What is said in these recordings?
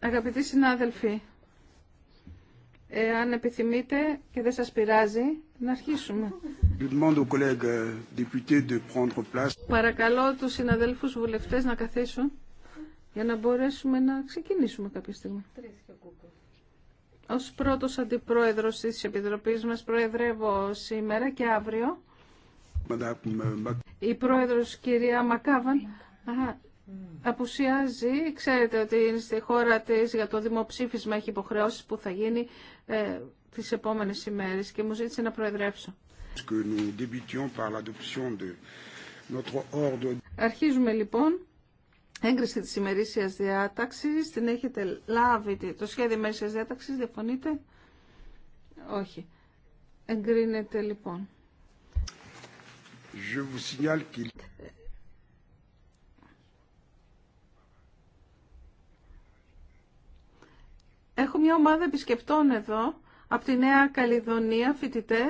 Αγαπητοί συνάδελφοι, εάν επιθυμείτε και δεν σας πειράζει, να αρχίσουμε. Euh, Παρακαλώ τους συναδέλφους βουλευτές να καθίσουν για να μπορέσουμε να ξεκινήσουμε κάποια στιγμή. Ως πρώτος αντιπρόεδρος της Επιτροπής μας προεδρεύω σήμερα και αύριο euh, η πρόεδρος κυρία Μακάβαν απουσιάζει. Ξέρετε ότι είναι στη χώρα της για το δημοψήφισμα έχει υποχρεώσεις που θα γίνει ε, τις επόμενες ημέρες και μου ζήτησε να προεδρεύσω. Αρχίζουμε λοιπόν. Έγκριση της ημερήσιας διάταξης. Την έχετε λάβει το σχέδιο ημερήσιας διάταξης. Διαφωνείτε. Όχι. Εγκρίνεται λοιπόν. Έχω μια ομάδα επισκεπτών εδώ, από τη Νέα Καλλιδονία, φοιτητέ,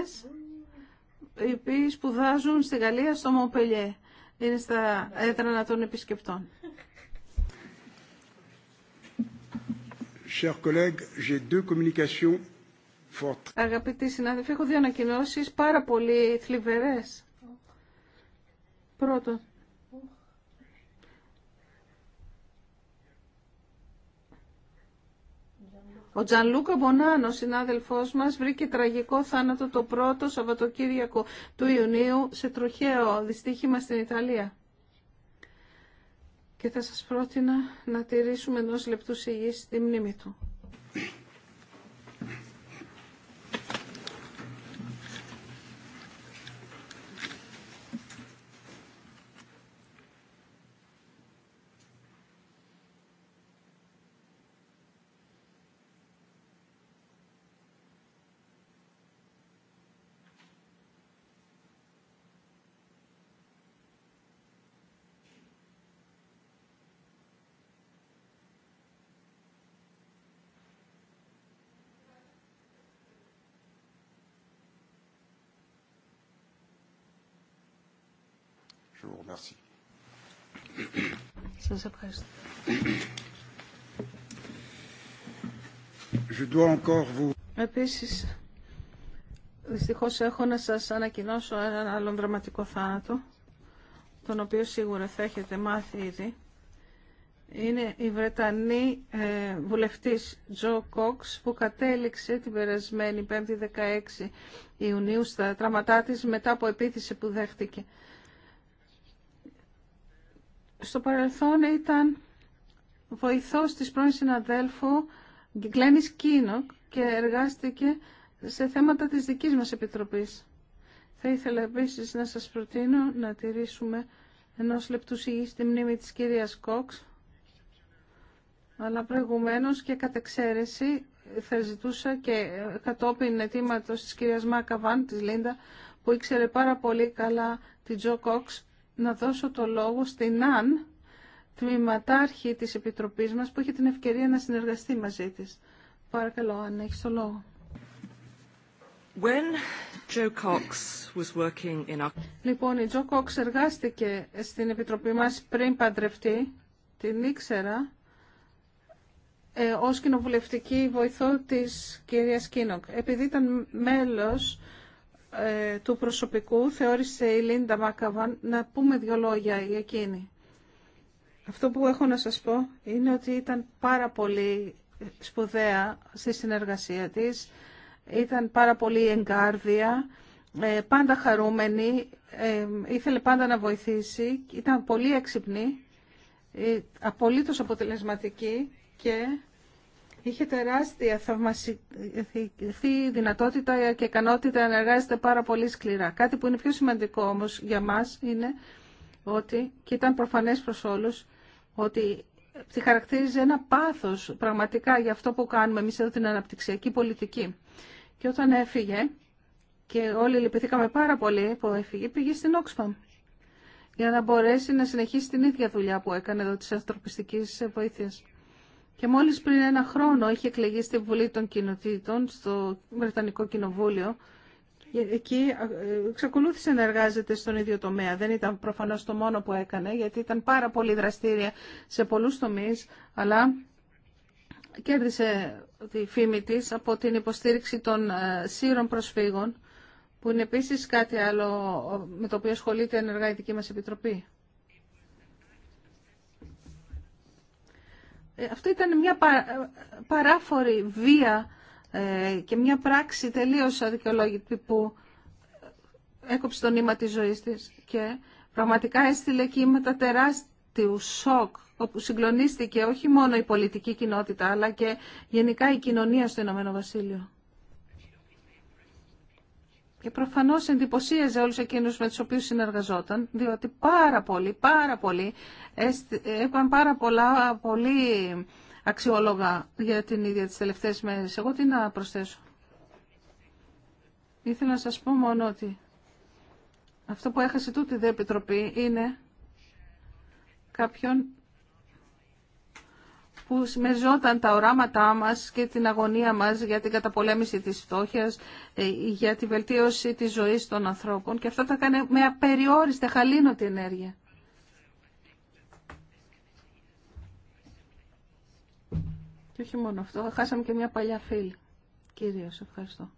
οι οποίοι σπουδάζουν στη Γαλλία στο Μοπελιέ. Είναι στα έδρανα των επισκεπτών. Αγαπητοί συνάδελφοι, έχω δύο ανακοινώσει πάρα πολύ θλιβερέ. Πρώτον, Ο Τζανλούκα Μπονάνο, συνάδελφός μας, βρήκε τραγικό θάνατο το πρώτο Σαββατοκύριακο του Ιουνίου σε τροχαίο δυστύχημα στην Ιταλία. Και θα σας πρότεινα να τηρήσουμε ενός λεπτού σιγής στη μνήμη του. Σας ευχαριστώ. Επίσης, δυστυχώς έχω να σας ανακοινώσω έναν άλλον δραματικό θάνατο, τον οποίο σίγουρα θα έχετε μάθει ήδη. Είναι η Βρετανή ε, βουλευτής Τζο Κόξ που κατέληξε την περασμένη 5η 16 Ιουνίου στα τραυματά της μετά από επίθεση που δέχτηκε στο παρελθόν ήταν βοηθός της πρώην συναδέλφου Γκλένης Κίνοκ και εργάστηκε σε θέματα της δικής μας Επιτροπής. Θα ήθελα επίση να σας προτείνω να τηρήσουμε ενός λεπτού σιγή στη μνήμη της κυρίας Κόξ, αλλά προηγουμένως και κατ' εξαίρεση θα ζητούσα και κατόπιν αιτήματο της κυρίας Μάκαβαν, της Λίντα, που ήξερε πάρα πολύ καλά την Τζο Κόξ, να δώσω το λόγο στην ΑΝ, τμήματάρχη της Επιτροπής μας, που είχε την ευκαιρία να συνεργαστεί μαζί της. Παρακαλώ, αν έχεις το λόγο. When Λοιπόν, η Τζο Κόξ εργάστηκε στην Επιτροπή μας πριν παντρευτεί, την ήξερα, ε, ως κοινοβουλευτική βοηθό της κυρίας Κίνοκ. Επειδή ήταν μέλος ε, του προσωπικού θεώρησε η Λίντα Μάκαβαν να πούμε δύο λόγια για εκείνη. Αυτό που έχω να σας πω είναι ότι ήταν πάρα πολύ σπουδαία στη συνεργασία της, ήταν πάρα πολύ εγκάρδια, ε, πάντα χαρούμενη, ε, ήθελε πάντα να βοηθήσει, ήταν πολύ έξυπνη, απολύτως αποτελεσματική και Είχε τεράστια θαυμασική δυνατότητα και ικανότητα να εργάζεται πάρα πολύ σκληρά. Κάτι που είναι πιο σημαντικό όμως για μας είναι ότι, και ήταν προφανές προς όλους, ότι τη χαρακτήριζε ένα πάθος πραγματικά για αυτό που κάνουμε εμείς εδώ την αναπτυξιακή πολιτική. Και όταν έφυγε, και όλοι λυπηθήκαμε πάρα πολύ που έφυγε, πήγε στην Oxfam για να μπορέσει να συνεχίσει την ίδια δουλειά που έκανε εδώ της ανθρωπιστικής βοήθειας. Και μόλις πριν ένα χρόνο είχε εκλεγεί στη Βουλή των Κοινοτήτων, στο Βρετανικό Κοινοβούλιο, εκεί ε, εξακολούθησε να εργάζεται στον ίδιο τομέα. Δεν ήταν προφανώς το μόνο που έκανε, γιατί ήταν πάρα πολύ δραστήρια σε πολλούς τομείς, αλλά κέρδισε τη φήμη της από την υποστήριξη των ε, σύρων προσφύγων, που είναι επίσης κάτι άλλο ε, με το οποίο ασχολείται ενεργά η δική μας Επιτροπή. Ε, αυτό ήταν μια παράφορη βία ε, και μια πράξη τελείως αδικαιολόγητη που έκοψε το νήμα της ζωής της και πραγματικά έστειλε κύματα τεράστιου σοκ όπου συγκλονίστηκε όχι μόνο η πολιτική κοινότητα αλλά και γενικά η κοινωνία στο Ηνωμένο Βασίλειο. Και προφανώς εντυπωσίαζε όλους εκείνους με τους οποίους συνεργαζόταν, διότι πάρα πολύ, πάρα πολύ, είπαν πάρα πολλά, πολύ αξιόλογα για την ίδια τι τελευταίε μέρε. Εγώ τι να προσθέσω. Ήθελα να σας πω μόνο ότι αυτό που έχασε τούτη η Επιτροπή είναι κάποιον που συμμεριζόταν τα οράματά μας και την αγωνία μας για την καταπολέμηση της φτώχειας, ε, για τη βελτίωση της ζωής των ανθρώπων και αυτό τα κάνει με απεριόριστη χαλήνοτη ενέργεια. Και όχι μόνο αυτό, χάσαμε και μια παλιά φίλη. Κύριος, ευχαριστώ.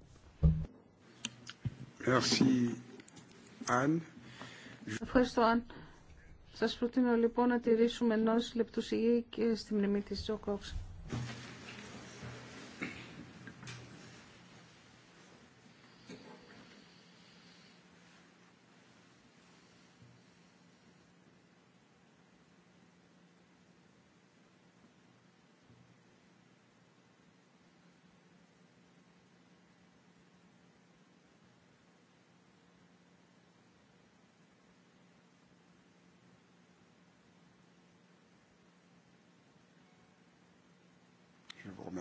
Ευχαριστώ, Αν. Σας προτείνω λοιπόν να τηρήσουμε ενός λεπτού και στη μνημή της Τζοκόξ.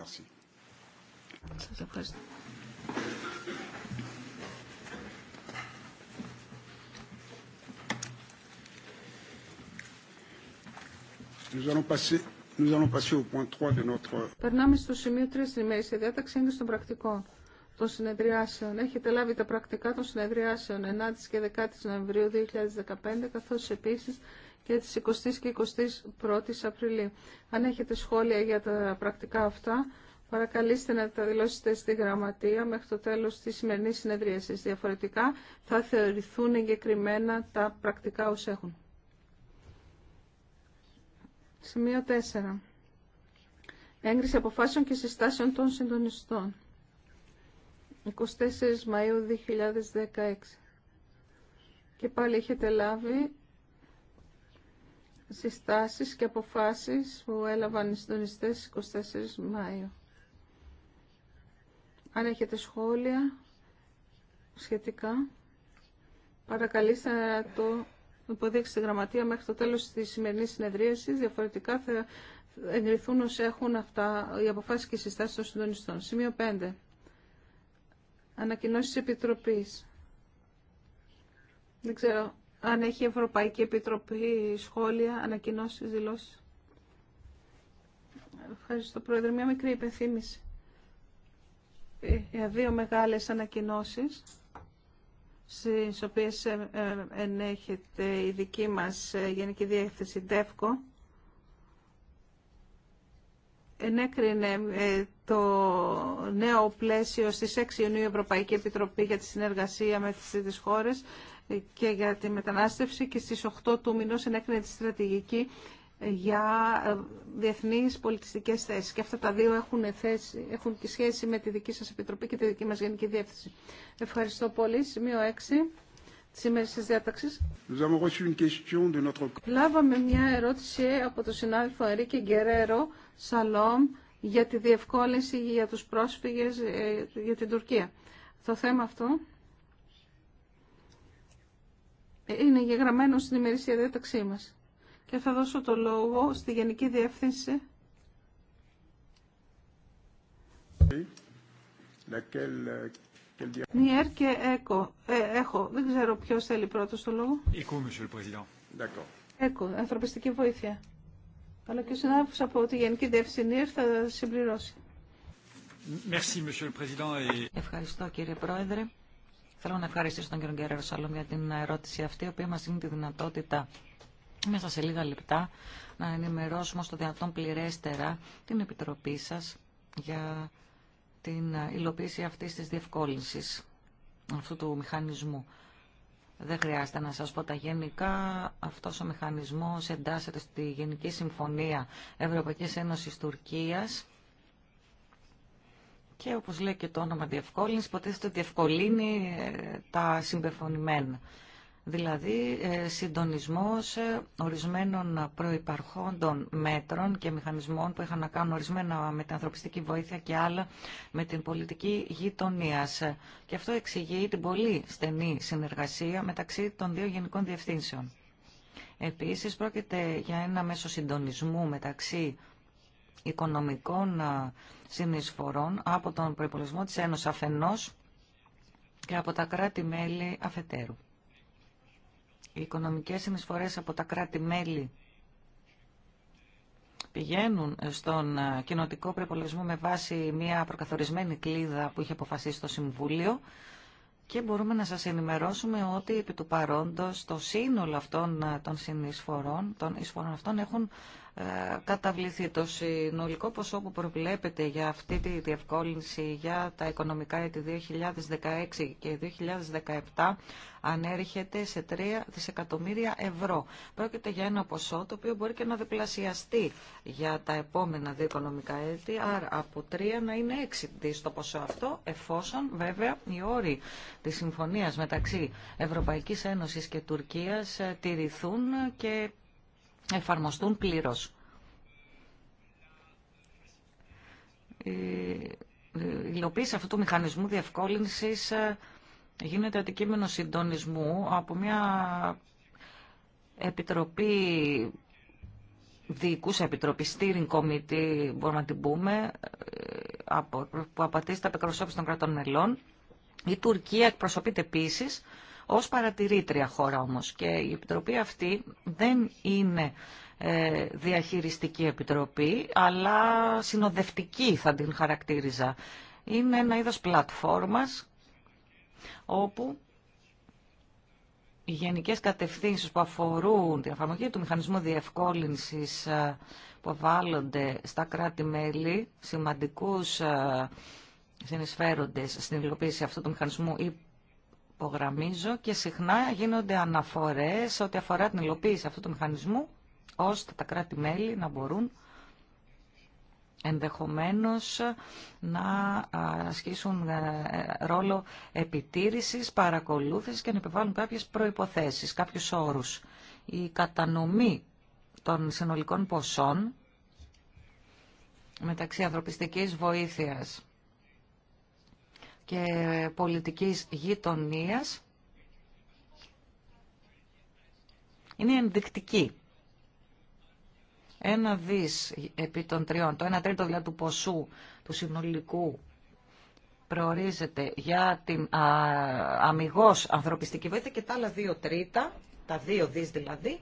Merci. Σας ευχαριστώ. Περνάμε στο σημείο 3 στην ημέρηση. Η διάταξη είναι στον πρακτικό των συνεδριάσεων. Έχετε λάβει τα πρακτικά των συνεδριάσεων 9 και 10 Νοεμβρίου 2015, καθώς επίσης και τις 20 και 21 Απριλίου. Αν έχετε σχόλια για τα πρακτικά αυτά, παρακαλείστε να τα δηλώσετε στη γραμματεία μέχρι το τέλος της σημερινής συνεδρίασης. Διαφορετικά θα θεωρηθούν εγκεκριμένα τα πρακτικά ως έχουν. Σημείο 4. Έγκριση αποφάσεων και συστάσεων των συντονιστών. 24 Μαΐου 2016. Και πάλι έχετε λάβει συστάσεις και αποφάσεις που έλαβαν οι συντονιστές 24 Μάιο. Αν έχετε σχόλια σχετικά, παρακαλείστε να το υποδείξετε τη γραμματεία μέχρι το τέλος της σημερινής συνεδρίασης. Διαφορετικά θα εγκριθούν όσοι έχουν αυτά οι αποφάσεις και οι συστάσεις των συντονιστών. Σημείο 5. Ανακοινώσεις Επιτροπής. Δεν ξέρω αν έχει η Ευρωπαϊκή Επιτροπή σχόλια, ανακοινώσει, δηλώσει. Ευχαριστώ, Πρόεδρε. Μια μικρή υπενθύμηση για ε, δύο μεγάλες ανακοινώσεις στις οποίες ε, ε, ενέχεται η δική μας Γενική Διεύθυνση ΔΕΦΚΟ ενέκρινε το νέο πλαίσιο στις 6 Ιουνίου Ευρωπαϊκή Επιτροπή για τη συνεργασία με τις χώρες και για τη μετανάστευση και στις 8 του μηνός ενέκρινε τη στρατηγική για ε, διεθνείς πολιτιστικές θέσεις. Και αυτά τα δύο έχουν, θέση, έχουν και σχέση με τη δική σας Επιτροπή και τη δική μας Γενική Διεύθυνση. Ευχαριστώ πολύ. Σημείο 6 της τη διάταξης. Λάβαμε μια ερώτηση από τον συνάδελφο Ερίκε Γκερέρο Σαλόμ για τη διευκόλυνση για τους πρόσφυγες ε, για την Τουρκία. Το θέμα αυτό είναι γεγραμμένο στην ημερήσια διάταξή μας. Και θα δώσω το λόγο στη Γενική Διεύθυνση. Νιέρ και Έκο. Ε, έχω. Δεν ξέρω ποιο θέλει πρώτο το λόγο. Έκο, ανθρωπιστική βοήθεια. Αλλά και ο συνάδελφο από τη Γενική Διεύθυνση Νιέρ θα συμπληρώσει. Ευχαριστώ κύριε Πρόεδρε. Θέλω να ευχαριστήσω τον κύριο Γκέρα Σαλόμ για την ερώτηση αυτή, η οποία μα δίνει τη δυνατότητα μέσα σε λίγα λεπτά να ενημερώσουμε στο δυνατόν πληρέστερα την Επιτροπή σα για την υλοποίηση αυτή τη διευκόλυνση αυτού του μηχανισμού. Δεν χρειάζεται να σας πω τα γενικά. Αυτός ο μηχανισμός εντάσσεται στη Γενική Συμφωνία Ευρωπαϊκής Ένωσης Τουρκίας και όπως λέει και το όνομα διευκόλυνση, υποτίθεται ότι διευκολύνει ε, τα συμπεφωνημένα. Δηλαδή ε, συντονισμός ε, ορισμένων προϋπαρχόντων μέτρων και μηχανισμών που είχαν να κάνουν ορισμένα με την ανθρωπιστική βοήθεια και άλλα με την πολιτική γειτονία. Και αυτό εξηγεί την πολύ στενή συνεργασία μεταξύ των δύο γενικών διευθύνσεων. Επίσης πρόκειται για ένα μέσο συντονισμού μεταξύ οικονομικών ε, συνεισφορών από τον προϋπολογισμό της Ένωσης αφενός και από τα κράτη-μέλη αφετέρου. Οι οικονομικές συνεισφορές από τα κράτη-μέλη πηγαίνουν στον ε, κοινοτικό προπολογισμό με βάση μια προκαθορισμένη κλίδα που είχε αποφασίσει το Συμβούλιο και μπορούμε να σας ενημερώσουμε ότι επί του παρόντος το σύνολο αυτών ε, των συνεισφορών, των εισφορών αυτών έχουν ε, καταβληθεί το συνολικό ποσό που προβλέπεται για αυτή τη διευκόλυνση για τα οικονομικά έτη 2016 και 2017 ανέρχεται σε 3 δισεκατομμύρια ευρώ. Πρόκειται για ένα ποσό το οποίο μπορεί και να διπλασιαστεί για τα επόμενα δύο οικονομικά έτη, άρα από 3 να είναι 6 δις το ποσό αυτό, εφόσον βέβαια οι όροι της συμφωνίας μεταξύ Ευρωπαϊκής Ένωσης και Τουρκίας ε, τηρηθούν και εφαρμοστούν πλήρως. Η υλοποίηση αυτού του μηχανισμού διευκόλυνσης ε, γίνεται αντικείμενο συντονισμού από μια επιτροπή διοικούσα επιτροπή, steering committee μπορούμε να την πούμε, ε, που απατήσει τα εκπροσώπηση των κρατών μελών. Η Τουρκία εκπροσωπείται επίσης ως παρατηρήτρια χώρα όμως. Και η Επιτροπή αυτή δεν είναι ε, διαχειριστική επιτροπή, αλλά συνοδευτική θα την χαρακτήριζα. Είναι ένα είδος πλατφόρμας όπου οι γενικές κατευθύνσεις που αφορούν την εφαρμογή του μηχανισμού διευκόλυνσης ε, που βάλλονται στα κράτη-μέλη, σημαντικούς ε, συνεισφέροντες στην υλοποίηση αυτού του μηχανισμού υπογραμμίζω και συχνά γίνονται αναφορές ότι αφορά την υλοποίηση αυτού του μηχανισμού ώστε τα κράτη-μέλη να μπορούν ενδεχομένως να ασκήσουν ε, ρόλο επιτήρησης, παρακολούθησης και να επιβάλλουν κάποιες προϋποθέσεις, κάποιους όρους. Η κατανομή των συνολικών ποσών μεταξύ ανθρωπιστικής βοήθειας και πολιτικής γειτονίας είναι ενδεικτική. Ένα δις επί των τριών, το ένα τρίτο δηλαδή του ποσού του συνολικού προορίζεται για την α, αμυγός ανθρωπιστική βοήθεια και τα άλλα δύο τρίτα, τα δύο δις δηλαδή,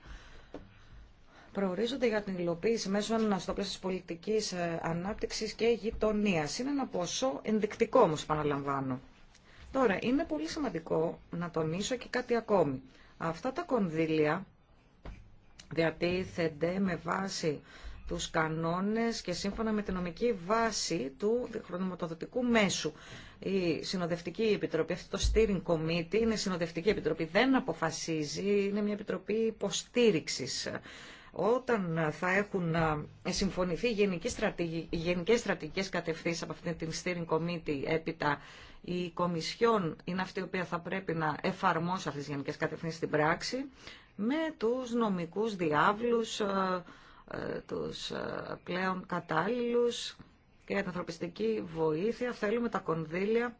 προορίζονται για την υλοποίηση μέσω αναστοπλές τη πολιτική ε, ανάπτυξη και γειτονία. Είναι ένα ποσό ενδεικτικό όμω παραλαμβάνω. Τώρα, είναι πολύ σημαντικό να τονίσω και κάτι ακόμη. Αυτά τα κονδύλια διατίθενται με βάση τους κανόνες και σύμφωνα με την νομική βάση του χρονομοτοδοτικού μέσου. Η Συνοδευτική Επιτροπή, αυτό το Steering Committee, είναι Συνοδευτική Επιτροπή, δεν αποφασίζει, είναι μια Επιτροπή υποστήριξης όταν θα έχουν συμφωνηθεί οι στρατηγικές, γενικές στρατηγικές κατευθύνσεις από αυτήν την steering committee έπειτα η Κομισιόν είναι αυτή η οποία θα πρέπει να εφαρμόσει αυτές τις γενικές κατευθύνσεις στην πράξη με τους νομικούς διάβλους, ε, τους πλέον κατάλληλους και την ανθρωπιστική βοήθεια. Θέλουμε τα κονδύλια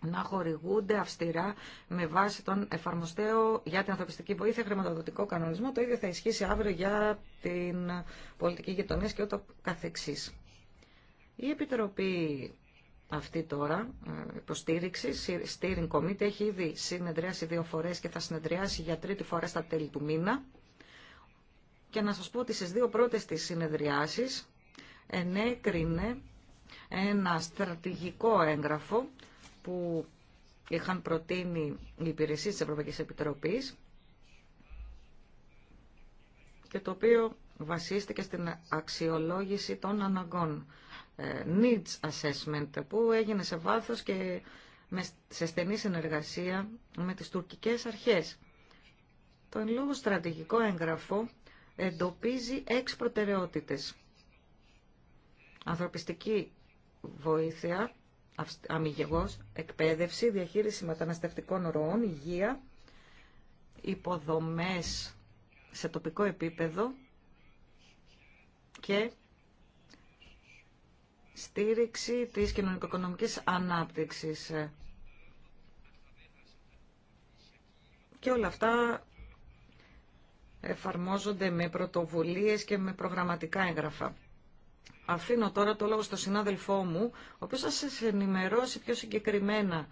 να χορηγούνται αυστηρά με βάση τον εφαρμοστέο για την ανθρωπιστική βοήθεια χρηματοδοτικό κανονισμό. Το ίδιο θα ισχύσει αύριο για την πολιτική γειτονία και ούτω καθεξής. Η Επιτροπή αυτή τώρα, ε, υποστήριξη, steering committee, έχει ήδη συνεδριάσει δύο φορές και θα συνεδριάσει για τρίτη φορά στα τέλη του μήνα. Και να σας πω ότι στις δύο πρώτες της συνεδριάσεις ενέκρινε ένα στρατηγικό έγγραφο που είχαν προτείνει οι υπηρεσίες της Ευρωπαϊκής Επιτροπής και το οποίο βασίστηκε στην αξιολόγηση των αναγκών ε, needs assessment που έγινε σε βάθος και σε στενή συνεργασία με τις τουρκικές αρχές. Το εν λόγω στρατηγικό έγγραφο εντοπίζει έξι προτεραιότητες. Ανθρωπιστική βοήθεια, αμυγεγός, εκπαίδευση, διαχείριση μεταναστευτικών ροών, υγεία, υποδομές σε τοπικό επίπεδο και στήριξη της κοινωνικο-οικονομικής ανάπτυξης. Και όλα αυτά εφαρμόζονται με πρωτοβουλίες και με προγραμματικά έγγραφα αφήνω τώρα το λόγο στο συνάδελφό μου, ο οποίος θα σας ενημερώσει πιο συγκεκριμένα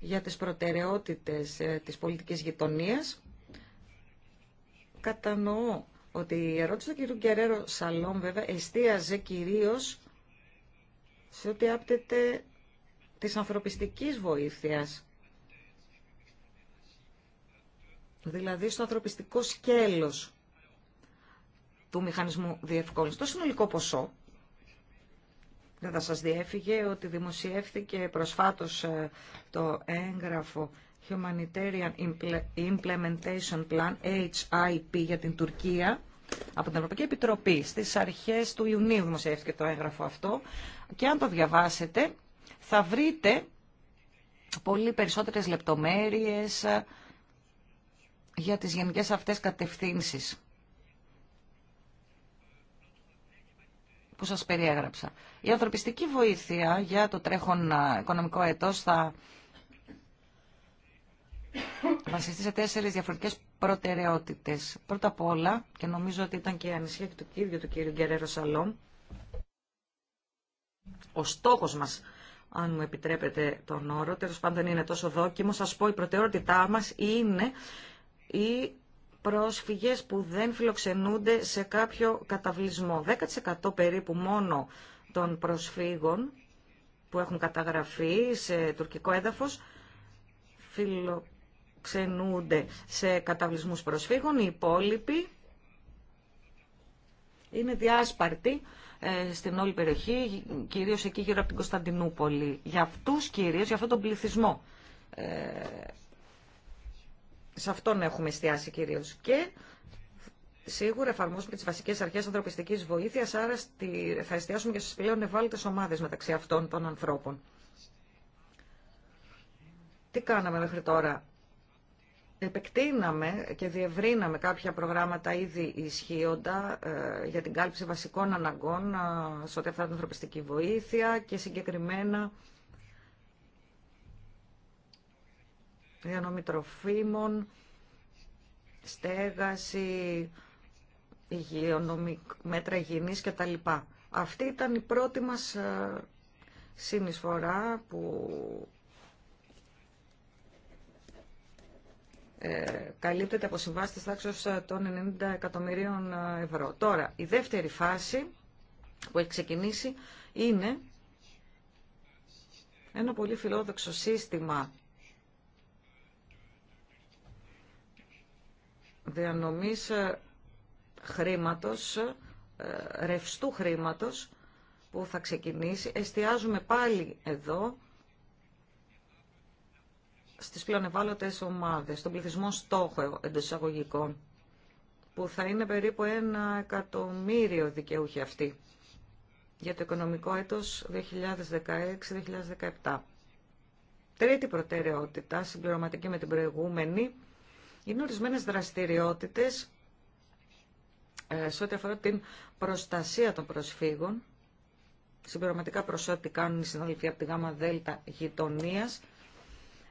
για τις προτεραιότητες ε, της πολιτικής γειτονίας. Κατανοώ ότι η ερώτηση του κ. Γκερέρο Σαλόμ βέβαια εστίαζε κυρίως σε ό,τι άπτεται της ανθρωπιστικής βοήθειας. Δηλαδή στο ανθρωπιστικό σκέλος του μηχανισμού διευκόλυνσης. Το συνολικό ποσό δεν θα σας διέφυγε ότι δημοσιεύθηκε προσφάτως ε, το έγγραφο Humanitarian Implementation Plan, HIP, για την Τουρκία, από την Ευρωπαϊκή Επιτροπή. Στις αρχές του Ιουνίου δημοσιεύθηκε το έγγραφο αυτό και αν το διαβάσετε θα βρείτε πολύ περισσότερες λεπτομέρειες ε, για τις γενικές αυτές κατευθύνσεις που σας περιέγραψα. Η ανθρωπιστική βοήθεια για το τρέχον οικονομικό έτος θα βασιστεί σε τέσσερις διαφορετικές προτεραιότητες. Πρώτα απ' όλα, και νομίζω ότι ήταν και η ανησυχία και του κύριου, του κύριου Γκερέρο Σαλόμ, ο στόχος μας, αν μου επιτρέπετε τον όρο, τέλο πάντων είναι τόσο δόκιμο, σας πω η προτεραιότητά μας είναι η πρόσφυγες που δεν φιλοξενούνται σε κάποιο καταβλισμό. 10% περίπου μόνο των προσφύγων που έχουν καταγραφεί σε τουρκικό έδαφος φιλοξενούνται σε καταβλισμούς προσφύγων. Οι υπόλοιποι είναι διάσπαρτοι ε, στην όλη περιοχή, κυρίως εκεί γύρω από την Κωνσταντινούπολη. Για αυτούς κυρίως, για αυτόν τον πληθυσμό ε, σε αυτόν έχουμε εστιάσει κυρίως. Και σίγουρα εφαρμόσουμε τις βασικές αρχές ανθρωπιστικής βοήθειας, άρα θα εστιάσουμε και στις πλέον ευάλωτες ομάδες μεταξύ αυτών των ανθρώπων. Τι κάναμε μέχρι τώρα. Επεκτείναμε και διευρύναμε κάποια προγράμματα ήδη ισχύοντα ε, για την κάλυψη βασικών αναγκών ε, σε ό,τι αφορά την ανθρωπιστική βοήθεια και συγκεκριμένα διανομή τροφίμων, στέγαση, μέτρα υγιεινής κτλ. Αυτή ήταν η πρώτη μας ε, συνεισφορά που ε, καλύπτεται από συμβάσεις της τάξης ε, των 90 εκατομμυρίων ευρώ. Τώρα, η δεύτερη φάση που έχει ξεκινήσει είναι ένα πολύ φιλόδοξο σύστημα διανομής ε, χρήματος, ε, ρευστού χρήματος που θα ξεκινήσει. Εστιάζουμε πάλι εδώ στις πλέον ομάδες, στον πληθυσμό στόχο εντός εισαγωγικών, που θα είναι περίπου ένα εκατομμύριο δικαιούχοι αυτοί για το οικονομικό έτος 2016-2017. Τρίτη προτεραιότητα, συμπληρωματική με την προηγούμενη, είναι ορισμένε δραστηριότητες ε, σε ό,τι αφορά την προστασία των προσφύγων, συμπληρωματικά προσώπη ό,τι κάνουν οι συναδελφοί από τη ΓΑΜΑ ΔΕΛΤΑ γειτονία,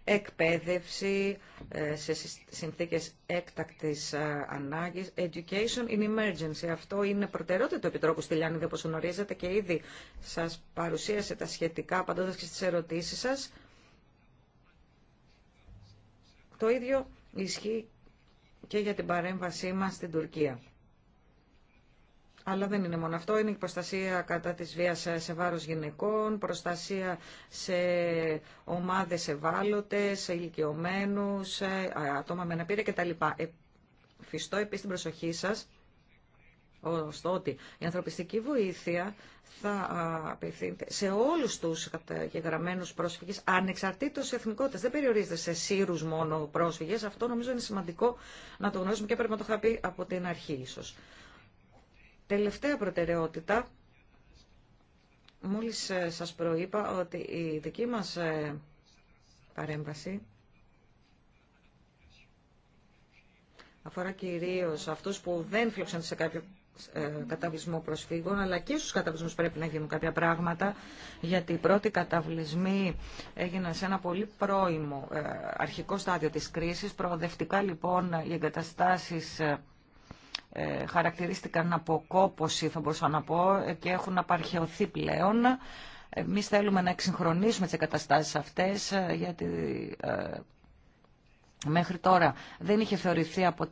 εκπαίδευση ε, σε συνθήκες έκτακτης ε, ανάγκης, education in emergency. Αυτό είναι προτεραιότητα του Επιτρόπου στη Λιάννη, όπω γνωρίζετε και ήδη σας παρουσίασε τα σχετικά, απαντώντα και στις ερωτήσεις σας. Το ίδιο Ισχύει και για την παρέμβασή μας στην Τουρκία. Αλλά δεν είναι μόνο αυτό, είναι η προστασία κατά της βίας σε βάρος γυναικών, προστασία σε ομάδες ευάλωτες, σε ηλικιωμένους, άτομα με αναπήρεια κτλ. Ε, Φιστώ επίσης την προσοχή σας στο ότι η ανθρωπιστική βοήθεια θα απευθύνεται σε όλους τους καταγεγραμμένους πρόσφυγες, ανεξαρτήτως εθνικότητας. Δεν περιορίζεται σε Σύρους μόνο πρόσφυγες. Αυτό νομίζω είναι σημαντικό να το γνωρίζουμε και πρέπει να το είχα πει από την αρχή ίσως. Τελευταία προτεραιότητα, μόλις ε, σας προείπα ότι η δική μας ε, παρέμβαση αφορά κυρίως αυτούς που δεν φιλοξενούνται σε κάποιο ε, καταβλισμό προσφύγων, αλλά και στους καταβλισμούς πρέπει να γίνουν κάποια πράγματα, γιατί οι πρώτοι καταβλισμοί έγιναν σε ένα πολύ πρώιμο ε, αρχικό στάδιο της κρίσης. Προοδευτικά λοιπόν οι εγκαταστάσεις ε, χαρακτηρίστηκαν από κόποση, θα μπορούσα να πω, και έχουν απαρχαιωθεί πλέον. Εμείς θέλουμε να εξυγχρονίσουμε τις εγκαταστάσεις αυτές, γιατί μέχρι τώρα δεν είχε θεωρηθεί από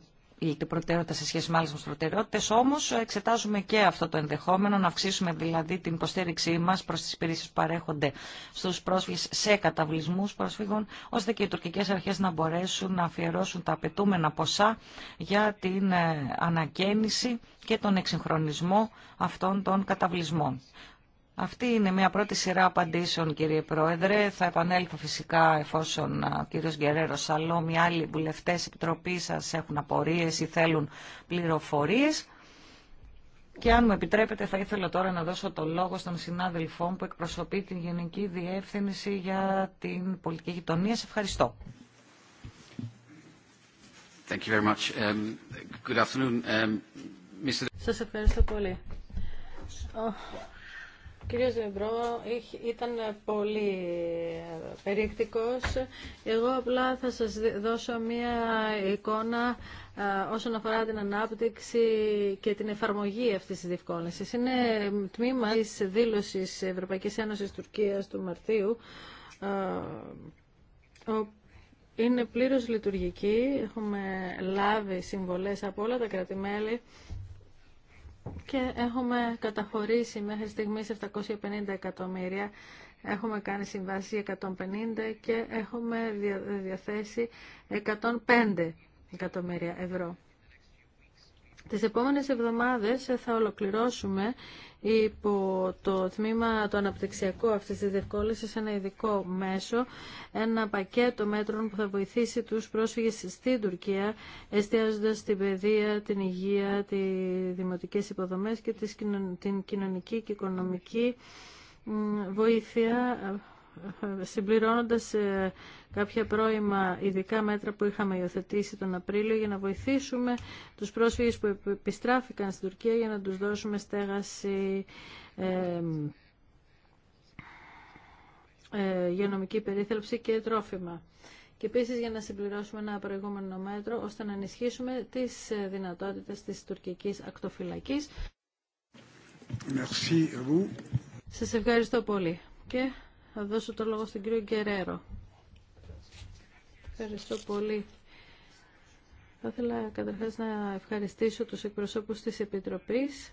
προτεραιότητα σε σχέση με άλλε μα προτεραιότητε. Όμω, εξετάζουμε και αυτό το ενδεχόμενο, να αυξήσουμε δηλαδή την υποστήριξή μα προ τι υπηρεσίε που παρέχονται στου πρόσφυγε σε καταβλισμού πρόσφυγων, ώστε και οι τουρκικέ αρχέ να μπορέσουν να αφιερώσουν τα απαιτούμενα ποσά για την ε, ανακαίνιση και τον εξυγχρονισμό αυτών των καταβλισμών. Αυτή είναι μια πρώτη σειρά απαντήσεων, κύριε Πρόεδρε. Θα επανέλθω φυσικά εφόσον ο κύριος Γκερέρο Σαλόμι, άλλοι βουλευτές επιτροπή σας έχουν απορίες ή θέλουν πληροφορίες. Και αν μου επιτρέπετε θα ήθελα τώρα να δώσω το λόγο στον συνάδελφό μου που εκπροσωπεί την Γενική Διεύθυνση για την Πολιτική Γειτονία. Σε ευχαριστώ. Thank you very um, um, ευχαριστώ πολύ κύριος Ζεμπρό ήταν πολύ ε, περίεκτικός. Εγώ απλά θα σας δώσω μία εικόνα ε, όσον αφορά την ανάπτυξη και την εφαρμογή αυτής της διευκόλυνσης. Είναι τμήμα της δήλωσης Ευρωπαϊκής Ένωσης Τουρκίας του Μαρτίου ε, είναι πλήρως λειτουργική, έχουμε λάβει συμβολές από όλα τα κρατημέλη και έχουμε καταχωρήσει μέχρι στιγμής 750 εκατομμύρια. Έχουμε κάνει συμβάσει 150 και έχουμε διαθέσει 105 εκατομμύρια ευρώ. Τις επόμενες εβδομάδες θα ολοκληρώσουμε υπό το τμήμα το αναπτυξιακό αυτής της διευκόλυνσης ένα ειδικό μέσο, ένα πακέτο μέτρων που θα βοηθήσει τους πρόσφυγες στην Τουρκία, εστιάζοντας την παιδεία, την υγεία, τη δημοτικές υποδομές και την κοινωνική και οικονομική βοήθεια συμπληρώνοντας ε, κάποια πρώιμα ειδικά μέτρα που είχαμε υιοθετήσει τον Απρίλιο για να βοηθήσουμε τους πρόσφυγες που επιστράφηκαν στην Τουρκία για να τους δώσουμε στέγαση ε, υγειονομική περίθαλψη και τρόφιμα. Και επίσης για να συμπληρώσουμε ένα προηγούμενο μέτρο ώστε να ενισχύσουμε τις ε, δυνατότητες της τουρκικής ακτοφυλακής. Σας ευχαριστώ πολύ. Και θα δώσω το λόγο στον κύριο Γκερέρο. Ευχαριστώ πολύ. Θα ήθελα καταρχάς να ευχαριστήσω τους εκπροσώπους της Επιτροπής,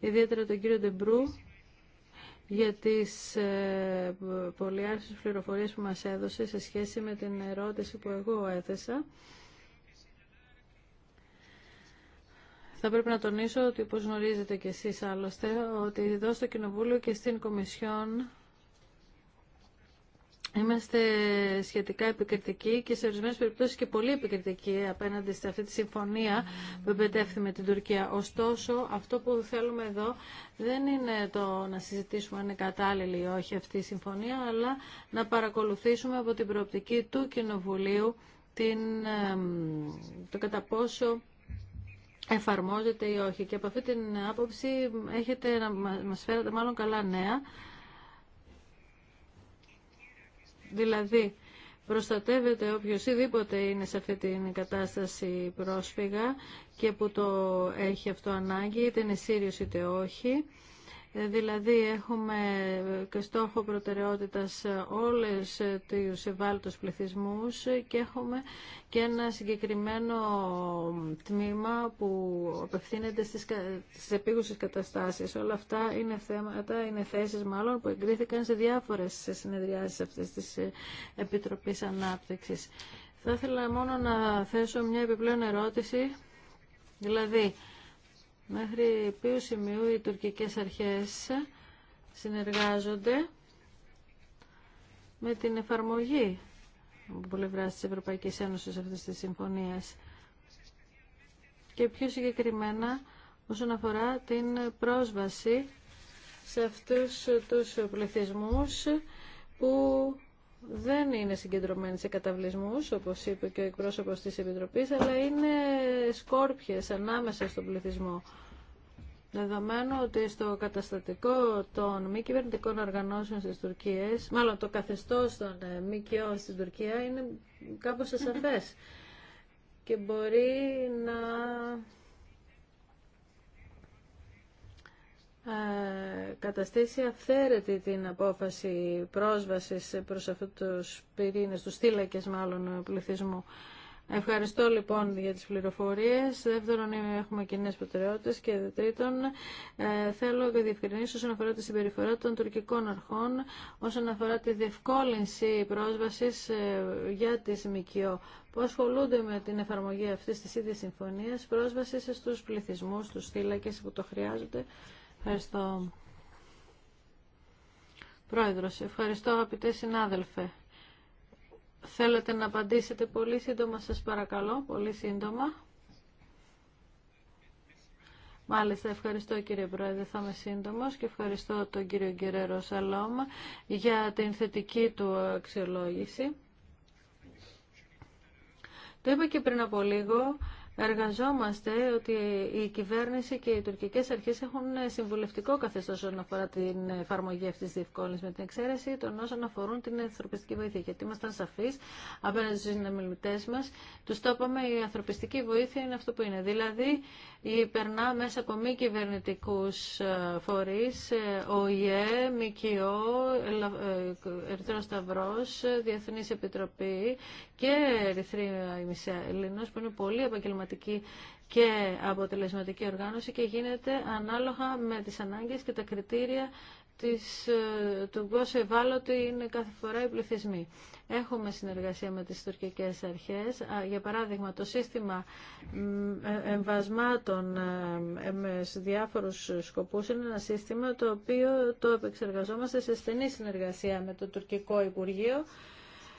ιδιαίτερα τον κύριο Ντεμπρού, για τις ε, πολυάρσεις πληροφορίες που μας έδωσε σε σχέση με την ερώτηση που εγώ έθεσα. Θα πρέπει να τονίσω ότι, όπως γνωρίζετε κι εσείς άλλωστε, ότι εδώ στο Κοινοβούλιο και στην Κομισιόν Είμαστε σχετικά επικριτικοί και σε ορισμένε περιπτώσει και πολύ επικριτικοί απέναντι σε αυτή τη συμφωνία που επετέφθη με την Τουρκία. Ωστόσο, αυτό που θέλουμε εδώ δεν είναι το να συζητήσουμε αν είναι κατάλληλη ή όχι αυτή η συμφωνία, αλλά να παρακολουθήσουμε από την προοπτική του Κοινοβουλίου την, το κατά πόσο εφαρμόζεται ή όχι. Και από αυτή την άποψη έχετε να μας φέρετε μάλλον καλά νέα Δηλαδή, προστατεύεται οποιοδήποτε είναι σε αυτή την κατάσταση πρόσφυγα και που το έχει αυτό ανάγκη, είτε είναι Σύριος είτε όχι. Δηλαδή έχουμε και στόχο προτεραιότητας όλες τους ευάλωτους πληθυσμούς και έχουμε και ένα συγκεκριμένο τμήμα που απευθύνεται στις, στις επίγουσες καταστάσεις. Όλα αυτά είναι, θέματα, είναι θέσεις μάλλον που εγκρίθηκαν σε διάφορες συνεδριάσεις αυτής της Επιτροπής Ανάπτυξης. Θα ήθελα μόνο να θέσω μια επιπλέον ερώτηση, δηλαδή μέχρι ποιου σημείο οι τουρκικές αρχές συνεργάζονται με την εφαρμογή από πλευρά τη Ευρωπαϊκή Ένωση αυτή τη συμφωνία και πιο συγκεκριμένα όσον αφορά την πρόσβαση σε αυτούς τους πληθυσμούς που δεν είναι συγκεντρωμένοι σε καταβλισμούς, όπως είπε και ο εκπρόσωπος της Επιτροπής, αλλά είναι σκόρπιες ανάμεσα στον πληθυσμό. Δεδομένου ότι στο καταστατικό των μη κυβερνητικών οργανώσεων στις Τουρκίες, μάλλον το καθεστώς των ε, ΜΚΟ στην Τουρκία είναι κάπως ασαφές και μπορεί να ε, καταστήσει αυθαίρετη την απόφαση πρόσβασης προς αυτούς τους πυρήνες, τους θύλακες μάλλον ε, πληθυσμού. Ευχαριστώ λοιπόν για τις πληροφορίες. Δεύτερον, έχουμε κοινέ προτεραιότητες και τρίτον, ε, θέλω να διευκρινίσω όσον αφορά τη συμπεριφορά των τουρκικών αρχών, όσον αφορά τη διευκόλυνση πρόσβασης ε, για τις ΣΜΚΙΟ, που ασχολούνται με την εφαρμογή αυτής της ίδιας συμφωνίας, πρόσβασης στους πληθυσμούς, στους θύλακες που το χρειάζονται. Ευχαριστώ. Πρόεδρος, ευχαριστώ αγαπητέ συνάδελφε. Θέλετε να απαντήσετε πολύ σύντομα, σας παρακαλώ, πολύ σύντομα. Μάλιστα, ευχαριστώ κύριε Πρόεδρε, θα είμαι σύντομο και ευχαριστώ τον κύριο Γκερέρο Σαλόμ για την θετική του αξιολόγηση. Το είπα και πριν από λίγο, εργαζόμαστε ότι η κυβέρνηση και οι τουρκικές αρχές έχουν συμβουλευτικό καθεστώς όσον αφορά την εφαρμογή αυτής της διευκόλυνσης με την εξαίρεση των όσων αφορούν την ανθρωπιστική βοήθεια. Γιατί ήμασταν σαφείς απέναντι στους συνομιλητές μας, τους το είπαμε η ανθρωπιστική βοήθεια είναι αυτό που είναι. Δηλαδή περνά μέσα από μη κυβερνητικού ε, φορείς, ε, ΟΗΕ, ΜΚΟ, ε, Ερυθρό Σταυρό Διεθνή Επιτροπή και Ερυθρή Μισελίνος που είναι πολύ επαγγελματικοί και αποτελεσματική οργάνωση και γίνεται ανάλογα με τις ανάγκες και τα κριτήρια της, ε, του πόσο ευάλωτοι είναι κάθε φορά οι πληθυσμοί. Έχουμε συνεργασία με τις τουρκικές αρχές. Για παράδειγμα, το σύστημα ε, εμβασμάτων ε, με διάφορους σκοπούς είναι ένα σύστημα το οποίο το επεξεργαζόμαστε σε στενή συνεργασία με το τουρκικό Υπουργείο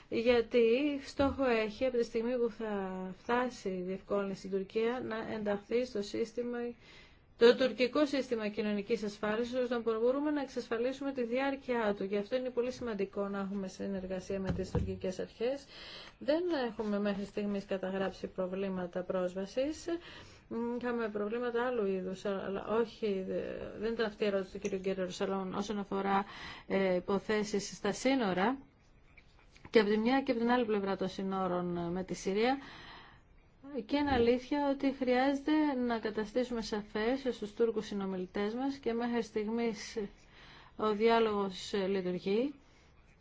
γιατί στόχο έχει από τη στιγμή που θα φτάσει η διευκόλυνση στην Τουρκία να ενταχθεί στο σύστημα το τουρκικό σύστημα κοινωνικής ασφάλισης, ώστε να μπορούμε να εξασφαλίσουμε τη διάρκεια του. Γι' αυτό είναι πολύ σημαντικό να έχουμε συνεργασία με τις τουρκικές αρχές. Δεν έχουμε μέχρι στιγμής καταγράψει προβλήματα πρόσβασης. Είχαμε προβλήματα άλλου είδους, αλλά όχι, δεν ήταν αυτή η ερώτηση του κ. Γκέρερος, όσον αφορά ε, υποθέσεις στα σύνορα και από τη μια και από την άλλη πλευρά των συνόρων με τη Συρία. Και είναι αλήθεια ότι χρειάζεται να καταστήσουμε σαφές στους Τούρκους συνομιλητές μας και μέχρι στιγμής ο διάλογος λειτουργεί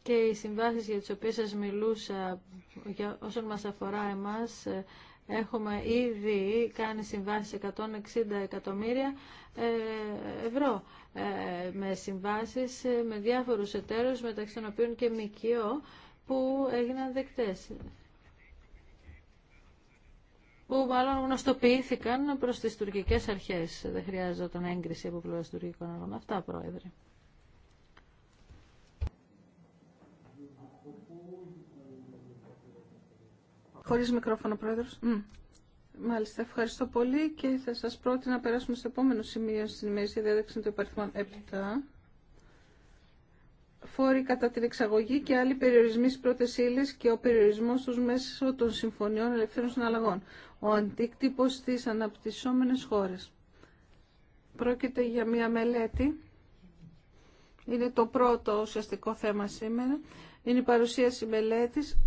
και οι συμβάσεις για τις οποίες σας μιλούσα για όσον μας αφορά εμάς έχουμε ήδη κάνει συμβάσεις 160 εκατομμύρια ε, ευρώ ε, με συμβάσεις ε, με διάφορους εταίρους μεταξύ των οποίων και ΜΚΟ που έγιναν δεκτές που μάλλον γνωστοποιήθηκαν προς τις τουρκικές αρχές. Δεν χρειάζονταν έγκριση από πλευράς τουρκικών αργών. Αυτά, Πρόεδρε. Χωρίς μικρόφωνο, Πρόεδρος. Μάλιστα, ευχαριστώ πολύ και θα σας πρότεινα να περάσουμε στο επόμενο σημείο στην ημερήσια διάταξη του υπαριθμών 7 φόροι κατά την εξαγωγή και άλλοι περιορισμοί στις πρώτες και ο περιορισμός τους μέσω των συμφωνιών ελευθέρων συναλλαγών. Ο αντίκτυπος στις αναπτυσσόμενες χώρες. Πρόκειται για μία μελέτη. Είναι το πρώτο ουσιαστικό θέμα σήμερα. Είναι η παρουσίαση μελέτης.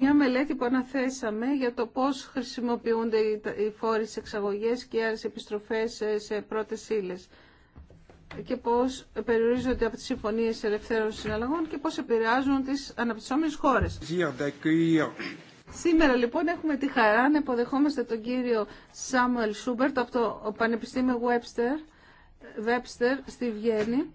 Μια μελέτη που αναθέσαμε για το πώς χρησιμοποιούνται οι φόροι σε εξαγωγές και άλλε επιστροφέ σε πρώτε ύλες και πώς περιορίζονται από τις συμφωνίες ελευθέρων συναλλαγών και πώς επηρεάζουν τις αναπτυσσόμενες χώρες. Σήμερα λοιπόν έχουμε τη χαρά να υποδεχόμαστε τον κύριο Σάμουελ Σούμπερτ από το Πανεπιστήμιο Webster, Webster στη Βιέννη,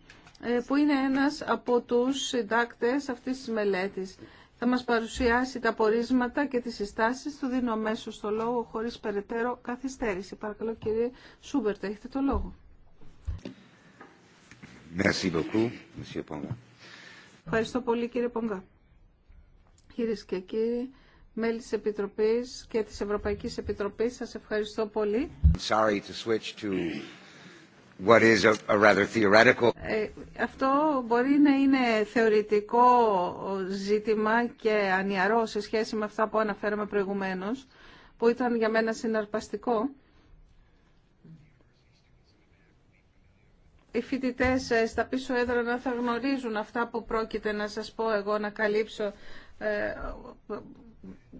ε, που είναι ένας από τους συντάκτες αυτής της μελέτης. Θα μας παρουσιάσει τα πορίσματα και τις συστάσεις του δίνω αμέσω το λόγο χωρίς περαιτέρω καθυστέρηση. Παρακαλώ κύριε Σούμπερτ, έχετε το λόγο. Merci beaucoup, Monsieur Ευχαριστώ πολύ κύριε Πονγκά. Κυρίε και κύριοι, μέλη τη Επιτροπή και τη Ευρωπαϊκής Επιτροπή, σας ευχαριστώ πολύ. Sorry to switch to what is a, rather theoretical... Ε, αυτό μπορεί να είναι θεωρητικό ζήτημα και ανιαρό σε σχέση με αυτά που αναφέραμε προηγουμένω, που ήταν για μένα συναρπαστικό. οι φοιτητέ ε, στα πίσω έδρα να θα γνωρίζουν αυτά που πρόκειται να σας πω εγώ να καλύψω ε,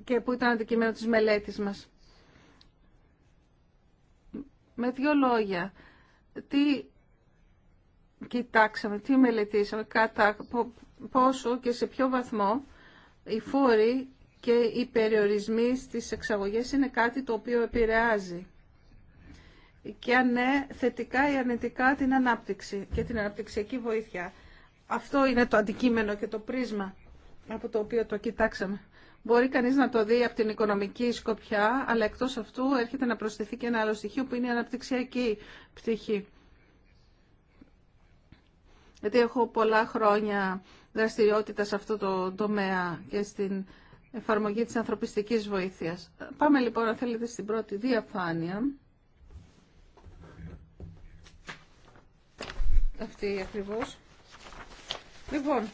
και που ήταν αντικείμενο της μελέτης μας. Με δύο λόγια, τι κοιτάξαμε, τι μελετήσαμε, κατά πόσο και σε ποιο βαθμό οι φόροι και οι περιορισμοί στις εξαγωγές είναι κάτι το οποίο επηρεάζει και αν ναι, θετικά ή αρνητικά την ανάπτυξη και την αναπτυξιακή βοήθεια. Αυτό είναι το αντικείμενο και το πρίσμα από το οποίο το κοιτάξαμε. Μπορεί κανείς να το δει από την οικονομική σκοπιά, αλλά εκτός αυτού έρχεται να προσθεθεί και ένα άλλο στοιχείο που είναι η αναπτυξιακή πτυχή. Γιατί έχω πολλά χρόνια δραστηριότητα σε αυτό το τομέα και στην εφαρμογή της ανθρωπιστικής βοήθειας. Πάμε λοιπόν, αν θέλετε, στην πρώτη διαφάνεια. αυτή ακριβώς. Λοιπόν,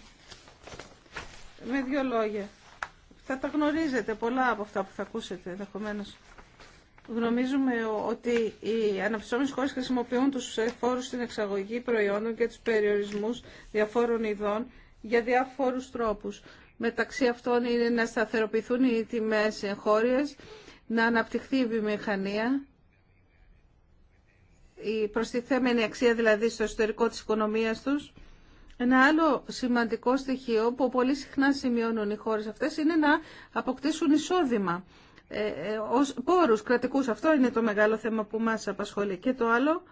με δύο λόγια. Θα τα γνωρίζετε πολλά από αυτά που θα ακούσετε ενδεχομένω. Γνωρίζουμε ότι οι αναπτυσσόμενες χώρες χρησιμοποιούν τους φόρους στην εξαγωγή προϊόντων και τους περιορισμούς διαφόρων ειδών για διάφορους τρόπους. Μεταξύ αυτών είναι να σταθεροποιηθούν οι τιμές εγχώριες, να αναπτυχθεί η βιομηχανία η προστιθέμενη αξία δηλαδή στο εσωτερικό της οικονομίας τους. Ένα άλλο σημαντικό στοιχείο που πολύ συχνά σημειώνουν οι χώρες αυτές είναι να αποκτήσουν εισόδημα ε, ε, ως πόρους κρατικούς. Αυτό είναι το μεγάλο θέμα που μας απασχολεί. Και το άλλο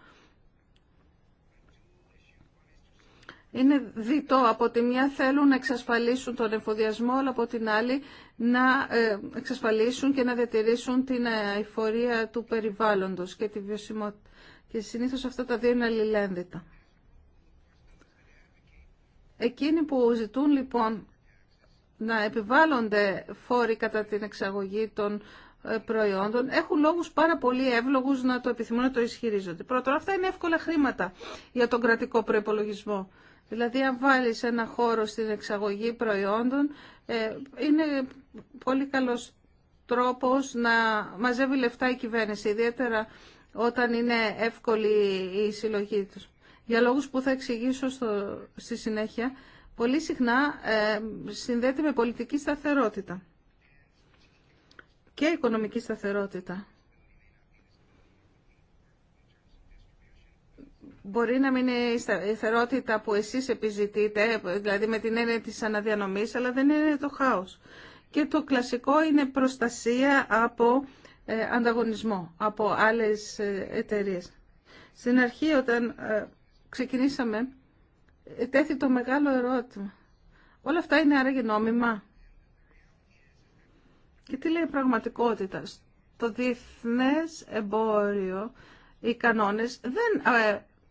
είναι διτό. Από τη μια θέλουν να εξασφαλίσουν τον εφοδιασμό, αλλά από την άλλη να ε, εξασφαλίσουν και να διατηρήσουν την αηφορία του περιβάλλοντος και τη βιωσιμότητα. Και συνήθως αυτά τα δύο είναι αλληλένδετα. Εκείνοι που ζητούν λοιπόν να επιβάλλονται φόροι κατά την εξαγωγή των ε, προϊόντων έχουν λόγους πάρα πολύ εύλογους να το επιθυμούν να το ισχυρίζονται. Πρώτον, αυτά είναι εύκολα χρήματα για τον κρατικό προϋπολογισμό. Δηλαδή, αν βάλεις ένα χώρο στην εξαγωγή προϊόντων, ε, είναι πολύ καλός τρόπος να μαζεύει λεφτά η κυβέρνηση, ιδιαίτερα όταν είναι εύκολη η συλλογή τους. Για λόγους που θα εξηγήσω στη συνέχεια, πολύ συχνά ε, συνδέεται με πολιτική σταθερότητα και οικονομική σταθερότητα. Μπορεί να μην είναι η σταθερότητα που εσείς επιζητείτε, δηλαδή με την έννοια της αναδιανομής, αλλά δεν είναι το χάος. Και το κλασικό είναι προστασία από ε, ανταγωνισμό από άλλες ε, εταιρείες. Στην αρχή όταν ε, ξεκινήσαμε τέθη το μεγάλο ερώτημα. Όλα αυτά είναι άραγε νόμιμα. Και τι λέει η πραγματικότητα. Στο διεθνές εμπόριο οι κανόνες δεν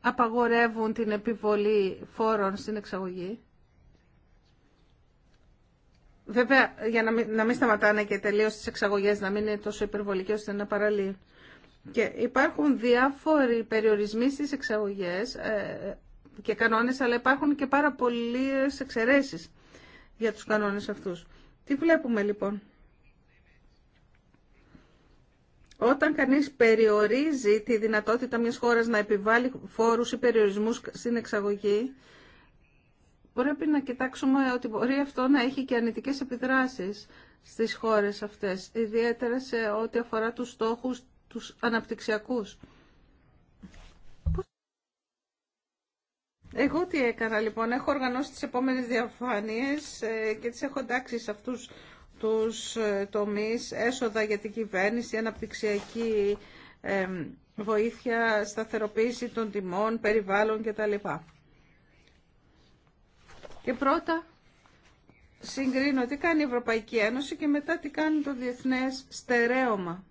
απαγορεύουν την επιβολή φόρων στην εξαγωγή. Βέβαια, για να μην, να μην σταματάνε και τελείω τι εξαγωγέ, να μην είναι τόσο υπερβολικές ώστε να παραλύει. Και υπάρχουν διάφοροι περιορισμοί στις εξαγωγές ε, και κανόνε, αλλά υπάρχουν και πάρα πολλέ εξαιρέσει για του κανόνε αυτού. Τι βλέπουμε λοιπόν. Όταν κανείς περιορίζει τη δυνατότητα μιας χώρας να επιβάλλει φόρους ή περιορισμούς στην εξαγωγή, πρέπει να κοιτάξουμε ότι μπορεί αυτό να έχει και αρνητικές επιδράσεις στις χώρες αυτές, ιδιαίτερα σε ό,τι αφορά τους στόχους τους αναπτυξιακούς. Εγώ τι έκανα λοιπόν, έχω οργανώσει τις επόμενες διαφάνειες ε, και τις έχω εντάξει σε αυτούς τους ε, τομείς, έσοδα για την κυβέρνηση, αναπτυξιακή ε, βοήθεια, σταθεροποίηση των τιμών, περιβάλλον κτλ. Και πρώτα συγκρίνω τι κάνει η Ευρωπαϊκή Ένωση και μετά τι κάνει το διεθνές στερέωμα.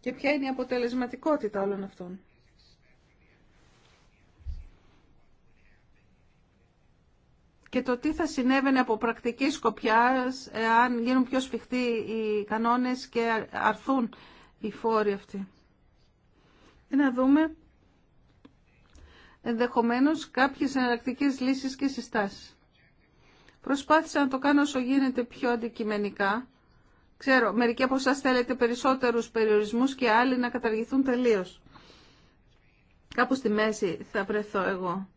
Και ποια είναι η αποτελεσματικότητα όλων αυτών. Και το τι θα συνέβαινε από πρακτική σκοπιά αν γίνουν πιο σφιχτοί οι κανόνες και αρθούν οι φόροι αυτοί. να δούμε ενδεχομένως κάποιες εναλλακτικές λύσεις και συστάσεις. Προσπάθησα να το κάνω όσο γίνεται πιο αντικειμενικά. Ξέρω, μερικοί από εσά θέλετε περισσότερους περιορισμούς και άλλοι να καταργηθούν τελείως. Κάπου στη μέση θα βρεθώ εγώ.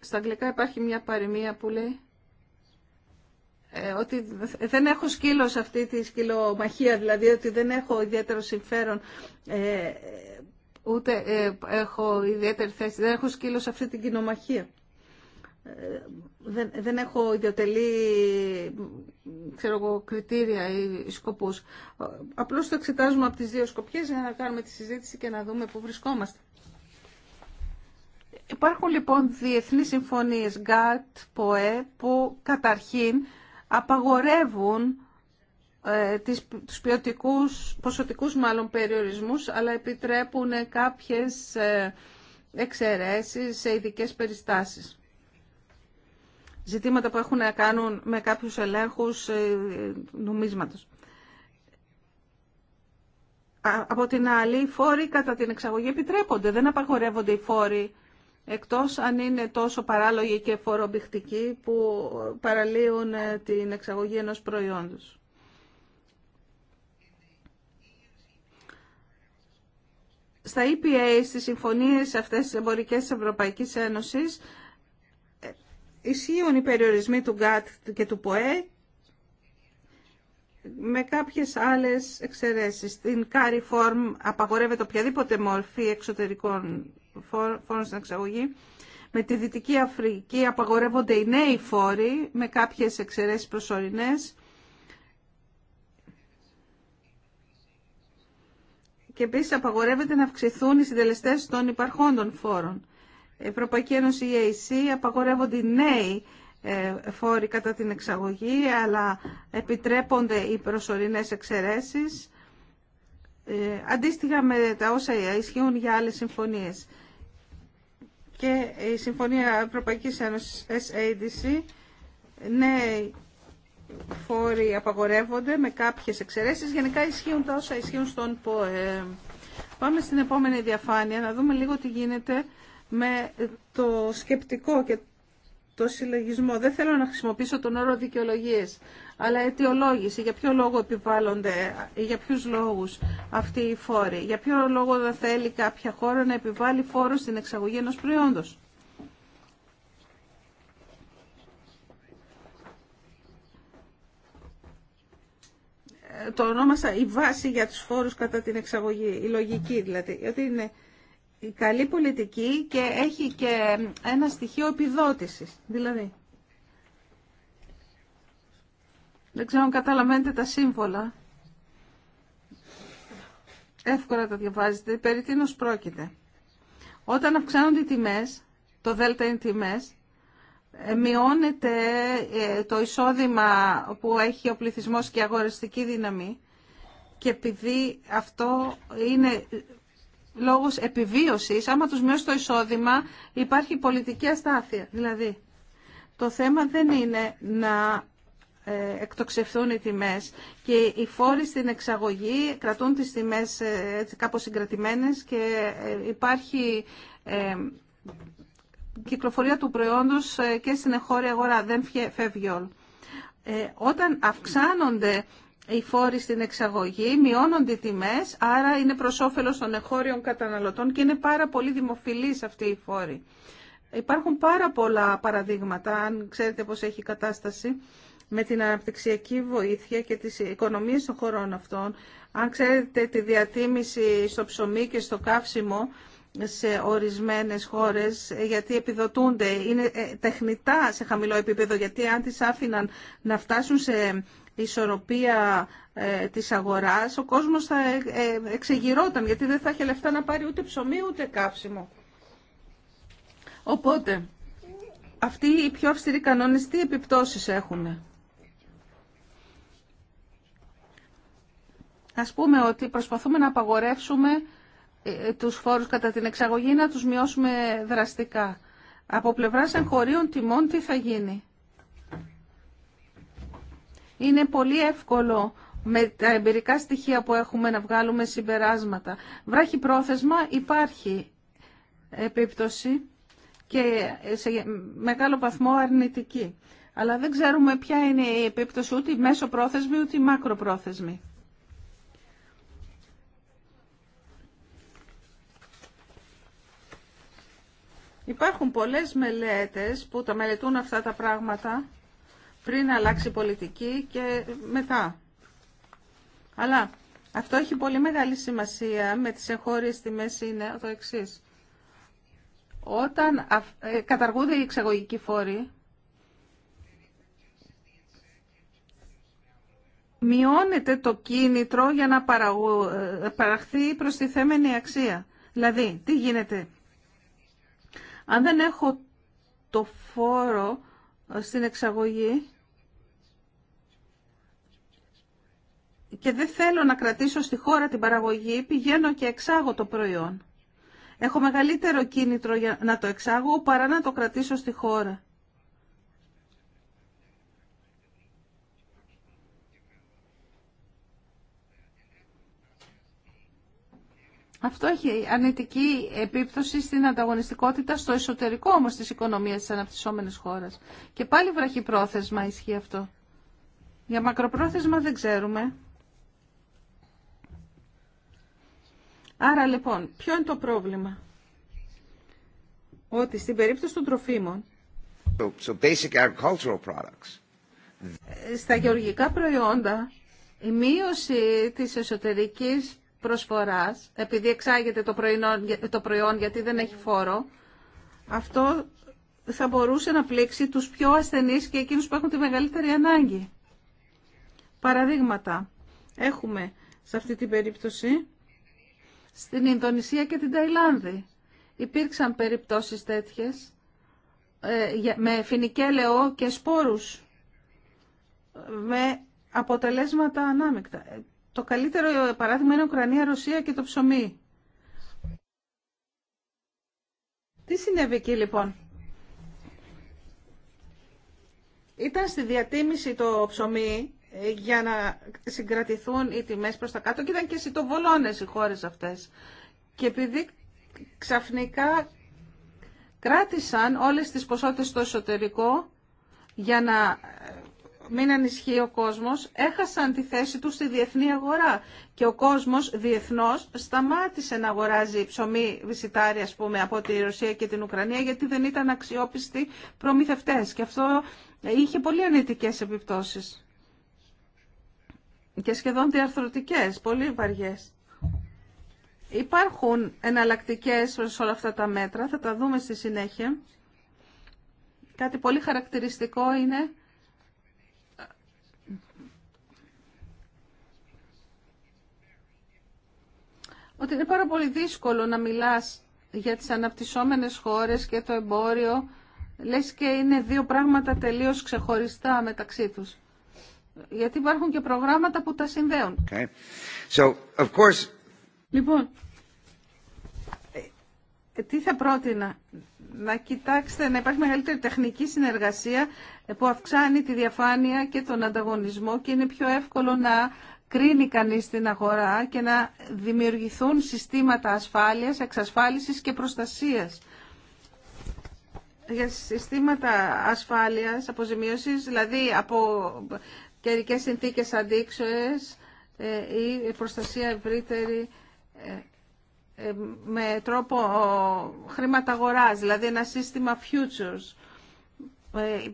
Στα αγγλικά υπάρχει μια παροιμία που λέει ε, ότι δεν έχω σκύλο σε αυτή τη σκυλομαχία, δηλαδή ότι δεν έχω ιδιαίτερο συμφέρον ε, ούτε ε, έχω ιδιαίτερη θέση, δεν έχω σκύλο σε αυτή την κοινομαχία. Ε, δεν, δεν έχω ιδιωτελή ξέρω κριτήρια ή σκοπούς. Απλώς το εξετάζουμε από τις δύο σκοπιές για να κάνουμε τη συζήτηση και να δούμε πού βρισκόμαστε. Υπάρχουν λοιπόν διεθνείς συμφωνίες ΓΑΤ, POE, που καταρχήν απαγορεύουν ε, τους ποιοτικούς, ποσοτικούς μάλλον περιορισμούς, αλλά επιτρέπουν κάποιες ε, εξαιρέσεις σε ειδικέ περιστάσεις. Ζητήματα που έχουν να κάνουν με κάποιους ελέγχους ε, νομίσματος. Από την άλλη, οι φόροι κατά την εξαγωγή επιτρέπονται, δεν απαγορεύονται οι φόροι, εκτός αν είναι τόσο παράλογοι και φορομπηχτικοί που παραλύουν την εξαγωγή ενός προϊόντος. στα EPA, στις συμφωνίες αυτές της εμπορικές της Ευρωπαϊκής Ένωσης, ε, ισχύουν οι περιορισμοί του ΓΚΑΤ και του ΠΟΕ με κάποιες άλλες εξαιρέσεις. Στην κάρι φόρμ απαγορεύεται οποιαδήποτε μορφή εξωτερικών φόρων στην εξαγωγή. Με τη Δυτική Αφρική απαγορεύονται οι νέοι φόροι με κάποιες εξαιρέσεις προσωρινές. και επίσης απαγορεύεται να αυξηθούν οι συντελεστές των υπαρχόντων φόρων. Η Ευρωπαϊκή Ένωση, η ΕΕ, απαγορεύονται οι νέοι ε, φόροι κατά την εξαγωγή, αλλά επιτρέπονται οι προσωρινές εξαιρέσεις, ε, αντίστοιχα με τα όσα ισχύουν για άλλες συμφωνίες. Και η Συμφωνία Ευρωπαϊκής Ένωσης, SADC, νέοι φόροι απαγορεύονται με κάποιες εξαιρέσεις. Γενικά ισχύουν τα όσα ισχύουν στον ΠΟΕ. Πάμε στην επόμενη διαφάνεια να δούμε λίγο τι γίνεται με το σκεπτικό και το συλλογισμό. Δεν θέλω να χρησιμοποιήσω τον όρο δικαιολογίε, αλλά αιτιολόγηση. Για ποιο λόγο επιβάλλονται, για ποιου λόγου αυτοί οι φόροι, για ποιο λόγο δεν θέλει κάποια χώρα να επιβάλλει φόρο στην εξαγωγή ενό προϊόντος. το ονόμασα η βάση για τους φόρους κατά την εξαγωγή, η λογική δηλαδή, ότι είναι η καλή πολιτική και έχει και ένα στοιχείο επιδότησης, δηλαδή. Δεν ξέρω αν καταλαβαίνετε τα σύμβολα. Εύκολα τα διαβάζετε. Περί τίνος πρόκειται. Όταν αυξάνονται οι τιμές, το δέλτα είναι τιμές, ε, μειώνεται ε, το εισόδημα που έχει ο πληθυσμός και η αγοραστική δύναμη και επειδή αυτό είναι λόγος επιβίωσης, άμα τους μειώσει το εισόδημα υπάρχει πολιτική αστάθεια. Δηλαδή, το θέμα δεν είναι να ε, εκτοξευθούν οι τιμές και οι φόροι στην εξαγωγή κρατούν τις τιμές κάπως συγκρατημένες και υπάρχει κυκλοφορία του προϊόντος ε, και στην εγχώρια αγορά. Δεν φεύγει όλο. Ε, όταν αυξάνονται οι φόροι στην εξαγωγή, μειώνονται οι τιμές, άρα είναι προς όφελος των εγχώριων καταναλωτών και είναι πάρα πολύ δημοφιλής αυτή η φόρη. Υπάρχουν πάρα πολλά παραδείγματα, αν ξέρετε πώς έχει η κατάσταση με την αναπτυξιακή βοήθεια και τις οικονομίες των χωρών αυτών. Αν ξέρετε τη διατίμηση στο ψωμί και στο καύσιμο, σε ορισμένες χώρες ε, γιατί επιδοτούνται, είναι ε, τεχνητά σε χαμηλό επίπεδο γιατί αν τις άφηναν να φτάσουν σε ισορροπία ε, της αγοράς ο κόσμος θα εξεγυρώταν γιατί δεν θα είχε λεφτά να πάρει ούτε ψωμί ούτε κάψιμο. Οπότε, αυτοί οι πιο αυστηροί κανόνες τι επιπτώσεις έχουν. Ας πούμε ότι προσπαθούμε να απαγορεύσουμε ε, τους φόρους κατά την εξαγωγή να τους μειώσουμε δραστικά. Από πλευράς εγχωρίων τιμών τι θα γίνει. Είναι πολύ εύκολο με τα εμπειρικά στοιχεία που έχουμε να βγάλουμε συμπεράσματα. Βράχει πρόθεσμα, υπάρχει επίπτωση και σε μεγάλο βαθμό αρνητική. Αλλά δεν ξέρουμε ποια είναι η επίπτωση ούτε μέσο πρόθεσμη ούτε μακροπρόθεσμη. Υπάρχουν πολλές μελέτες που τα μελετούν αυτά τα πράγματα πριν αλλάξει πολιτική και μετά. Αλλά αυτό έχει πολύ μεγάλη σημασία με τις εγχώριες τιμές είναι το εξής. Όταν ε, καταργούνται οι εξαγωγικοί φόροι, μειώνεται το κίνητρο για να ε, παραχθεί τη θέμενη αξία. Δηλαδή, τι γίνεται. Αν δεν έχω το φόρο ε, στην εξαγωγή και δεν θέλω να κρατήσω στη χώρα την παραγωγή, πηγαίνω και εξάγω το προϊόν. Έχω μεγαλύτερο κίνητρο για να το εξάγω παρά να το κρατήσω στη χώρα. Αυτό έχει αρνητική επίπτωση στην ανταγωνιστικότητα στο εσωτερικό όμως της οικονομίας της αναπτυσσόμενης χώρας. Και πάλι βραχυπρόθεσμα ισχύει αυτό. Για μακροπρόθεσμα δεν ξέρουμε. Άρα λοιπόν, ποιο είναι το πρόβλημα. Ότι στην περίπτωση των τροφίμων, so, ε, στα γεωργικά προϊόντα, η μείωση της εσωτερικής προσφοράς, επειδή εξάγεται το, το προϊόν γιατί δεν έχει φόρο, αυτό θα μπορούσε να πλήξει τους πιο ασθενείς και εκείνους που έχουν τη μεγαλύτερη ανάγκη. Παραδείγματα έχουμε σε αυτή την περίπτωση στην Ινδονησία και την Ταϊλάνδη. Υπήρξαν περιπτώσεις τέτοιες ε, με φινικέλαιο και σπόρους με αποτελέσματα ανάμεικτα. Το καλύτερο παράδειγμα είναι Ουκρανία, Ρωσία και το ψωμί. Τι συνέβη εκεί λοιπόν. Ήταν στη διατίμηση το ψωμί για να συγκρατηθούν οι τιμές προς τα κάτω και ήταν και σιτοβολώνες οι χώρες αυτές. Και επειδή ξαφνικά κράτησαν όλες τις ποσότητες στο εσωτερικό για να μην ανισχύει ο κόσμος, έχασαν τη θέση του στη διεθνή αγορά και ο κόσμος διεθνώς σταμάτησε να αγοράζει ψωμί βυσιτάρι ας πούμε από τη Ρωσία και την Ουκρανία γιατί δεν ήταν αξιόπιστοι προμηθευτές και αυτό είχε πολύ ανητικές επιπτώσεις και σχεδόν διαρθρωτικές, πολύ βαριές. Υπάρχουν εναλλακτικέ σε όλα αυτά τα μέτρα, θα τα δούμε στη συνέχεια. Κάτι πολύ χαρακτηριστικό είναι ότι είναι πάρα πολύ δύσκολο να μιλάς για τις αναπτυσσόμενες χώρες και το εμπόριο, λες και είναι δύο πράγματα τελείως ξεχωριστά μεταξύ τους. Γιατί υπάρχουν και προγράμματα που τα συνδέουν. Okay. So, of course... Λοιπόν, ε, ε, τι θα πρότεινα. Να κοιτάξετε να υπάρχει μεγαλύτερη τεχνική συνεργασία ε, που αυξάνει τη διαφάνεια και τον ανταγωνισμό και είναι πιο εύκολο να κρίνει κανείς την αγορά και να δημιουργηθούν συστήματα ασφάλειας, εξασφάλισης και προστασίας. Για συστήματα ασφάλειας, αποζημίωσης, δηλαδή από καιρικέ συνθήκες αντίξωες ε, ή προστασία ευρύτερη ε, ε, με τρόπο χρήματα δηλαδή ένα σύστημα futures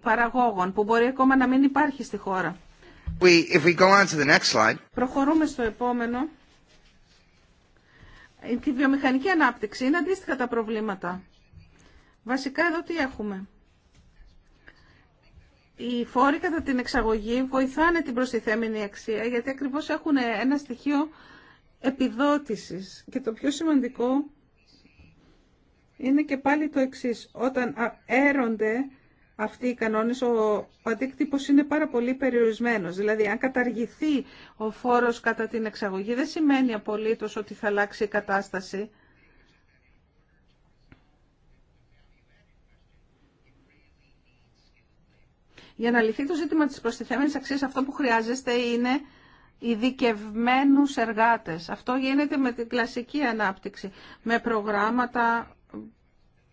παραγόγων που μπορεί ακόμα να μην υπάρχει στη χώρα if we go on to the next slide. Προχωρούμε στο επόμενο. Η βιομηχανική ανάπτυξη είναι αντίστοιχα τα προβλήματα. Βασικά εδώ τι έχουμε. Οι φόροι κατά την εξαγωγή βοηθάνε την προστιθέμενη αξία γιατί ακριβώς έχουν ένα στοιχείο επιδότησης. Και το πιο σημαντικό είναι και πάλι το εξής. Όταν έρονται αυτοί οι κανόνες, ο αντίκτυπος είναι πάρα πολύ περιορισμένος. Δηλαδή, αν καταργηθεί ο φόρος κατά την εξαγωγή, δεν σημαίνει απολύτως ότι θα αλλάξει η κατάσταση. Για να λυθεί το ζήτημα της προστιθέμενης αξίας, αυτό που χρειάζεστε είναι ειδικευμένους εργάτες. Αυτό γίνεται με την κλασική ανάπτυξη, με προγράμματα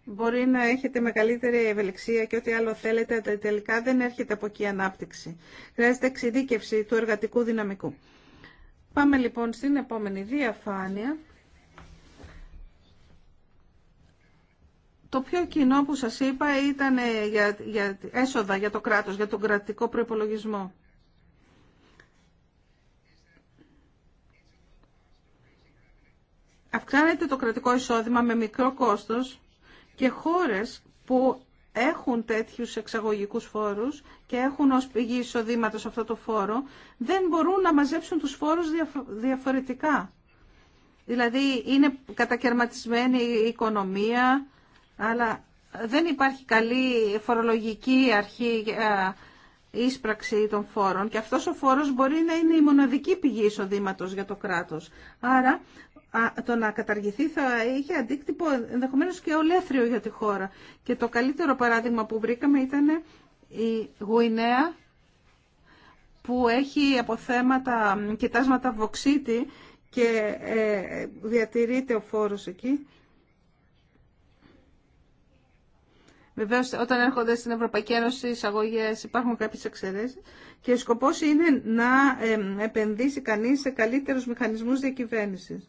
μπορεί να έχετε μεγαλύτερη ευελιξία και ό,τι άλλο θέλετε, αλλά τελικά δεν έρχεται από εκεί η ανάπτυξη. Χρειάζεται εξειδίκευση του εργατικού δυναμικού. Πάμε λοιπόν στην επόμενη διαφάνεια. Το πιο κοινό που σας είπα ήταν ε, για, για έσοδα για το κράτος, για τον κρατικό προϋπολογισμό. Αυξάνεται το κρατικό εισόδημα με μικρό κόστος και χώρες που έχουν τέτοιους εξαγωγικούς φόρους και έχουν ως πηγή εισοδήματο αυτό το φόρο, δεν μπορούν να μαζέψουν τους φόρους διαφορετικά. Δηλαδή είναι κατακαιρματισμένη η οικονομία, αλλά δεν υπάρχει καλή φορολογική αρχή η ίσπραξη των φόρων και αυτός ο φόρος μπορεί να είναι η μοναδική πηγή εισοδήματο για το κράτος. Άρα το να καταργηθεί θα είχε αντίκτυπο ενδεχομένως και ολέθριο για τη χώρα. Και το καλύτερο παράδειγμα που βρήκαμε ήταν η Γουινέα που έχει αποθέματα, κοιτάσματα βοξίτη και ε, διατηρείται ο φόρος εκεί. Βεβαίως όταν έρχονται στην Ευρωπαϊκή Ένωση εισαγωγέ υπάρχουν κάποιες εξαιρέσεις και ο σκοπός είναι να ε, επενδύσει κανείς σε καλύτερους μηχανισμούς διακυβέρνησης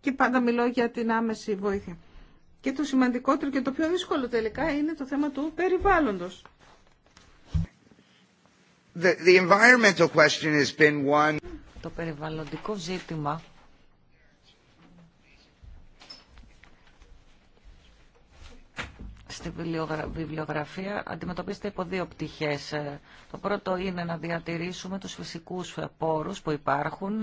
και πάντα μιλώ για την άμεση βοήθεια. Και το σημαντικότερο και το πιο δύσκολο τελικά είναι το θέμα του περιβάλλοντος. The, has been one... Το περιβαλλοντικό ζήτημα στη βιβλιογραφία αντιμετωπίζεται υπό δύο πτυχές. Το πρώτο είναι να διατηρήσουμε τους φυσικούς πόρους που υπάρχουν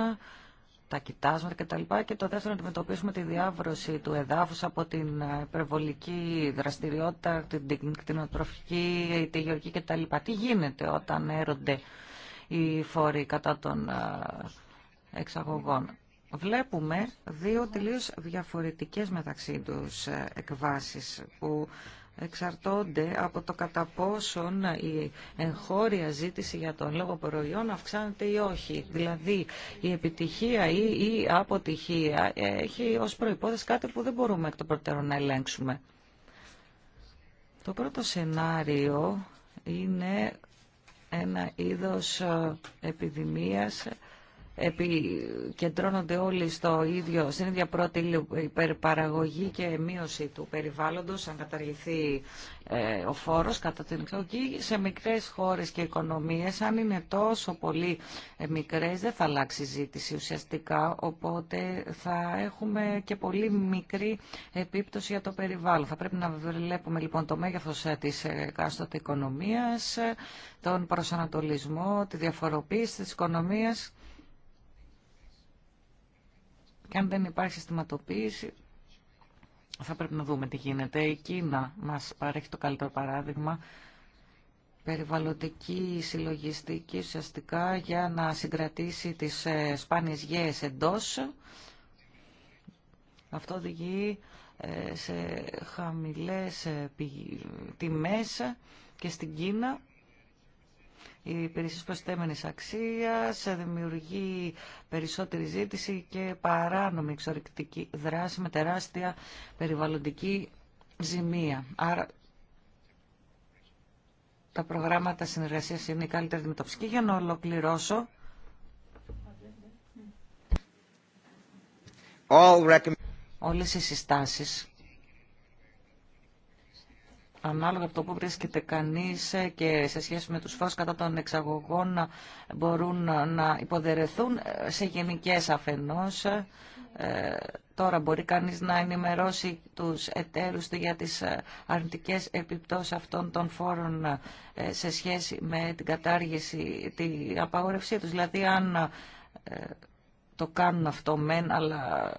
τα κοιτάσματα κτλ. Και το δεύτερο, να αντιμετωπίσουμε τη διάβρωση του εδάφους από την ε, υπερβολική δραστηριότητα, την κτηνοτροφική, τη γεωργική κτλ. Τι γίνεται όταν έρονται οι φόροι κατά των ε, εξαγωγών. Βλέπουμε δύο τελείως διαφορετικές μεταξύ τους ε, εκβάσεις που εξαρτώνται από το κατά πόσον η εγχώρια ζήτηση για τον λόγο προϊόν αυξάνεται ή όχι. Δηλαδή η επιτυχία ή η αποτυχία έχει ως προϋπόθεση κάτι που δεν μπορούμε εκ των προτέρων να ελέγξουμε. Το πρώτο σενάριο είναι ένα είδος ε, επιδημίας επικεντρώνονται όλοι στο ίδιο, στην ίδια πρώτη υπερπαραγωγή και μείωση του περιβάλλοντος, αν καταργηθεί ε, ο φόρος κατά την εξαγωγή, σε μικρές χώρες και οικονομίες, αν είναι τόσο πολύ ε, μικρές, δεν θα αλλάξει η ζήτηση ουσιαστικά, οπότε θα έχουμε και πολύ μικρή επίπτωση για το περιβάλλον. Θα πρέπει να βλέπουμε λοιπόν το μέγεθος ε, της εκάστοτε οικονομίας, τον προσανατολισμό, τη διαφοροποίηση της οικονομίας και αν δεν υπάρχει συστηματοποίηση, θα πρέπει να δούμε τι γίνεται. Η Κίνα μας παρέχει το καλύτερο παράδειγμα περιβαλλοντική συλλογιστική ουσιαστικά για να συγκρατήσει τις ε, σπάνιες γέες εντός. Αυτό οδηγεί ε, σε χαμηλές ε, τιμές και στην Κίνα η υπηρεσίες αξία αξίας, δημιουργεί περισσότερη ζήτηση και παράνομη εξορρυκτική δράση με τεράστια περιβαλλοντική ζημία. Άρα τα προγράμματα συνεργασίας είναι η καλύτερη δημιουργική. για να ολοκληρώσω, All Όλες οι συστάσεις ανάλογα από το που βρίσκεται κανείς και σε σχέση με τους φόρους κατά των εξαγωγών μπορούν να υποδερεθούν σε γενικές αφενός. Ε, τώρα μπορεί κανείς να ενημερώσει τους εταίρους για τις ε, αρνητικές επιπτώσεις αυτών των φόρων ε, σε σχέση με την κατάργηση, την απαγορευσή τους. Δηλαδή αν το κάνουν αυτό μεν, αλλά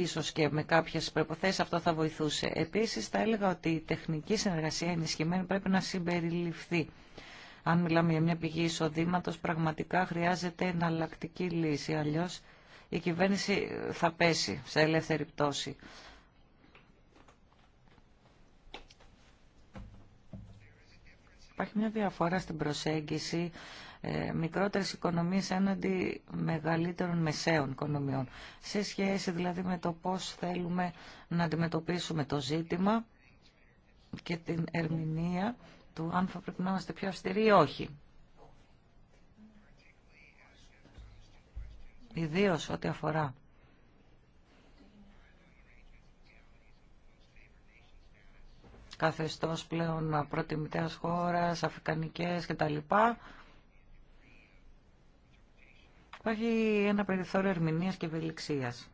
ίσως και με κάποιες προϋποθέσεις αυτό θα βοηθούσε. Επίσης θα έλεγα ότι η τεχνική συνεργασία ενισχυμένη πρέπει να συμπεριληφθεί. Αν μιλάμε για μια πηγή εισοδήματος, πραγματικά χρειάζεται εναλλακτική λύση, αλλιώς η κυβέρνηση θα πέσει σε ελεύθερη πτώση. Υπάρχει μια διαφορά στην προσέγγιση ε, μικρότερες οικονομίες έναντι μεγαλύτερων μεσαίων οικονομιών. Σε σχέση δηλαδή με το πώς θέλουμε να αντιμετωπίσουμε το ζήτημα και την ερμηνεία του αν θα πρέπει να είμαστε πιο αυστηροί ή όχι. Ιδίω ό,τι αφορά καθεστώς πλέον προτιμητέας χώρας, αφρικανικές κτλ. Υπάρχει ένα περιθώριο ερμηνείας και ευελιξίας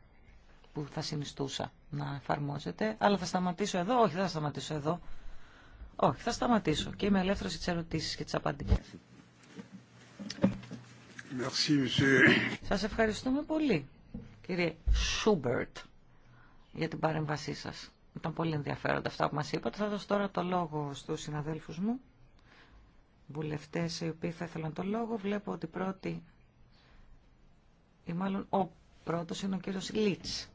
που θα συνιστούσα να εφαρμόζεται, αλλά θα σταματήσω εδώ, όχι θα σταματήσω εδώ. Όχι, θα σταματήσω και είμαι ελεύθερος στις ερωτήσεις και τις απαντήσεις. Σας ευχαριστούμε πολύ, κύριε Σούμπερτ, για την παρέμβασή σας. Ήταν πολύ ενδιαφέροντα αυτά που μας είπατε. Θα δώσω τώρα το λόγο στους συναδέλφους μου, βουλευτές οι οποίοι θα ήθελαν το λόγο. Βλέπω ότι πρώτη ή μάλλον ο πρώτος είναι ο κύριος Λίτς.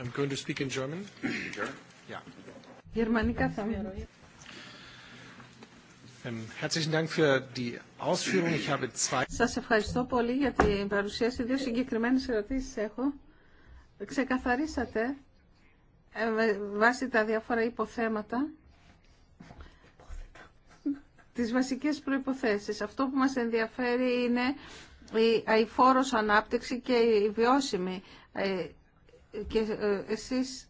I'm going to speak in German. Γερμανικά θα Σας ευχαριστώ πολύ για την παρουσίαση. Δύο συγκεκριμένες ερωτήσεις έχω. Ξεκαθαρίσατε ε, βάσει τα διάφορα υποθέματα τις βασικές προϋποθέσεις. Αυτό που μας ενδιαφέρει είναι η φόρος ανάπτυξη και η βιώσιμη. Ε, και ε, εσείς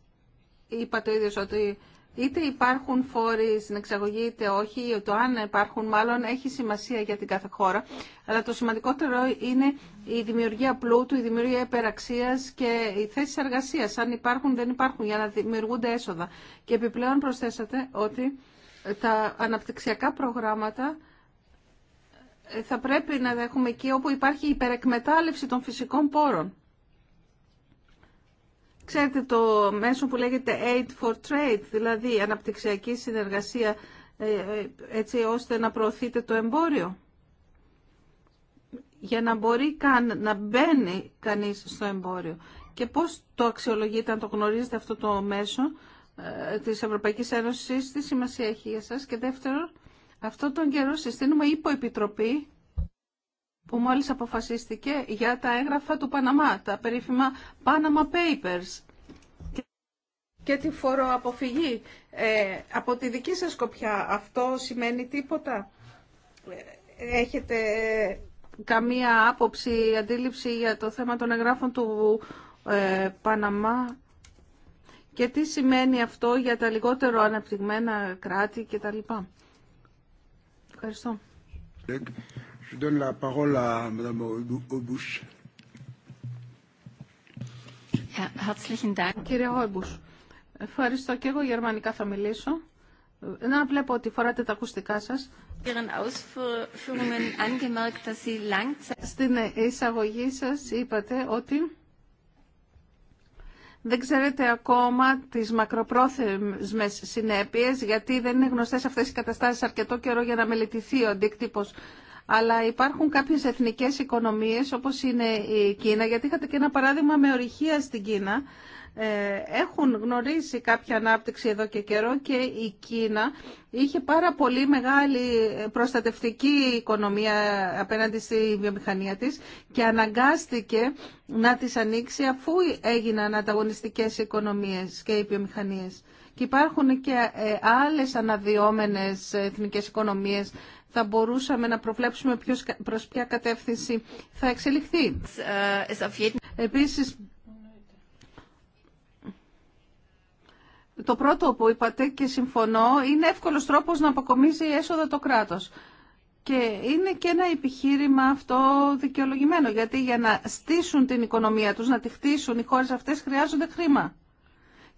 είπατε ίδιος ότι είτε υπάρχουν φόροι στην εξαγωγή είτε όχι, το αν υπάρχουν μάλλον έχει σημασία για την κάθε χώρα. Αλλά το σημαντικότερο είναι η δημιουργία πλούτου, η δημιουργία υπεραξίας και οι θέσει εργασίας, αν υπάρχουν δεν υπάρχουν, για να δημιουργούνται έσοδα. Και επιπλέον προσθέσατε ότι τα αναπτυξιακά προγράμματα θα πρέπει να έχουμε εκεί όπου υπάρχει υπερεκμετάλλευση των φυσικών πόρων. Ξέρετε το μέσο που λέγεται Aid for Trade, δηλαδή αναπτυξιακή συνεργασία ε, ε, έτσι ώστε να προωθείτε το εμπόριο. Για να μπορεί καν να μπαίνει κανείς στο εμπόριο. Και πώς το αξιολογείτε, αν το γνωρίζετε αυτό το μέσο ε, της Ευρωπαϊκής Ένωσης, τι σημασία έχει για σας. Και δεύτερον, αυτό τον καιρό συστήνουμε υποεπιτροπή που μόλις αποφασίστηκε για τα έγγραφα του Παναμά, τα περίφημα Panama Papers και τη φοροαποφυγή. Ε, από τη δική σας σκοπιά αυτό σημαίνει τίποτα. Έχετε καμία άποψη, αντίληψη για το θέμα των εγγράφων του ε, Παναμά και τι σημαίνει αυτό για τα λιγότερο αναπτυγμένα κράτη κτλ. Ευχαριστώ. Κύριε ευχαριστώ και εγώ γερμανικά θα μιλήσω. Να βλέπω ότι φοράτε τα ακουστικά σας. Στην εισαγωγή σας είπατε ότι δεν ξέρετε ακόμα τις μακροπρόθεσμες συνέπειες, γιατί δεν είναι γνωστές αυτές οι καταστάσεις αρκετό καιρό για να μελετηθεί ο αντίκτυπος. Αλλά υπάρχουν κάποιες εθνικές οικονομίες, όπως είναι η Κίνα, γιατί είχατε και ένα παράδειγμα με ορυχία στην Κίνα, έχουν γνωρίσει κάποια ανάπτυξη εδώ και καιρό και η Κίνα είχε πάρα πολύ μεγάλη προστατευτική οικονομία απέναντι στη βιομηχανία της και αναγκάστηκε να τις ανοίξει αφού έγιναν ανταγωνιστικές οικονομίες και οι βιομηχανίες. Και υπάρχουν και άλλες αναδιόμενες εθνικές οικονομίες θα μπορούσαμε να προβλέψουμε ποιος, προς ποια κατεύθυνση θα εξελιχθεί. Επίσης, το πρώτο που είπατε και συμφωνώ είναι εύκολος τρόπος να αποκομίζει έσοδα το κράτος. Και είναι και ένα επιχείρημα αυτό δικαιολογημένο, γιατί για να στήσουν την οικονομία τους, να τη χτίσουν οι χώρες αυτές χρειάζονται χρήμα.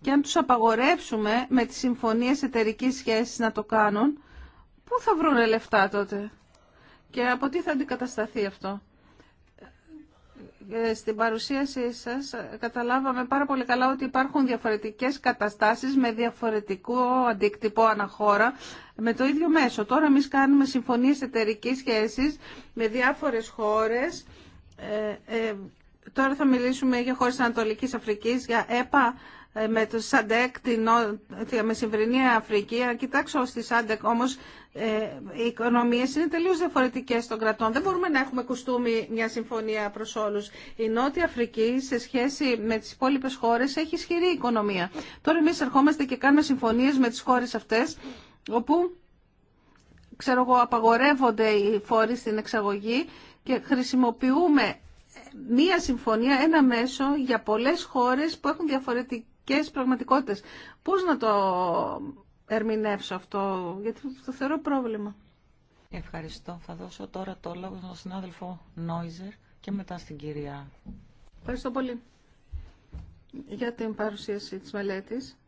Και αν τους απαγορεύσουμε με τις συμφωνίες εταιρικής σχέσης να το κάνουν, πού θα βρουν λεφτά τότε και από τι θα αντικατασταθεί αυτό. Ε, στην παρουσίασή σας ε, καταλάβαμε πάρα πολύ καλά ότι υπάρχουν διαφορετικές καταστάσεις με διαφορετικό αντίκτυπο αναχώρα με το ίδιο μέσο. Τώρα εμεί κάνουμε συμφωνίες εταιρική σχέσης με διάφορες χώρες. Ε, ε, τώρα θα μιλήσουμε για χώρες Ανατολικής Αφρικής, για ΕΠΑ, ε, με το ΣΑΝΤΕΚ, τη Μεσημβρινή Αφρική. Αν κοιτάξω στη ΣΑΝΤΕΚ όμως ε, οι οικονομίες είναι τελείως διαφορετικές των κρατών. Δεν μπορούμε να έχουμε κουστούμι μια συμφωνία προς όλους. Η Νότια Αφρική σε σχέση με τις υπόλοιπες χώρες έχει ισχυρή οικονομία. Τώρα εμείς ερχόμαστε και κάνουμε συμφωνίες με τις χώρες αυτές όπου ξέρω εγώ, απαγορεύονται οι φόροι στην εξαγωγή και χρησιμοποιούμε μία συμφωνία, ένα μέσο για πολλές χώρες που έχουν διαφορετικές πραγματικότητες. Πώς να το ερμηνεύσω αυτό, γιατί το θεωρώ πρόβλημα. Ευχαριστώ. Θα δώσω τώρα το λόγο στον συνάδελφο Νόιζερ και μετά στην κυρία. Ευχαριστώ πολύ για την παρουσίαση της μελέτης.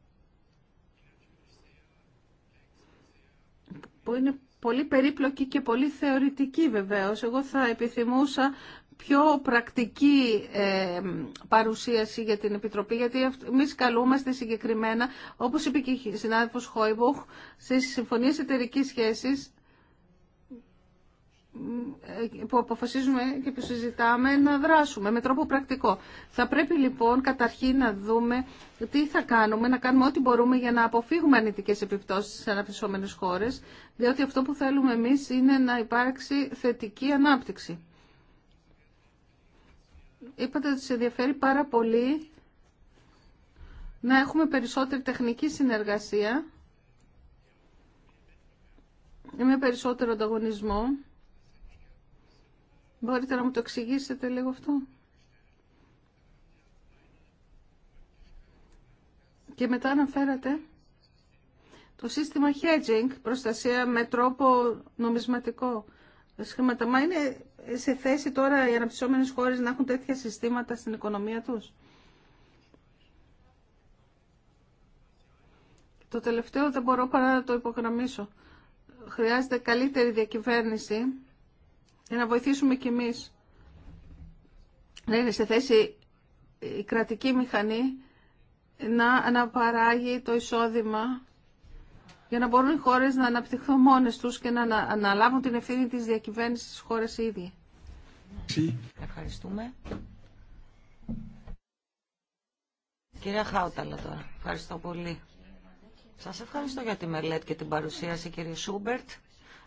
Που είναι πολύ περίπλοκη και πολύ θεωρητική βεβαίως. Εγώ θα επιθυμούσα πιο πρακτική ε, παρουσίαση για την Επιτροπή, γιατί εμεί καλούμαστε συγκεκριμένα, όπως είπε και η συνάδελφος Χόιμπουχ, στις συμφωνίες εταιρικής σχέσης ε, που αποφασίζουμε και που συζητάμε να δράσουμε με τρόπο πρακτικό. Θα πρέπει λοιπόν καταρχήν να δούμε τι θα κάνουμε, να κάνουμε ό,τι μπορούμε για να αποφύγουμε αρνητικέ επιπτώσει στι αναπτυσσόμενε χώρε, διότι αυτό που θέλουμε εμεί είναι να υπάρξει θετική ανάπτυξη είπατε ότι σε ενδιαφέρει πάρα πολύ να έχουμε περισσότερη τεχνική συνεργασία με περισσότερο ανταγωνισμό. Μπορείτε να μου το εξηγήσετε λίγο αυτό. Και μετά αναφέρατε το σύστημα hedging, προστασία με τρόπο νομισματικό σχήματα. Μα είναι σε θέση τώρα οι αναπτυσσόμενες χώρες να έχουν τέτοια συστήματα στην οικονομία τους. Το τελευταίο δεν μπορώ παρά να το υπογραμμίσω. Χρειάζεται καλύτερη διακυβέρνηση για να βοηθήσουμε κι εμείς να είναι σε θέση η κρατική μηχανή να αναπαράγει το εισόδημα για να μπορούν οι χώρες να αναπτυχθούν μόνες τους και να αναλάβουν την ευθύνη της διακυβέρνησης της χώρας ήδη. Ευχαριστούμε. Κυρία Χάουταλα τώρα, ευχαριστώ πολύ. Σας ευχαριστώ για τη μελέτη και την παρουσίαση κύριε Σούμπερτ.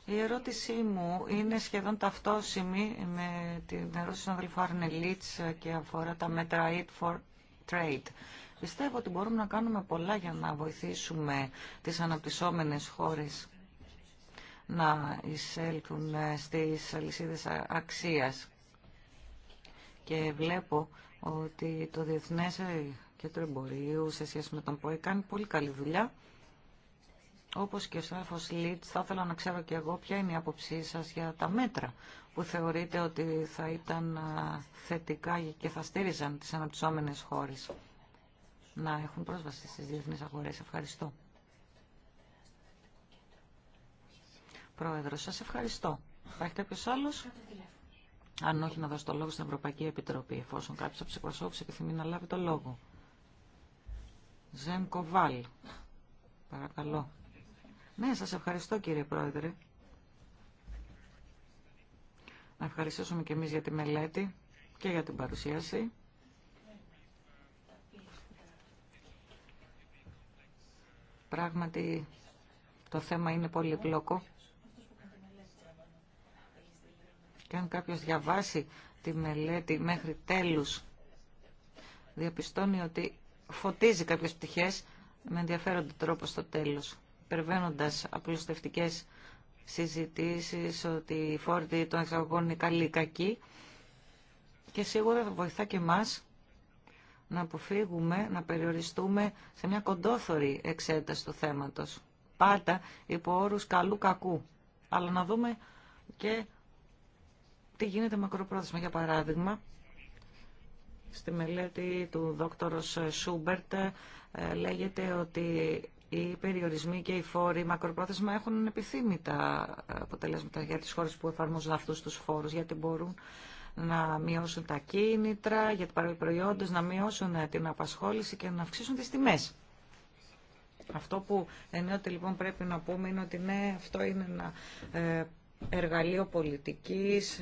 Η ερώτησή μου είναι σχεδόν ταυτόσιμη με την ερώτηση του αδελφού Αρνελίτς και αφορά τα μέτρα for Trade. Πιστεύω ότι μπορούμε να κάνουμε πολλά για να βοηθήσουμε τις αναπτυσσόμενες χώρες να εισέλθουν ε, στις αλυσίδες αξίας. Και βλέπω ότι το Διεθνές ε, Κέντρο Εμπορίου σε σχέση με τον ΠΟΕ κάνει πολύ καλή δουλειά. Όπως και ο Σάφος Λίτς, θα ήθελα να ξέρω και εγώ ποια είναι η άποψή σας για τα μέτρα που θεωρείτε ότι θα ήταν ε, θετικά και θα στήριζαν τις αναπτυσσόμενες χώρες να έχουν πρόσβαση στις διεθνείς αγορές. Ευχαριστώ. Πρόεδρο, σας ευχαριστώ. Υπάρχει κάποιο άλλο. Αν όχι, να δώσω το λόγο στην Ευρωπαϊκή Επιτροπή, εφόσον κάποιο από τους εκπροσώπους επιθυμεί να λάβει το λόγο. Ζεν Κοβάλ. Παρακαλώ. Ναι, σας ευχαριστώ κύριε Πρόεδρε. Να ευχαριστήσουμε και εμείς για τη μελέτη και για την παρουσίαση. Πράγματι το θέμα είναι πολύ πολύπλοκο. Και αν κάποιος διαβάσει τη μελέτη μέχρι τέλους, διαπιστώνει ότι φωτίζει κάποιες πτυχές με ενδιαφέρον τρόπο στο τέλος, υπερβαίνοντας απλουστευτικές συζητήσεις ότι η φόρτη των εξαγωγών είναι καλή ή κακή και σίγουρα θα βοηθά και εμάς να αποφύγουμε, να περιοριστούμε σε μια κοντόθωρη εξέταση του θέματος. Πάντα υπό όρους καλού κακού. Αλλά να δούμε και τι γίνεται μακροπρόθεσμα. Για παράδειγμα, στη μελέτη του δόκτωρος Σούμπερτ ε, λέγεται ότι οι περιορισμοί και οι φόροι μακροπρόθεσμα έχουν επιθύμητα αποτελέσματα για τις χώρες που εφαρμόζουν αυτούς τους φόρους, γιατί μπορούν να μειώσουν τα κίνητρα για την προϊόντα να μειώσουν την απασχόληση και να αυξήσουν τις τιμές. Αυτό που ότι λοιπόν πρέπει να πούμε είναι ότι ναι, αυτό είναι ένα ε, εργαλείο πολιτικής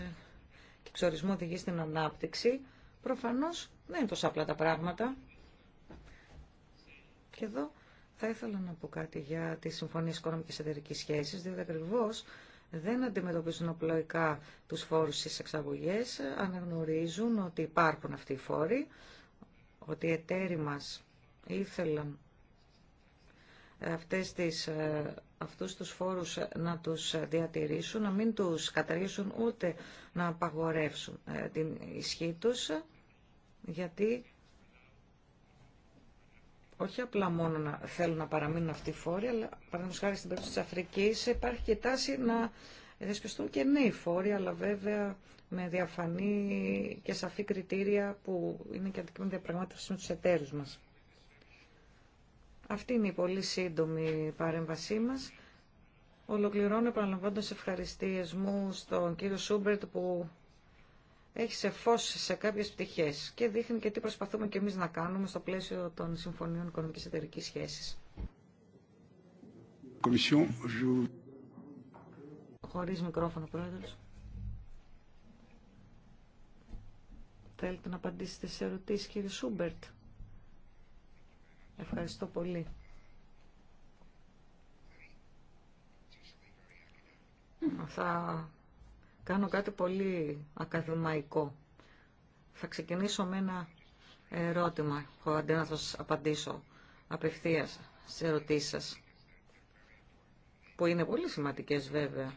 και εξορισμού οδηγεί στην ανάπτυξη. Προφανώς δεν είναι τόσο απλά τα πράγματα. Και εδώ θα ήθελα να πω κάτι για τις συμφωνίες οικονομικής εταιρικής σχέσης, διότι ακριβώς δεν αντιμετωπίζουν απλοϊκά τους φόρους στις εξαγωγές, αναγνωρίζουν ότι υπάρχουν αυτοί οι φόροι, ότι οι εταίροι μας ήθελαν αυτές τις, ε, αυτούς τους φόρους να τους διατηρήσουν, να μην τους καταργήσουν ούτε να απαγορεύσουν ε, την ισχύ τους, γιατί όχι απλά μόνο να θέλουν να παραμείνουν αυτοί οι φόροι, αλλά παραδείγματο χάρη στην περίπτωση τη Αφρική υπάρχει και τάση να δεσπιστούν και νέοι φόροι, αλλά βέβαια με διαφανή και σαφή κριτήρια που είναι και αντικείμενο διαπραγμάτευση με του εταίρου μα. Αυτή είναι η πολύ σύντομη παρέμβασή μα. Ολοκληρώνω επαναλαμβάνοντα ευχαριστίες μου στον κύριο Σούμπερτ που έχει σε φως σε κάποιες πτυχές και δείχνει και τι προσπαθούμε και εμείς να κάνουμε στο πλαίσιο των Συμφωνιών Οικονομικής Εταιρικής Σχέσης. Χωρίς μικρόφωνο, Πρόεδρος. Θέλετε να απαντήσετε σε ερωτήσεις, κύριε Σούμπερτ. Ευχαριστώ πολύ. Θα κάνω κάτι πολύ ακαδημαϊκό. Θα ξεκινήσω με ένα ερώτημα, αντί να σας απαντήσω απευθείας σε ερωτήσεις σας, που είναι πολύ σημαντικές βέβαια.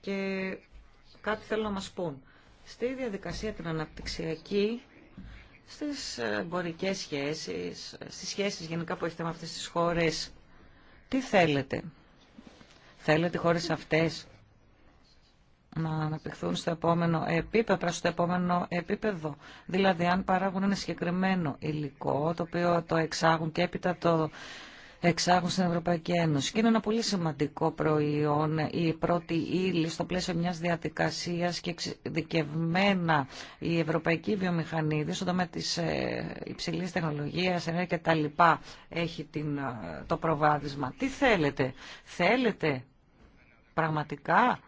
Και κάτι θέλω να μας πούν. Στη διαδικασία την αναπτυξιακή, στις εμπορικέ σχέσεις, στις σχέσεις γενικά που έχετε με αυτές τις χώρες, τι θέλετε. Θέλετε χώρες αυτές να αναπτυχθούν στο επόμενο επίπεδο, στο επόμενο επίπεδο. Δηλαδή, αν παράγουν ένα συγκεκριμένο υλικό, το οποίο το εξάγουν και έπειτα το εξάγουν στην Ευρωπαϊκή Ένωση. Και είναι ένα πολύ σημαντικό προϊόν η πρώτη ύλη στο πλαίσιο μιας διαδικασίας και εξειδικευμένα η ευρωπαϊκή βιομηχανία, στον με τις ε, υψηλή τεχνολογία ενέργεια και έχει την, ε, το προβάδισμα. Τι θέλετε, θέλετε πραγματικά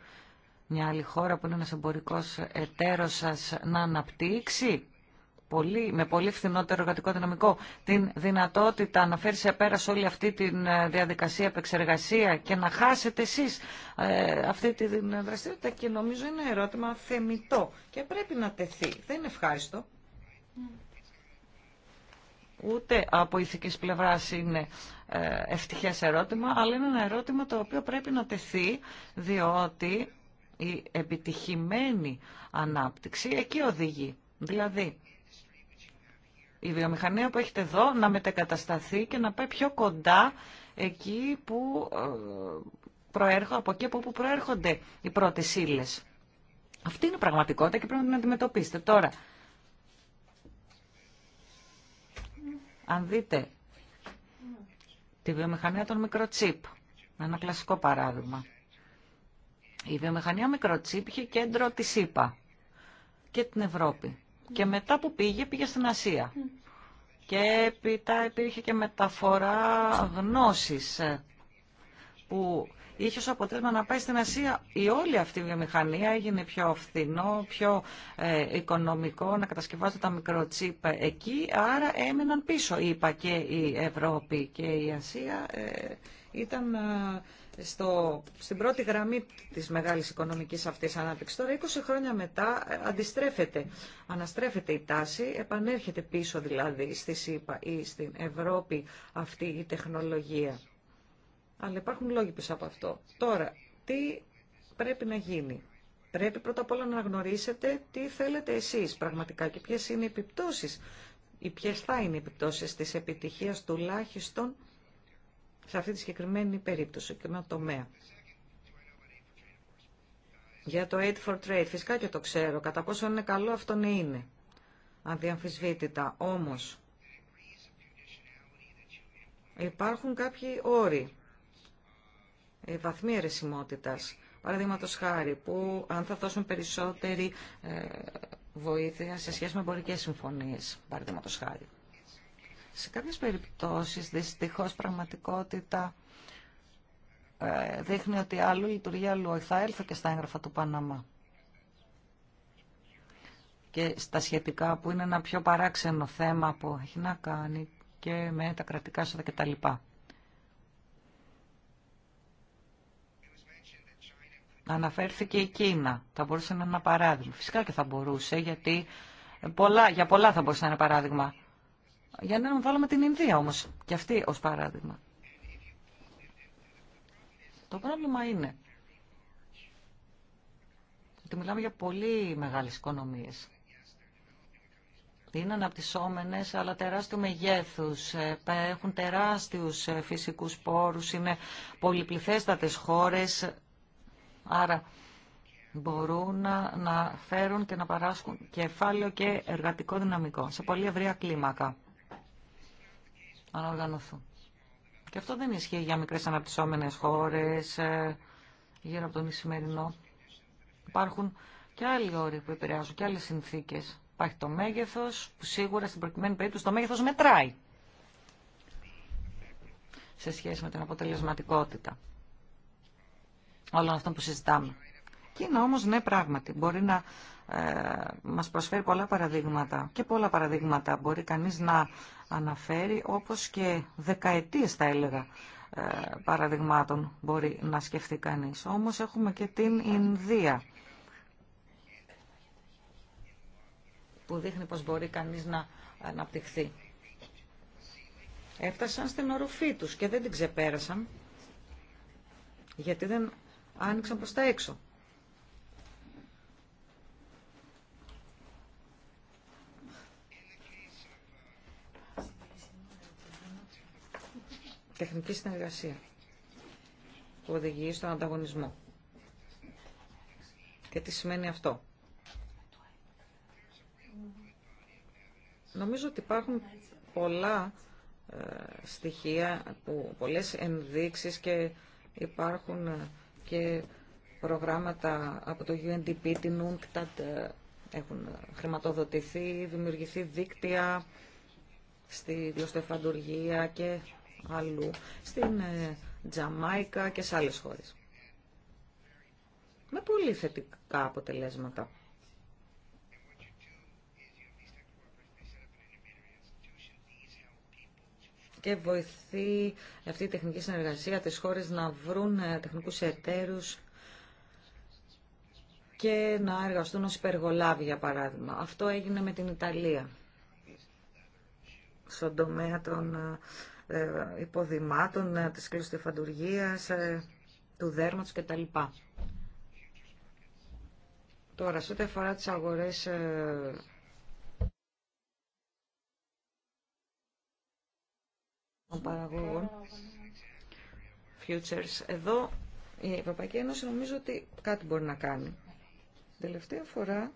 μια άλλη χώρα που είναι ένας εμπορικός εταίρος σας να αναπτύξει πολύ, με πολύ φθηνότερο εργατικό δυναμικό την δυνατότητα να φέρει σε πέρα όλη αυτή τη ε, διαδικασία επεξεργασία και να χάσετε εσείς ε, αυτή τη ε, δραστηριότητα και νομίζω είναι ερώτημα θεμητό και πρέπει να τεθεί. Δεν είναι ευχάριστο. Ούτε από ηθικής πλευράς είναι ευτυχές ερώτημα, αλλά είναι ένα ερώτημα το οποίο πρέπει να τεθεί, διότι η επιτυχημένη ανάπτυξη εκεί οδηγεί. Δηλαδή, η βιομηχανία που έχετε εδώ να μετακατασταθεί και να πάει πιο κοντά εκεί που ε, προέρχονται, από εκεί που προέρχονται οι πρώτες ύλε. Αυτή είναι η πραγματικότητα και πρέπει να την αντιμετωπίσετε. Τώρα, αν δείτε τη βιομηχανία των μικροτσίπ, ένα κλασικό παράδειγμα, η βιομηχανία μικροτσίπ είχε κέντρο τη ΣΥΠΑ και την Ευρώπη. Και μετά που πήγε, πήγε στην Ασία. Και έπειτα υπήρχε και μεταφορά γνώσης ε, που είχε ως αποτέλεσμα να πάει στην Ασία η όλη αυτή η βιομηχανία, έγινε πιο φθηνό, πιο ε, οικονομικό να κατασκευάζονται τα μικροτσίπ εκεί, άρα έμεναν πίσω είπα, και η Ευρώπη και η Ασία ε, ήταν... Ε, στο, στην πρώτη γραμμή της μεγάλης οικονομικής αυτής ανάπτυξης. Τώρα 20 χρόνια μετά αντιστρέφεται, αναστρέφεται η τάση, επανέρχεται πίσω δηλαδή στη ΣΥΠΑ ή στην Ευρώπη αυτή η τεχνολογία. Αλλά υπάρχουν λόγοι πίσω από αυτό. Τώρα, τι πρέπει να γίνει. Πρέπει πρώτα απ' όλα να γνωρίσετε τι θέλετε εσείς πραγματικά και ποιες είναι οι επιπτώσεις ή ποιε θα είναι οι επιπτώσεις της επιτυχίας τουλάχιστον σε αυτή τη συγκεκριμένη περίπτωση και με τομέα. Για το Aid for Trade, φυσικά και το ξέρω, κατά πόσο είναι καλό αυτό είναι, αδιαμφισβήτητα. Όμως, υπάρχουν κάποιοι όροι ε, βαθμοί αιρεσιμότητας. Παραδείγματο χάρη, που αν θα δώσουν περισσότερη ε, βοήθεια σε σχέση με εμπορικέ συμφωνίε, παραδείγματο χάρη. Σε κάποιες περιπτώσεις, δυστυχώ, πραγματικότητα ε, δείχνει ότι άλλο λειτουργεί αλλού. Θα έλθω και στα έγγραφα του Παναμά. Και στα σχετικά που είναι ένα πιο παράξενο θέμα που έχει να κάνει και με τα κρατικά σώδα κτλ. Αναφέρθηκε η Κίνα. Θα μπορούσε να είναι ένα παράδειγμα. Φυσικά και θα μπορούσε, γιατί για πολλά θα μπορούσε να είναι παράδειγμα. Για να βάλουμε την Ινδία όμως, και αυτή ως παράδειγμα. Το πρόβλημα είναι ότι μιλάμε για πολύ μεγάλες οικονομίες. Είναι αναπτυσσόμενες, αλλά τεράστιου μεγέθους, ε, έχουν τεράστιους ε, φυσικούς πόρους, είναι πολυπληθέστατες χώρες, Άρα μπορούν να φέρουν και να παράσχουν κεφάλαιο και εργατικό δυναμικό σε πολύ ευρία κλίμακα. Αν οργανωθούν. Και αυτό δεν ισχύει για μικρές αναπτυσσόμενες χώρες ε, γύρω από τον Ισημερινό. Υπάρχουν και άλλοι όροι που επηρεάζουν και άλλες συνθήκες. Υπάρχει το μέγεθος που σίγουρα στην προκειμένη περίπτωση το μέγεθος μετράει σε σχέση με την αποτελεσματικότητα όλων αυτών που συζητάμε. Κίνα όμως ναι πράγματι μπορεί να ε, μας προσφέρει πολλά παραδείγματα και πολλά παραδείγματα μπορεί κανείς να αναφέρει όπως και δεκαετίες θα έλεγα ε, παραδειγμάτων μπορεί να σκεφτεί κανείς. Όμως έχουμε και την Ινδία που δείχνει πως μπορεί κανείς να αναπτυχθεί. Έφτασαν στην οροφή τους και δεν την ξεπέρασαν γιατί δεν άνοιξαν προς τα έξω. Τεχνική συνεργασία που οδηγεί στον ανταγωνισμό. Και τι σημαίνει αυτό. Νομίζω ότι υπάρχουν πολλά ε, στοιχεία, που, πολλές ενδείξεις και υπάρχουν ε, και προγράμματα από το UNDP, την UNCTAD ε, έχουν χρηματοδοτηθεί, δημιουργηθεί δίκτυα στη διοστεφαντουργία και αλλού, στην ε, Τζαμάικα και σε άλλες χώρες. Με πολύ θετικά αποτελέσματα. και βοηθεί αυτή η τεχνική συνεργασία τις χώρες να βρουν ε, τεχνικούς εταίρους και να εργαστούν ως υπεργολάβοι, για παράδειγμα. Αυτό έγινε με την Ιταλία, στον τομέα των ε, ε, υποδημάτων, της κλωστεφαντουργίας, του δέρματος κτλ. Τώρα, σε ό,τι αφορά τις αγορές των futures. Εδώ η Ευρωπαϊκή Ένωση νομίζω ότι κάτι μπορεί να κάνει. Τελευταία φορά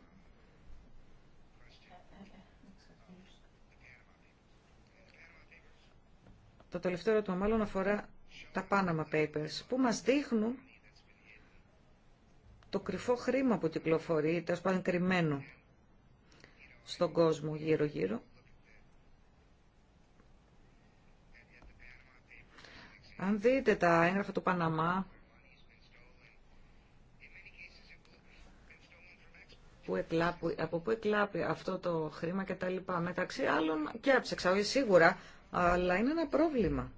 το τελευταίο ερώτημα μάλλον αφορά τα Panama Papers που μας δείχνουν το κρυφό χρήμα που κυκλοφορεί, τέλος πάντων κρυμμένο στον κόσμο γύρω-γύρω Αν δείτε τα έγγραφα του Παναμά, που από πού εκλάπει αυτό το χρήμα και τα λοιπά. Μεταξύ άλλων και άψεξα, όχι σίγουρα, αλλά είναι ένα πρόβλημα.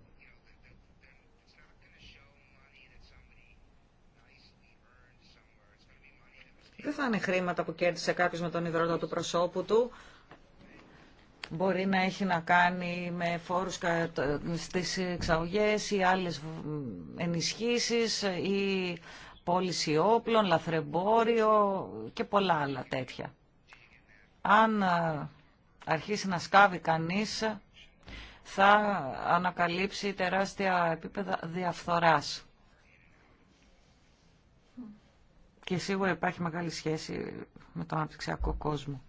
Δεν θα είναι χρήματα που κέρδισε κάποιος με τον ιδρώτα του προσώπου του, μπορεί να έχει να κάνει με φόρους στις εξαγωγές ή άλλες ενισχύσεις ή πώληση όπλων, λαθρεμπόριο και πολλά άλλα τέτοια. Αν αρχίσει να σκάβει κανείς, θα ανακαλύψει τεράστια επίπεδα διαφθοράς. Και σίγουρα υπάρχει μεγάλη σχέση με τον αναπτυξιακό κόσμο.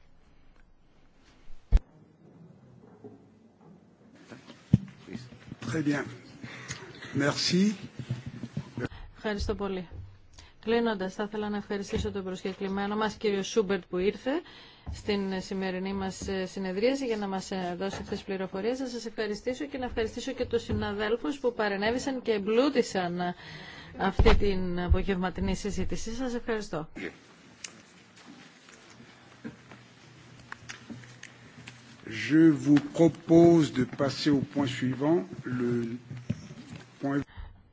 Très Ευχαριστώ πολύ. Κλείνοντας, θα ήθελα να ευχαριστήσω τον προσκεκλημένο μας, κύριο Σούμπερτ, που ήρθε στην σημερινή μας ε, συνεδρίαση για να μας ε, δώσει αυτές τις πληροφορίες. θα σας ευχαριστήσω και να ευχαριστήσω και του συναδέλφου που παρενέβησαν και εμπλούτησαν ε, αυτή την απογευματινή συζήτηση. Σας ευχαριστώ.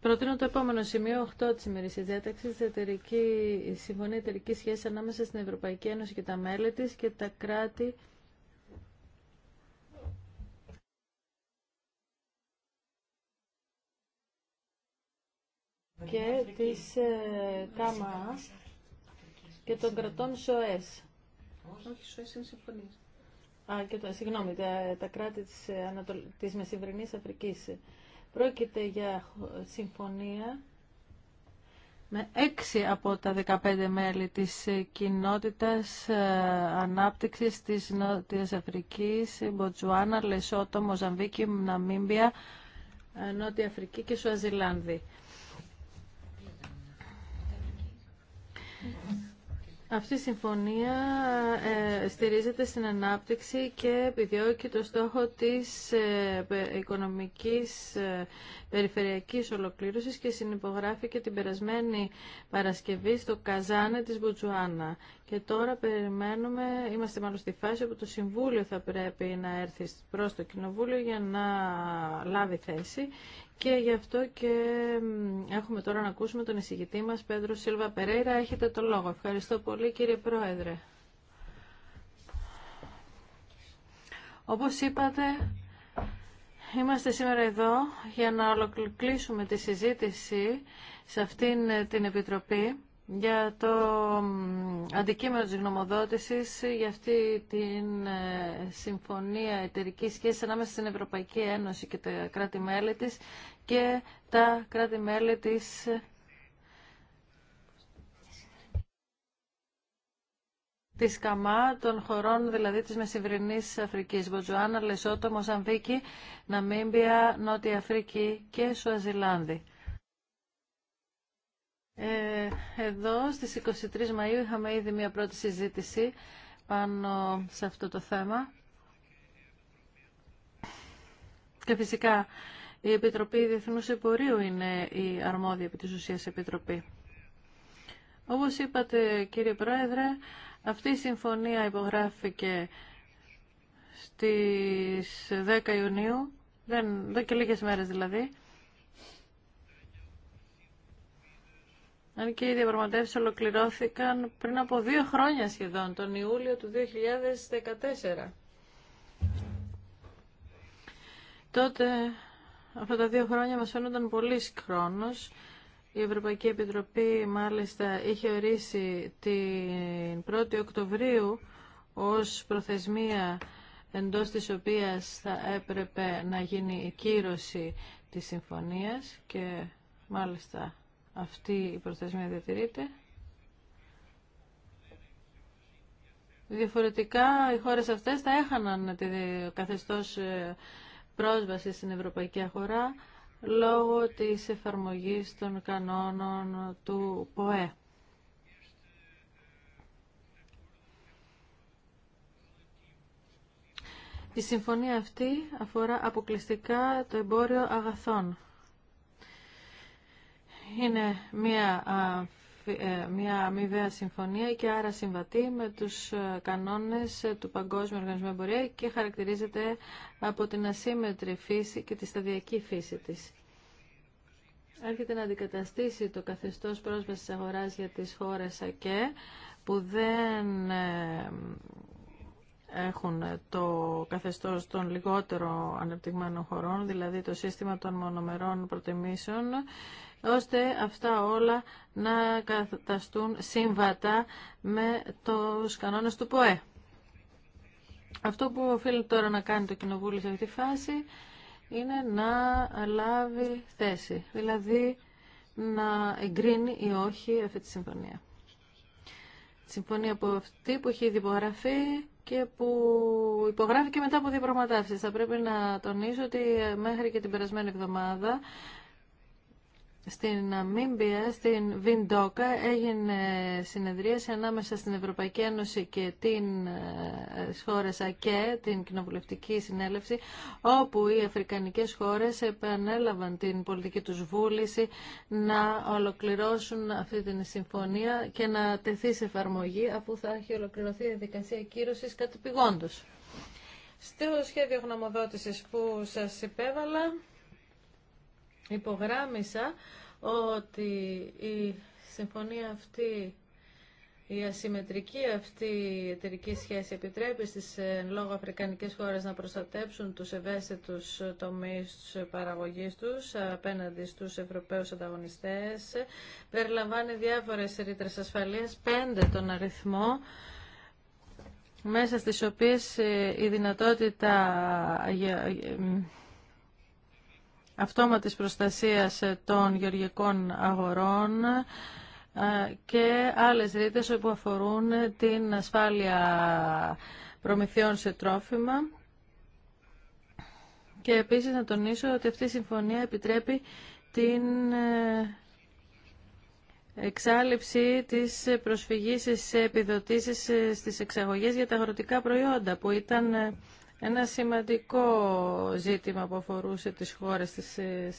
Προτείνω το επόμενο σημείο 8 τη ημερήσιας διάταξης, εταιρική, συμφωνία εταιρική σχέση ανάμεσα στην Ευρωπαϊκή Ένωση και τα μέλη τη και τα κράτη και της ε, ΚΑΜΑ και των κρατών ΣΟΕΣ. Όχι, ΣΟΕΣ είναι συμφωνίες α, και συγγνώμη, τα, κράτη της, ε, Ανατολ, της Μεσημβρινής Αφρικής. Πρόκειται για συμφωνία με έξι από τα 15 μέλη της ε, κοινότητας ε, ανάπτυξης της Νότιας Αφρικής, Μποτζουάνα, Λεσότο, Μοζαμβίκη, Ναμίμπια, Νότια Αφρική και Σουαζιλάνδη. Αυτή η συμφωνία ε, στηρίζεται στην ανάπτυξη και επιδιώκει το στόχο της ε, οικονομικής ε, περιφερειακής ολοκλήρωσης και συνυπογράφηκε την περασμένη Παρασκευή στο Καζάνε της Μπουτσουάνα Και τώρα περιμένουμε, είμαστε μάλλον στη φάση όπου το Συμβούλιο θα πρέπει να έρθει προς το Κοινοβούλιο για να λάβει θέση και γι' αυτό και έχουμε τώρα να ακούσουμε τον εισηγητή μας, Πέντρο Σίλβα Περέιρα. Έχετε το λόγο. Ευχαριστώ πολύ κύριε Πρόεδρε. Όπως είπατε, είμαστε σήμερα εδώ για να ολοκληρώσουμε τη συζήτηση σε αυτήν ε, την Επιτροπή για το αντικείμενο της γνωμοδότησης για αυτή την ε, συμφωνία εταιρική σχέση ανάμεσα στην Ευρωπαϊκή Ένωση και τα κράτη-μέλη της και τα κράτη-μέλη της της ΚΑΜΑ, των χωρών δηλαδή της Μεσηβρινής Αφρικής, Βοτζουάνα, Λεσότο, Μοζαμβίκη, Ναμίμπια, Νότια Αφρική και Σουαζιλάνδη. Ε, εδώ στις 23 Μαΐου είχαμε ήδη μια πρώτη συζήτηση πάνω σε αυτό το θέμα. Και φυσικά η Επιτροπή Διεθνούς Υπορείου είναι η αρμόδια επί της ουσίας Επιτροπή. Όπως είπατε κύριε Πρόεδρε, αυτή η συμφωνία υπογράφηκε στις 10 Ιουνίου, δεν, δεν και λίγες μέρες δηλαδή, αν και οι διαπραγματεύσει ολοκληρώθηκαν πριν από δύο χρόνια σχεδόν, τον Ιούλιο του 2014. Τότε, αυτά τα δύο χρόνια μας φαίνονταν πολύ χρόνος. Η Ευρωπαϊκή Επιτροπή μάλιστα είχε ορίσει την 1η Οκτωβρίου ως προθεσμία εντός της οποίας θα έπρεπε να γίνει η κύρωση της συμφωνίας και μάλιστα αυτή η προθεσμία διατηρείται. Διαφορετικά οι χώρες αυτές θα έχαναν τη καθεστώς ε, πρόσβαση στην ευρωπαϊκή αγορά λόγω της εφαρμογής των κανόνων του ΠΟΕ. Η συμφωνία αυτή αφορά αποκλειστικά το εμπόριο αγαθών είναι μια, μια ε, αμοιβαία συμφωνία και άρα συμβατή με τους ε, κανόνες του Παγκόσμιου Οργανισμού Εμπορία και χαρακτηρίζεται από την ασύμετρη φύση και τη σταδιακή φύση της. Έρχεται να αντικαταστήσει το καθεστώς πρόσβασης αγοράς για τις χώρες ΑΚΕ που δεν ε, έχουν το καθεστώς των λιγότερο ανεπτυγμένων χωρών, δηλαδή το σύστημα των μονομερών προτιμήσεων ώστε αυτά όλα να καταστούν σύμβατα με τους κανόνες του ΠΟΕ. Αυτό που οφείλει τώρα να κάνει το Κοινοβούλιο σε αυτή τη φάση είναι να λάβει θέση, δηλαδή να εγκρίνει ή όχι αυτή τη συμφωνία. Τη συμφωνία από αυτή που έχει υπογραφεί και που υπογράφηκε μετά από διαπραγματεύσει. Θα πρέπει να τονίσω ότι μέχρι και την περασμένη εβδομάδα στην Αμίμπια, στην Βιντόκα, έγινε συνεδρίαση ανάμεσα στην Ευρωπαϊκή Ένωση και την ε, χώρες ΑΚΕ, την Κοινοβουλευτική Συνέλευση, όπου οι αφρικανικές χώρες επανέλαβαν την πολιτική τους βούληση να ολοκληρώσουν αυτή την συμφωνία και να τεθεί σε εφαρμογή αφού θα έχει ολοκληρωθεί η διαδικασία κύρωσης κατεπηγόντως. Στο σχέδιο γνωμοδότησης που σας υπέβαλα, υπογράμμισα ότι η συμφωνία αυτή η ασυμμετρική αυτή εταιρική σχέση επιτρέπει στις ε, λόγω αφρικανικές χώρες να προστατέψουν τους ευαίσθητους τομείς ε, παραγωγής τους απέναντι στους ευρωπαίους ανταγωνιστές. Περιλαμβάνει διάφορες ρήτρες ασφαλείας, πέντε τον αριθμό, μέσα στις οποίες ε, η δυνατότητα αυτόματης προστασίας ε, των γεωργικών αγορών ε, και άλλες ρήτες που αφορούν ε, την ασφάλεια προμηθειών σε τρόφιμα. Και επίσης να τονίσω ότι αυτή η συμφωνία επιτρέπει την εξάλληψη της προσφυγής σε επιδοτήσεις στις εξαγωγές για τα αγροτικά προϊόντα που ήταν ένα σημαντικό ζήτημα που αφορούσε τις χώρες της, ε,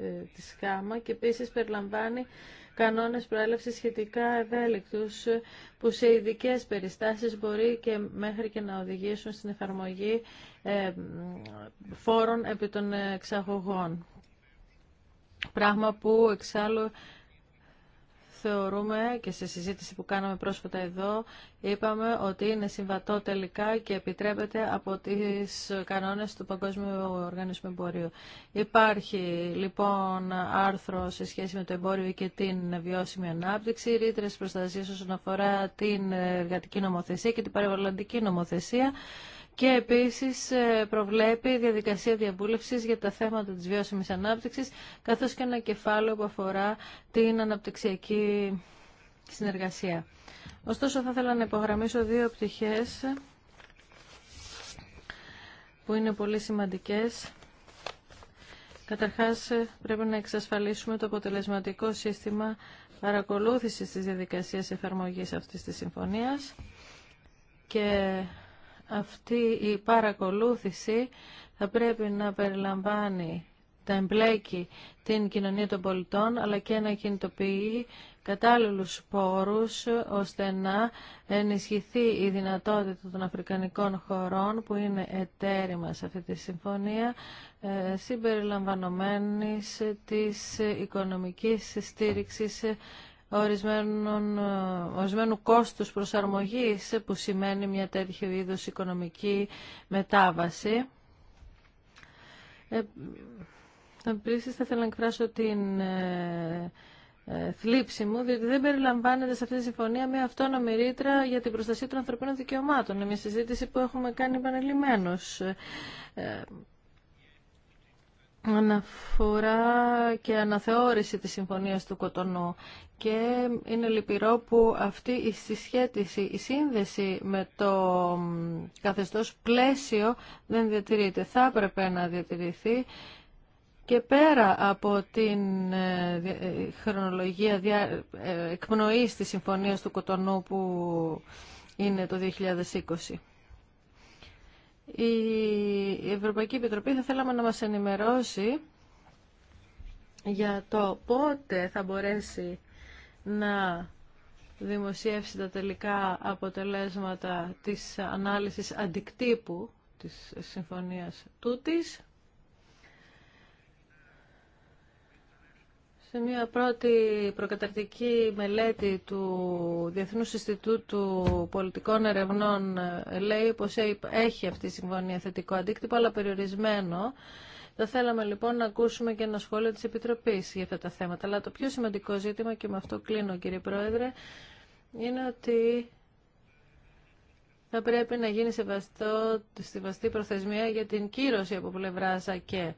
ε, της ΚΑΜΑ και επίσης περιλαμβάνει κανόνες προέλευσης σχετικά ευέλικτους ε, που σε ειδικέ περιστάσεις μπορεί και μέχρι και να οδηγήσουν στην εφαρμογή φόρων επί των εξαγωγών. Πράγμα που εξάλλου θεωρούμε και σε συζήτηση που κάναμε πρόσφατα εδώ, είπαμε ότι είναι συμβατό τελικά και επιτρέπεται από τις κανόνες του Παγκόσμιου Οργανισμού Εμπορίου. Υπάρχει λοιπόν άρθρο σε σχέση με το εμπόριο και την βιώσιμη ανάπτυξη, ρήτρες προστασίας όσον αφορά την εργατική νομοθεσία και την παρεμβαλλοντική νομοθεσία και επίσης ε, προβλέπει διαδικασία διαβούλευσης για τα θέματα της βιώσιμης ανάπτυξης καθώς και ένα κεφάλαιο που αφορά την αναπτυξιακή συνεργασία. Ωστόσο θα ήθελα να υπογραμμίσω δύο πτυχές που είναι πολύ σημαντικές. Καταρχάς πρέπει να εξασφαλίσουμε το αποτελεσματικό σύστημα παρακολούθησης της διαδικασίας εφαρμογής αυτής της συμφωνίας και αυτή η παρακολούθηση θα πρέπει να περιλαμβάνει τα εμπλέκει την κοινωνία των πολιτών, αλλά και να κινητοποιεί κατάλληλους πόρους ώστε να ενισχυθεί η δυνατότητα των αφρικανικών χωρών που είναι εταίρημα σε αυτή τη συμφωνία ε, συμπεριλαμβανομένης της οικονομικής στήριξης ορισμένων, ορισμένου κόστους προσαρμογής που σημαίνει μια τέτοια είδους οικονομική μετάβαση. Ε, Επίσης θα ήθελα να εκφράσω την ε, ε, θλίψη μου, διότι δεν περιλαμβάνεται σε αυτή τη συμφωνία μια αυτόνομη ρήτρα για την προστασία των ανθρωπίνων δικαιωμάτων. Είναι μια συζήτηση που έχουμε κάνει επανελειμμένως. Ε, αναφορά και αναθεώρηση της Συμφωνίας του Κοτονού και είναι λυπηρό που αυτή η συσχέτιση, η σύνδεση με το καθεστώς πλαίσιο δεν διατηρείται. Θα έπρεπε να διατηρηθεί και πέρα από την ε, ε, χρονολογία ε, εκπνοής της Συμφωνίας του Κοτονού που είναι το 2020. Η Ευρωπαϊκή Επιτροπή θα θέλαμε να μας ενημερώσει για το πότε θα μπορέσει να δημοσιεύσει τα τελικά αποτελέσματα της ανάλυσης αντικτύπου της συμφωνίας τούτης. Σε μια πρώτη προκαταρτική μελέτη του Διεθνούς Ινστιτούτου Πολιτικών Ερευνών ε, λέει πως έχει αυτή η συμφωνία θετικό αντίκτυπο, αλλά περιορισμένο. Θα θέλαμε λοιπόν να ακούσουμε και ένα σχόλιο της Επιτροπής για αυτά τα θέματα. Αλλά το πιο σημαντικό ζήτημα, και με αυτό κλείνω κύριε Πρόεδρε, είναι ότι θα πρέπει να γίνει σεβαστό, σεβαστή προθεσμία για την κύρωση από πλευρά ΑΚΕ.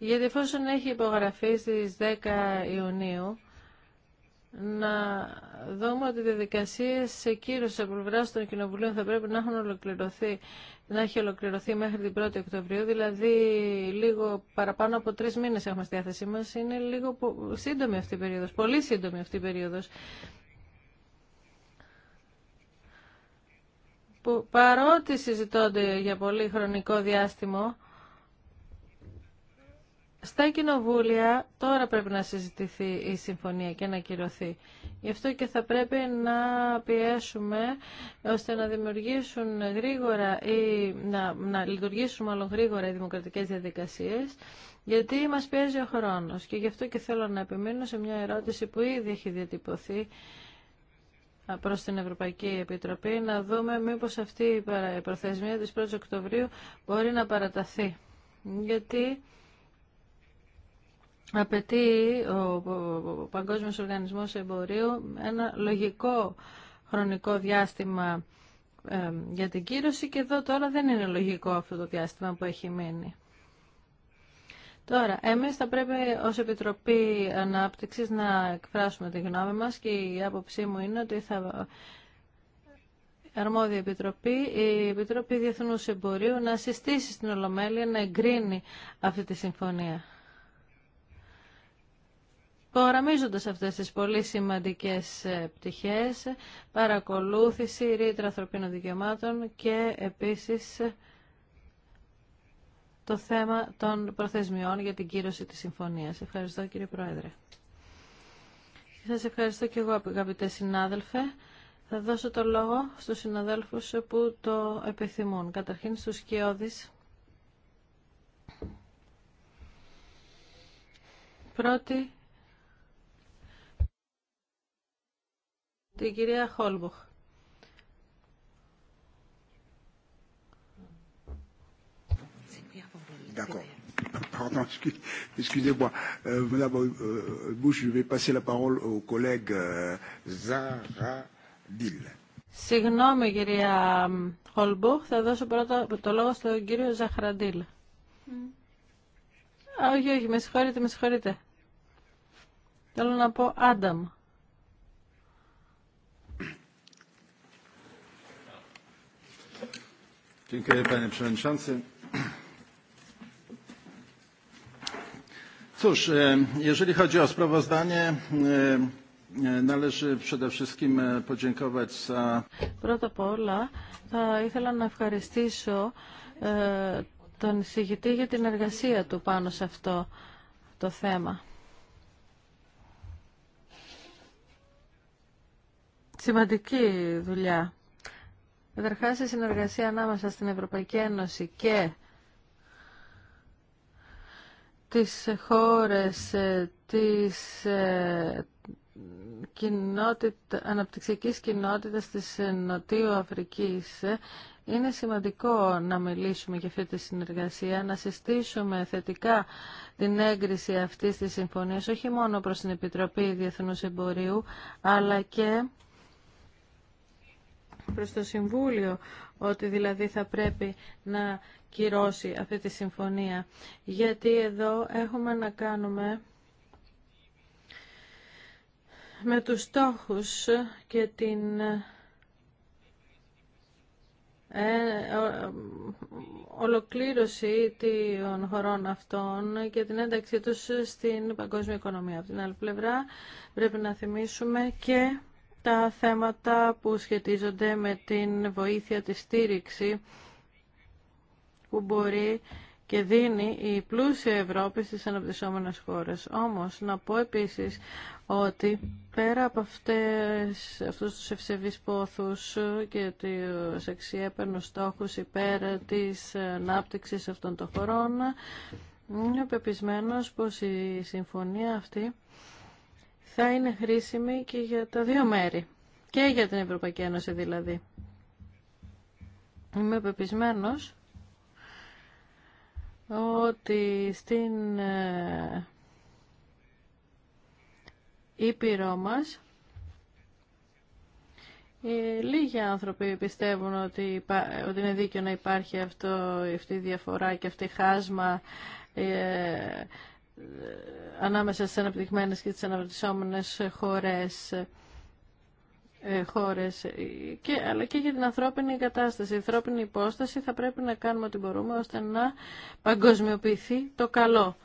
Γιατί εφόσον έχει υπογραφεί στις 10 Ιουνίου, να δούμε ότι οι διαδικασίε κύρωση από πλευρά των κοινοβουλίων θα πρέπει να έχουν ολοκληρωθεί, να έχει ολοκληρωθεί μέχρι την 1η Οκτωβρίου, δηλαδή λίγο παραπάνω από τρει μήνε έχουμε στη διάθεσή μα. Είναι λίγο σύντομη αυτή η περίοδο, πολύ σύντομη αυτή η περίοδο. Που παρότι συζητώνται για πολύ χρονικό διάστημα, στα κοινοβούλια τώρα πρέπει να συζητηθεί η συμφωνία και να κυρωθεί. Γι' αυτό και θα πρέπει να πιέσουμε ώστε να δημιουργήσουν γρήγορα ή να, να λειτουργήσουν μάλλον γρήγορα οι δημοκρατικές διαδικασίες γιατί μας πιέζει ο χρόνος και γι' αυτό και θέλω να επιμείνω σε μια ερώτηση που ήδη έχει διατυπωθεί προς την Ευρωπαϊκή Επιτροπή να δούμε μήπως αυτή η προθεσμία της 1ης Οκτωβρίου μπορεί να παραταθεί. Γιατί απαιτεί ο Παγκόσμιος Οργανισμός Εμπορίου ένα λογικό χρονικό διάστημα για την κύρωση και εδώ τώρα δεν είναι λογικό αυτό το διάστημα που έχει μείνει. Τώρα, εμείς θα πρέπει ως Επιτροπή Ανάπτυξης να εκφράσουμε τη γνώμη μας και η άποψή μου είναι ότι θα αρμόδια επιτροπή, η Επιτροπή Διεθνούς Εμπορίου να συστήσει στην Ολομέλεια να εγκρίνει αυτή τη συμφωνία. Υπογραμμίζοντας αυτές τις πολύ σημαντικές ε, πτυχές, παρακολούθηση, ρήτρα ανθρωπίνων δικαιωμάτων και επίσης ε, το θέμα των προθεσμιών για την κύρωση της συμφωνίας. Ευχαριστώ κύριε Πρόεδρε. Σας ευχαριστώ και εγώ αγαπητέ συνάδελφε. Θα δώσω το λόγο στους συναδέλφους που το επιθυμούν. Καταρχήν στους σκιώδεις. Πρώτη την κυρία Χόλμποχ. D'accord. Pardon, excusez-moi. Euh, Madame euh, euh, Bouche, je vais passer la parole au collègue euh, Zara Zaradil. Συγγνώμη, κυρία Χολμπούχ, θα δώσω πρώτα το λόγο στον κύριο Ζαχραντήλ. Mm. όχι, όχι, με συγχωρείτε, με συγχωρείτε. Θέλω να πω Άνταμ. Mm. Dziękuję, panie przewodniczący. Cóż, e, jeżeli chodzi o sprawozdanie, e, e, należy przede wszystkim podziękować za... Πρώτα απ' όλα θα ήθελα να ευχαριστήσω ε, τον εισηγητή για την εργασία του πάνω σε αυτό το θέμα. Σημαντική δουλειά Μεταρχάς, η συνεργασία ανάμεσα στην Ευρωπαϊκή Ένωση και τις χώρες ε, της ε, κοινότητα, αναπτυξιακής κοινότητας της ε, Νοτιού Αφρικής είναι σημαντικό να μιλήσουμε για αυτή τη συνεργασία, να συστήσουμε θετικά την έγκριση αυτής της συμφωνίας, όχι μόνο προς την Επιτροπή Διεθνούς Εμπορίου, αλλά και προς το Συμβούλιο ότι δηλαδή θα πρέπει να κυρώσει αυτή τη συμφωνία. Γιατί εδώ έχουμε να κάνουμε με τους στόχους και την ε, ολοκλήρωση των χωρών αυτών και την ένταξή τους στην παγκόσμια οικονομία. Από την άλλη πλευρά πρέπει να θυμίσουμε και τα θέματα που σχετίζονται με την βοήθεια της στήριξη που μπορεί και δίνει η πλούσια Ευρώπη στις αναπτυσσόμενες χώρες. Όμως, να πω επίσης ότι πέρα από αυτές, αυτούς τους ευσεβείς πόθους και τους αξιέπαινους στόχους υπέρ της ανάπτυξης αυτών των χωρών, είμαι πεπισμένος πως η συμφωνία αυτή θα είναι χρήσιμη και για τα δύο μέρη. Και για την Ευρωπαϊκή Ένωση δηλαδή. Είμαι πεπισμένος ότι στην ε, Ήπειρό μας ε, λίγοι άνθρωποι πιστεύουν ότι, ότι είναι δίκαιο να υπάρχει αυτό, αυτή η διαφορά και αυτή η χάσμα ε, ε, ανάμεσα στις αναπτυγμένες και τις αναπτυσσόμενες χώρες, ε, χώρες ε, αλλά και για την ανθρώπινη κατάσταση. Η ανθρώπινη υπόσταση θα πρέπει να κάνουμε ό,τι μπορούμε ώστε να παγκοσμιοποιηθεί το καλό.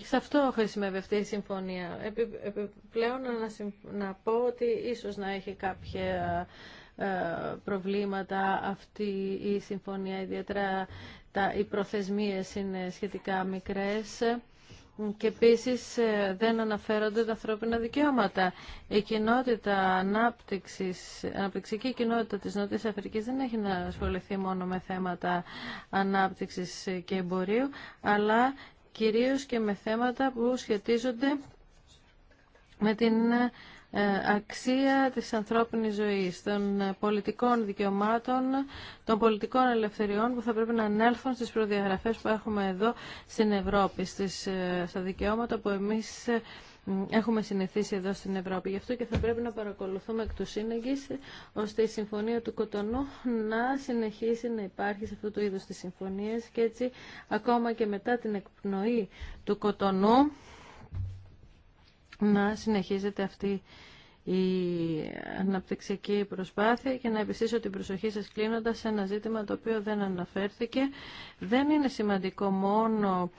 Σε αυτό χρησιμεύει αυτή η συμφωνία. Επιπλέον να, πω ότι ίσως να έχει κάποια ε, προβλήματα αυτή η συμφωνία, ιδιαίτερα τα, οι προθεσμίες είναι σχετικά μικρές. Και επίση ε, δεν αναφέρονται τα ανθρώπινα δικαιώματα. Η κοινότητα ανάπτυξης, αναπτυξική κοινότητα της Νότιας Αφρικής δεν έχει να ασχοληθεί μόνο με θέματα ανάπτυξης και εμπορίου, αλλά κυρίως και με θέματα που σχετίζονται με την ε, αξία της ανθρώπινης ζωής, των πολιτικών δικαιωμάτων, των πολιτικών ελευθεριών που θα πρέπει να ανέλθουν στις προδιαγραφές που έχουμε εδώ στην Ευρώπη, στις, ε, στα δικαιώματα που εμείς ε, έχουμε συνηθίσει εδώ στην Ευρώπη. Γι' αυτό και θα πρέπει να παρακολουθούμε εκ του σύνεγγις ώστε η Συμφωνία του Κοτονού να συνεχίσει να υπάρχει σε αυτού του είδους τις συμφωνίες και έτσι ακόμα και μετά την εκπνοή του Κοτονού να συνεχίζεται αυτή η αναπτυξιακή προσπάθεια και να επιστήσω την προσοχή σας κλείνοντας σε ένα ζήτημα το οποίο δεν αναφέρθηκε. Δεν είναι σημαντικό μόνο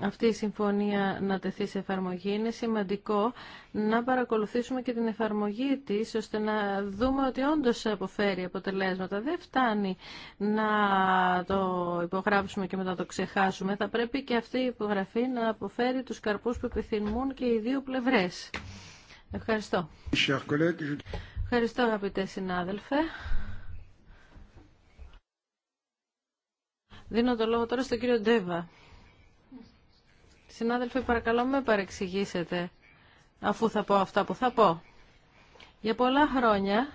αυτή η συμφωνία να τεθεί σε εφαρμογή. Είναι σημαντικό να παρακολουθήσουμε και την εφαρμογή της, ώστε να δούμε ότι όντως αποφέρει αποτελέσματα. Δεν φτάνει να το υπογράψουμε και μετά το ξεχάσουμε. Θα πρέπει και αυτή η υπογραφή να αποφέρει τους καρπούς που επιθυμούν και οι δύο πλευρές. Ευχαριστώ. Ευχαριστώ αγαπητέ συνάδελφε. Δίνω το λόγο τώρα στον κύριο Ντέβα. Συνάδελφε, παρακαλώ με παρεξηγήσετε, αφού θα πω αυτά που θα πω. Για πολλά χρόνια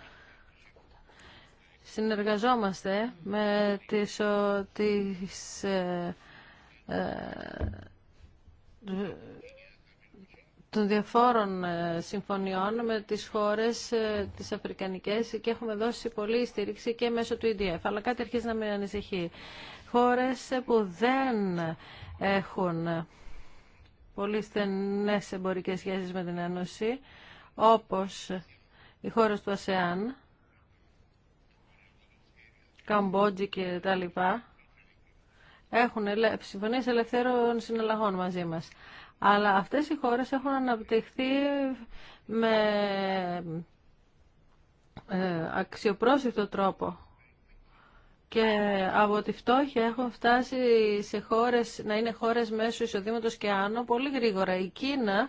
συνεργαζόμαστε με τις, τις ε, ε, των διαφόρων ε, συμφωνιών με τις χώρες ε, τις αφρικανικές και έχουμε δώσει πολλή στήριξη και μέσω του EDF. Αλλά κάτι αρχίζει να με ανησυχεί. Χώρες που δεν έχουν πολύ στενές εμπορικές σχέσεις με την Ένωση, όπως οι χώρες του ΑΣΕΑΝ, Καμπότζη και τα λοιπά, έχουν συμφωνίες ελευθέρων συναλλαγών μαζί μας. Αλλά αυτές οι χώρες έχουν αναπτυχθεί με ε, αξιοπρόσιτο τρόπο. Και από τη φτώχεια έχουν φτάσει σε χώρες, να είναι χώρες μέσω εισοδήματος και άνω πολύ γρήγορα. Η Κίνα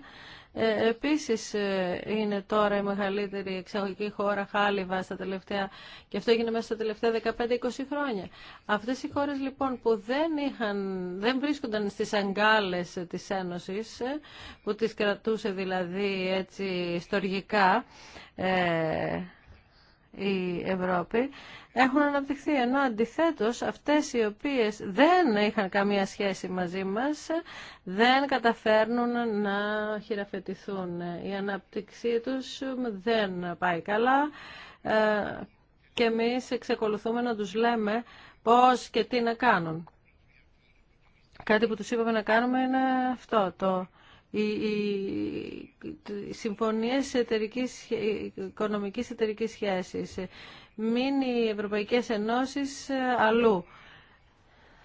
ε, επίσης ε, είναι τώρα η μεγαλύτερη εξαγωγική χώρα χάλιβα στα τελευταία, και αυτό έγινε μέσα στα τελευταία 15-20 χρόνια. Αυτές οι χώρες λοιπόν που δεν, είχαν, δεν βρίσκονταν στις αγκάλες της Ένωσης, ε, που τις κρατούσε δηλαδή έτσι στοργικά, η Ευρώπη έχουν αναπτυχθεί ενώ αντιθέτως αυτές οι οποίες δεν είχαν καμία σχέση μαζί μας δεν καταφέρνουν να χειραφετηθούν. Η αναπτυξή τους δεν πάει καλά ε, και εμείς εξεκολουθούμε να τους λέμε πώς και τι να κάνουν. Κάτι που τους είπαμε να κάνουμε είναι αυτό το οι, οι, οι συμφωνίες εταιρικής, οικονομικής εταιρικής σχέσης. Μην οι Ευρωπαϊκές Ενώσεις ε, αλλού.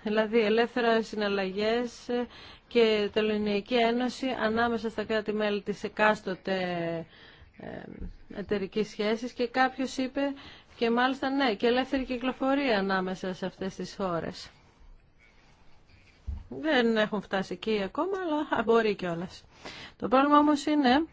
Δηλαδή ελεύθερα συναλλαγές και Τελωνιακή Ένωση ανάμεσα στα κράτη-μέλη της εκάστοτε ε, εταιρικής σχέσης και κάποιος είπε και μάλιστα ναι και ελεύθερη κυκλοφορία ανάμεσα σε αυτές τις χώρες. Δεν έχουν φτάσει εκεί ακόμα, αλλά μπορεί κιόλα. Το πρόβλημα όμω είναι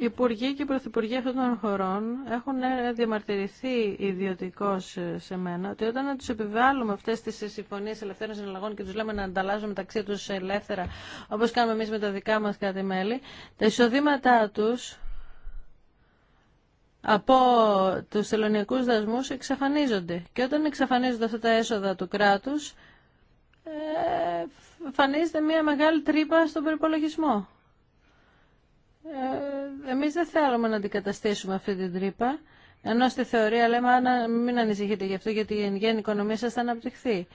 Οι υπουργοί και οι πρωθυπουργοί αυτών των χωρών έχουν διαμαρτυρηθεί ιδιωτικώ σε μένα ότι όταν του επιβάλλουμε αυτέ τι συμφωνίε ελευθέρων συναλλαγών και του λέμε να ανταλλάζουν μεταξύ του ελεύθερα, όπω κάνουμε εμεί με τα δικά μα κάτι μελη τα εισοδήματά του από τους τελωνιακούς δασμούς εξαφανίζονται. Και όταν εξαφανίζονται αυτά τα έσοδα του κράτους, ε, εμφανίζεται μια μεγάλη τρύπα στον προπολογισμό. Ε, εμείς δεν θέλουμε να αντικαταστήσουμε αυτή την τρύπα, ενώ στη θεωρία λέμε μην ανησυχείτε γι' αυτό γιατί η εν οικονομία σας θα αναπτυχθεί.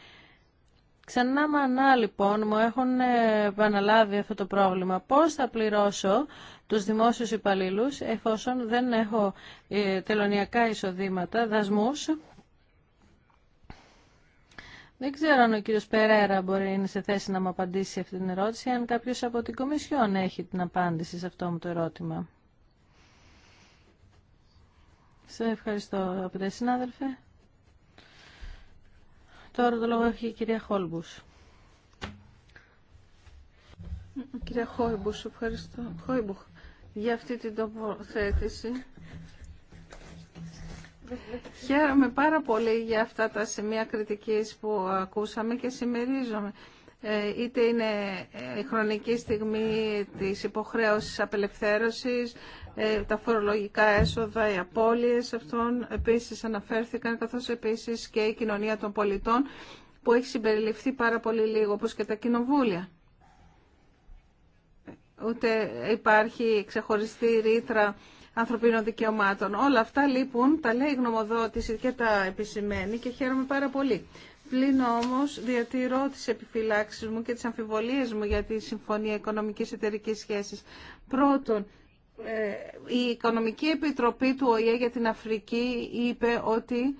Ξανά μανά λοιπόν μου έχουν ε, επαναλάβει αυτό το πρόβλημα. Πώς θα πληρώσω τους δημόσιους υπαλλήλους εφόσον δεν έχω ε, τελωνιακά εισοδήματα, δασμούς. Δεν ξέρω αν ο κύριος Περέρα μπορεί να είναι σε θέση να μου απαντήσει αυτή την ερώτηση, αν κάποιος από την Κομισιόν έχει την απάντηση σε αυτό μου το ερώτημα. Σε ευχαριστώ, αγαπητέ συνάδελφε. Τώρα το λόγο έχει η κυρία Χόλμπους. Κυρία Χόλμπους, ευχαριστώ Χόλμπου, για αυτή την τοποθέτηση. Χαίρομαι πάρα πολύ για αυτά τα σημεία κριτικής που ακούσαμε και συμμερίζομαι. Ε, είτε είναι η χρονική στιγμή της υποχρέωσης απελευθέρωσης, ε, τα φορολογικά έσοδα, οι απώλειες αυτών επίσης αναφέρθηκαν, καθώς επίσης και η κοινωνία των πολιτών που έχει συμπεριληφθεί πάρα πολύ λίγο, όπως και τα κοινοβούλια. Ούτε υπάρχει ξεχωριστή ρήτρα ανθρωπίνων δικαιωμάτων. Όλα αυτά λείπουν, τα λέει η γνωμοδότηση και τα επισημαίνει και χαίρομαι πάρα πολύ. Πλην όμω διατηρώ τι επιφυλάξει μου και τι αμφιβολίες μου για τη Συμφωνία Οικονομική Εταιρική σχέση. Πρώτον, ε, η Οικονομική Επιτροπή του ΟΗΕ για την Αφρική είπε ότι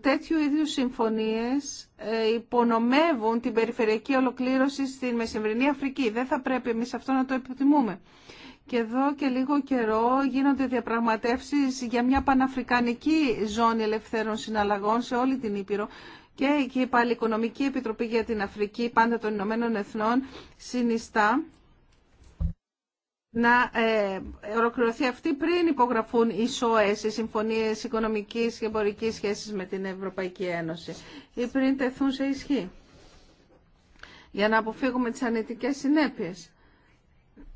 τέτοιου είδους συμφωνίες ε, υπονομεύουν την περιφερειακή ολοκλήρωση στην Μεσημβρινή Αφρική. Δεν θα πρέπει εμείς αυτό να το επιθυμούμε. Και εδώ και λίγο καιρό γίνονται διαπραγματεύσεις για μια παναφρικανική ζώνη ελευθέρων συναλλαγών σε όλη την Ήπειρο. Και εκεί πάλι η Οικονομική Επιτροπή για την Αφρική, πάντα των Ηνωμένων Εθνών, συνιστά να ε, ολοκληρωθεί αυτή πριν υπογραφούν οι οι Συμφωνίες Οικονομικής και Εμπορικής σχέση με την Ευρωπαϊκή Ένωση ή πριν τεθούν σε ισχύ για να αποφύγουμε τι ανετικές συνέπειε.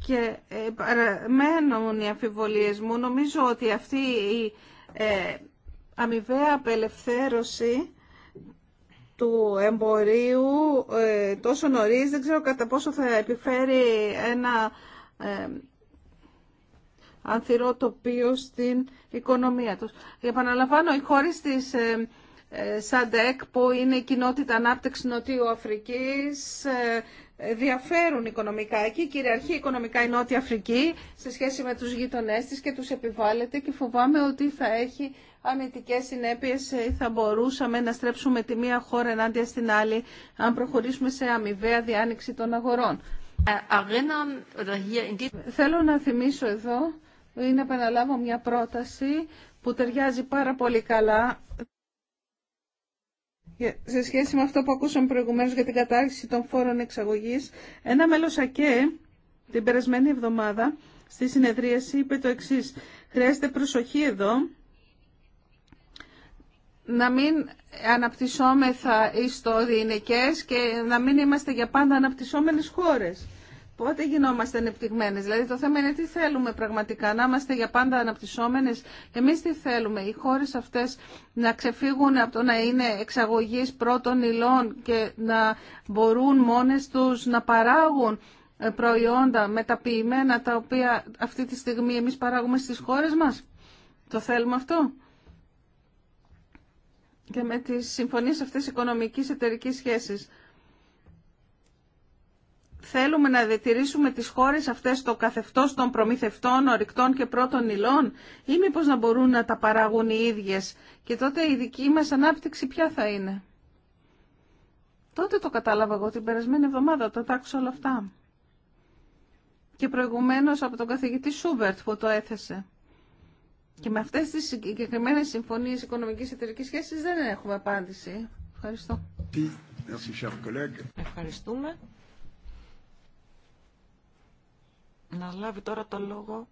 Και ε, παραμένουν οι αμφιβολίε μου. Νομίζω ότι αυτή η ε, αμοιβαία απελευθέρωση του εμπορίου τόσο νωρίς δεν ξέρω κατά πόσο θα επιφέρει ένα ε, ανθυρό τοπίο στην οικονομία τους. Επαναλαμβάνω, οι χώρες της ε, ε, ΣΑΝΤΕΚ που είναι η κοινότητα ανάπτυξη Νοτιού Αφρικής διαφέρουν οικονομικά. Εκεί κυριαρχεί οικονομικά η Νότια Αφρική σε σχέση με τους γειτονές της και τους επιβάλλεται και φοβάμαι ότι θα έχει αμυντικές συνέπειες ή θα μπορούσαμε να στρέψουμε τη μία χώρα ενάντια στην άλλη αν προχωρήσουμε σε αμοιβαία διάνοιξη των αγορών. Θέλω να θυμίσω εδώ ή να επαναλάβω μια πρόταση που ταιριάζει πάρα πολύ καλά σε σχέση με αυτό που ακούσαμε προηγουμένως για την κατάργηση των φόρων εξαγωγής. Ένα μέλος ΑΚΕ την περασμένη εβδομάδα στη συνεδρίαση είπε το εξής. Χρειάζεται προσοχή εδώ να μην αναπτυσσόμεθα εις το διηνικές και να μην είμαστε για πάντα αναπτυσσόμενες χώρες. Πότε γινόμαστε ανεπτυγμένε, Δηλαδή το θέμα είναι τι θέλουμε πραγματικά, να είμαστε για πάντα αναπτυσσόμενε. εμεί τι θέλουμε, οι χώρε αυτέ να ξεφύγουν από το να είναι εξαγωγή πρώτων υλών και να μπορούν μόνες του να παράγουν ε, προϊόντα μεταποιημένα τα οποία αυτή τη στιγμή εμεί παράγουμε στι χώρε μα Το θέλουμε αυτό και με τις συμφωνίες αυτές οικονομικής εταιρικής σχέσης. Θέλουμε να διατηρήσουμε τις χώρες αυτές το καθεστώς των προμηθευτών, ορυκτών και πρώτων υλών ή μήπω να μπορούν να τα παράγουν οι ίδιες και τότε η δική μας ανάπτυξη ποια θα είναι. Τότε το κατάλαβα εγώ την περασμένη εβδομάδα, το τάξω όλα αυτά. Και προηγουμένως από τον καθηγητή Σούμπερτ που το έθεσε. Και με αυτές τις συγκεκριμένε συμφωνίες οικονομικής εταιρικής σχέσης δεν έχουμε απάντηση. Ευχαριστώ. Ευχαριστούμε. Να λάβει τώρα το λόγο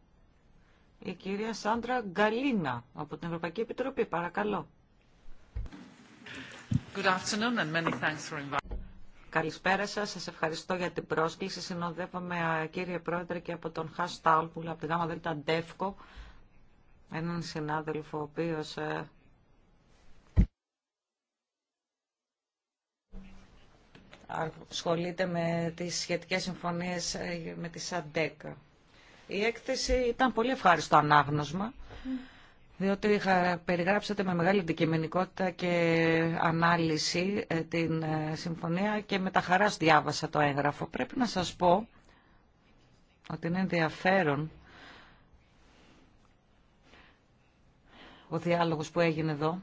η κυρία Σάντρα Γκαλίνα από την Ευρωπαϊκή Επιτροπή. Παρακαλώ. Good afternoon and many thanks for inviting. Καλησπέρα σας, σας ευχαριστώ για την πρόσκληση. Συνοδεύομαι κύριε Πρόεδρε και από τον Χαστάλπουλ από τη ΓΑΜΑ έναν συνάδελφο ο οποίος ε, ασχολείται με τις σχετικές συμφωνίες ε, με τη ΣΑΝΤΕΚΑ. Η έκθεση ήταν πολύ ευχάριστο ανάγνωσμα, διότι ε, περιγράψατε με μεγάλη αντικειμενικότητα και ανάλυση την συμφωνία και με τα χαράς διάβασα το έγγραφο. Πρέπει να σας πω ότι είναι ενδιαφέρον ο διάλογος που έγινε εδώ,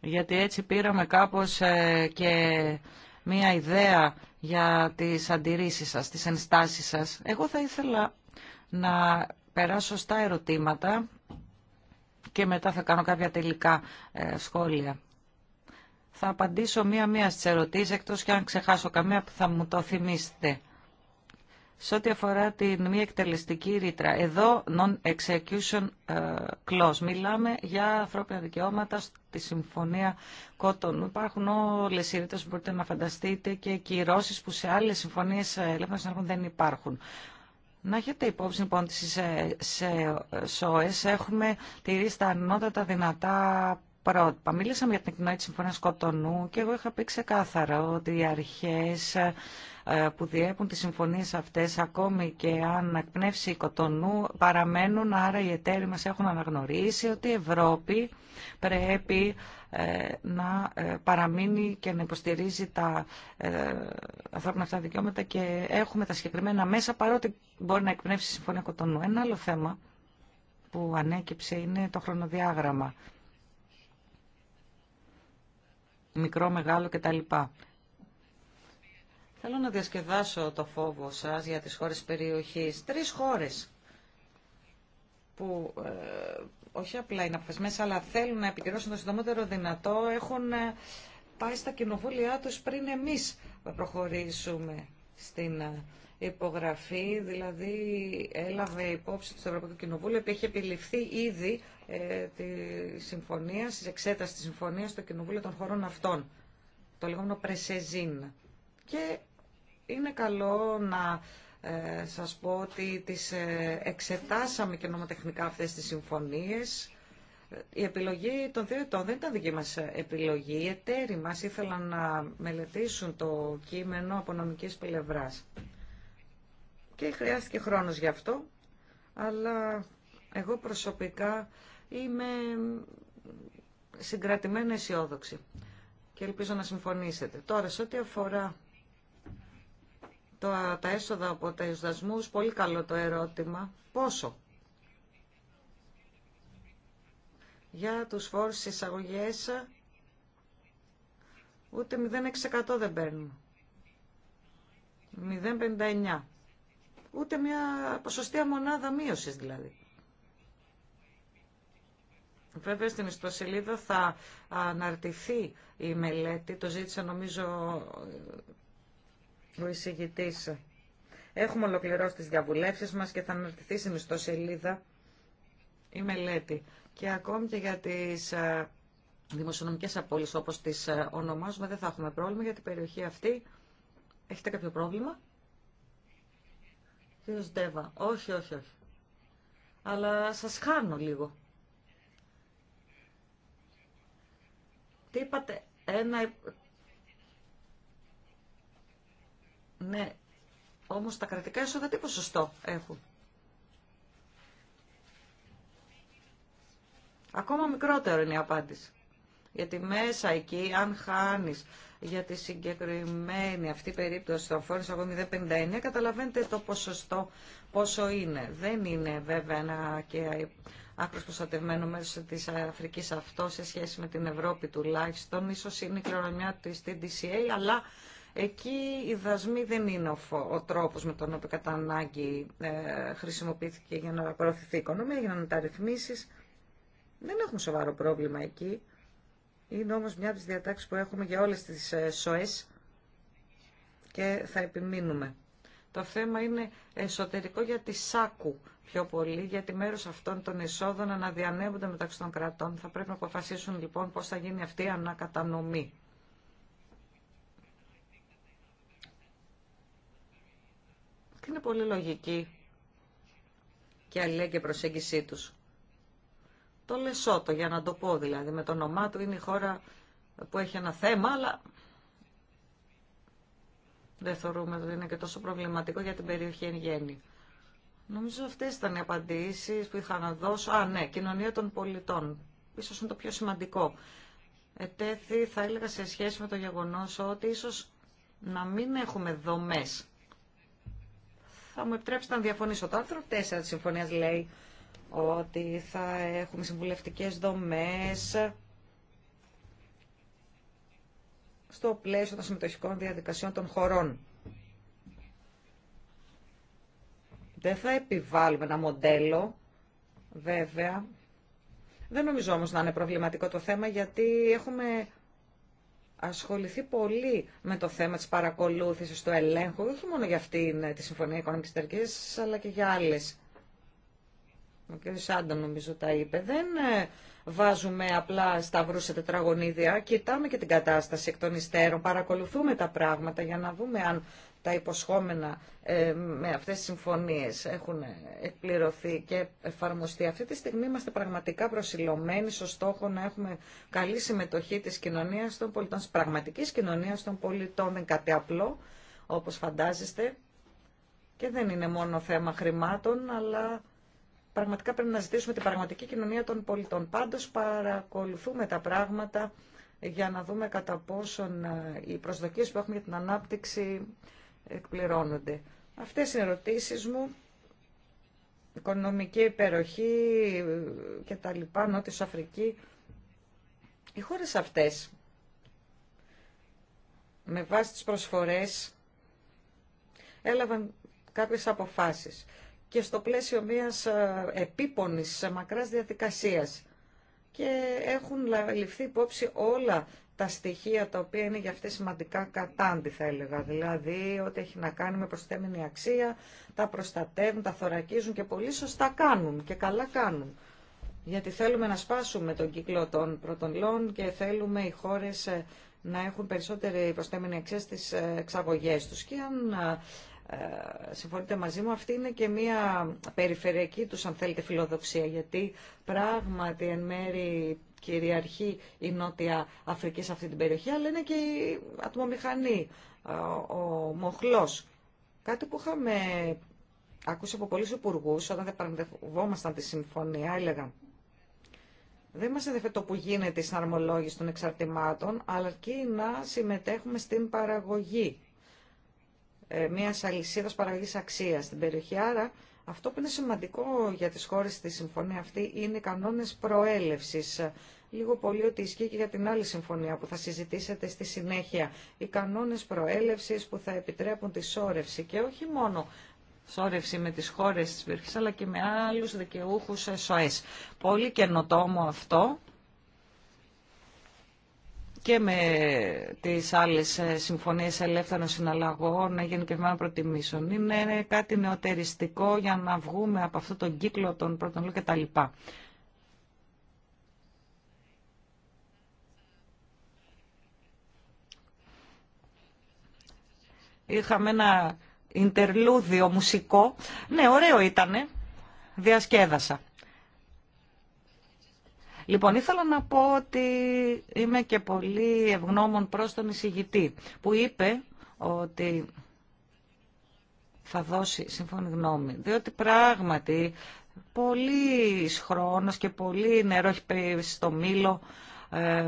γιατί έτσι πήραμε κάπως ε, και μία ιδέα για τις αντιρρήσεις σας, τις ενστάσεις σας. Εγώ θα ήθελα να περάσω στα ερωτήματα και μετά θα κάνω κάποια τελικά ε, σχόλια. Θα απαντήσω μία-μία στις ερωτήσεις, εκτός και αν ξεχάσω καμία που θα μου το θυμίσετε σε ό,τι αφορά την μη εκτελεστική ρήτρα. Εδώ, non-execution ε, clause. Μιλάμε για ανθρώπινα δικαιώματα στη Συμφωνία Κότων. Υπάρχουν όλε οι ρήτρε που μπορείτε να φανταστείτε και κυρώσει που σε άλλε συμφωνίε ε, ελεύθερων συνεργών δεν υπάρχουν. Να έχετε υπόψη λοιπόν ότι σε ε, ΣΟΕΣ έχουμε τηρήσει τα ανώτατα δυνατά πρότυπα. Μίλησαμε για την εκπνοή της Συμφωνίας Κοτονού και εγώ είχα πει ξεκάθαρα ότι οι αρχές ε, που διέπουν τις συμφωνίες αυτές, ακόμη και αν εκπνεύσει η Κοτονού, παραμένουν, άρα οι εταίροι μας έχουν αναγνωρίσει ότι η Ευρώπη πρέπει ε, να ε, παραμείνει και να υποστηρίζει τα ανθρώπινα αυτά δικαιώματα και έχουμε τα συγκεκριμένα μέσα, παρότι μπορεί να εκπνεύσει η Συμφωνία Κοτονού. Ένα άλλο θέμα που ανέκυψε είναι το χρονοδιάγραμμα μικρό, μεγάλο κτλ. Θέλω να διασκεδάσω το φόβο σας για τις χώρες περιοχής. Τρεις χώρες που ε, όχι απλά είναι αποφασμένες, αλλά θέλουν να επικυρώσουν το συντομότερο δυνατό, έχουν ε, πάει στα κοινοβούλια τους πριν εμείς προχωρήσουμε στην ε, υπογραφή, δηλαδή έλαβε υπόψη του Ευρωπαϊκού Κοινοβούλου, επειδή είχε επιληφθεί ήδη ε, τη συμφωνία, τη εξέταση τη συμφωνία στο Κοινοβούλιο των χωρών αυτών, το λεγόμενο Πρεσεζίν. Και είναι καλό να ε, σας πω ότι τις ε, εξετάσαμε και νομοτεχνικά αυτές τις συμφωνίες η επιλογή των δύο ετών δεν ήταν δική μας επιλογή. Οι εταίροι μας ήθελαν να μελετήσουν το κείμενο από νομικής πλευράς. Και χρειάστηκε χρόνος γι' αυτό, αλλά εγώ προσωπικά είμαι συγκρατημένη αισιόδοξη και ελπίζω να συμφωνήσετε. Τώρα, σε ό,τι αφορά το, τα έσοδα από τα εισδασμούς, πολύ καλό το ερώτημα. Πόσο για τους φόρους στις εισαγωγές ούτε 0,6% δεν παίρνουν. 0,59. Ούτε μια ποσοστία μονάδα μείωσης δηλαδή. Βέβαια στην ιστοσελίδα θα αναρτηθεί η μελέτη, το ζήτησε νομίζω ο εισηγητής. Έχουμε ολοκληρώσει τις διαβουλεύσεις μας και θα αναρτηθεί στην ιστοσελίδα η μελέτη και ακόμη και για τις ε, δημοσιονομικές απώλειες όπως τις ε, ονομάζουμε δεν θα έχουμε πρόβλημα για την περιοχή αυτή. Έχετε κάποιο πρόβλημα? Κύριος Ντέβα, όχι, όχι, όχι. Αλλά σας χάνω λίγο. Τι είπατε, ένα... Ναι, όμως τα κρατικά έσοδα τι ποσοστό έχουν. Ακόμα μικρότερο είναι η απάντηση. Γιατί μέσα εκεί, αν χάνεις για τη συγκεκριμένη αυτή περίπτωση των φόρων από 0,59, καταλαβαίνετε το ποσοστό πόσο είναι. Δεν είναι βέβαια ένα και άκρο προστατευμένο μέσω τη Αφρική αυτό σε σχέση με την Ευρώπη τουλάχιστον. Ίσως είναι η κληρονομιά τη TDCA, αλλά εκεί οι δασμοί δεν είναι ο, φο, τρόπος με τον οποίο κατά ανάγκη ε, χρησιμοποιήθηκε για να προωθηθεί η οικονομία, για να ρυθμίσεις. Δεν έχουμε σοβαρό πρόβλημα εκεί. Είναι όμως μια από τις διατάξεις που έχουμε για όλες τις ε, ΣΟΕΣ και θα επιμείνουμε. Το θέμα είναι εσωτερικό για τη ΣΑΚΟΥ πιο πολύ, γιατί μέρος αυτών των εσόδων αναδιανέμονται μεταξύ των κρατών. Θα πρέπει να αποφασίσουν λοιπόν πώς θα γίνει αυτή η ανακατανομή. Και είναι πολύ λογική και αλληλεγγύη προσέγγιση τους το Λεσότο, για να το πω δηλαδή. Με το όνομά του είναι η χώρα που έχει ένα θέμα, αλλά δεν θεωρούμε ότι είναι και τόσο προβληματικό για την περιοχή εν γέννη. Νομίζω αυτές ήταν οι απαντήσεις που είχα να δώσω. Α, ναι, κοινωνία των πολιτών. Ίσως είναι το πιο σημαντικό. Ετέθη, θα έλεγα, σε σχέση με το γεγονός ότι ίσως να μην έχουμε δομές. Θα μου επιτρέψετε να διαφωνήσω. Το άρθρο 4 της συμφωνίας λέει ότι θα έχουμε συμβουλευτικές δομές στο πλαίσιο των συμμετοχικών διαδικασιών των χωρών. Δεν θα επιβάλλουμε ένα μοντέλο, βέβαια. Δεν νομίζω όμως να είναι προβληματικό το θέμα, γιατί έχουμε ασχοληθεί πολύ με το θέμα της παρακολούθησης, του ελέγχου, όχι μόνο για αυτήν τη Συμφωνία Οικονομικής Τερκής, αλλά και για άλλες ο κ. Σάντα νομίζω τα είπε, δεν ε, βάζουμε απλά σταυρού σε τετραγωνίδια, κοιτάμε και την κατάσταση εκ των υστέρων, παρακολουθούμε τα πράγματα για να δούμε αν τα υποσχόμενα ε, με αυτές τις συμφωνίες έχουν εκπληρωθεί και εφαρμοστεί. Αυτή τη στιγμή είμαστε πραγματικά προσιλωμένοι στο στόχο να έχουμε καλή συμμετοχή της κοινωνίας των πολιτών, της πραγματικής κοινωνίας των πολιτών, δεν κάτι απλό, όπως φαντάζεστε. Και δεν είναι μόνο θέμα χρημάτων, αλλά πραγματικά πρέπει να ζητήσουμε την πραγματική κοινωνία των πολιτών. Πάντως παρακολουθούμε τα πράγματα για να δούμε κατά πόσον ε, οι προσδοκίες που έχουμε για την ανάπτυξη εκπληρώνονται. Αυτές είναι ερωτήσεις μου. Οικονομική υπεροχή ε, και τα λοιπά, Νότιος Αφρική. Οι χώρες αυτές, με βάση τις προσφορές, έλαβαν κάποιες αποφάσεις και στο πλαίσιο μιας ε, επίπονης ε, μακράς διαδικασίας. Και έχουν ληφθεί υπόψη όλα τα στοιχεία τα οποία είναι για αυτές σημαντικά κατάντη θα έλεγα. Δηλαδή ό,τι έχει να κάνει με προσθέμενη αξία, τα προστατεύουν, τα θωρακίζουν και πολύ σωστά κάνουν και καλά κάνουν. Γιατί θέλουμε να σπάσουμε τον κύκλο των πρωτολών και θέλουμε οι χώρες ε, να έχουν περισσότερη προστέμενη αξία στις εξαγωγές τους. Ε, συμφωνείτε μαζί μου, αυτή είναι και μια περιφερειακή τους, αν θέλετε, φιλοδοξία, γιατί πράγματι εν μέρη κυριαρχεί η Νότια Αφρική σε αυτή την περιοχή, αλλά είναι και η ατμομηχανή, ε, ο μοχλός. Κάτι που είχαμε ακούσει από πολλούς υπουργού όταν δεν παραδευόμασταν τη συμφωνία, έλεγαν δεν μας ενδιαφέρει το που γίνεται η συναρμολόγηση των εξαρτημάτων, αλλά και να συμμετέχουμε στην παραγωγή. Ε, μία αλυσίδα παραγωγή αξίας στην περιοχή. Άρα αυτό που είναι σημαντικό για τι χώρε στη συμφωνία αυτή είναι οι κανόνες προέλευση. Λίγο πολύ ότι ισχύει και για την άλλη συμφωνία που θα συζητήσετε στη συνέχεια. Οι κανόνες προέλευση που θα επιτρέπουν τη σώρευση και όχι μόνο σώρευση με τις χώρες της περιοχή, αλλά και με άλλους δικαιούχους ε, ΣΟΕΣ. Πολύ καινοτόμο αυτό και με τις άλλες ε, συμφωνίες ελεύθερων συναλλαγών γενικευμένων προτιμήσεων. Είναι κάτι νεοτεριστικό για να βγούμε από αυτόν τον κύκλο των πρώτων λόγων κτλ. Είχαμε ένα Ιντερλούδιο μουσικό. Ναι, ωραίο ήταν. Διασκέδασα. Λοιπόν, ήθελα να πω ότι είμαι και πολύ ευγνώμων προς τον εισηγητή που είπε ότι θα δώσει σύμφωνη γνώμη, διότι πράγματι πολύ χρόνος και πολύ νερό έχει πέσει στο μήλο. Ε,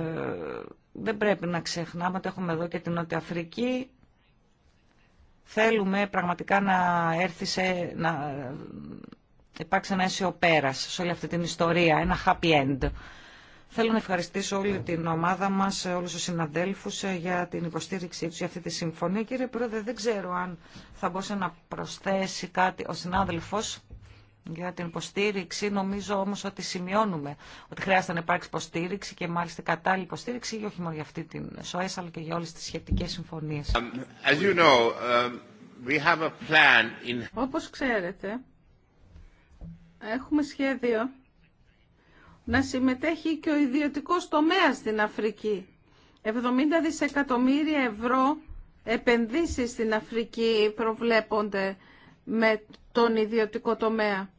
δεν πρέπει να ξεχνάμε ότι έχουμε εδώ και την Νότια Αφρική. Θέλουμε πραγματικά να έρθει σε, να υπάρξει ένα αίσιο πέρας σε όλη αυτή την ιστορία, ένα happy end. Θέλω να ευχαριστήσω όλη την ομάδα μα, όλου του συναντέλφου ε, για την υποστήριξή του για αυτή τη συμφωνία. Κύριε Πρόεδρε, δεν ξέρω αν θα μπορούσε να προσθέσει κάτι ο συνάδελφο για την υποστήριξη. Νομίζω όμω ότι σημειώνουμε ότι χρειάζεται να υπάρξει υποστήριξη και μάλιστα κατάλληλη υποστήριξη για όχι μόνο για αυτή την ΣΟΕΣ αλλά και για όλε τι σχετικέ συμφωνίε. Um, um, Όπω ξέρετε, έχουμε σχέδιο να συμμετέχει και ο ιδιωτικός τομέας στην Αφρική. 70 δισεκατομμύρια ευρώ επενδύσεις στην Αφρική προβλέπονται με τον ιδιωτικό τομέα.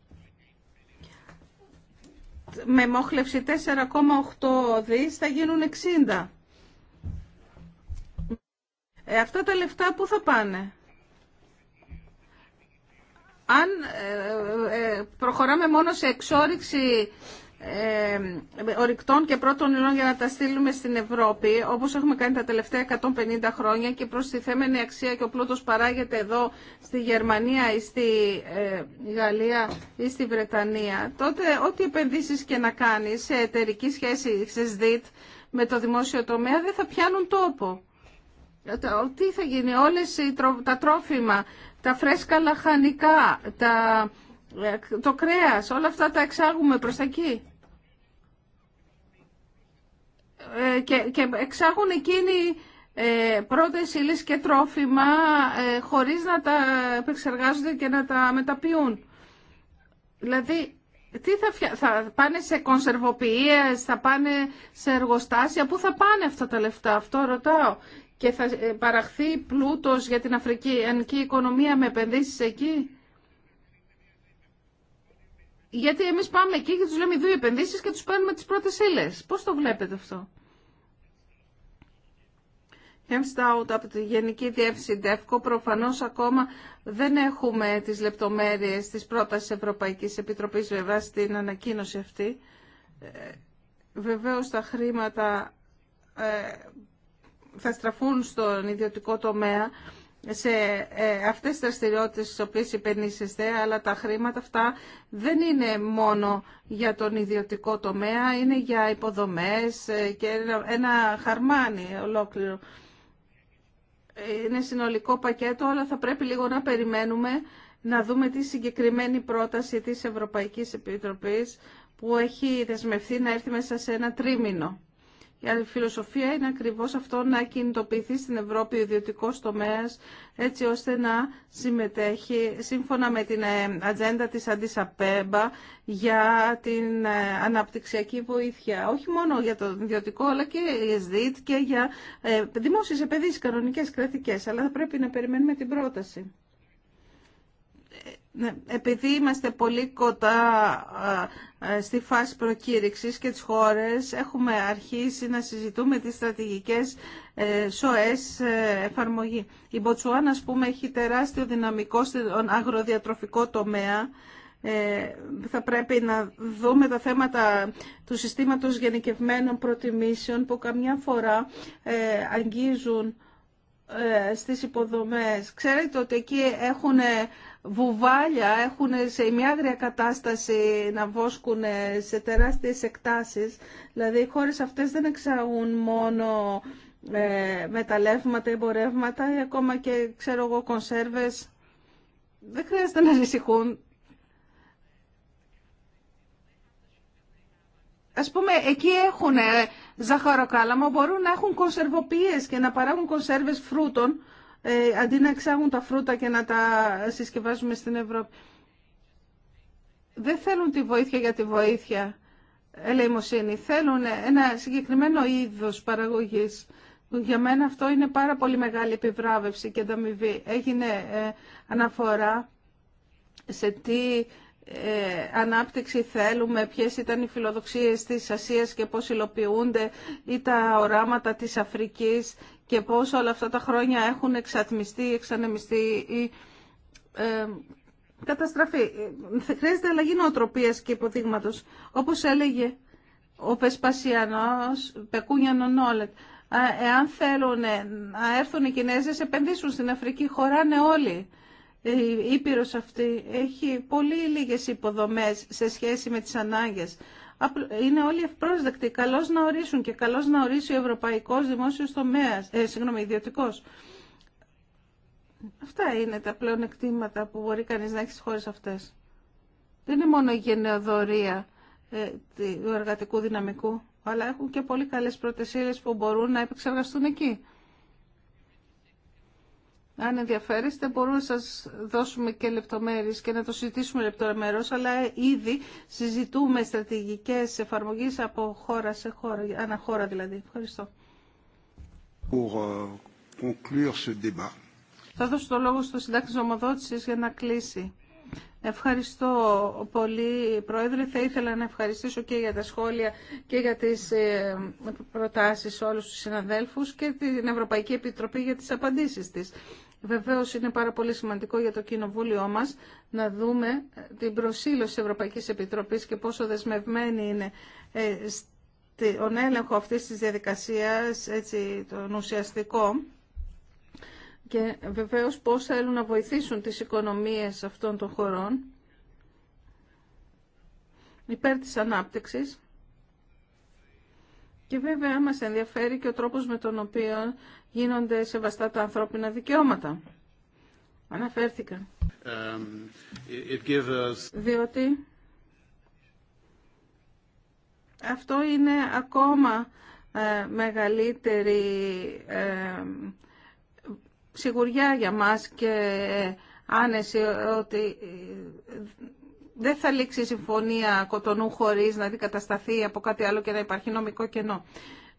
Με μόχλευση 4,8 δις θα γίνουν 60. Ε, αυτά τα λεφτά πού θα πάνε αν ε, ε, προχωράμε μόνο σε εξόριξη ε, ορυκτών και πρώτων υλών για να τα στείλουμε στην Ευρώπη, όπως έχουμε κάνει τα τελευταία 150 χρόνια και προς τη θέμενη αξία και ο πλούτος παράγεται εδώ στη Γερμανία ή στη Γαλλία ή στη Βρετανία, τότε ό,τι επενδύσεις και να κάνεις σε εταιρική σχέση, σε ΣΔΙΤ, με το δημόσιο τομέα δεν θα πιάνουν τόπο. Τι θα γίνει, όλες τα τρόφιμα τα φρέσκα λαχανικά, τα, ε, το κρέας, όλα αυτά τα εξάγουμε προς εκεί. Ε, και, εξάγουν εκείνοι ε, πρώτες ύλες και τρόφιμα ε, χωρίς να τα επεξεργάζονται και να τα μεταποιούν. Δηλαδή, τι θα, θα πάνε σε κονσερβοποιίες, θα πάνε σε εργοστάσια, πού θα πάνε αυτά τα λεφτά, αυτό ρωτάω και θα ε, παραχθεί πλούτος για την Αφρική η οικονομία με επενδύσεις εκεί. Γιατί εμείς πάμε εκεί και τους λέμε δύο επενδύσεις και τους παίρνουμε τις πρώτες σύλλες. Πώς το βλέπετε αυτό. Hemstout από τη Γενική Διεύθυνση ΔΕΦΚΟ προφανώς ακόμα δεν έχουμε τις λεπτομέρειες της πρότασης Ευρωπαϊκής Επιτροπής βέβαια στην ανακοίνωση αυτή. Ε, βεβαίως τα χρήματα ε, θα στραφούν στον ιδιωτικό τομέα σε ε, αυτές τις δραστηριότητε στις οποίες υπενήσεστε, αλλά τα χρήματα αυτά δεν είναι μόνο για τον ιδιωτικό τομέα, είναι για υποδομές ε, και ένα χαρμάνι ολόκληρο. Είναι συνολικό πακέτο, αλλά θα πρέπει λίγο να περιμένουμε να δούμε τη συγκεκριμένη πρόταση της Ευρωπαϊκής Επιτροπής που έχει δεσμευθεί να έρθει μέσα σε ένα τρίμηνο. Η φιλοσοφία είναι ακριβώς αυτό να κινητοποιηθεί στην Ευρώπη ο ιδιωτικό τομέα έτσι ώστε να συμμετέχει σύμφωνα με την ε, ατζέντα της Αντισαπέμπα για την ε, αναπτυξιακή βοήθεια. Όχι μόνο για το ιδιωτικό αλλά και ΕΣΔΙΤ και για ε, δημόσιες επενδύσεις κανονικές κρατικές. Αλλά θα πρέπει να περιμένουμε την πρόταση. Ναι, επειδή είμαστε πολύ κοντά ε, ε, στη φάση προκήρυξης και τις χώρες έχουμε αρχίσει να συζητούμε τις στρατηγικές ε, ΣΟΕΣ εφαρμογή. Η Μποτσουάν, ας πούμε, έχει τεράστιο δυναμικό στον αγροδιατροφικό τομέα. Θα πρέπει να δούμε τα θέματα του συστήματος γενικευμένων προτιμήσεων που καμιά φορά αγγίζουν στις υποδομές. Ξέρετε ότι εκεί έχουν βουβάλια έχουν σε μια άγρια κατάσταση να βόσκουν σε τεράστιες εκτάσεις. Δηλαδή οι χώρες αυτές δεν εξαγούν μόνο ε, μεταλλεύματα, εμπορεύματα ή ακόμα και ξέρω εγώ κονσέρβες. Δεν χρειάζεται να ανησυχούν. Ας πούμε, εκεί έχουν ζαχαροκάλαμο, μπορούν να έχουν κονσερβοποιίες και να παράγουν κονσέρβες φρούτων, ε, αντί να εξάγουν τα φρούτα και να τα συσκευάζουμε στην Ευρώπη. Δεν θέλουν τη βοήθεια για τη βοήθεια, ελεημοσύνη. Θέλουν ένα συγκεκριμένο είδος παραγωγής. Για μένα αυτό είναι πάρα πολύ μεγάλη επιβράβευση και ανταμοιβή. Έγινε ε, αναφορά σε τι ε, ανάπτυξη θέλουμε, ποιες ήταν οι φιλοδοξίες της Ασίας και πώς υλοποιούνται ή τα οράματα της Αφρικής και πώς όλα αυτά τα χρόνια έχουν εξατμιστεί, εξανεμιστεί ή ε, καταστραφεί. Χρειάζεται αλλαγή νοοτροπίας και υποδείγματος. Όπως έλεγε ο Πεσπασιανός, Πεκούνιανο Νόλετ, εάν θέλουν να έρθουν οι Κινέζες, επενδύσουν στην Αφρική, χωράνε όλοι. Η Ήπειρος αυτή έχει πολύ λίγες υποδομές σε σχέση με τις ανάγκες είναι όλοι ευπρόσδεκτοι. Καλώ να ορίσουν και καλώς να ορίσει ο ευρωπαϊκός δημόσιος τομέας, ε, συγγνώμη, Αυτά είναι τα πλέον εκτίματα που μπορεί κανεί να έχει στι χώρες αυτές. Δεν είναι μόνο η γενεοδορία ε, του εργατικού δυναμικού, αλλά έχουν και πολύ καλές προτεσίλε που μπορούν να επεξεργαστούν εκεί. Αν ενδιαφέρεστε μπορούμε να σας δώσουμε και λεπτομέρειες και να το συζητήσουμε λεπτομέρως, αλλά ήδη συζητούμε στρατηγικέ εφαρμογής από χώρα σε χώρα, αναχώρα δηλαδή. Ευχαριστώ. Euh, Θα δώσω το λόγο στο συντάκτη ομοδότηση για να κλείσει. Ευχαριστώ πολύ, Πρόεδρε. Θα ήθελα να ευχαριστήσω και για τα σχόλια και για τις ε, προτάσεις όλους τους συναδέλφους και την Ευρωπαϊκή Επιτροπή για τις απαντήσεις της. Βεβαίως είναι πάρα πολύ σημαντικό για το κοινοβούλιο μας να δούμε ε, την προσήλωση της Ευρωπαϊκής Επιτροπής και πόσο δεσμευμένη είναι ε, στον έλεγχο αυτής της διαδικασίας, έτσι, τον ουσιαστικό και βεβαίως πώς θέλουν να βοηθήσουν τις οικονομίες αυτών των χωρών υπέρ της ανάπτυξης. Και βέβαια μας ενδιαφέρει και ο τρόπος με τον οποίο γίνονται σεβαστά τα ανθρώπινα δικαιώματα. Αναφέρθηκαν. Um, us... Διότι αυτό είναι ακόμα ε, μεγαλύτερη ε, σιγουριά για μας και άνεση ότι ε, δεν θα λήξει η συμφωνία κοτονού χωρίς να αντικατασταθεί από κάτι άλλο και να υπάρχει νομικό κενό.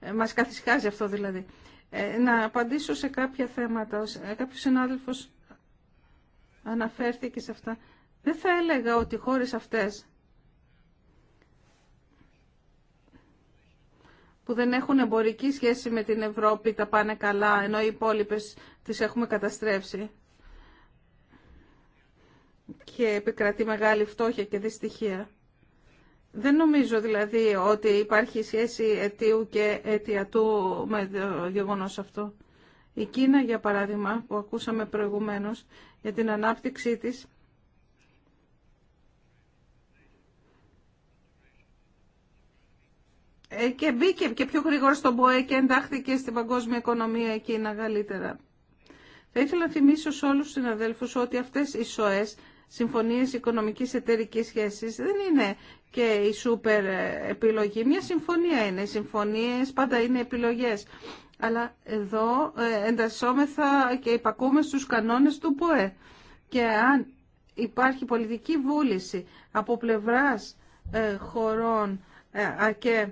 Ε, μας καθισχάζει αυτό δηλαδή. Ε, να απαντήσω σε κάποια θέματα. Κάποιος συνάδελφος αναφέρθηκε σε αυτά. Δεν θα έλεγα ότι χώρες αυτές που δεν έχουν εμπορική σχέση με την Ευρώπη τα πάνε καλά, ενώ οι υπόλοιπες τις έχουμε καταστρέψει και επικρατεί μεγάλη φτώχεια και δυστυχία. Δεν νομίζω δηλαδή ότι υπάρχει σχέση αιτίου και αιτιατού με το γεγονό αυτό. Η Κίνα, για παράδειγμα, που ακούσαμε προηγουμένως για την ανάπτυξή της, ε, και μπήκε και πιο γρήγορα στον ΠΟΕ και εντάχθηκε στην παγκόσμια οικονομία εκείνα καλύτερα. Θα ήθελα να θυμίσω σε όλους τους συναδέλφους ότι αυτές οι ΣΟΕΣ συμφωνίες οικονομικής εταιρικής σχέσης δεν είναι και η σούπερ επιλογή. Μια συμφωνία είναι. Οι συμφωνίες πάντα είναι επιλογές. Αλλά εδώ ε, εντασσόμεθα και υπακούμε στους κανόνες του ΠΟΕ. Και αν υπάρχει πολιτική βούληση από πλευράς ε, χωρών ε, και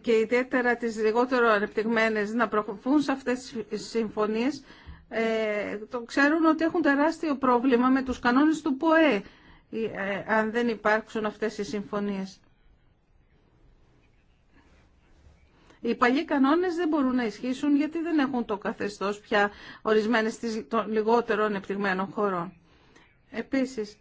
και ιδιαίτερα τις λιγότερο ανεπτυγμένες να προχωρούν σε αυτές τις συμφωνίες, ε, το ξέρουν ότι έχουν τεράστιο πρόβλημα με τους κανόνες του ΠΟΕ ε, αν δεν υπάρξουν αυτές οι συμφωνίες. Οι παλιοί κανόνες δεν μπορούν να ισχύσουν γιατί δεν έχουν το καθεστώς πια ορισμένες των λιγότερων επιτυγμένων χωρών. Επίσης,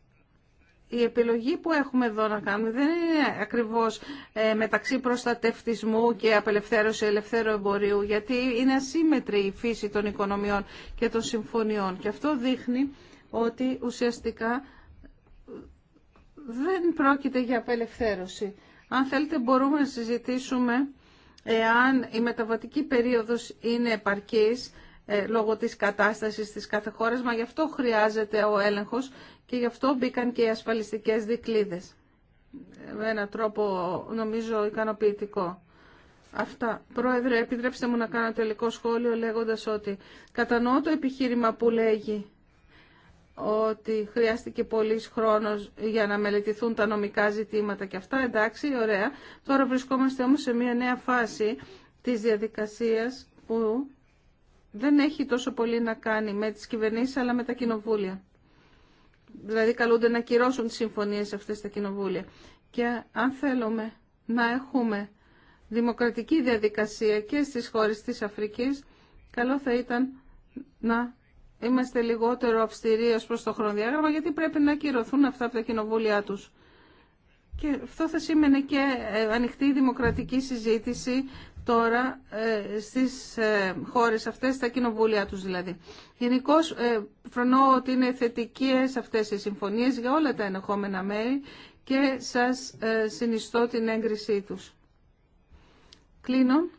η επιλογή που έχουμε εδώ να κάνουμε δεν είναι ακριβώς ε, μεταξύ προστατευτισμού και απελευθέρωση ελευθέρω εμπορίου, γιατί είναι ασύμμετρη η φύση των οικονομιών και των συμφωνιών. Και αυτό δείχνει ότι ουσιαστικά δεν πρόκειται για απελευθέρωση. Αν θέλετε μπορούμε να συζητήσουμε εάν η μεταβατική περίοδος είναι επαρκής ε, λόγω της κατάστασης της κάθε χώρα, μα γι' αυτό χρειάζεται ο έλεγχος και γι' αυτό μπήκαν και οι ασφαλιστικές δικλίδες. Με έναν τρόπο νομίζω ικανοποιητικό. Αυτά. Πρόεδρε, επιτρέψτε μου να κάνω τελικό σχόλιο λέγοντας ότι κατανοώ το επιχείρημα που λέγει ότι χρειάστηκε πολύ χρόνος για να μελετηθούν τα νομικά ζητήματα και αυτά. Εντάξει, ωραία. Τώρα βρισκόμαστε όμως σε μια νέα φάση της διαδικασίας που δεν έχει τόσο πολύ να κάνει με τις κυβερνήσεις αλλά με τα κοινοβούλια. Δηλαδή καλούνται να κυρώσουν τις συμφωνίες αυτές τα κοινοβούλια. Και αν θέλουμε να έχουμε δημοκρατική διαδικασία και στις χώρες της Αφρικής, καλό θα ήταν να είμαστε λιγότερο αυστηροί ως προς το χρονοδιάγραμμα, γιατί πρέπει να κυρωθούν αυτά από τα κοινοβούλια τους. Και αυτό θα σήμαινε και ε, ανοιχτή δημοκρατική συζήτηση τώρα ε, στις ε, χώρες αυτές, στα κοινοβούλια τους δηλαδή. Γενικώ ε, φρονώ ότι είναι θετικές αυτές οι συμφωνίες για όλα τα ενεχόμενα μέρη και σας συνιστώ την έγκρισή τους. Κλείνω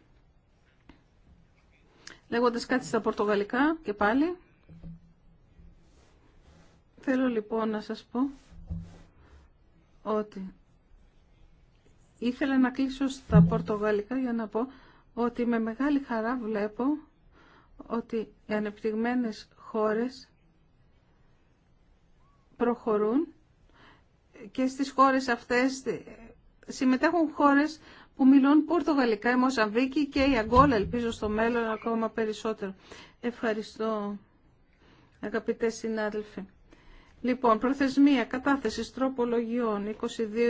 λέγοντας κάτι στα πορτογαλικά και πάλι. Θέλω λοιπόν να σας πω ότι Ήθελα να κλείσω στα πορτογαλικά για να πω ότι με μεγάλη χαρά βλέπω ότι οι ανεπτυγμένες χώρες προχωρούν και στις χώρες αυτές συμμετέχουν χώρες που μιλούν πορτογαλικά, η Μοζαμβίκη και η Αγκόλα, ελπίζω στο μέλλον ακόμα περισσότερο. Ευχαριστώ αγαπητέ συνάδελφοι. Λοιπόν, προθεσμία κατάθεση τροπολογιών 22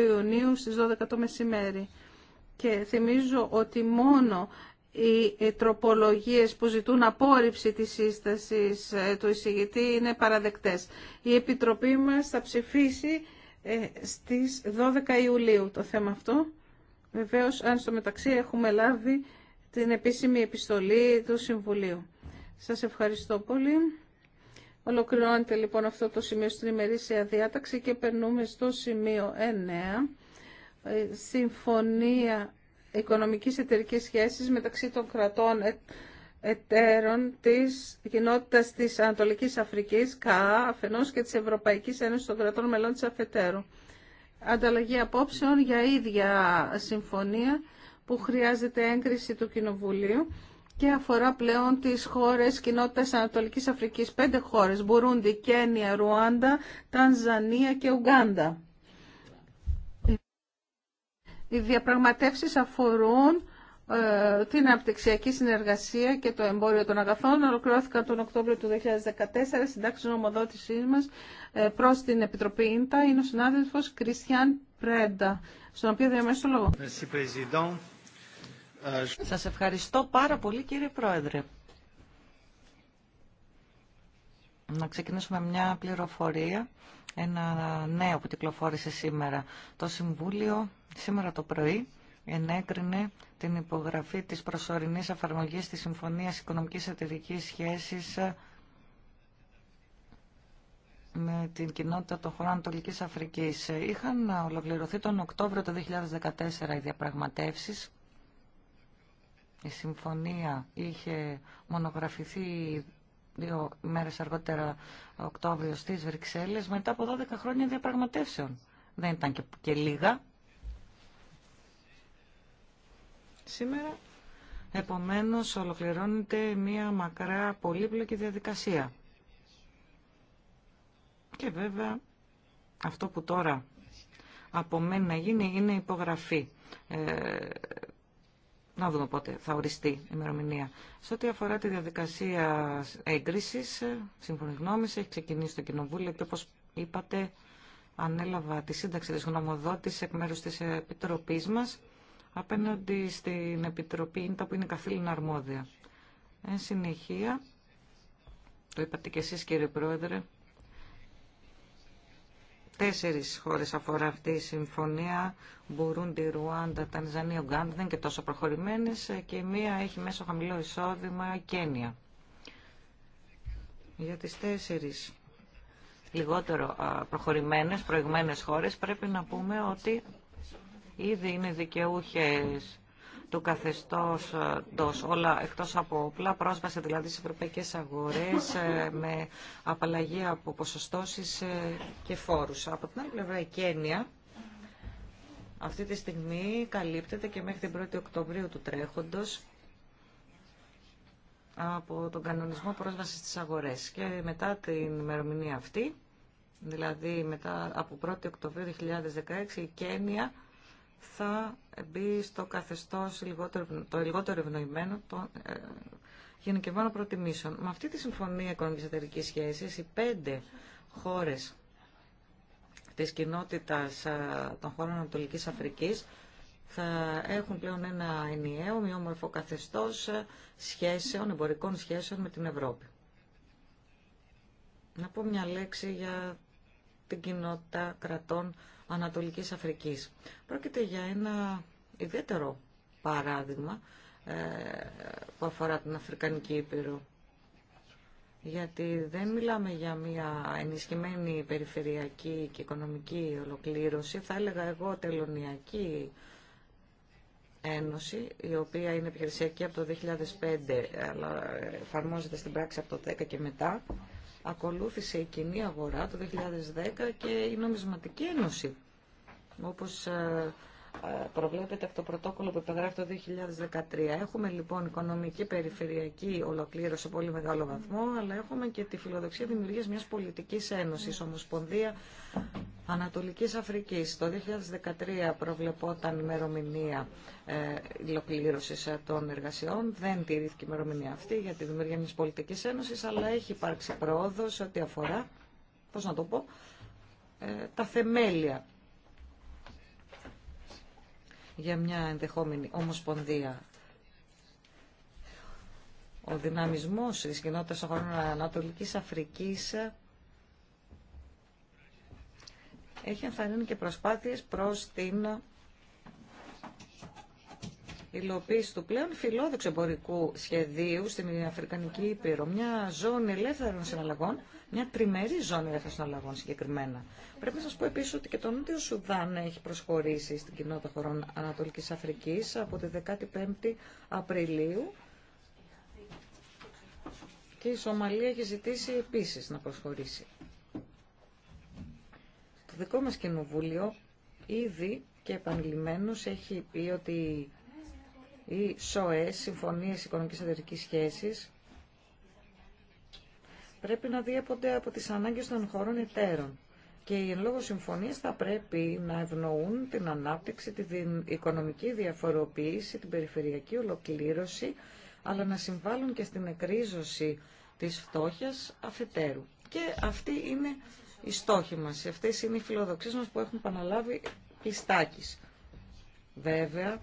Ιουνίου στις 12 το μεσημέρι. Και θυμίζω ότι μόνο οι τροπολογίες που ζητούν απόρριψη της σύστασης ε, του εισηγητή είναι παραδεκτές. Η Επιτροπή μας θα ψηφίσει ε, στις 12 Ιουλίου το θέμα αυτό. Βεβαίως, αν στο μεταξύ έχουμε λάβει την επίσημη επιστολή του Συμβουλίου. Σας ευχαριστώ πολύ. Ολοκληρώνεται λοιπόν αυτό το σημείο στην ημερήσια διάταξη και περνούμε στο σημείο 9. Ε, συμφωνία οικονομικής εταιρικής σχέσης μεταξύ των κρατών ε, εταίρων της κοινότητας της Ανατολικής Αφρικής, ΚΑΑ, αφενός και της Ευρωπαϊκής Ένωσης των κρατών μελών της Αφετέρου. Ανταλλαγή απόψεων για ίδια συμφωνία που χρειάζεται έγκριση του Κοινοβουλίου και αφορά πλέον τις χώρες κοινότητας Ανατολικής Αφρικής. Πέντε χώρες, Μπουρούντι, Κένια, Ρουάντα, Τανζανία και Ουγγάντα. Οι διαπραγματεύσεις αφορούν ε, την αναπτυξιακή συνεργασία και το εμπόριο των αγαθών. Ολοκληρώθηκαν τον Οκτώβριο του 2014 συντάξει νομοδότησή μας προ ε, προς την Επιτροπή ΙΝΤΑ. Είναι ο συνάδελφος Κριστιαν Πρέντα, στον οποίο διαμέσω λόγο. Σας ευχαριστώ πάρα πολύ κύριε Πρόεδρε. Να ξεκινήσουμε μια πληροφορία, ένα νέο που κυκλοφόρησε σήμερα. Το Συμβούλιο σήμερα το πρωί ενέκρινε την υπογραφή της προσωρινής αφαρμογής της Συμφωνίας Οικονομικής Εταιρικής Σχέσης με την κοινότητα των χωρών Ανατολικής Αφρικής. Είχαν ολοκληρωθεί τον Οκτώβριο του 2014 οι διαπραγματεύσεις η συμφωνία είχε μονογραφηθεί δύο μέρες αργότερα Οκτώβριο στις Βρυξέλλες μετά από 12 χρόνια διαπραγματεύσεων. Δεν ήταν και, και λίγα. Σήμερα, επομένως, ολοκληρώνεται μία μακρά πολύπλοκη διαδικασία. Και βέβαια, αυτό που τώρα απομένει να γίνει είναι υπογραφή ε, να δούμε πότε θα οριστεί η ημερομηνία. Σε ό,τι αφορά τη διαδικασία έγκριση, ε, σύμφωνη γνώμη, έχει ξεκινήσει το Κοινοβούλιο και όπω είπατε, ανέλαβα τη σύνταξη τη γνωμοδότηση εκ μέρου τη Επιτροπή μα απέναντι στην Επιτροπή τα που είναι καθήλυνα αρμόδια. Εν συνεχεία, το είπατε και εσείς κύριε Πρόεδρε, Τέσσερις χώρες αφορά αυτή η συμφωνία, Μπουρούντι, Ρουάντα, Τανζανία, Ουγγάντα, δεν και τόσο προχωρημένες και μία έχει μέσο χαμηλό εισόδημα, Κένια. Για τις τέσσερις λιγότερο προχωρημένες, προηγμένες χώρες πρέπει να πούμε ότι ήδη είναι δικαιούχες του καθεστώς ε, όλα εκτός από όπλα, πρόσβαση δηλαδή στις ευρωπαϊκές αγορές ε, με απαλλαγή από ποσοστώσεις ε, και φόρους. Από την άλλη πλευρά η Κένια αυτή τη στιγμή καλύπτεται και μέχρι την 1η Οκτωβρίου του τρέχοντος από τον κανονισμό πρόσβασης στις αγορές και μετά την ημερομηνία αυτή, δηλαδή μετά από 1η Οκτωβρίου 2016 η Κένια θα μπει στο καθεστώς το λιγότερο ευνοημένο των ε, γενικευμένων προτιμήσεων. Με αυτή τη Συμφωνία Οικονομικής Εταιρικής Σχέσης, οι πέντε χώρες της κοινότητας ε, των χώρων Ανατολικής Αφρικής θα έχουν πλέον ένα ενιαίο, μειόμορφο καθεστώς ε, σχέσεων, εμπορικών σχέσεων με την Ευρώπη. Να πω μια λέξη για την κοινότητα κρατών Ανατολικής Αφρικής. Πρόκειται για ένα ιδιαίτερο παράδειγμα ε, που αφορά την Αφρικανική Ήπειρο. Γιατί δεν μιλάμε για μια ενισχυμένη περιφερειακή και οικονομική ολοκλήρωση, θα έλεγα εγώ τελωνιακή ένωση, η οποία είναι επιχειρησιακή από το 2005, αλλά εφαρμόζεται στην πράξη από το 2010 και μετά ακολούθησε η κοινή αγορά το 2010 και η νομισματική ένωση όπως ε, προβλέπεται από το πρωτόκολλο που υπεγράφει το 2013. Έχουμε λοιπόν οικονομική περιφερειακή ολοκλήρωση σε πολύ μεγάλο βαθμό, αλλά έχουμε και τη φιλοδοξία δημιουργίας μιας πολιτικής ένωση, Ομοσπονδία Ανατολικής Αφρικής. Το 2013 προβλεπόταν ημερομηνία ε, ολοκλήρωση ε, των εργασιών. Δεν τηρήθηκε η ημερομηνία αυτή για τη δημιουργία μια πολιτική Ένωση, αλλά έχει υπάρξει σε ό,τι αφορά, Πώ να το πω, ε, τα θεμέλια για μια ενδεχόμενη ομοσπονδία. Ο δυναμισμός της κοινότητας των χωρών Ανατολικής Αφρικής έχει εμφανίσει και προσπάθειες προς την υλοποίηση του πλέον φιλόδοξου εμπορικού σχεδίου στην Αφρικανική Ήπειρο. Μια ζώνη ελεύθερων συναλλαγών μια τριμερή ζώνη των αλλαγών συγκεκριμένα. Πρέπει να σα πω επίση ότι και το Νότιο Σουδάν έχει προσχωρήσει στην κοινότητα χωρών Ανατολική Αφρική από τη 15η Απριλίου. Και η Σομαλία έχει ζητήσει επίσης να προσχωρήσει. Το δικό μας κοινοβούλιο ήδη και επανειλημμένω έχει πει ότι οι ΣΟΕ, Συμφωνίες Οικονομικής Εταιρικής Σχέσης, πρέπει να διέπονται από τις ανάγκες των χωρών εταίρων. Και οι εν λόγω συμφωνίες θα πρέπει να ευνοούν την ανάπτυξη, την οικονομική διαφοροποίηση, την περιφερειακή ολοκλήρωση, αλλά να συμβάλλουν και στην εκρίζωση της φτώχειας αφετέρου. Και αυτή είναι η στόχη μας, αυτές είναι οι φιλοδοξίες μας που έχουν επαναλάβει πιστάκης. Βέβαια,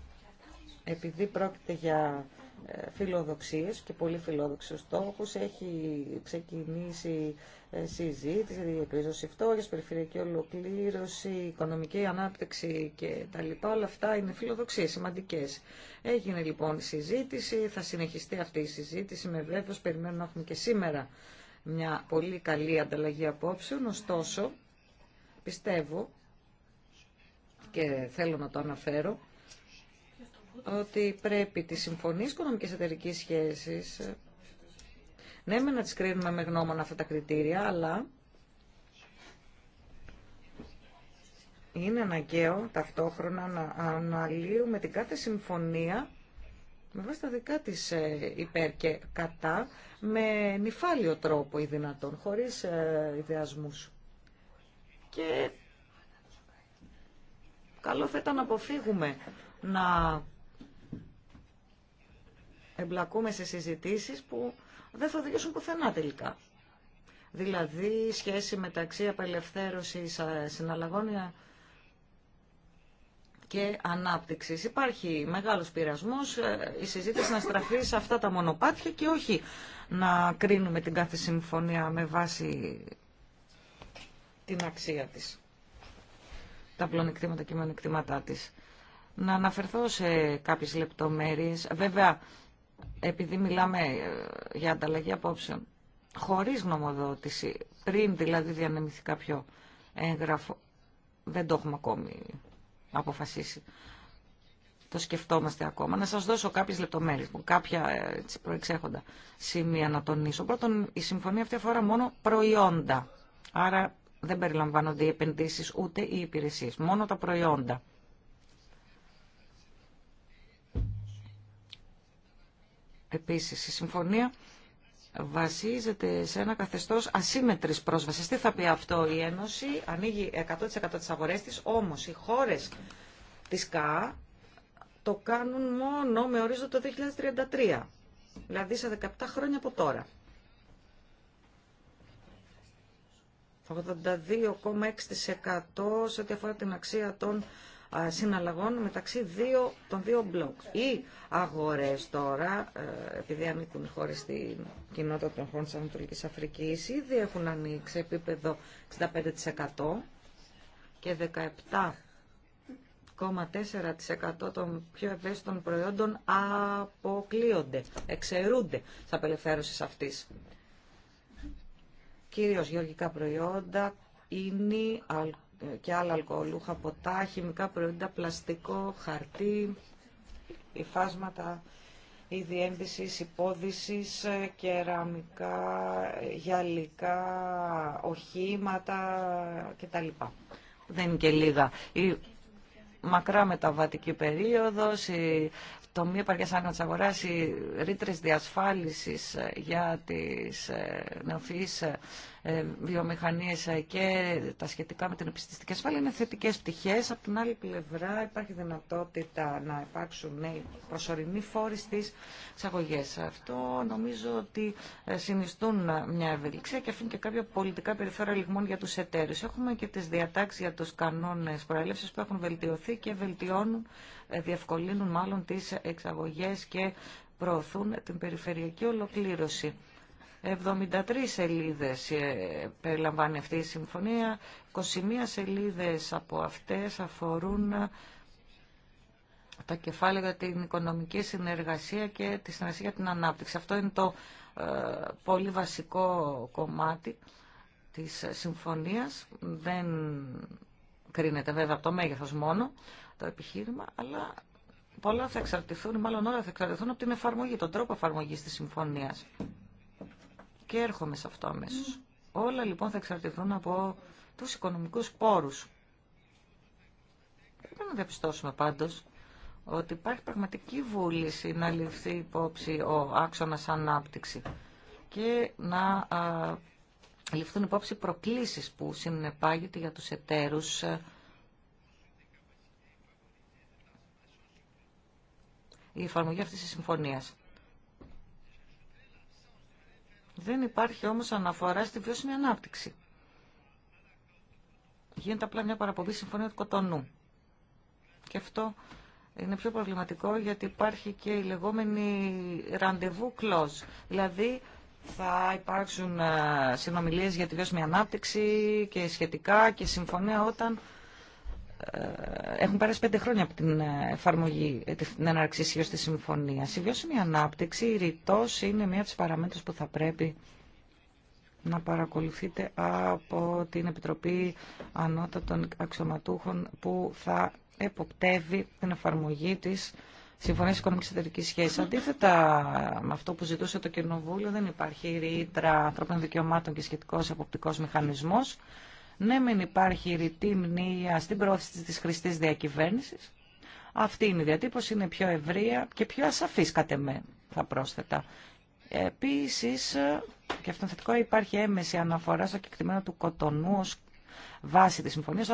επειδή πρόκειται για ε, φιλοδοξίες και πολύ φιλόδοξους στόχους. Έχει ξεκινήσει ε, συζήτηση, κρίζωση φτώχειας, περιφερειακή ολοκλήρωση, οικονομική ανάπτυξη και τα λοιπά. Όλα αυτά είναι φιλοδοξίες σημαντικές. Έγινε λοιπόν η συζήτηση, θα συνεχιστεί αυτή η συζήτηση με βέβαιος. Περιμένουμε να έχουμε και σήμερα μια πολύ καλή ανταλλαγή απόψεων. Ωστόσο, πιστεύω και θέλω να το αναφέρω, ότι πρέπει τις συμφωνίες οικονομικές εταιρικής σχέσης ναι με να τις κρίνουμε με γνώμονα αυτά τα κριτήρια, αλλά είναι αναγκαίο ταυτόχρονα να αναλύουμε την κάθε συμφωνία με βάση τα δικά της ε, υπέρ και κατά με νυφάλιο τρόπο ή δυνατόν, χωρίς ε, ιδεασμούς. Και καλό θα ήταν να αποφύγουμε να εμπλακούμε σε συζητήσεις που δεν θα οδηγήσουν πουθενά τελικά. Δηλαδή σχέση μεταξύ απελευθέρωσης συναλλαγών και ανάπτυξης. Υπάρχει μεγάλος πειρασμό, ε, η συζήτηση να στραφεί σε αυτά τα μονοπάτια και όχι να κρίνουμε την κάθε συμφωνία με βάση την αξία της. Τα πλονεκτήματα και μειονεκτήματά της. Να αναφερθώ σε κάποιε λεπτομέρειε, Βέβαια, επειδή μιλάμε ε, για ανταλλαγή απόψεων, χωρίς νομοδότηση, πριν δηλαδή διανεμηθεί κάποιο έγγραφο, δεν το έχουμε ακόμη αποφασίσει. Το σκεφτόμαστε ακόμα. Να σας δώσω κάποιες λεπτομέρειες, κάποια ε, έτσι, προεξέχοντα σημεία να τονίσω. Πρώτον, η συμφωνία αυτή αφορά μόνο προϊόντα. Άρα δεν περιλαμβάνονται οι επενδύσεις ούτε οι υπηρεσίες. Μόνο τα προϊόντα Επίσης, η συμφωνία βασίζεται σε ένα καθεστώς ασύμετρης πρόσβασης. Τι θα πει αυτό η Ένωση, ανοίγει 100% τις αγορές της, όμως οι χώρες της ΚΑ το κάνουν μόνο με ορίζοντα το 2033, δηλαδή σε 17 χρόνια από τώρα. 82,6% σε ό,τι αφορά την αξία των συναλλαγών μεταξύ δύο, των δύο μπλοκ. Οι αγορές τώρα, ε, επειδή ανήκουν οι χώρες στην κοινότητα των χώρων της Ανατολικής Αφρικής, ήδη έχουν ανοίξει επίπεδο 65% και 17,4% των πιο ευαίσθητων προϊόντων αποκλείονται, εξαιρούνται της απελευθέρωση αυτής. Κυρίως γεωργικά προϊόντα, είναι αλκοόλ και άλλα αλκοολούχα ποτά, χημικά προϊόντα, πλαστικό, χαρτί, υφάσματα είδη ένδυσης, υπόδησης, ε, κεραμικά, γυαλικά, οχήματα κτλ. Δεν είναι και λίγα. Η μακρά μεταβατική περίοδος, η το μη επαρκές άγνωσης αγοράς, οι ρήτρες διασφάλισης ε, για τις ε, νεοφυείς ε, βιομηχανίες ε, και τα σχετικά με την επιστηστική ασφάλεια είναι θετικές πτυχές. Από την άλλη πλευρά υπάρχει δυνατότητα να υπάρξουν νέοι προσωρινοί φόροι στις εξαγωγές. Αυτό νομίζω ότι ε, συνιστούν μια ευελιξία και αφήνει και κάποια πολιτικά περιθώρια λιγμών για τους εταίρους. Έχουμε και τις διατάξεις για τους κανόνες προέλευσης που έχουν βελτιωθεί και βελτιώνουν, διευκολύνουν μάλλον τις εξαγωγές και προωθούν την περιφερειακή ολοκλήρωση. 73 σελίδες ε, περιλαμβάνει αυτή η συμφωνία, 21 σελίδες από αυτές αφορούν ε, τα κεφάλαια για την οικονομική συνεργασία και τη συνεργασία για την ανάπτυξη. Αυτό είναι το ε, πολύ βασικό κομμάτι της συμφωνίας. Δεν κρίνεται βέβαια από το μέγεθος μόνο το επιχείρημα, αλλά πολλά θα εξαρτηθούν, μάλλον όλα θα εξαρτηθούν από την εφαρμογή, τον τρόπο εφαρμογής της συμφωνίας. Και έρχομαι σε αυτό αμέσω. Όλα λοιπόν θα εξαρτηθούν από τους οικονομικούς πόρους. Πρέπει να διαπιστώσουμε πάντως ότι υπάρχει πραγματική βούληση να ληφθεί υπόψη ο άξονας ανάπτυξη και να α, ληφθούν υπόψη προκλήσεις που συνεπάγεται για τους εταίρους ε, η εφαρμογή αυτής της συμφωνίας. Δεν υπάρχει όμως αναφορά στη βιώσιμη ανάπτυξη. Γίνεται απλά μια παραπομπή συμφωνία του Κοτονού. Και αυτό είναι πιο προβληματικό γιατί υπάρχει και η λεγόμενη ραντεβού κλώζ. Δηλαδή θα υπάρξουν ε, συνομιλίες για τη βιώσιμη ανάπτυξη και σχετικά και συμφωνία όταν ε, έχουν πέρασει πέντε χρόνια από την εφαρμογή, ε, την έναρξη ισχύω τη συμφωνία. Η βιώσιμη ανάπτυξη, η ρητό, είναι μία από τι παραμέτρου που θα πρέπει να παρακολουθείτε από την Επιτροπή Ανώτατων Αξιωματούχων που θα εποπτεύει την εφαρμογή τη Συμφωνία Οικονομική Εταιρική Σχέση. Αντίθετα με αυτό που ζητούσε το Κοινοβούλιο, δεν υπάρχει ρήτρα ανθρώπινων δικαιωμάτων και σχετικό αποπτικό μηχανισμό. Ναι, μην υπάρχει ρητή μνήμα στην πρόθεση τη χρηστή διακυβέρνηση. Αυτή είναι η διατύπωση, είναι πιο ευρεία και πιο ασαφή κατ' εμέ, θα πρόσθετα. Επίση, και αυτό θετικό, υπάρχει έμεση αναφορά στο κεκτημένο του Κοτονού ω βάση συμφωνία συμφωνίας,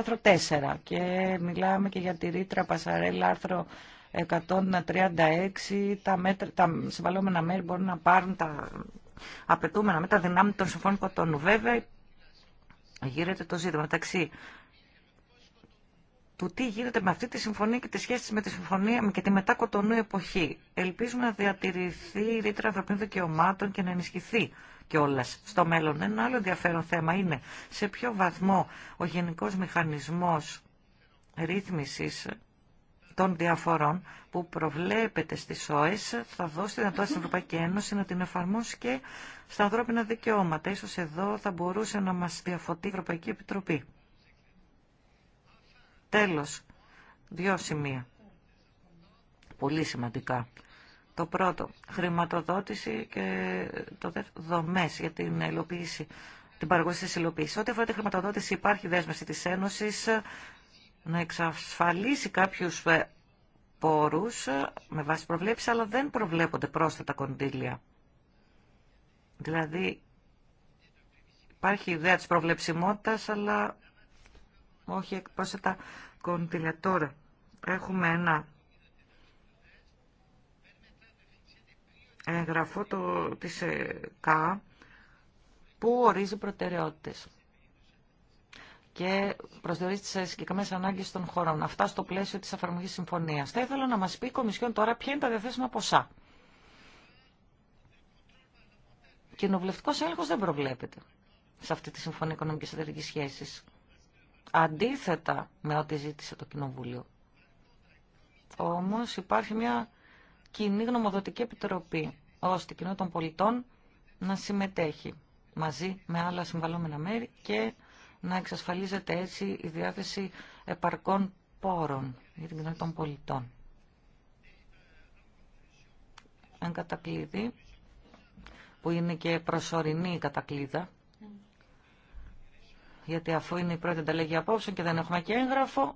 άρθρο 4. Και μιλάμε και για τη ρήτρα Πασαρέλα, άρθρο 136. Τα, μέτρα, τα συμβαλόμενα μέρη μπορούν να πάρουν τα απαιτούμενα με τα δυνάμει των συμφώνων Κοτονού. Βέβαια, γίνεται το ζήτημα μεταξύ του τι γίνεται με αυτή τη συμφωνία και τη σχέση με τη συμφωνία και τη μετά κοτονού εποχή. Ελπίζουμε να διατηρηθεί η ρήτρα ανθρωπίνων δικαιωμάτων και να ενισχυθεί κιόλα στο μέλλον. Ένα άλλο ενδιαφέρον θέμα είναι σε ποιο βαθμό ο γενικό μηχανισμό ρύθμισης των διαφορών που προβλέπεται στις ΟΕΣ θα δώσει δυνατότητα στην Ευρωπαϊκή Ένωση να την εφαρμόσει και στα ανθρώπινα δικαιώματα. Ίσως εδώ θα μπορούσε να μας διαφωτεί η Ευρωπαϊκή Επιτροπή. Τέλος, δύο σημεία. Πολύ σημαντικά. Το πρώτο, χρηματοδότηση και το δεύτερο, δομές για την υλοποίηση την παραγωγή τη υλοποίηση. Ό,τι αφορά τη χρηματοδότηση, υπάρχει δέσμευση τη Ένωση να εξασφαλίσει κάποιους ε, πόρους ε, με βάση προβλέψεις, αλλά δεν προβλέπονται πρόσθετα κονδύλια. Δηλαδή, υπάρχει ιδέα της προβλεψιμότητας, αλλά όχι πρόσθετα κονδύλια. Τώρα, έχουμε ένα εγγραφό το, της ε, ΚΑ που ορίζει προτεραιότητες και προσδιορίζει τι συγκεκριμένε ανάγκε των χωρών. Αυτά στο πλαίσιο τη εφαρμογή συμφωνία. Θα ήθελα να μα πει η Κομισιόν τώρα ποια είναι τα διαθέσιμα ποσά. Κοινοβουλευτικό έλεγχο δεν προβλέπεται σε αυτή τη Συμφωνία Οικονομική Εταιρική Σχέση. Αντίθετα με ό,τι ζήτησε το Κοινοβούλιο. Όμω υπάρχει μια κοινή γνωμοδοτική επιτροπή ώστε η κοινότητα των πολιτών να συμμετέχει μαζί με άλλα συμβαλόμενα μέρη και να εξασφαλίζεται έτσι η διάθεση επαρκών πόρων για την κοινότητα των πολιτών. Ένα κατακλείδη, που είναι και προσωρινή η κατακλείδα, γιατί αφού είναι η πρώτη ανταλλαγή απόψεων και δεν έχουμε και έγγραφο,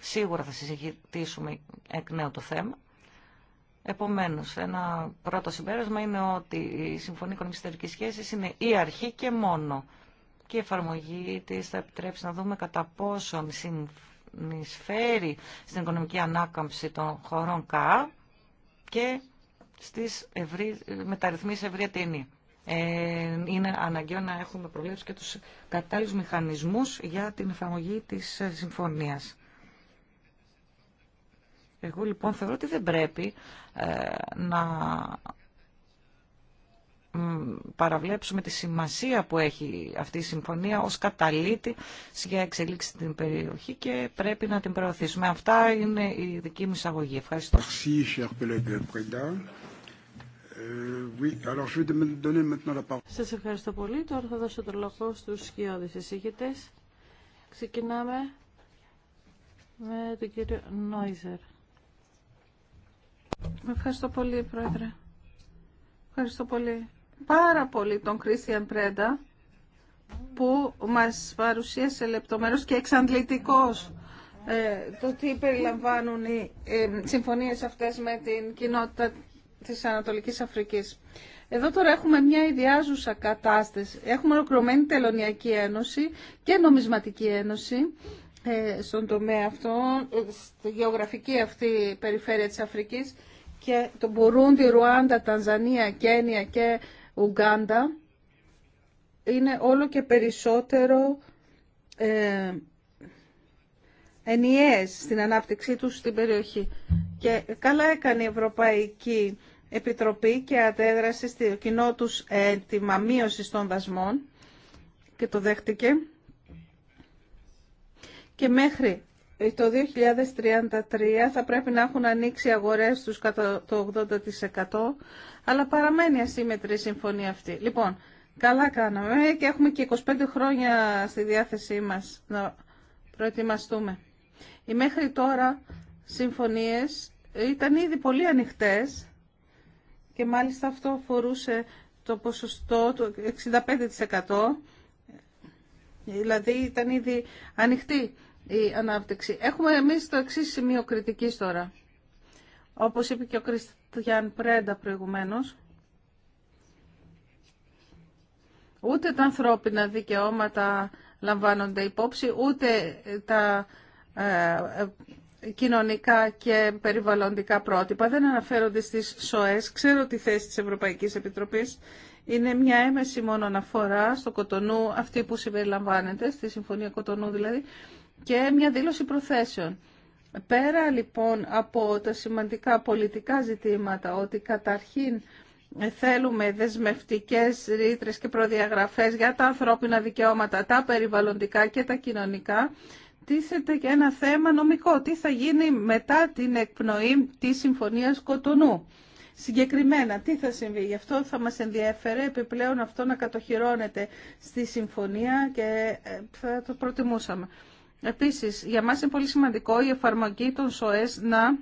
σίγουρα θα συζητήσουμε εκ νέου το θέμα. Επομένως, ένα πρώτο συμπέρασμα είναι ότι η Συμφωνία Οικονομικής Σχέσης είναι η αρχή και μόνο και η εφαρμογή τη θα επιτρέψει να δούμε κατά πόσον συνεισφέρει στην οικονομική ανάκαμψη των χωρών ΚΑ και στις ευρύ, μεταρρυθμίσεις ευρεία Ε, είναι αναγκαίο να έχουμε προβλέψει και τους κατάλληλους μηχανισμούς για την εφαρμογή της συμφωνίας. Εγώ λοιπόν θεωρώ ότι δεν πρέπει ε, να παραβλέψουμε τη σημασία που έχει αυτή η συμφωνία ως καταλήτη για εξελίξη στην περιοχή και πρέπει να την προωθήσουμε. Αυτά είναι η δική μου εισαγωγή. Ευχαριστώ. Σας ευχαριστώ πολύ. Τώρα θα δώσω το λόγο στους σκιώδεις εισηγητές. Ξεκινάμε με τον κύριο Νόιζερ. Ευχαριστώ πολύ, Πρόεδρε. Ευχαριστώ πολύ πάρα πολύ τον Κρίστιαν Πρέντα που μας παρουσίασε λεπτομέρως και εξαντλητικός ε, το τι περιλαμβάνουν οι ε, συμφωνίες αυτές με την κοινότητα της Ανατολικής Αφρικής. Εδώ τώρα έχουμε μια ιδιάζουσα κατάσταση. Έχουμε ολοκληρωμένη τελωνιακή ένωση και νομισματική ένωση ε, στον τομέα αυτό, στη γεωγραφική αυτή περιφέρεια της Αφρικής και το Μπουρούντι, Ρουάντα, Τανζανία, Κένια και Ουγγάντα είναι όλο και περισσότερο ε, ενιαίες στην ανάπτυξή τους στην περιοχή. Και καλά έκανε η Ευρωπαϊκή Επιτροπή και αντέδρασε στο κοινό τους έτοιμα μείωση των δασμών και το δέχτηκε. Και μέχρι το 2033 θα πρέπει να έχουν ανοίξει αγορές τους κατά το 80% αλλά παραμένει ασύμετρη η συμφωνία αυτή. Λοιπόν, καλά κάναμε και έχουμε και 25 χρόνια στη διάθεσή μας να προετοιμαστούμε. Οι μέχρι τώρα συμφωνίες ήταν ήδη πολύ ανοιχτές και μάλιστα αυτό αφορούσε το ποσοστό του 65%. Δηλαδή ήταν ήδη ανοιχτή η ανάπτυξη. Έχουμε εμείς το εξή σημείο κριτικής τώρα. Όπως είπε και ο Κριστιαν Πρέντα προηγουμένως, ούτε τα ανθρώπινα δικαιώματα λαμβάνονται υπόψη, ούτε τα ε, ε, κοινωνικά και περιβαλλοντικά πρότυπα δεν αναφέρονται στις ΣΟΕΣ. Ξέρω τη θέση της Ευρωπαϊκής Επιτροπής. Είναι μια έμεση μόνο αναφορά στο Κοτονού, αυτή που συμπεριλαμβάνεται, στη Συμφωνία Κοτονού δηλαδή, και μια δήλωση προθέσεων. Πέρα λοιπόν από τα σημαντικά πολιτικά ζητήματα ότι καταρχήν θέλουμε δεσμευτικές ρήτρες και προδιαγραφές για τα ανθρώπινα δικαιώματα, τα περιβαλλοντικά και τα κοινωνικά, τίθεται και ένα θέμα νομικό. Τι θα γίνει μετά την εκπνοή της Συμφωνίας Κοτονού. Συγκεκριμένα, τι θα συμβεί. Γι' αυτό θα μας ενδιαφέρε επιπλέον αυτό να κατοχυρώνεται στη Συμφωνία και ε, θα το προτιμούσαμε. Επίσης, για μας είναι πολύ σημαντικό η εφαρμογή των ΣΟΕΣ να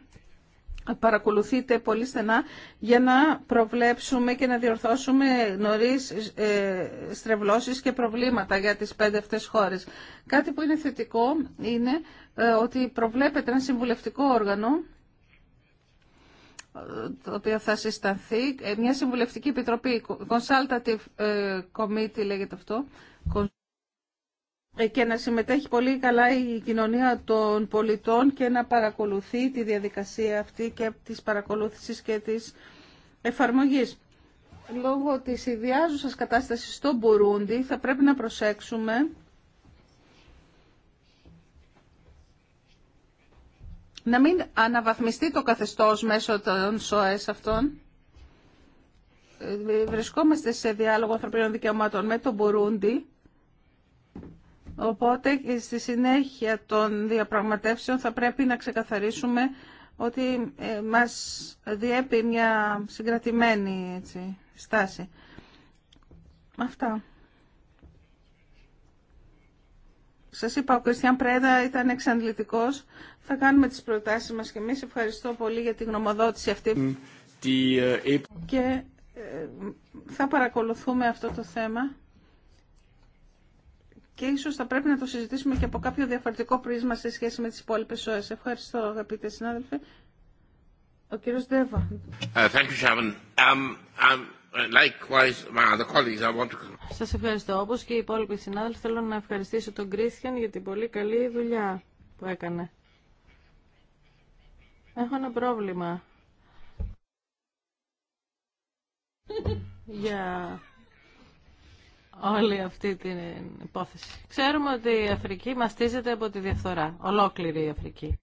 παρακολουθείτε πολύ στενά για να προβλέψουμε και να διορθώσουμε νωρίς ε, στρεβλώσεις και προβλήματα για τις πέντε αυτές χώρες. Κάτι που είναι θετικό είναι ε, ότι προβλέπεται ένα συμβουλευτικό όργανο το οποίο θα συσταθεί, ε, μια συμβουλευτική επιτροπή, Consultative ε, Committee λέγεται αυτό, ε, και να συμμετέχει πολύ καλά η κοινωνία των πολιτών και να παρακολουθεί τη διαδικασία αυτή και της παρακολούθησης και της εφαρμογής. Λόγω της ιδιάζουσας κατάστασης στο Μπουρούντι θα πρέπει να προσέξουμε να μην αναβαθμιστεί το καθεστώς μέσω των ΣΟΕΣ αυτών. Ε, βρισκόμαστε σε διάλογο ανθρωπίνων δικαιωμάτων με τον Μπουρούντι Οπότε στη συνέχεια των διαπραγματεύσεων θα πρέπει να ξεκαθαρίσουμε ότι ε, μας διέπει μια συγκρατημένη έτσι, στάση. Αυτά. Σας είπα, ο Κριστιαν Πρέδα ήταν εξαντλητικός. Θα κάνουμε τις προτάσεις μας και εμείς. Ευχαριστώ πολύ για τη γνωμοδότηση αυτή. Mm, ε, και ε, θα παρακολουθούμε αυτό το θέμα και ίσως θα πρέπει να το συζητήσουμε και από κάποιο διαφορετικό πρίσμα σε σχέση με τις υπόλοιπε ώρες. Ευχαριστώ αγαπητέ συνάδελφε. Ο κύριος Ντέβα. Σας ευχαριστώ. Όπως και οι υπόλοιποι συνάδελφοι θέλω να ευχαριστήσω τον Κρίστιαν για την πολύ καλή δουλειά που έκανε. Έχω ένα πρόβλημα. Για όλη αυτή την υπόθεση. Ξέρουμε ότι η Αφρική μαστίζεται από τη διαφθορά, ολόκληρη η Αφρική.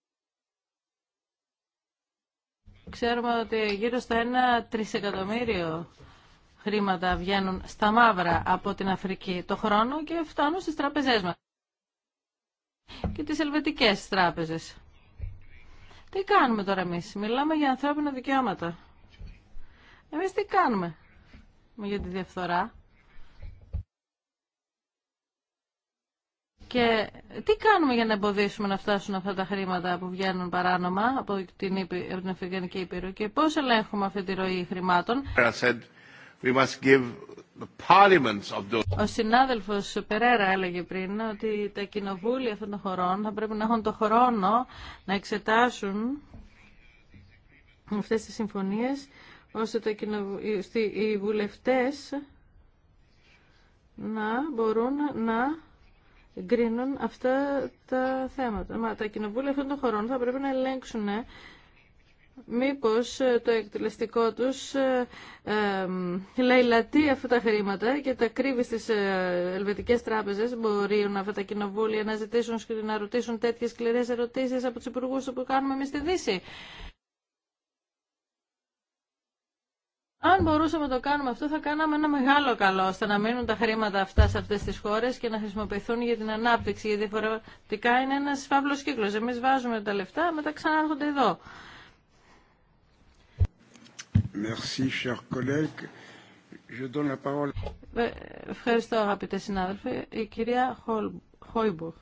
Ξέρουμε ότι γύρω στα ένα τρισεκατομμύριο χρήματα βγαίνουν στα μαύρα από την Αφρική το χρόνο και φτάνουν στις τραπεζές μας και τις ελβετικές τράπεζες. Τι κάνουμε τώρα εμείς, μιλάμε για ανθρώπινα δικαιώματα. Εμείς τι κάνουμε για τη διαφθορά. Και τι κάνουμε για να εμποδίσουμε να φτάσουν αυτά τα χρήματα που βγαίνουν παράνομα από την, από την Αφρικανική Ήπειρο και πώς ελέγχουμε αυτή τη ροή χρημάτων. Ο συνάδελφος Περέρα έλεγε πριν ότι τα κοινοβούλια αυτών των χωρών θα πρέπει να έχουν το χρόνο να εξετάσουν αυτές τις συμφωνίες ώστε τα οι βουλευτές να μπορούν να εγκρίνουν αυτά τα θέματα. Μα τα κοινοβούλια αυτών των χωρών θα πρέπει να ελέγξουν ε, μήπως ε, το εκτελεστικό τους ε, ε, λαϊλατεί αυτά τα χρήματα και τα κρύβει στις ε, ελβετικές τράπεζες. Μπορούν αυτά τα κοινοβούλια να ζητήσουν να ρωτήσουν τέτοιες σκληρές ερωτήσεις από τους υπουργούς που κάνουμε εμείς στη Δύση. Αν μπορούσαμε να το κάνουμε αυτό, θα κάναμε ένα μεγάλο καλό ώστε να μείνουν τα χρήματα αυτά σε αυτέ τι χώρε και να χρησιμοποιηθούν για την ανάπτυξη. Γιατί διαφορετικά είναι ένα φαύλο κύκλο. Εμεί βάζουμε τα λεφτά, μετά ξανάρχονται εδώ. Merci, cher Je donne la parole. Ε, ευχαριστώ, αγαπητέ συνάδελφοι. Η κυρία Χόιμπουχ.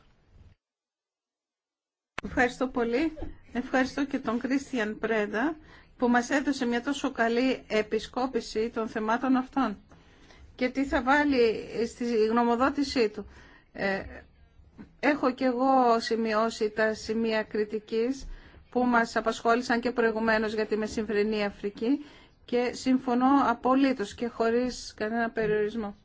Ευχαριστώ πολύ. Ευχαριστώ και τον Κρίστιαν Πρέντα που μας έδωσε μια τόσο καλή επισκόπηση των θεμάτων αυτών και τι θα βάλει στη γνωμοδότησή του. Ε, έχω και εγώ σημειώσει τα σημεία κριτικής που μας απασχόλησαν και προηγουμένως για τη Μεσημβρινή Αφρική και συμφωνώ απολύτως και χωρίς κανένα περιορισμό.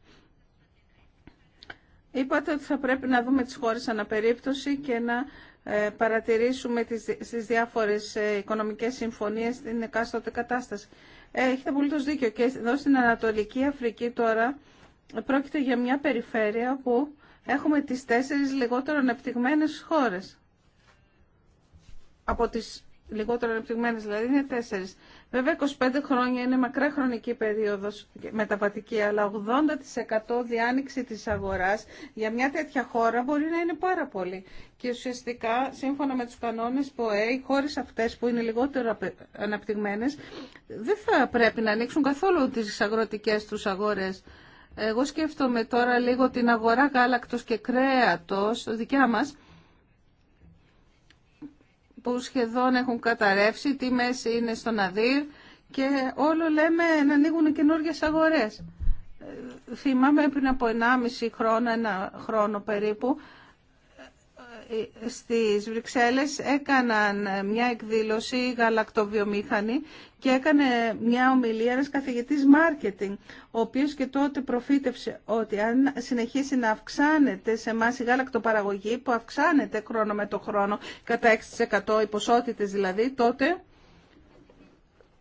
Είπατε ότι θα πρέπει να δούμε τις χώρες αναπερίπτωση και να ε, παρατηρήσουμε τις, στις διάφορες ε, οικονομικές συμφωνίες στην εκάστοτε κατάσταση. Ε, έχετε το δίκιο και εδώ στην Ανατολική Αφρική τώρα πρόκειται για μια περιφέρεια που έχουμε τις τέσσερις λιγότερο ανεπτυγμένες χώρες. Από τις λιγότερο ανεπτυγμένες δηλαδή είναι τέσσερις. Βέβαια 25 χρόνια είναι μακρά χρονική περίοδος μεταβατική, αλλά 80% διάνοιξη της αγοράς για μια τέτοια χώρα μπορεί να είναι πάρα πολύ. Και ουσιαστικά, σύμφωνα με τους κανόνες ΠΟΕ, ΕΕ, οι χώρε αυτές που είναι λιγότερο αναπτυγμένες δεν θα πρέπει να ανοίξουν καθόλου τι αγροτικές του αγορέ. Εγώ σκέφτομαι τώρα λίγο την αγορά γάλακτος και κρέατος, δικιά μας, που σχεδόν έχουν καταρρεύσει, τι μέση είναι στο Ναδύρ και όλο λέμε να ανοίγουν καινούργιε αγορές. Ε, θυμάμαι πριν από 1,5 χρόνο, ένα χρόνο περίπου, στις Βρυξέλλες έκαναν μια εκδήλωση γαλακτοβιομήχανη και έκανε μια ομιλία ένας καθηγητής marketing, ο οποίος και τότε προφήτευσε ότι αν συνεχίσει να αυξάνεται σε εμά η γαλακτοπαραγωγή, που αυξάνεται χρόνο με το χρόνο, κατά 6% οι ποσότητες δηλαδή, τότε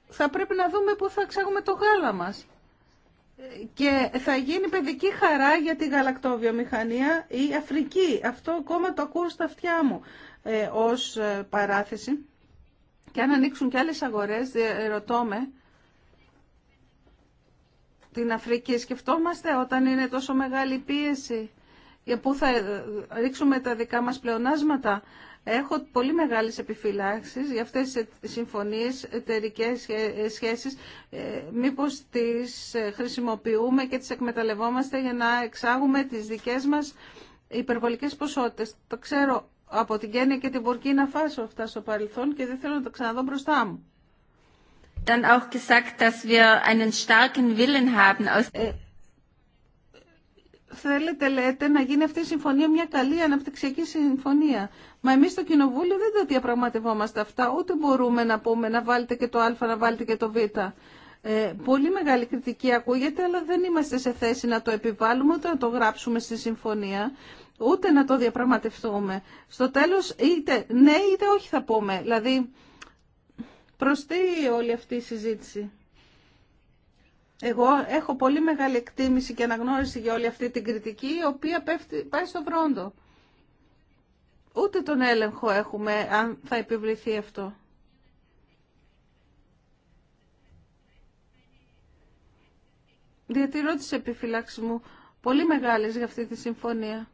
θα πρέπει να δούμε πού θα εξάγουμε το γάλα μας και θα γίνει παιδική χαρά για τη γαλακτοβιομηχανία η Αφρική. Αυτό ακόμα το ακούω στα αυτιά μου ε, ως ε, παράθεση. Και αν ανοίξουν και άλλες αγορές, ε, ρωτώ με, την Αφρική σκεφτόμαστε όταν είναι τόσο μεγάλη πίεση για πού θα ε, ρίξουμε τα δικά μας πλεονάσματα Έχω πολύ μεγάλες επιφυλάξεις για αυτές τις ε, συμφωνίες εταιρικέ ε, σχέσεις. Ε, μήπως τις χρησιμοποιούμε και τις εκμεταλλευόμαστε για να εξάγουμε τις δικές μας υπερβολικές ποσότητες. Το ξέρω από την Κένια και την Βουρκίνα Φάσο αυτά στο παρελθόν και δεν θέλω να τα ξαναδώ μπροστά μου. Dann auch gesagt, dass wir einen starken Willen haben θέλετε, λέτε, να γίνει αυτή η συμφωνία μια καλή αναπτυξιακή συμφωνία. Μα εμείς στο Κοινοβούλιο δεν τα διαπραγματευόμαστε αυτά, ούτε μπορούμε να πούμε να βάλετε και το Α, να βάλετε και το Β. Ε, πολύ μεγάλη κριτική ακούγεται, αλλά δεν είμαστε σε θέση να το επιβάλλουμε, ούτε να το γράψουμε στη συμφωνία, ούτε να το διαπραγματευτούμε. Στο τέλο είτε ναι είτε όχι θα πούμε. Δηλαδή, προ όλη αυτή η συζήτηση. Εγώ έχω πολύ μεγάλη εκτίμηση και αναγνώριση για όλη αυτή την κριτική, η οποία πέφτει, πάει στο βρόντο. Ούτε τον έλεγχο έχουμε αν θα επιβληθεί αυτό. Διατηρώ τις επιφυλάξεις μου πολύ μεγάλες για αυτή τη συμφωνία.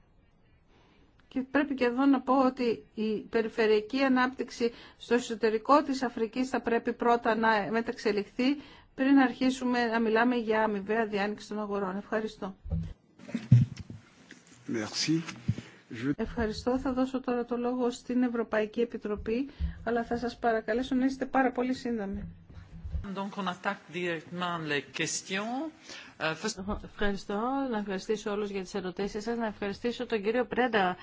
Και πρέπει και εδώ να πω ότι η περιφερειακή ανάπτυξη στο εσωτερικό της Αφρικής θα πρέπει πρώτα να μεταξελιχθεί πριν αρχίσουμε να μιλάμε για αμοιβαία διάνοιξη των αγορών. Ευχαριστώ. Merci. Ευχαριστώ. Θα δώσω τώρα το λόγο στην Ευρωπαϊκή Επιτροπή, αλλά θα σας παρακαλέσω να είστε πάρα πολύ σύντομοι. Donc on attaque directement les questions. Ε, ευχαριστώ. Να ευχαριστήσω όλους για τις ερωτήσεις σας. Να ευχαριστήσω τον κύριο Πρέντα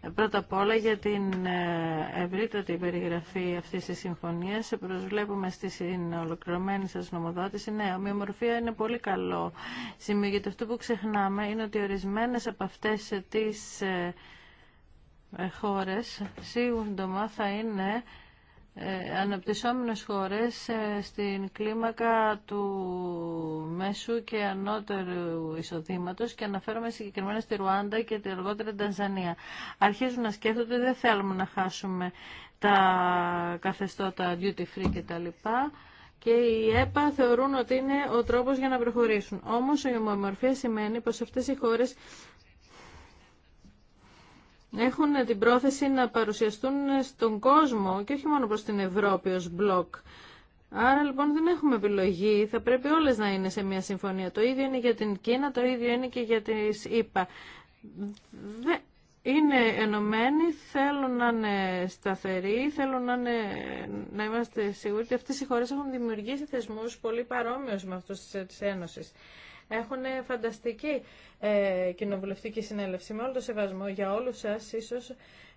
ε, πρώτα απ' όλα για την ε, ευρύτατη περιγραφή αυτής της συμφωνίας. Προσβλέπουμε στη ολοκληρωμένη σας νομοδότηση. Ναι, ομοιομορφία είναι πολύ καλό σημείο, γιατί αυτό που ξεχνάμε είναι ότι ορισμένες από αυτές τις χώρες σύντομα θα είναι ε, αναπτυσσόμενες χώρες ε, στην κλίμακα του μέσου και ανώτερου εισοδήματος και αναφέρομαι συγκεκριμένα στη Ρουάντα και τη αργότερη Τανζανία. Αρχίζουν να σκέφτονται δεν θέλουμε να χάσουμε τα καθεστώτα duty free κτλ. Και οι ΕΠΑ θεωρούν ότι είναι ο τρόπος για να προχωρήσουν. Όμως η ομοιομορφία σημαίνει πως αυτές οι χώρες έχουν την πρόθεση να παρουσιαστούν στον κόσμο και όχι μόνο προς την Ευρώπη ως μπλοκ. Άρα λοιπόν δεν έχουμε επιλογή, θα πρέπει όλες να είναι σε μια συμφωνία. Το ίδιο είναι για την Κίνα, το ίδιο είναι και για τις ΗΠΑ. Είναι ενωμένοι, θέλουν να είναι σταθεροί, θέλουν να, να είμαστε σίγουροι ότι αυτές οι χώρες έχουν δημιουργήσει θεσμούς πολύ παρόμοιους με αυτούς της Ένωσης έχουν φανταστική ε, κοινοβουλευτική συνέλευση. Με όλο το σεβασμό για όλους σας ίσως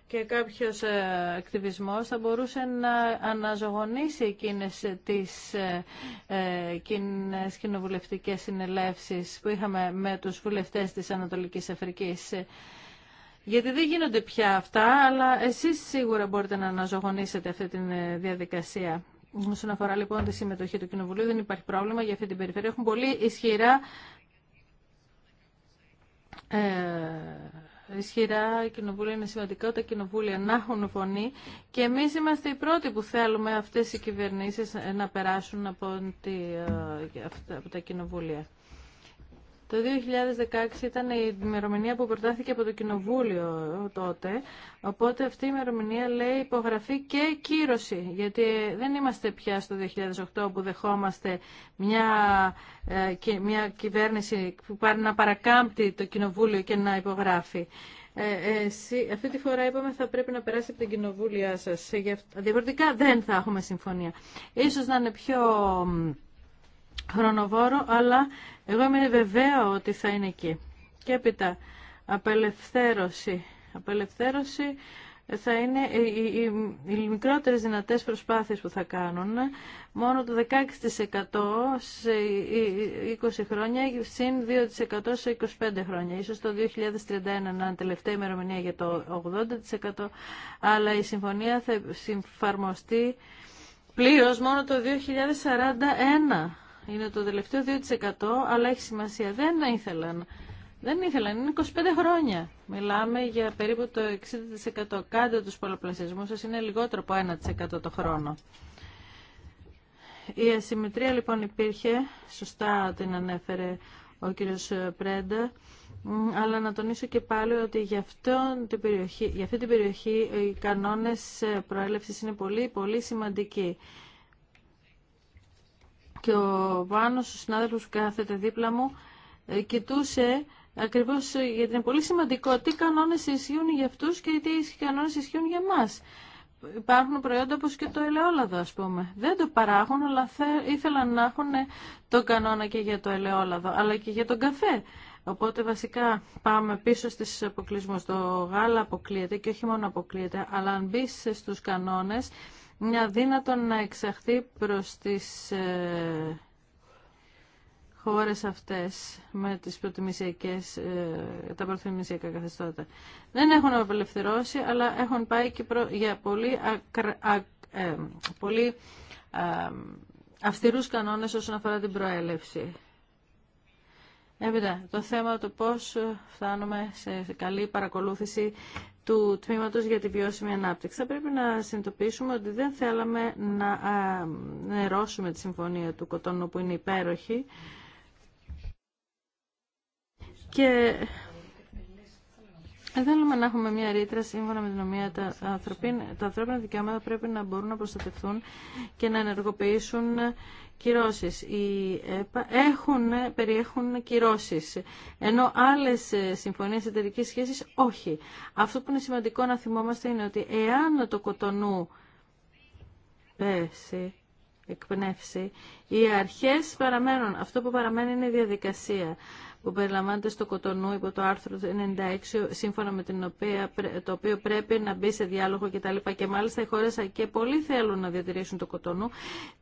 και κάποιος ε, ακτιβισμός θα μπορούσε να αναζωογονήσει εκείνες τις ε, ε, κοινές κοινοβουλευτικές συνελεύσεις που είχαμε με τους βουλευτές της Ανατολικής Αφρικής. Γιατί δεν γίνονται πια αυτά, αλλά εσείς σίγουρα μπορείτε να αναζωογονήσετε αυτή τη διαδικασία. Όσον αφορά λοιπόν τη συμμετοχή του Κοινοβουλίου, δεν υπάρχει πρόβλημα για αυτή την περιφέρεια. Έχουν πολύ ισχυρά, ε, ισχυρά κοινοβούλια, είναι σημαντικό τα κοινοβούλια να έχουν φωνή και εμείς είμαστε οι πρώτοι που θέλουμε αυτές οι κυβερνήσεις να περάσουν από, τη, ε, από τα κοινοβούλια. Το 2016 ήταν η ημερομηνία που προτάθηκε από το Κοινοβούλιο τότε, οπότε αυτή η ημερομηνία λέει υπογραφή και κύρωση, γιατί δεν είμαστε πια στο 2008 που δεχόμαστε μια, ε, μια κυβέρνηση που πάρει να παρακάμπτει το Κοινοβούλιο και να υπογράφει. Ε, ε αυτή τη φορά είπαμε θα πρέπει να περάσει από την κοινοβούλια σας. Ε, διαφορετικά δεν θα έχουμε συμφωνία. Ίσως να είναι πιο χρονοβόρο, αλλά εγώ είμαι βεβαία ότι θα είναι εκεί. Και έπειτα, απελευθέρωση. Απελευθέρωση θα είναι οι, οι, οι, οι μικρότερες δυνατές προσπάθειες που θα κάνουν. Μόνο το 16% σε 20 χρόνια, συν 2% σε 25 χρόνια. Ίσως το 2031 να είναι τελευταία ημερομηνία για το 80%, αλλά η συμφωνία θα συμφαρμοστεί πλήρως μόνο το 2041. Είναι το τελευταίο 2% αλλά έχει σημασία. Δεν ήθελαν. Δεν ήθελαν. Είναι 25 χρόνια. Μιλάμε για περίπου το 60%. κάτω του πολλαπλασιασμού σα Είναι λιγότερο από 1% το χρόνο. Η ασυμμετρία λοιπόν υπήρχε. Σωστά την ανέφερε ο κύριος Πρέντα. Αλλά να τονίσω και πάλι ότι για, αυτόν την περιοχή, για αυτή την περιοχή οι κανόνες προέλευσης είναι πολύ, πολύ σημαντικοί και ο Βάνος, ο συνάδελφος που κάθεται δίπλα μου, ε, κοιτούσε ακριβώς ε, γιατί είναι πολύ σημαντικό τι κανόνες ισχύουν για αυτούς και τι κανόνες ισχύουν για μας. Υπάρχουν προϊόντα όπως και το ελαιόλαδο ας πούμε. Δεν το παράγουν αλλά ήθελαν να έχουν ε, το κανόνα και για το ελαιόλαδο αλλά και για τον καφέ. Οπότε βασικά πάμε πίσω στις αποκλεισμούς. Το γάλα αποκλείεται και όχι μόνο αποκλείεται αλλά αν μπει στους κανόνες μια δύνατον να εξαχθεί προς τις ε, χώρες αυτές με τις προτιμησιακές, ε, τα προτιμησιακά καθεστώτα. Δεν έχουν απελευθερώσει, αλλά έχουν πάει και για πολύ, ε, πολύ αυστηρούς κανόνες όσον αφορά την προέλευση. Έπειτα, το θέμα του πώς φτάνουμε σε καλή παρακολούθηση του τμήματος για τη βιώσιμη ανάπτυξη. Θα πρέπει να συνειδητοποιήσουμε ότι δεν θέλαμε να νερώσουμε τη συμφωνία του Κοτώνου που είναι υπέροχη και Θέλουμε να έχουμε μια ρήτρα σύμφωνα με την οποία τα, τα ανθρώπινα δικαιώματα πρέπει να μπορούν να προστατευτούν και να ενεργοποιήσουν κυρώσεις. Οι ΕΠΑ έχουν, περιέχουν κυρώσεις, ενώ άλλες ε, συμφωνίες εταιρικής σχέσης όχι. Αυτό που είναι σημαντικό να θυμόμαστε είναι ότι εάν το κοτονού πέσει, εκπνεύσει, οι αρχές παραμένουν. Αυτό που παραμένει είναι η διαδικασία που περιλαμβάνεται στο Κοτονού υπό το άρθρο 96, σύμφωνα με την το οποίο πρέπει να μπει σε διάλογο κτλ. Και, και μάλιστα οι χώρε και πολλοί θέλουν να διατηρήσουν το Κοτονού,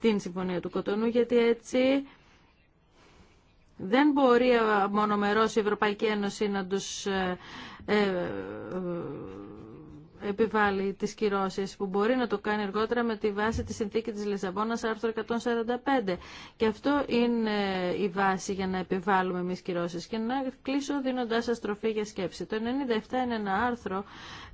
την συμφωνία του Κοτονού, γιατί έτσι δεν μπορεί μονομερός η Ευρωπαϊκή Ένωση να τους ε, ε επιβάλλει τις κυρώσει που μπορεί να το κάνει αργότερα με τη βάση τη συνθήκη της Λισαβόνα άρθρο 145 και αυτό είναι η βάση για να επιβάλλουμε εμεί κυρώσει και να κλείσω δίνοντα σας τροφή για σκέψη το 97 είναι ένα άρθρο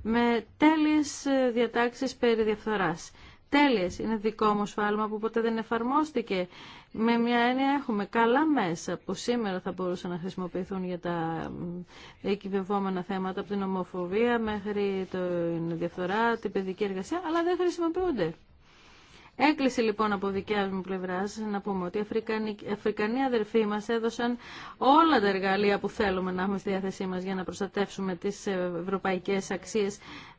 με τέλειε ε, διατάξεις περί διαφθοράς τέλειες. Είναι δικό μου σφάλμα που ποτέ δεν εφαρμόστηκε. Με μια έννοια έχουμε καλά μέσα που σήμερα θα μπορούσαν να χρησιμοποιηθούν για τα εκυβευόμενα θέματα από την ομοφοβία μέχρι την διαφθορά, την παιδική εργασία, αλλά δεν χρησιμοποιούνται. Έκλεισε λοιπόν από δικιά μου πλευρά να πούμε ότι οι Αφρικανοί, Αφρικανοί αδερφοί μα έδωσαν όλα τα εργαλεία που θέλουμε να έχουμε στη διάθεσή μα για να προστατεύσουμε τι ευρωπαϊκέ αξίε,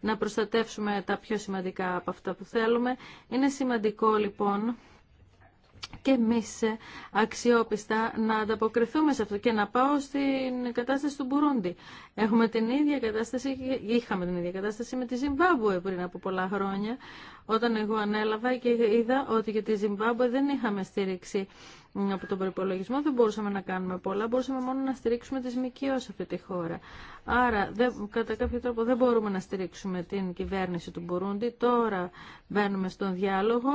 να προστατεύσουμε τα πιο σημαντικά από αυτά που θέλουμε. Είναι σημαντικό λοιπόν και εμεί αξιόπιστα να ανταποκριθούμε σε αυτό και να πάω στην κατάσταση του Μπουρούντι. Έχουμε την ίδια κατάσταση, είχαμε την ίδια κατάσταση με τη Ζιμπάμπουε πριν από πολλά χρόνια, όταν εγώ ανέλαβα και είδα ότι για τη Ζιμπάμπουε δεν είχαμε στήριξη από τον προπολογισμό, δεν μπορούσαμε να κάνουμε πολλά, μπορούσαμε μόνο να στηρίξουμε τις ΜΚΟ σε αυτή τη χώρα. Άρα, κατά κάποιο τρόπο δεν μπορούμε να στηρίξουμε την κυβέρνηση του Μπουρούντι. Τώρα μπαίνουμε στον διάλογο,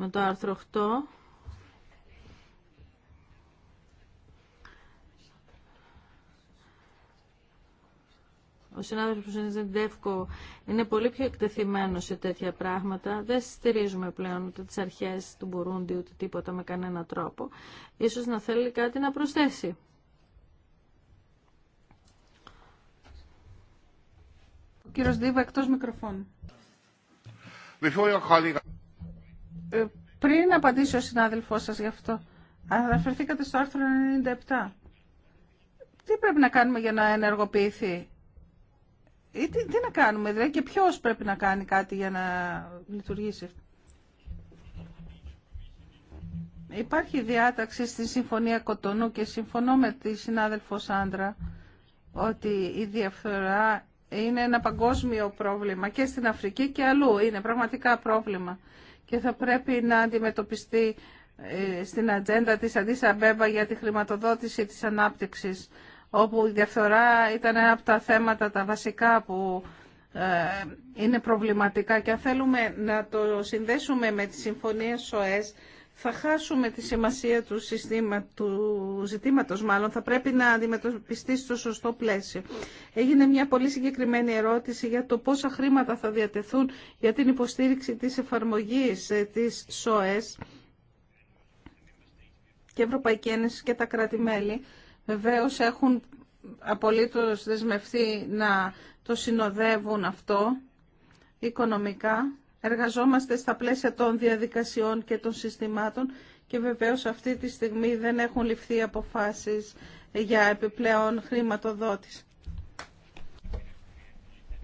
με το άρθρο 8 Ο συνάδελφος που είναι ΔΕΦΚΟ είναι πολύ πιο εκτεθειμένος σε τέτοια πράγματα. Δεν στηρίζουμε πλέον ούτε τις αρχές του Μπουρούντι ούτε τίποτα με κανένα τρόπο. Ίσως να θέλει κάτι να προσθέσει. κύριος Δίβα εκτός μικροφώνου. Ε, πριν απαντήσει ο συνάδελφός σα γι' αυτό, αναφερθήκατε στο άρθρο 97. Τι πρέπει να κάνουμε για να ενεργοποιηθεί ή τι, να κάνουμε δηλαδή και ποιο πρέπει να κάνει κάτι για να λειτουργήσει. Υπάρχει διάταξη στη Συμφωνία Κοτονού και συμφωνώ με τη συνάδελφο Σάντρα ότι η διαφθορά είναι ένα παγκόσμιο πρόβλημα και στην Αφρική και αλλού. Είναι πραγματικά πρόβλημα και θα πρέπει να αντιμετωπιστεί ε, στην ατζέντα της Αντίσα Μπέμπα για τη χρηματοδότηση της ανάπτυξης, όπου η διαφθορά ήταν ένα από τα θέματα τα βασικά που ε, είναι προβληματικά και αν θέλουμε να το συνδέσουμε με τις συμφωνίες ΣΟΕΣ θα χάσουμε τη σημασία του, συστήμα, ζητήματος μάλλον, θα πρέπει να αντιμετωπιστεί στο σωστό πλαίσιο. Έγινε μια πολύ συγκεκριμένη ερώτηση για το πόσα χρήματα θα διατεθούν για την υποστήριξη της εφαρμογής ε, της ΣΟΕΣ και Ευρωπαϊκή Ένωση και τα κράτη-μέλη. Βεβαίως έχουν απολύτως δεσμευτεί να το συνοδεύουν αυτό οικονομικά Εργαζόμαστε στα πλαίσια των διαδικασιών και των συστημάτων και βεβαίως αυτή τη στιγμή δεν έχουν ληφθεί αποφάσεις για επιπλέον χρηματοδότηση.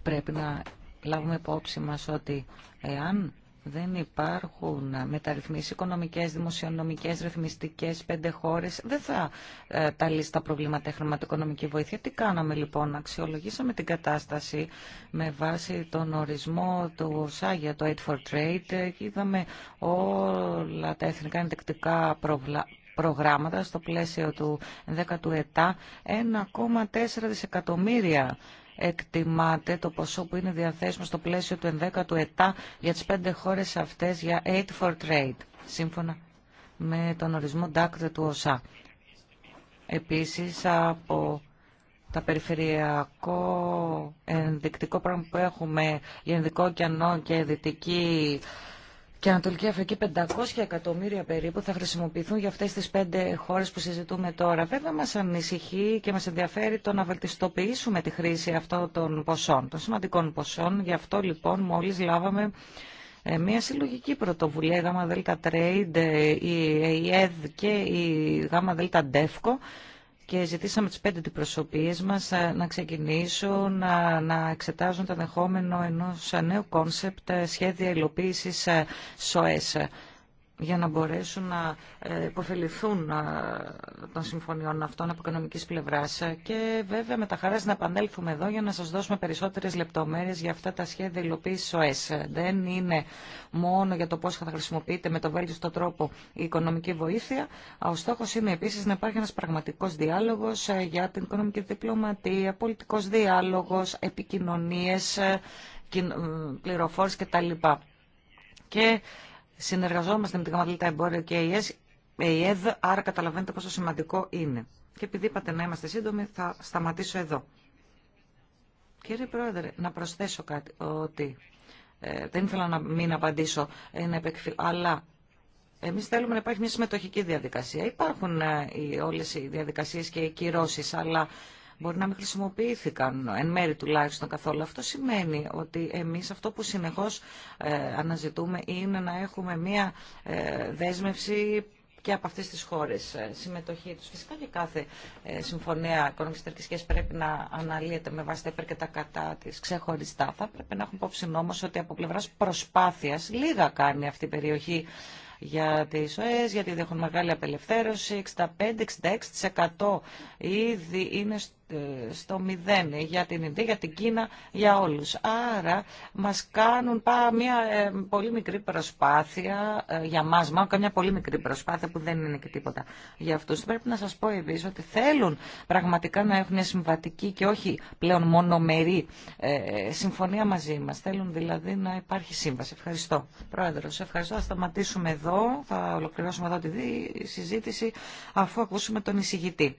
Πρέπει να λάβουμε υπόψη μας ότι εάν δεν υπάρχουν ε, μεταρρυθμίσεις οικονομικές, δημοσιονομικές, ρυθμιστικές, πέντε χώρες. Δεν θα ε, τα λύσει τα προβλήματα η χρηματοοικονομική βοήθεια. Τι κάναμε λοιπόν, αξιολογήσαμε την κατάσταση με βάση τον ορισμό του ΣΑΓΙΑ, το Aid for Trade είδαμε όλα τα εθνικά εντεκτικά προγράμματα στο πλαίσιο του 10ου ΕΤΑ 1,4 δισεκατομμύρια εκτιμάται το ποσό που είναι διαθέσιμο στο πλαίσιο του 11 ΕΤΑ για τις πέντε χώρες αυτές για Aid for Trade, σύμφωνα με τον ορισμό DACTE του ΟΣΑ. Επίσης, από τα περιφερειακό ενδεικτικό πράγμα που έχουμε, ενδικό κενό και Δυτική και Ανατολική Αφρική 500 εκατομμύρια περίπου θα χρησιμοποιηθούν για αυτές τις πέντε χώρες που συζητούμε τώρα. Βέβαια μας ανησυχεί και μας ενδιαφέρει το να βελτιστοποιήσουμε τη χρήση αυτών των ποσών, των σημαντικών ποσών. Γι' αυτό λοιπόν μόλις λάβαμε ε, μια συλλογική πρωτοβουλία, η ΔΕΛΤΑ ΤΡΕΙΝΤ, ε, η ΕΙΕΔ και η ΓΔ ΝΤΕΦΚΟ και ζητήσαμε τις πέντε αντιπροσωπείες μας ε, να ξεκινήσουν ε, να, εξετάζουν το δεχόμενο ενός ε, νέου κόνσεπτ σχέδια υλοποίησης ΣΟΕΣ για να μπορέσουν να ε, υποφεληθούν ε, των συμφωνιών αυτών από οικονομική πλευρά. Ε, και βέβαια με τα χαρά να επανέλθουμε εδώ για να σα δώσουμε περισσότερε λεπτομέρειε για αυτά τα σχέδια υλοποίηση ΟΕΣ. Δεν είναι μόνο για το πώ θα χρησιμοποιείται με το βέλτιστο τρόπο η οικονομική βοήθεια. Ο στόχο είναι επίση να υπάρχει ένα πραγματικό διάλογο για την οικονομική διπλωματία, πολιτικό διάλογο, επικοινωνίε, πληροφόρηση κτλ. Και Συνεργαζόμαστε με την Καμαλίτα Εμπόριο και η ΕΔ, άρα καταλαβαίνετε πόσο σημαντικό είναι. Και επειδή είπατε να είμαστε σύντομοι, θα σταματήσω εδώ. Κύριε Πρόεδρε, να προσθέσω κάτι, ότι ε, δεν ήθελα να μην απαντήσω, ε, να αλλά εμείς θέλουμε να υπάρχει μια συμμετοχική διαδικασία. Υπάρχουν ε, οι, όλες οι διαδικασίες και οι κυρώσεις, αλλά Μπορεί να μην χρησιμοποιήθηκαν εν μέρη τουλάχιστον καθόλου. Αυτό σημαίνει ότι εμείς αυτό που συνεχώς ε, αναζητούμε είναι να έχουμε μία ε, δέσμευση και από αυτές τις χώρες ε, συμμετοχή τους. Φυσικά και κάθε συμφωνία οικονομικής τερκής πρέπει να αναλύεται με βάση τα υπέρ και τα κατά της ξεχωριστά. Θα πρέπει να έχουμε υπόψη όμως ότι από πλευράς προσπάθειας λίγα κάνει αυτή η περιοχή για τις ΟΕΣ, γιατι δεν εχουν δέχουν μεγάλη απελευθέρωση, 65-66% ήδη είναι στο ε, στο μηδέν ε, για την Ινδία, για την Κίνα, για όλους. Άρα μας κάνουν πάρα μια ε, πολύ μικρή προσπάθεια, για μας μάλλον καμιά πολύ μικρή προσπάθεια που δεν είναι και τίποτα για αυτούς. Πρέπει να σας πω επίσης ότι θέλουν πραγματικά να έχουν μια συμβατική και όχι πλέον μονομερή ε, συμφωνία μαζί μας. Θέλουν δηλαδή να υπάρχει σύμβαση. Ευχαριστώ. Πρόεδρος, ευχαριστώ. Θα σταματήσουμε εδώ, θα ολοκληρώσουμε εδώ τη συζήτηση αφού ακούσουμε τον εισηγητή.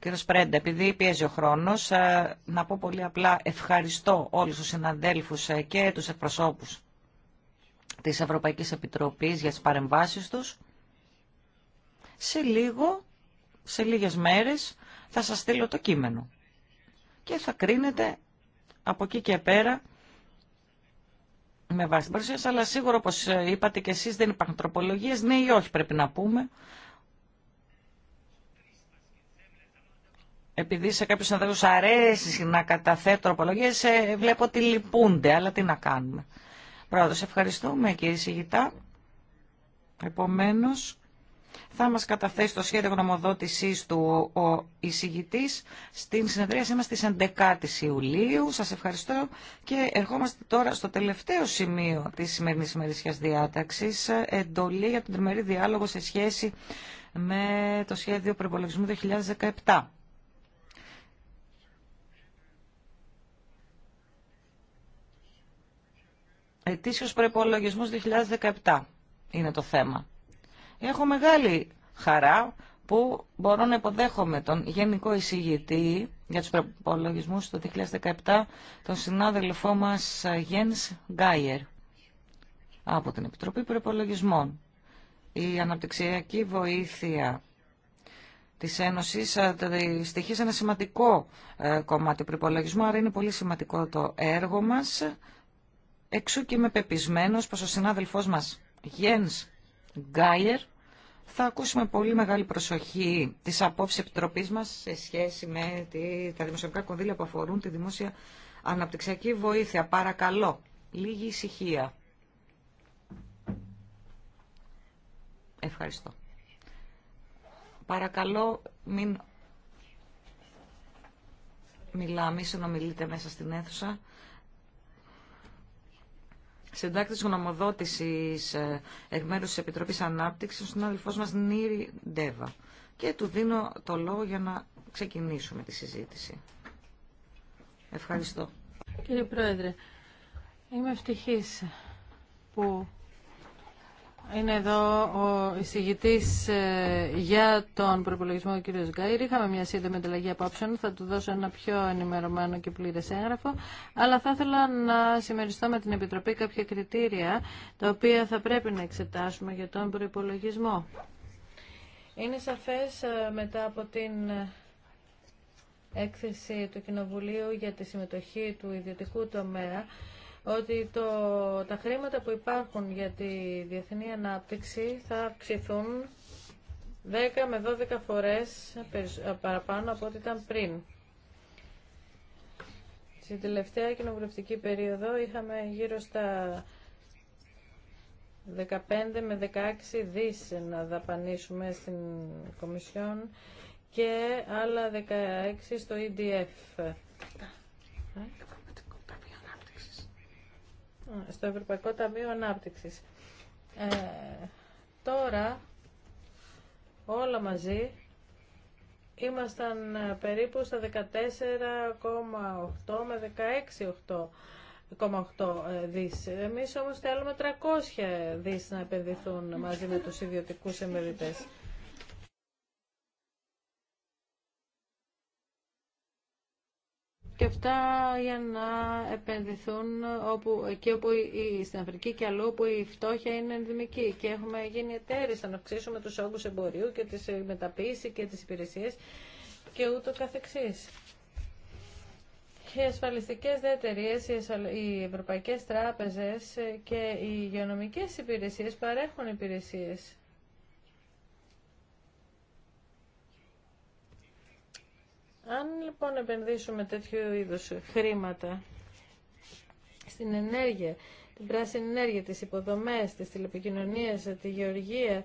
Κύριο Πρέντα, επειδή πιέζει ο χρόνο, ε, να πω πολύ απλά ευχαριστώ όλου του συναδέλφου ε, και του εκπροσώπου τη Ευρωπαϊκή Επιτροπή για τι παρεμβάσει του. Σε λίγο, σε λίγες μέρες, θα σα στείλω το κείμενο. Και θα κρίνετε από εκεί και πέρα με βάση την παρουσίαση, αλλά σίγουρα όπως ε, είπατε και εσείς δεν υπάρχουν τροπολογίες, ναι ή όχι πρέπει να πούμε, επειδή σε κάποιους συναδέλφους αρέσει να καταθέτω τροπολογίες, ε, βλέπω ότι λυπούνται, αλλά τι να κάνουμε. σε ευχαριστούμε κύριε Σιγητά. Επομένως, θα μας καταθέσει το σχέδιο γνωμοδότησής του ο εισηγητής στην συνεδρία μας στις 11 Ιουλίου. Σας ευχαριστώ και ερχόμαστε τώρα στο τελευταίο σημείο της σημερινής ημερησιάς διάταξης, εντολή για τον τριμερή διάλογο σε σχέση με το σχέδιο προπολογισμού 2017. ετήσιος προπολογισμό 2017 είναι το θέμα. Έχω μεγάλη χαρά που μπορώ να υποδέχομαι τον Γενικό Εισηγητή για τους προπολογισμού του 2017, τον συνάδελφό μας ε, Γένς Γκάιερ από την Επιτροπή Προπολογισμών. Η αναπτυξιακή βοήθεια της Ένωσης ε, στοιχεί σε ένα σημαντικό ε, κομμάτι προπολογισμού, άρα είναι πολύ σημαντικό το έργο μας Εξού και είμαι πεπισμένος πως ο συνάδελφός μας Γιένς Γκάιερ θα ακούσουμε πολύ μεγάλη προσοχή της απόψης επιτροπής μας σε σχέση με τη, τα δημοσιογραφικά κονδύλια που αφορούν τη δημόσια αναπτυξιακή βοήθεια. Παρακαλώ, λίγη ησυχία. Ευχαριστώ. Παρακαλώ μην μιλάμε να συνομιλείτε μέσα στην αίθουσα συντάκτη τη γνωμοδότηση ε, εκ μέρου τη Επιτροπή Ανάπτυξη, τον αδελφό μα Νίρι Ντέβα. Και του δίνω το λόγο για να ξεκινήσουμε τη συζήτηση. Ευχαριστώ. Κύριε Πρόεδρε, είμαι ευτυχής που είναι εδώ ο εισηγητή ε, για τον προπολογισμό, ο κ. Γκάιρη. Είχαμε μια σύντομη ανταλλαγή απόψεων. Θα του δώσω ένα πιο ενημερωμένο και πλήρε έγγραφο. Αλλά θα ήθελα να συμμεριστώ με την Επιτροπή κάποια κριτήρια τα οποία θα πρέπει να εξετάσουμε για τον προπολογισμό. Είναι σαφέ ε, μετά από την έκθεση του Κοινοβουλίου για τη συμμετοχή του ιδιωτικού τομέα ότι το, τα χρήματα που υπάρχουν για τη διεθνή ανάπτυξη θα αυξηθούν 10 με 12 φορές παραπάνω από ό,τι ήταν πριν. Στην τελευταία κοινοβουλευτική περίοδο είχαμε γύρω στα 15 με 16 δις να δαπανίσουμε στην Κομισιόν και άλλα 16 στο EDF στο Ευρωπαϊκό Ταμείο Ανάπτυξης. Ε, τώρα όλα μαζί ήμασταν ε, περίπου στα 14,8 με 16,8. Ε, δις. Εμείς όμως θέλουμε 300 δις να επενδυθούν μαζί με τους ιδιωτικούς εμερητές. και αυτά για να επενδυθούν όπου, εκεί όπου η, στην Αφρική και αλλού όπου η φτώχεια είναι ενδυμική και έχουμε γίνει εταίρες να αυξήσουμε τους όγκους εμπορίου και τις μεταποίηση και τις υπηρεσίες και ούτω καθεξής. οι ασφαλιστικές οι ευρωπαϊκές τράπεζες και οι υγειονομικές υπηρεσίες παρέχουν υπηρεσίες. Αν λοιπόν επενδύσουμε τέτοιου είδους χρήματα στην ενέργεια, την πράσινη ενέργεια, τις υποδομές, τις τηλεπικοινωνίες, τη γεωργία,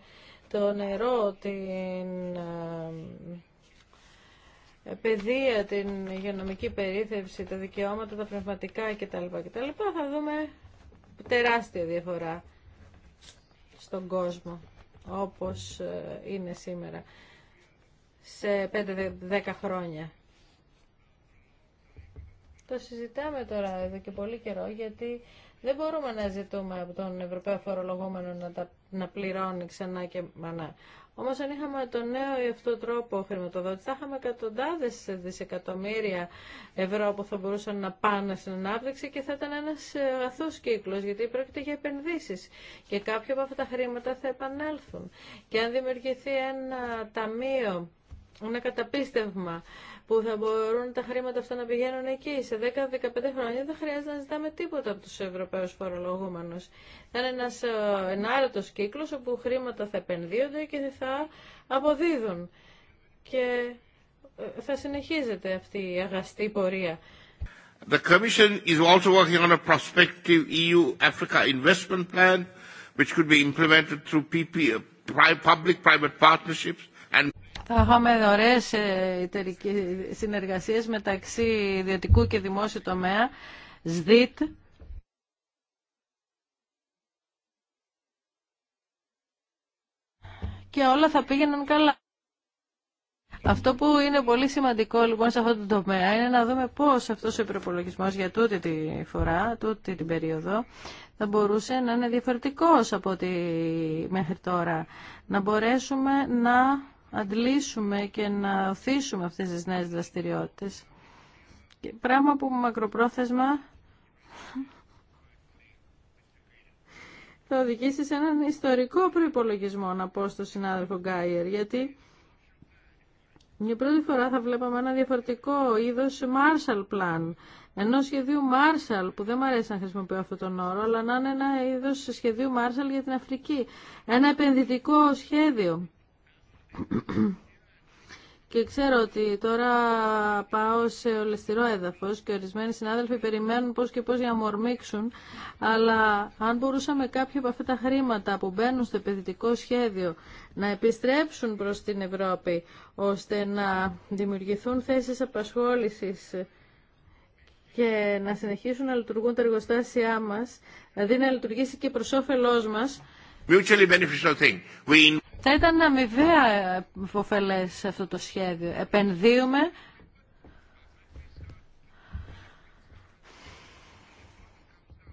το νερό, την ε, ε, παιδεία, την υγειονομική περίθευση, τα δικαιώματα, τα πνευματικά κτλ. κτλ θα δούμε τεράστια διαφορά στον κόσμο όπως ε, είναι σήμερα σε 5-10 χρόνια. Το συζητάμε τώρα εδώ και πολύ καιρό γιατί δεν μπορούμε να ζητούμε από τον Ευρωπαίο Φορολογόμενο να, τα, να πληρώνει ξανά και μανά. Όμω αν είχαμε το νέο ή αυτό τρόπο χρηματοδότηση, θα είχαμε εκατοντάδε δισεκατομμύρια ευρώ που θα μπορούσαν να πάνε στην ανάπτυξη και θα ήταν ένα ε, αθώος κύκλο γιατί πρόκειται για επενδύσει. και κάποια από αυτά τα χρήματα θα επανέλθουν. Και αν δημιουργηθεί ένα ταμείο ένα καταπίστευμα που θα μπορούν τα χρήματα αυτά να πηγαίνουν εκεί. Σε 10-15 χρόνια δεν χρειάζεται να ζητάμε τίποτα από τους Ευρωπαίους φορολογούμενους. Θα είναι ένας ε, ενάρετος κύκλος όπου χρήματα θα επενδύονται και θα αποδίδουν. Και ε, θα συνεχίζεται αυτή η αγαστή πορεία. The Commission is also working on a prospective EU-Africa investment plan which could be implemented through uh, public-private partnerships and θα είχαμε ωραίες ε, συνεργασίες μεταξύ ιδιωτικού και δημόσιου τομέα, ΣΔΙΤ, και όλα θα πήγαιναν καλά. Αυτό που είναι πολύ σημαντικό λοιπόν σε αυτό το τομέα είναι να δούμε πώς αυτός ο προπολογισμό για τούτη τη φορά, τούτη την περίοδο, θα μπορούσε να είναι διαφορετικός από ό,τι μέχρι τώρα. Να μπορέσουμε να αντλήσουμε και να οθήσουμε αυτές τις νέες δραστηριότητες. Πράγμα που μακροπρόθεσμα θα οδηγήσει σε έναν ιστορικό προϋπολογισμό, να πω στον συνάδελφο Γκάιερ, γιατί για πρώτη φορά θα βλέπαμε ένα διαφορετικό είδος Marshall Plan, ενό σχεδίου Marshall, που δεν μου αρέσει να χρησιμοποιώ αυτόν τον όρο, αλλά να είναι ένα είδος σχεδίου Marshall για την Αφρική, ένα επενδυτικό σχέδιο. Και ξέρω ότι τώρα πάω σε ολεστηρό έδαφος και ορισμένοι συνάδελφοι περιμένουν πώς και πώς για αλλά αν μπορούσαμε κάποια από αυτά τα χρήματα που μπαίνουν στο επενδυτικό σχέδιο να επιστρέψουν προς την Ευρώπη, ώστε να δημιουργηθούν θέσεις απασχόλησης και να συνεχίσουν να λειτουργούν τα εργοστάσια μας, δηλαδή να λειτουργήσει και προς όφελός μας, θα ήταν αμοιβαία σε αυτό το σχέδιο. Επενδύουμε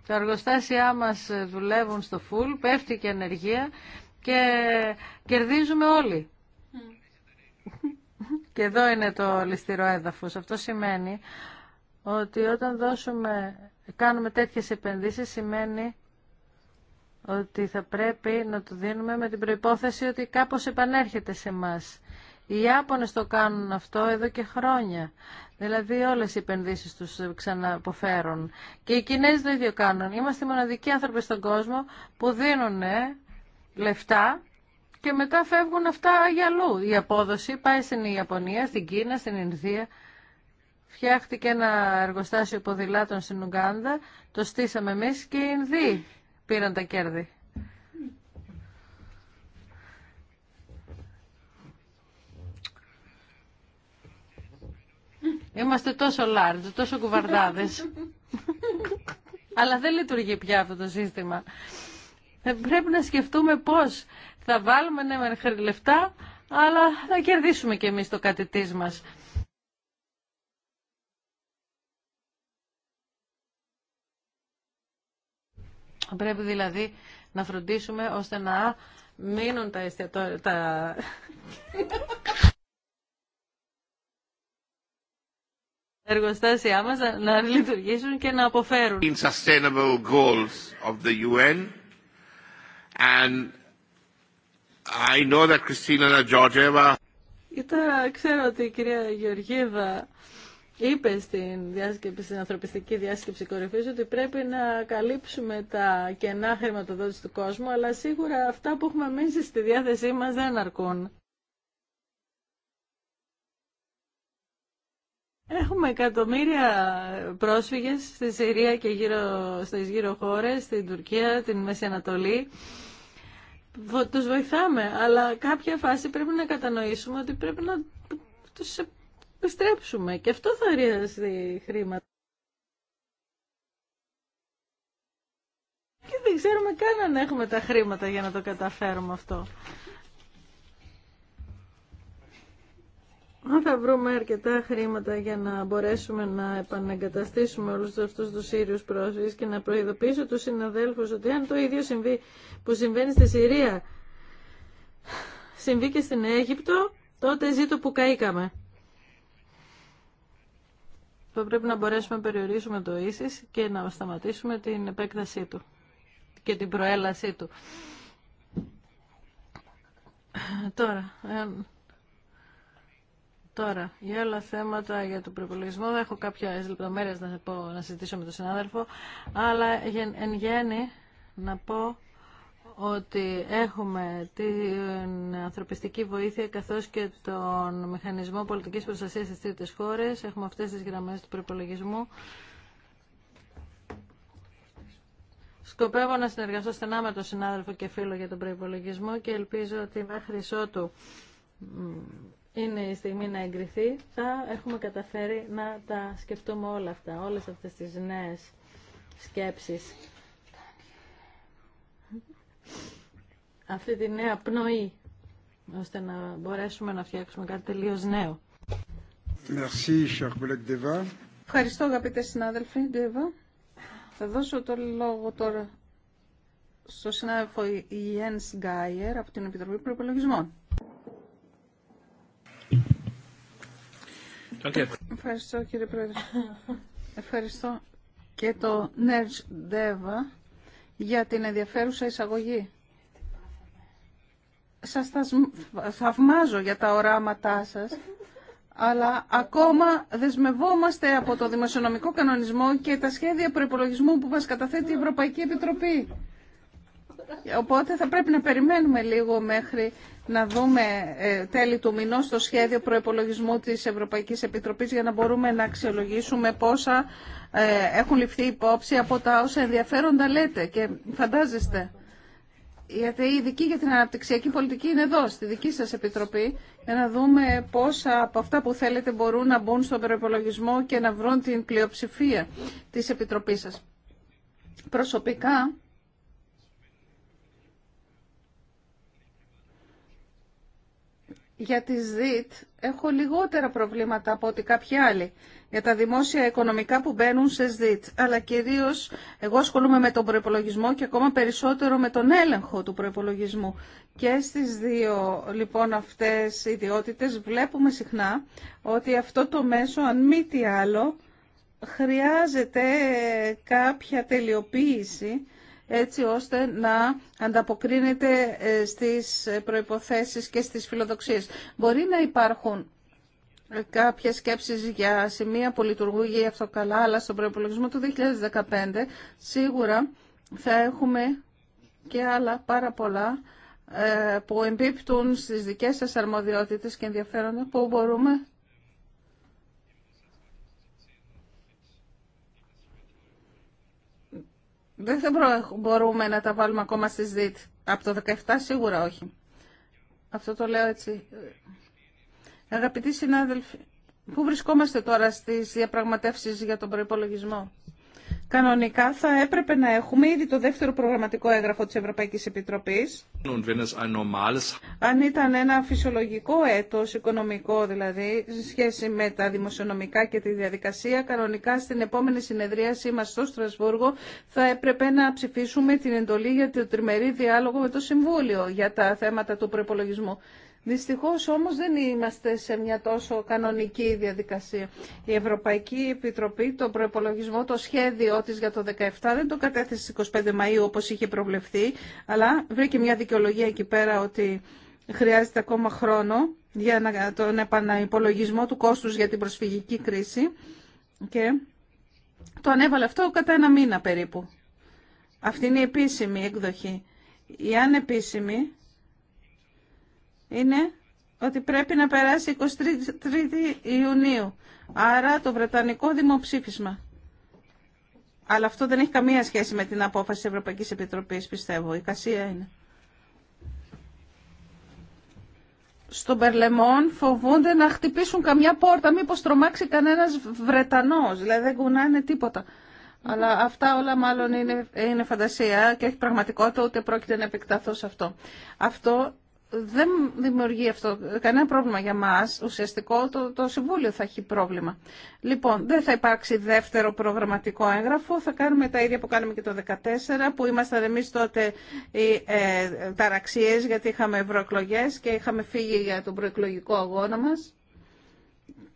Τα εργοστάσια μας δουλεύουν στο φουλ, πέφτει και ενέργεια και κερδίζουμε όλοι. και εδώ είναι το ληστηρό έδαφος. Αυτό σημαίνει ότι όταν δώσουμε, κάνουμε τέτοιες επενδύσεις σημαίνει ότι θα πρέπει να το δίνουμε με την προϋπόθεση ότι κάπως επανέρχεται σε μας. Οι Ιάπωνες το κάνουν αυτό εδώ και χρόνια. Δηλαδή όλες οι επενδύσεις τους ξαναποφέρουν. Και οι Κινέζοι το ίδιο κάνουν. Είμαστε οι μοναδικοί άνθρωποι στον κόσμο που δίνουν λεφτά και μετά φεύγουν αυτά για αλλού. Η απόδοση πάει στην Ιαπωνία, στην Κίνα, στην Ινδία. Φτιάχτηκε ένα εργοστάσιο ποδηλάτων στην Ουγγάντα, το στήσαμε εμείς και οι πήραν τα κέρδη. Είμαστε τόσο large, τόσο κουβαρδάδες. Αλλά δεν λειτουργεί πια αυτό το σύστημα. Ε, πρέπει να σκεφτούμε πώς θα βάλουμε ναι, λεφτά, αλλά θα κερδίσουμε και εμείς το κατητής μας. Πρέπει δηλαδή να φροντίσουμε ώστε να μείνουν τα εστιατόρια... Τα... εργοστάσια μας να λειτουργήσουν και να αποφέρουν. In sustainable goals of the UN and I know that Christina Georgieva... Ήταν, ξέρω ότι η κυρία Γεωργίδα είπε στην, διάσκεψη, στην ανθρωπιστική διάσκεψη κορυφή ότι πρέπει να καλύψουμε τα κενά χρηματοδότηση του κόσμου, αλλά σίγουρα αυτά που έχουμε εμεί στη διάθεσή μας δεν αρκούν. Έχουμε εκατομμύρια πρόσφυγες στη Συρία και γύρω, στις γύρω χώρες, στην Τουρκία, την Μέση Ανατολή. Τους βοηθάμε, αλλά κάποια φάση πρέπει να κατανοήσουμε ότι πρέπει να τους επιστρέψουμε και αυτό θα χρειαστεί χρήματα. Και δεν ξέρουμε καν αν έχουμε τα χρήματα για να το καταφέρουμε αυτό. Αν θα βρούμε αρκετά χρήματα για να μπορέσουμε να επαναγκαταστήσουμε όλους αυτούς τους Σύριους πρόσφυγες και να προειδοποιήσω τους συναδέλφους ότι αν το ίδιο συμβεί που συμβαίνει στη Συρία συμβεί και στην Αίγυπτο, τότε ζήτω που καήκαμε θα πρέπει να μπορέσουμε να περιορίσουμε το ίσις και να σταματήσουμε την επέκτασή του και την προέλασή του. Τώρα, Τώρα, για άλλα θέματα για τον προπολογισμό, δεν έχω κάποια λεπτομέρειε να, πω, να συζητήσω με τον συνάδελφο, αλλά εν γέννη να πω ότι έχουμε την ανθρωπιστική βοήθεια καθώς και τον μηχανισμό πολιτικής προστασίας στις τρίτες χώρες. Έχουμε αυτές τις γραμμές του προπολογισμού. Σκοπεύω να συνεργαστώ στενά με τον συνάδελφο και φίλο για τον προπολογισμό και ελπίζω ότι μέχρι ότου είναι η στιγμή να εγκριθεί, θα έχουμε καταφέρει να τα σκεφτούμε όλα αυτά, όλες αυτές τις νέες σκέψεις αυτή τη νέα πνοή, ώστε να μπορέσουμε να φτιάξουμε κάτι τελείω νέο. Merci, Ευχαριστώ αγαπητέ συνάδελφοι, Ντεβα. Θα δώσω το λόγο τώρα στο συνάδελφο Ιένς Γκάιερ από την Επιτροπή Προπολογισμών. Okay. Ευχαριστώ κύριε Πρόεδρε. Ευχαριστώ και το Νέρτζ Ντέβα για την ενδιαφέρουσα εισαγωγή. Σας θαυμάζω για τα οράματά σας, αλλά ακόμα δεσμευόμαστε από το δημοσιονομικό κανονισμό και τα σχέδια προϋπολογισμού που μας καταθέτει η Ευρωπαϊκή Επιτροπή. Οπότε θα πρέπει να περιμένουμε λίγο μέχρι να δούμε ε, τέλη του μηνός το σχέδιο προεπολογισμού της Ευρωπαϊκής Επιτροπής για να μπορούμε να αξιολογήσουμε πόσα ε, έχουν ληφθεί υπόψη από τα όσα ενδιαφέροντα λέτε και φαντάζεστε. Γιατί η ειδική για την αναπτυξιακή πολιτική είναι εδώ, στη δική σας Επιτροπή, για να δούμε πόσα από αυτά που θέλετε μπορούν να μπουν στον προπολογισμό και να βρουν την πλειοψηφία της Επιτροπής σας. Προσωπικά, για τις ΔΙΤ έχω λιγότερα προβλήματα από ότι κάποιοι άλλοι για τα δημόσια οικονομικά που μπαίνουν σε ΔΙΤ. Αλλά κυρίω εγώ ασχολούμαι με τον προπολογισμό και ακόμα περισσότερο με τον έλεγχο του προπολογισμού. Και στις δύο λοιπόν αυτές ιδιότητες βλέπουμε συχνά ότι αυτό το μέσο αν μη τι άλλο χρειάζεται κάποια τελειοποίηση έτσι ώστε να ανταποκρίνεται ε, στις ε, προϋποθέσεις και στις φιλοδοξίες. Μπορεί να υπάρχουν ε, κάποιες σκέψεις για σημεία που λειτουργεί αυτό καλά, αλλά στον προϋπολογισμό του 2015 σίγουρα θα έχουμε και άλλα πάρα πολλά που εμπίπτουν στις δικές σας αρμοδιότητες και ενδιαφέροντα που μπορούμε Δεν θα μπορούμε να τα βάλουμε ακόμα στη ΔΙΤ. Από το 17 σίγουρα όχι. Αυτό το λέω έτσι. Αγαπητοί συνάδελφοι, πού βρισκόμαστε τώρα στις διαπραγματεύσεις για τον προϋπολογισμό. Κανονικά θα έπρεπε να έχουμε ήδη το δεύτερο προγραμματικό έγγραφο της Ευρωπαϊκής Επιτροπής. Αν ήταν ένα φυσιολογικό έτος, οικονομικό δηλαδή, σε σχέση με τα δημοσιονομικά και τη διαδικασία, κανονικά στην επόμενη συνεδρίασή μας στο Στρασβούργο θα έπρεπε να ψηφίσουμε την εντολή για το τριμερή διάλογο με το Συμβούλιο για τα θέματα του προπολογισμού. Δυστυχώς όμως δεν είμαστε σε μια τόσο κανονική διαδικασία. Η Ευρωπαϊκή Επιτροπή το προπολογισμό, το σχέδιο της για το 2017 δεν το κατέθεσε στις 25 Μαΐου όπως είχε προβλεφθεί, αλλά βρήκε μια δικαιολογία εκεί πέρα ότι χρειάζεται ακόμα χρόνο για τον επαναυπολογισμό του κόστους για την προσφυγική κρίση και το ανέβαλε αυτό κατά ένα μήνα περίπου. Αυτή είναι η επίσημη εκδοχή. Η ανεπίσημη είναι ότι πρέπει να περάσει 23 Ιουνίου. Άρα το Βρετανικό δημοψήφισμα. Αλλά αυτό δεν έχει καμία σχέση με την απόφαση της Ευρωπαϊκής Επιτροπής, πιστεύω. Η κασία είναι. Στον Περλεμόν φοβούνται να χτυπήσουν καμιά πόρτα, μήπως τρομάξει κανένας Βρετανός. Δηλαδή δεν κουνάνε τίποτα. Αλλά αυτά όλα μάλλον είναι, είναι φαντασία και έχει πραγματικότητα, ούτε πρόκειται να επεκταθώ σε αυτό. Αυτό δεν δημιουργεί αυτό κανένα πρόβλημα για μας, ουσιαστικό το, το Συμβούλιο θα έχει πρόβλημα. Λοιπόν, δεν θα υπάρξει δεύτερο προγραμματικό έγγραφο, θα κάνουμε τα ίδια που κάναμε και το 2014, που ήμασταν εμείς τότε οι ε, ταραξίες γιατί είχαμε ευρωεκλογέ και είχαμε φύγει για τον προεκλογικό αγώνα μας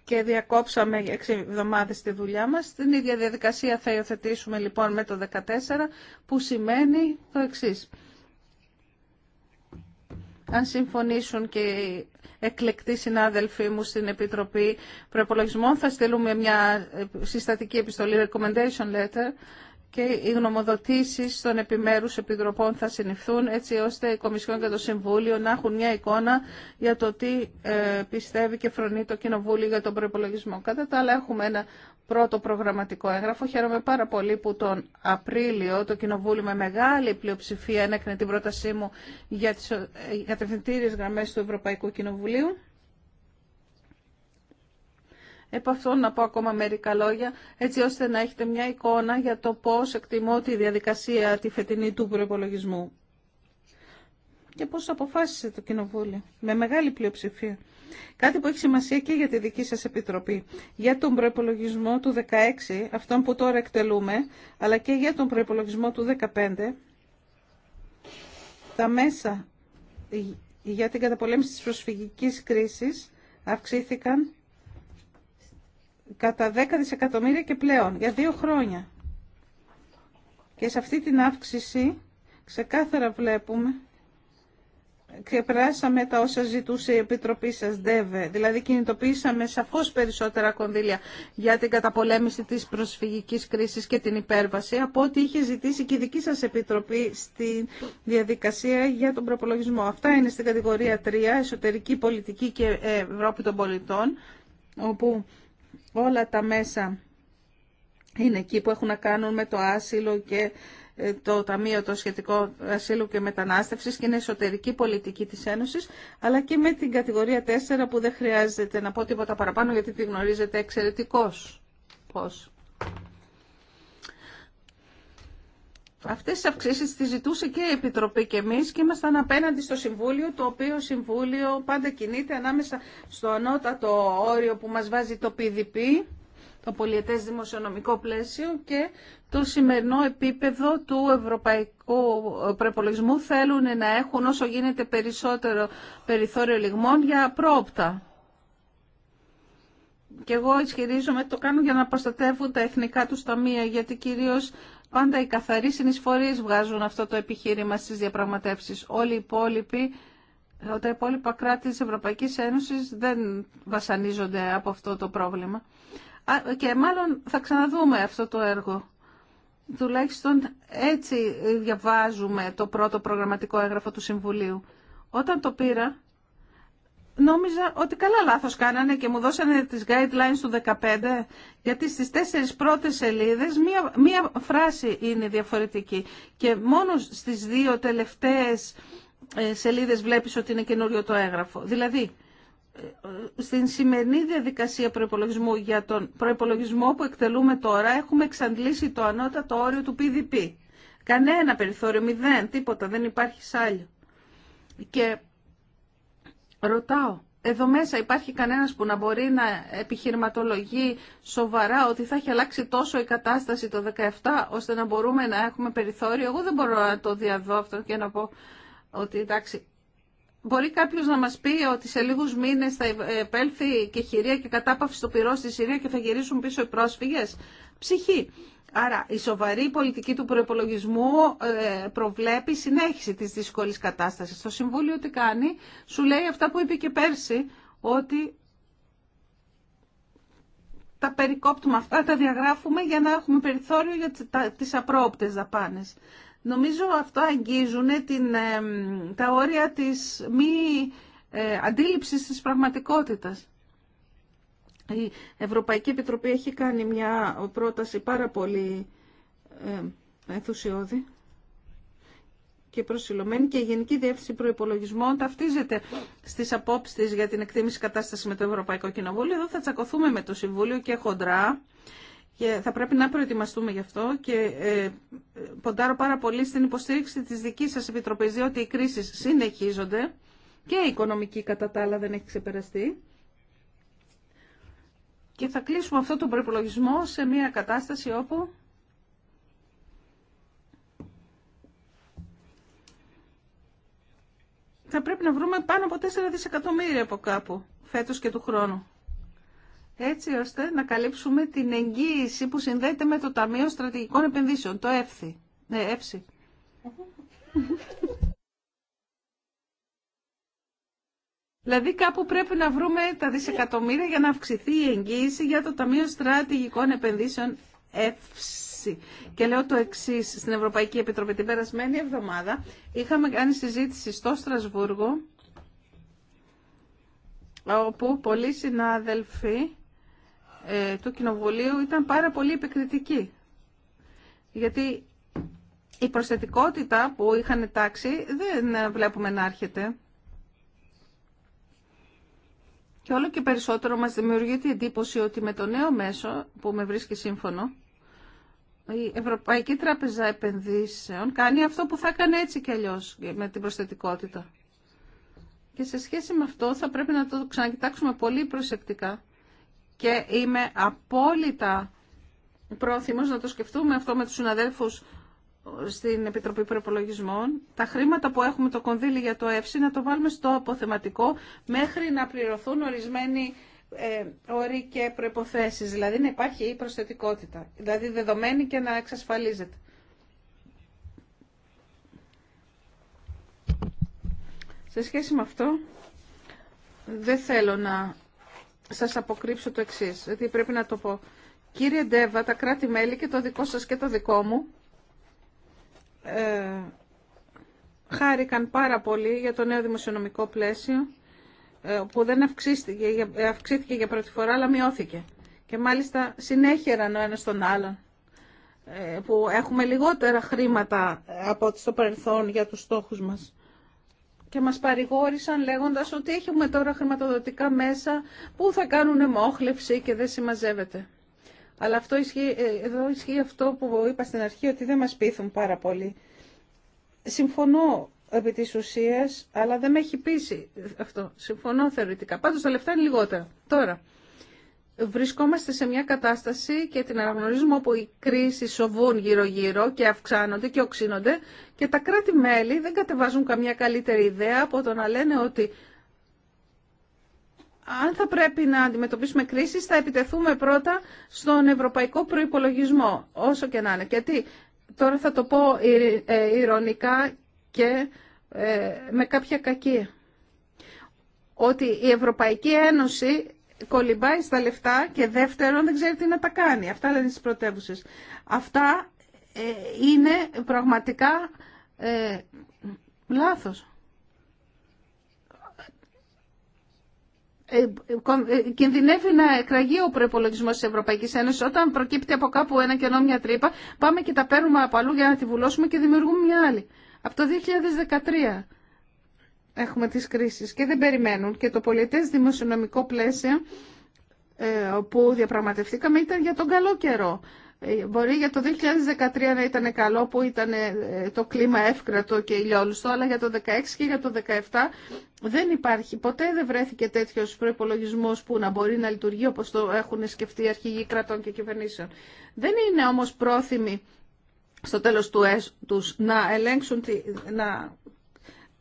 και διακόψαμε 6 εβδομάδες τη δουλειά μας. Την ίδια διαδικασία θα υιοθετήσουμε λοιπόν με το 2014, που σημαίνει το εξής αν συμφωνήσουν και οι εκλεκτοί συνάδελφοί μου στην Επιτροπή Προπολογισμών, θα στείλουμε μια συστατική επιστολή, recommendation letter, και οι γνωμοδοτήσει των επιμέρου επιτροπών θα συνηθούν έτσι ώστε οι Κομισιόν και το Συμβούλιο να έχουν μια εικόνα για το τι ε, πιστεύει και φρονεί το Κοινοβούλιο για τον προπολογισμό. Κατά τα άλλα, έχουμε ένα πρώτο προγραμματικό έγγραφο. Χαίρομαι πάρα πολύ που τον Απρίλιο το Κοινοβούλιο με μεγάλη πλειοψηφία ενέκρινε την πρότασή μου για τις ε, κατευθυντήριες γραμμές του Ευρωπαϊκού Κοινοβουλίου. Επ' αυτό να πω ακόμα μερικά λόγια, έτσι ώστε να έχετε μια εικόνα για το πώς εκτιμώ τη διαδικασία τη φετινή του προπολογισμού. Και πώς αποφάσισε το Κοινοβούλιο, με μεγάλη πλειοψηφία. Κάτι που έχει σημασία και για τη δική σας Επιτροπή. Για τον προϋπολογισμό του 16, αυτόν που τώρα εκτελούμε, αλλά και για τον προϋπολογισμό του 15, τα μέσα για την καταπολέμηση της προσφυγικής κρίσης αυξήθηκαν κατά 10 δισεκατομμύρια και πλέον, για δύο χρόνια. Και σε αυτή την αύξηση ξεκάθαρα βλέπουμε ξεπεράσαμε τα όσα ζητούσε η Επιτροπή σας, ΔΕΒΕ. Δηλαδή κινητοποίησαμε σαφώς περισσότερα κονδύλια για την καταπολέμηση της προσφυγικής κρίσης και την υπέρβαση από ό,τι είχε ζητήσει και η δική σας Επιτροπή στη διαδικασία για τον προπολογισμό. Αυτά είναι στην κατηγορία 3, εσωτερική πολιτική και ε, Ευρώπη των πολιτών, όπου όλα τα μέσα είναι εκεί που έχουν να κάνουν με το άσυλο και ε, το Ταμείο το Σχετικό Ασύλου και Μετανάστευσης και είναι εσωτερική πολιτική της Ένωσης, αλλά και με την κατηγορία 4 που δεν χρειάζεται να πω τίποτα παραπάνω γιατί τη γνωρίζετε εξαιρετικώς πώς. Αυτές τις αυξήσεις τις ζητούσε και η Επιτροπή και εμείς και ήμασταν απέναντι στο Συμβούλιο, το οποίο Συμβούλιο πάντα κινείται ανάμεσα στο ανώτατο όριο που μας βάζει το PDP το πολιετές δημοσιονομικό πλαίσιο και το σημερινό επίπεδο του ευρωπαϊκού προπολογισμού θέλουν να έχουν όσο γίνεται περισσότερο περιθώριο λιγμών για πρόοπτα. Και εγώ ισχυρίζομαι ότι το κάνουν για να προστατεύουν τα εθνικά τους ταμεία, γιατί κυρίως πάντα οι καθαροί συνεισφορείς βγάζουν αυτό το επιχείρημα στις διαπραγματεύσεις. Όλοι οι υπόλοιποι τα υπόλοιπα κράτη της Ευρωπαϊκής Ένωσης δεν βασανίζονται από αυτό το πρόβλημα και μάλλον θα ξαναδούμε αυτό το έργο. Τουλάχιστον έτσι διαβάζουμε το πρώτο προγραμματικό έγγραφο του Συμβουλίου. Όταν το πήρα, νόμιζα ότι καλά λάθος κάνανε και μου δώσανε τις guidelines του 15. γιατί στις τέσσερις πρώτες σελίδες μία, μία φράση είναι διαφορετική και μόνο στις δύο τελευταίες ε, σελίδες βλέπεις ότι είναι καινούριο το έγγραφο. Δηλαδή, στην σημερινή διαδικασία προϋπολογισμού για τον προϋπολογισμό που εκτελούμε τώρα έχουμε εξαντλήσει το ανώτατο όριο του PDP. Κανένα περιθώριο, μηδέν, τίποτα, δεν υπάρχει σάλιο. Και ρωτάω, εδώ μέσα υπάρχει κανένας που να μπορεί να επιχειρηματολογεί σοβαρά ότι θα έχει αλλάξει τόσο η κατάσταση το 17 ώστε να μπορούμε να έχουμε περιθώριο. Εγώ δεν μπορώ να το διαδώ αυτό και να πω ότι εντάξει Μπορεί κάποιο να μα πει ότι σε λίγου μήνε θα επέλθει και χειρία και κατάπαυση στο πυρό στη Συρία και θα γυρίσουν πίσω οι πρόσφυγε. Ψυχή. Άρα η σοβαρή πολιτική του προπολογισμού ε, προβλέπει συνέχιση της δύσκολης κατάστασης. Το Συμβούλιο τι κάνει, σου λέει αυτά που είπε και πέρσι, ότι τα περικόπτουμε αυτά, τα διαγράφουμε για να έχουμε περιθώριο για τις απρόοπτες δαπάνες. Νομίζω αυτό αγγίζουν την, τα όρια της μη ε, αντίληψης της πραγματικότητας. Η Ευρωπαϊκή Επιτροπή έχει κάνει μια πρόταση πάρα πολύ ε, ενθουσιώδη και προσιλωμένη και η Γενική Διεύθυνση Προϋπολογισμών ταυτίζεται στις απόψει για την εκτίμηση κατάσταση με το Ευρωπαϊκό Κοινοβούλιο. Εδώ θα τσακωθούμε με το Συμβούλιο και χοντρά και θα πρέπει να προετοιμαστούμε γι' αυτό και ε, ποντάρω πάρα πολύ στην υποστήριξη της δικής σας Επιτροπής, διότι οι κρίσεις συνεχίζονται και η οικονομική κατά τα άλλα δεν έχει ξεπεραστεί. Και θα κλείσουμε αυτό τον προπολογισμό σε μια κατάσταση όπου θα πρέπει να βρούμε πάνω από 4 δισεκατομμύρια από κάπου φέτος και του χρόνου έτσι ώστε να καλύψουμε την εγγύηση που συνδέεται με το Ταμείο Στρατηγικών Επενδύσεων, το ΕΦΣΙ. Ναι, δηλαδή κάπου πρέπει να βρούμε τα δισεκατομμύρια για να αυξηθεί η εγγύηση για το Ταμείο Στρατηγικών Επενδύσεων ΕΦΣΙ. Και λέω το εξή στην Ευρωπαϊκή Επιτροπή την περασμένη εβδομάδα. Είχαμε κάνει συζήτηση στο Στρασβούργο όπου πολλοί συνάδελφοι ε, του Κοινοβουλίου ήταν πάρα πολύ επικριτική. Γιατί η προσθετικότητα που είχαν τάξει δεν βλέπουμε να έρχεται. Και όλο και περισσότερο μας δημιουργείται η εντύπωση ότι με το νέο μέσο που με βρίσκει σύμφωνο, η Ευρωπαϊκή Τράπεζα Επενδύσεων κάνει αυτό που θα έκανε έτσι κι αλλιώς με την προσθετικότητα. Και σε σχέση με αυτό θα πρέπει να το ξανακοιτάξουμε πολύ προσεκτικά και είμαι απόλυτα πρόθυμος να το σκεφτούμε αυτό με τους συναδέλφους στην Επιτροπή Προπολογισμών, τα χρήματα που έχουμε το κονδύλι για το ΕΦΣΥ να το βάλουμε στο αποθεματικό μέχρι να πληρωθούν ορισμένοι ε, όροι και προϋποθέσεις, δηλαδή να υπάρχει η προσθετικότητα, δηλαδή δεδομένη και να εξασφαλίζεται. Σε σχέση με αυτό, δεν θέλω να σας αποκρύψω το εξή. γιατί δηλαδή πρέπει να το πω. Κύριε Ντέβα, τα κράτη-μέλη και το δικό σας και το δικό μου ε, χάρηκαν πάρα πολύ για το νέο δημοσιονομικό πλαίσιο ε, που δεν ε, αυξήθηκε, για πρώτη φορά αλλά μειώθηκε. Και μάλιστα συνέχεραν ο ένας τον άλλον ε, που έχουμε λιγότερα χρήματα από ό,τι στο παρελθόν για τους στόχους μας και μας παρηγόρησαν λέγοντας ότι έχουμε τώρα χρηματοδοτικά μέσα που θα κάνουν μόχλευση και δεν συμμαζεύεται. Αλλά αυτό ισχύει, ε, εδώ ισχύει αυτό που είπα στην αρχή ότι δεν μας πείθουν πάρα πολύ. Συμφωνώ επί της ουσίας, αλλά δεν με έχει πείσει αυτό. Συμφωνώ θεωρητικά. Πάντως τα λεφτά είναι λιγότερα. Τώρα, βρισκόμαστε σε μια κατάσταση και την αναγνωρίζουμε όπου οι κρίσεις σοβούν γύρω-γύρω και αυξάνονται και οξύνονται και τα κράτη-μέλη δεν κατεβάζουν καμιά καλύτερη ιδέα από το να λένε ότι αν θα πρέπει να αντιμετωπίσουμε κρίσει, θα επιτεθούμε πρώτα στον ευρωπαϊκό προϋπολογισμό, όσο και να είναι. Γιατί τώρα θα το πω ε, ηρωνικά και ε, με κάποια κακία. Ότι η Ευρωπαϊκή Ένωση κολυμπάει στα λεφτά και δεύτερον δεν ξέρει τι να τα κάνει. Αυτά λένε στις πρωτεύουσες. Αυτά ε, είναι πραγματικά ε, λάθος. Ε, ε, κινδυνεύει να εκραγεί ο προπολογισμό τη Ευρωπαϊκή Ένωση. Όταν προκύπτει από κάπου ένα κενό, μια τρύπα, πάμε και τα παίρνουμε από αλλού για να τη βουλώσουμε και δημιουργούμε μια άλλη. Από το 2013 έχουμε τις κρίσεις και δεν περιμένουν και το πολιτές δημοσιονομικό πλαίσιο ε, που διαπραγματευτήκαμε ήταν για τον καλό καιρό. Ε, μπορεί για το 2013 να ήταν καλό που ήταν ε, το κλίμα εύκρατο και ηλιόλουστο, αλλά για το 2016 και για το 2017 δεν υπάρχει. Ποτέ δεν βρέθηκε τέτοιος προπολογισμό που να μπορεί να λειτουργεί όπως το έχουν σκεφτεί οι αρχηγοί κρατών και κυβερνήσεων. Δεν είναι όμως πρόθυμοι στο τέλος του τους να ελέγξουν, να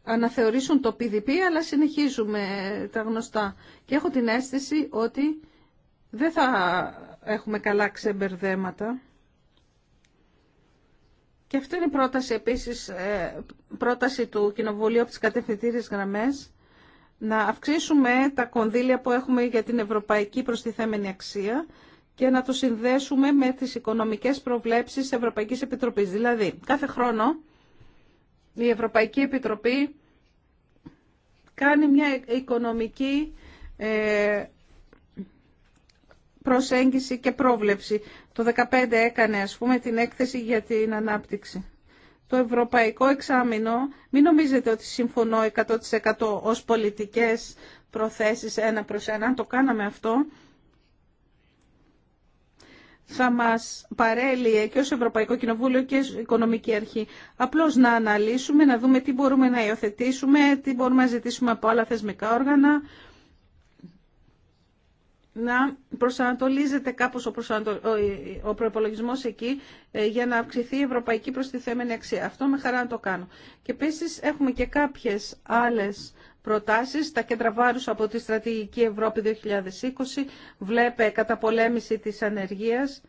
αναθεωρήσουν το PDP, αλλά συνεχίζουμε τα γνωστά. Και έχω την αίσθηση ότι δεν θα έχουμε καλά ξεμπερδέματα. Και αυτή είναι η πρόταση επίσης, ε, πρόταση του Κοινοβουλίου από τις κατευθυντήριες γραμμές, να αυξήσουμε τα κονδύλια που έχουμε για την ευρωπαϊκή προστιθέμενη αξία και να το συνδέσουμε με τις οικονομικές προβλέψεις της Ευρωπαϊκής Επιτροπής. Δηλαδή, κάθε χρόνο η Ευρωπαϊκή Επιτροπή κάνει μια οικονομική ε, προσέγγιση και πρόβλεψη. Το 2015 έκανε ας πούμε την έκθεση για την ανάπτυξη. Το ευρωπαϊκό εξάμεινο, μην νομίζετε ότι συμφωνώ 100% ως πολιτικές προθέσεις ένα προς ένα. Αν το κάναμε αυτό, θα μας παρέλειε και ως Ευρωπαϊκό Κοινοβούλιο και ως Οικονομική Αρχή. Απλώς να αναλύσουμε, να δούμε τι μπορούμε να υιοθετήσουμε, τι μπορούμε να ζητήσουμε από άλλα θεσμικά όργανα, να προσανατολίζεται κάπως ο, ο εκεί ε, για να αυξηθεί η ευρωπαϊκή προστιθέμενη αξία. Αυτό με χαρά να το κάνω. Και επίση έχουμε και κάποιες άλλες προτάσεις. Τα κέντρα βάρους από τη Στρατηγική Ευρώπη 2020 βλέπε καταπολέμηση της ανεργίας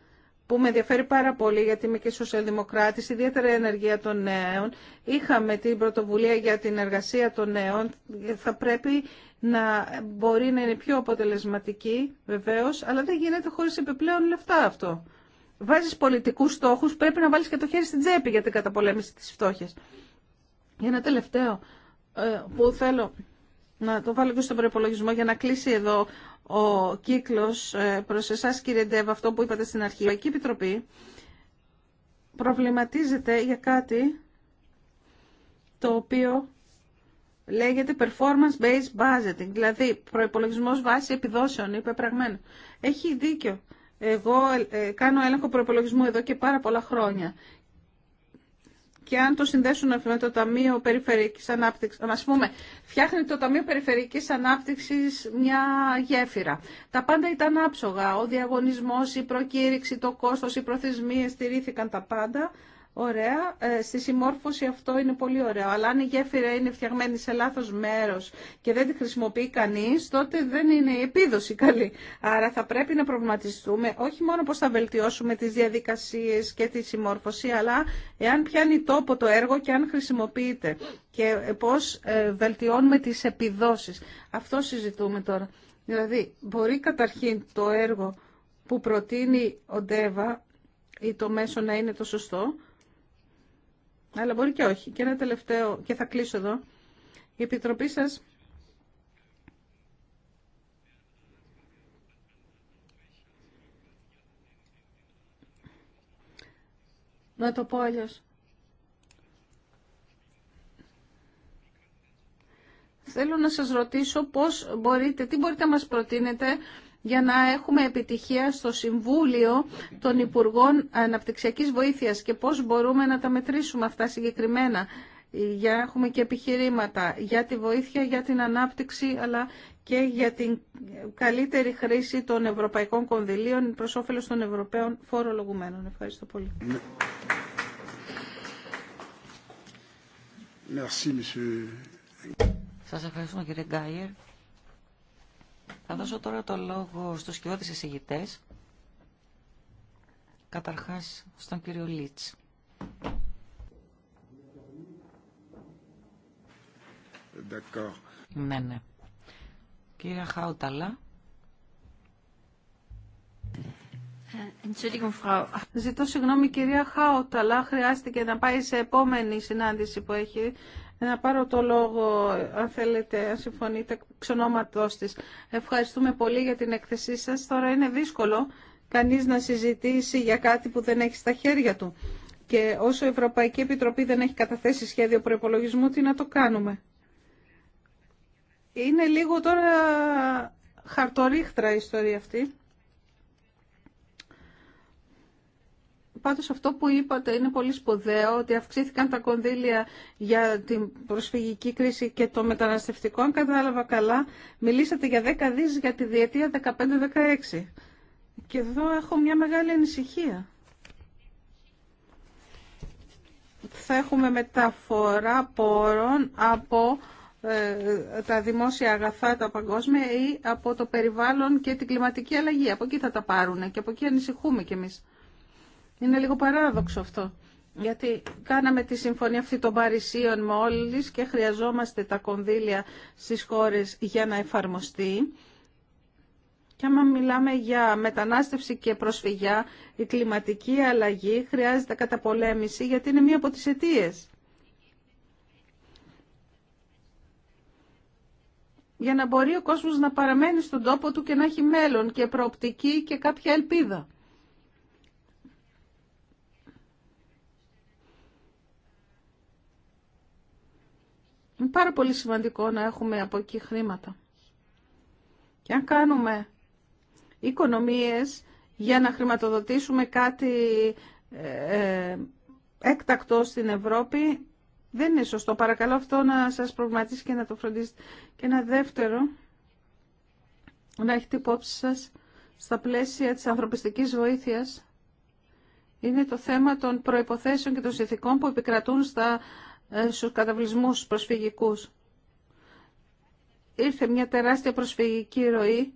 που με ενδιαφέρει πάρα πολύ γιατί είμαι και σοσιαλδημοκράτης, ιδιαίτερα η ενεργεία των νέων. Είχαμε την πρωτοβουλία για την εργασία των νέων. Θα πρέπει να μπορεί να είναι πιο αποτελεσματική βεβαίως, αλλά δεν γίνεται χωρίς επιπλέον λεφτά αυτό. Βάζεις πολιτικούς στόχους, πρέπει να βάλεις και το χέρι στην τσέπη για την καταπολέμηση της φτώχειας. Για ένα τελευταίο ε, που θέλω να το βάλω και στον προπολογισμό για να κλείσει εδώ ο κύκλος ε, προς εσάς κύριε αυτό που είπατε στην αρχή. Η Επιτροπή προβληματίζεται για κάτι το οποίο λέγεται performance-based budgeting, δηλαδή προϋπολογισμός βάση επιδόσεων, είπε πραγμένο. Έχει δίκιο. Εγώ ε, κάνω έλεγχο προϋπολογισμού εδώ και πάρα πολλά χρόνια και αν το συνδέσουν με το Ταμείο περιφερειακή Ανάπτυξης, α πούμε, φτιάχνει το Ταμείο περιφερειακή Ανάπτυξης μια γέφυρα. Τα πάντα ήταν άψογα, ο διαγωνισμός, η προκήρυξη, το κόστος, οι προθεσμίε στηρίθηκαν τα πάντα, Ωραία, ε, στη συμμόρφωση αυτό είναι πολύ ωραίο, αλλά αν η γέφυρα είναι φτιαγμένη σε λάθο μέρος και δεν τη χρησιμοποιεί κανεί, τότε δεν είναι η επίδοση καλή. Άρα θα πρέπει να προβληματιστούμε όχι μόνο πω θα βελτιώσουμε τις διαδικασίες και τη συμμόρφωση, αλλά εάν πιάνει τόπο το έργο και αν χρησιμοποιείται και πώς ε, βελτιώνουμε τι επιδόσει. Αυτό συζητούμε τώρα. Δηλαδή, μπορεί καταρχήν το έργο που προτείνει ο Ντέβα ή το μέσο να είναι το σωστό, αλλά μπορεί και όχι. Και ένα τελευταίο, και θα κλείσω εδώ. Η Επιτροπή σας Να το πω αλλιώς. Θέλω να σας ρωτήσω πώς μπορείτε, τι μπορείτε να μας προτείνετε για να έχουμε επιτυχία στο Συμβούλιο των Υπουργών Αναπτυξιακής Βοήθειας και πώς μπορούμε να τα μετρήσουμε αυτά συγκεκριμένα για να έχουμε και επιχειρήματα για τη βοήθεια, για την ανάπτυξη αλλά και για την καλύτερη χρήση των ευρωπαϊκών κονδυλίων προς όφελος των Ευρωπαίων φορολογουμένων. Ευχαριστώ πολύ. Σας κύριε Γκάιερ. Θα δώσω τώρα το λόγο στους κοιότητες εισηγητές. Καταρχάς στον κύριο Λίτς. Ναι, ναι. Κύριε Χαουταλά. Ζητώ συγγνώμη κυρία Χάουταλα, χρειάστηκε να πάει σε επόμενη συνάντηση που έχει να πάρω το λόγο, αν θέλετε, αν συμφωνείτε, ξενόματός της. Ευχαριστούμε πολύ για την έκθεσή σας. Τώρα είναι δύσκολο κανείς να συζητήσει για κάτι που δεν έχει στα χέρια του. Και όσο η Ευρωπαϊκή Επιτροπή δεν έχει καταθέσει σχέδιο προπολογισμού, τι να το κάνουμε. Είναι λίγο τώρα χαρτορίχτρα η ιστορία αυτή. Πάντως αυτό που είπατε είναι πολύ σπουδαίο, ότι αυξήθηκαν τα κονδύλια για την προσφυγική κρίση και το μεταναστευτικό. Αν κατάλαβα καλά, μιλήσατε για 10 δις για τη διετία 15-16. Και εδώ έχω μια μεγάλη ανησυχία. Θα έχουμε μεταφορά πόρων από ε, τα δημόσια αγαθά, τα παγκόσμια ή από το περιβάλλον και την κλιματική αλλαγή. Από εκεί θα τα πάρουν και από εκεί ανησυχούμε κι εμείς. Είναι λίγο παράδοξο αυτό. Γιατί κάναμε τη συμφωνία αυτή των Παρισίων μόλις και χρειαζόμαστε τα κονδύλια στις χώρες για να εφαρμοστεί. Και άμα μιλάμε για μετανάστευση και προσφυγιά, η κλιματική αλλαγή χρειάζεται καταπολέμηση γιατί είναι μία από τις αιτίε. Για να μπορεί ο κόσμος να παραμένει στον τόπο του και να έχει μέλλον και προοπτική και κάποια ελπίδα. Είναι πάρα πολύ σημαντικό να έχουμε από εκεί χρήματα. Και αν κάνουμε οικονομίες για να χρηματοδοτήσουμε κάτι ε, ε, έκτακτο στην Ευρώπη, δεν είναι σωστό. Παρακαλώ αυτό να σας προβληματίσει και να το φροντίσετε. Και ένα δεύτερο, να έχετε υπόψη σας, στα πλαίσια της ανθρωπιστικής βοήθειας, είναι το θέμα των προϋποθέσεων και των συνθηκών που επικρατούν στα στους καταβλισμούς προσφυγικούς. Ήρθε μια τεράστια προσφυγική ροή.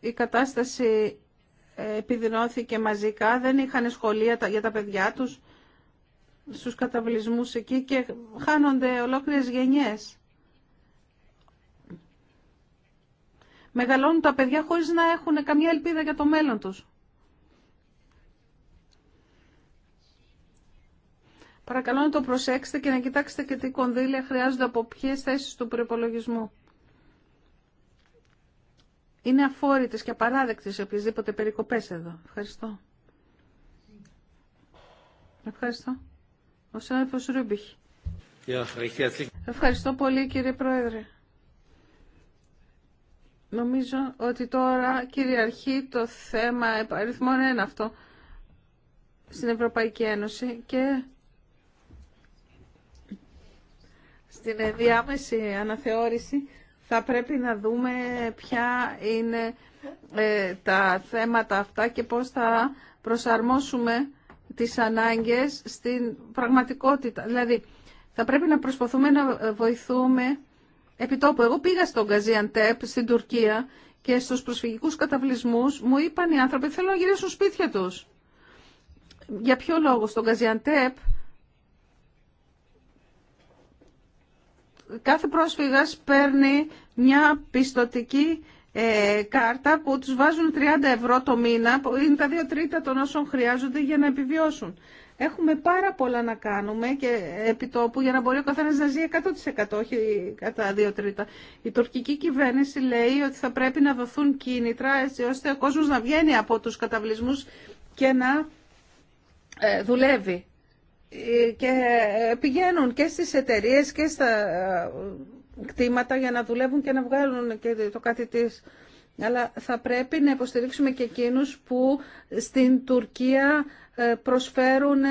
Η κατάσταση ε, επιδεινώθηκε μαζικά. Δεν είχαν σχολεία για τα παιδιά τους στους καταβλισμούς εκεί και χάνονται ολόκληρες γενιές. Μεγαλώνουν τα παιδιά χωρίς να έχουν καμία ελπίδα για το μέλλον τους. Παρακαλώ να το προσέξετε και να κοιτάξετε και τι κονδύλια χρειάζονται από ποιες θέσεις του προπολογισμού. Είναι αφόρητες και απαράδεκτες οποιασδήποτε περικοπές εδώ. Ευχαριστώ. Ευχαριστώ. Ο Σάιφος Ρούμπιχ. Ευχαριστώ πολύ κύριε Πρόεδρε. Νομίζω ότι τώρα κυριαρχεί το θέμα, αριθμών ένα αυτό, στην Ευρωπαϊκή Ένωση και Στην ενδιάμεση αναθεώρηση θα πρέπει να δούμε ποια είναι ε, τα θέματα αυτά και πώς θα προσαρμόσουμε τις ανάγκες στην πραγματικότητα. Δηλαδή, θα πρέπει να προσπαθούμε να βοηθούμε επιτόπου. Εγώ πήγα στον Καζιαντέπ στην Τουρκία και στους προσφυγικούς καταβλισμούς μου είπαν οι άνθρωποι θέλουν να γυρίσουν σπίτια τους. Για ποιο λόγο στον Καζιαντέπ κάθε πρόσφυγας παίρνει μια πιστοτική ε, κάρτα που τους βάζουν 30 ευρώ το μήνα, είναι τα δύο τρίτα των όσων χρειάζονται για να επιβιώσουν. Έχουμε πάρα πολλά να κάνουμε και επιτόπου για να μπορεί ο καθένας να ζει 100% όχι κατά δύο τρίτα. Η τουρκική κυβέρνηση λέει ότι θα πρέπει να δοθούν κίνητρα έτσι ώστε ο κόσμος να βγαίνει από τους καταβλισμούς και να ε, δουλεύει και πηγαίνουν και στις εταιρείες και στα ε, κτήματα για να δουλεύουν και να βγάλουν και το κάτι Αλλά θα πρέπει να υποστηρίξουμε και εκείνους που στην Τουρκία ε, προσφέρουν ε,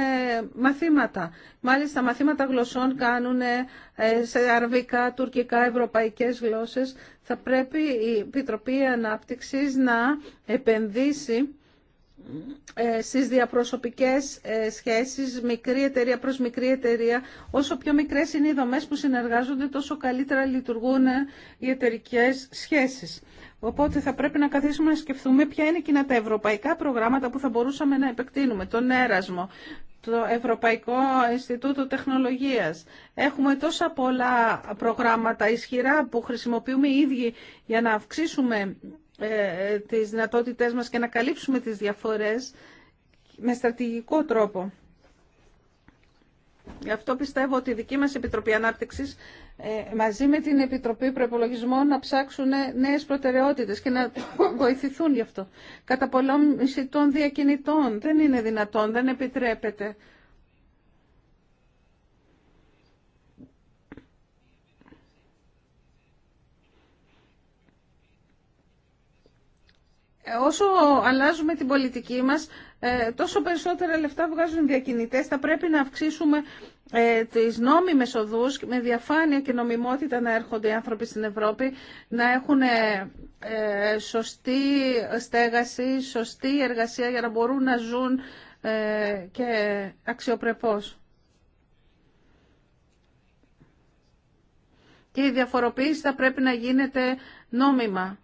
μαθήματα. Μάλιστα μαθήματα γλωσσών κάνουν σε αρβικά, τουρκικά, ευρωπαϊκές γλώσσες. Θα πρέπει η Επιτροπή Ανάπτυξης να επενδύσει ε, στις διαπροσωπικές ε, σχέσεις, μικρή εταιρεία προς μικρή εταιρεία. Όσο πιο μικρές είναι οι δομές που συνεργάζονται, τόσο καλύτερα λειτουργούν ε, οι εταιρικέ σχέσεις. Οπότε θα πρέπει να καθίσουμε να σκεφτούμε ποια είναι εκείνα τα ευρωπαϊκά προγράμματα που θα μπορούσαμε να επεκτείνουμε. Τον Έρασμο, το Ευρωπαϊκό Ινστιτούτο Τεχνολογίας. Έχουμε τόσα πολλά προγράμματα ισχυρά που χρησιμοποιούμε οι ίδιοι για να αυξήσουμε ε, ε, τις δυνατότητές μας και να καλύψουμε τις διαφορές με στρατηγικό τρόπο. Γι' αυτό πιστεύω ότι η δική μας Επιτροπή Ανάπτυξης ε, μαζί με την Επιτροπή Προπολογισμών να ψάξουν νέες προτεραιότητες και να βοηθηθούν γι' αυτό. Κατά των διακινητών δεν είναι δυνατόν, δεν επιτρέπεται Ε, όσο αλλάζουμε την πολιτική μας, ε, τόσο περισσότερα λεφτά βγάζουν διακινητές. Θα πρέπει να αυξήσουμε ε, τις νόμιμες οδούς, με διαφάνεια και νομιμότητα να έρχονται οι άνθρωποι στην Ευρώπη, να έχουν σωστή στέγαση, σωστή εργασία για να μπορούν να ζουν και αξιοπρεπώς. Και η διαφοροποίηση θα πρέπει να γίνεται νόμιμα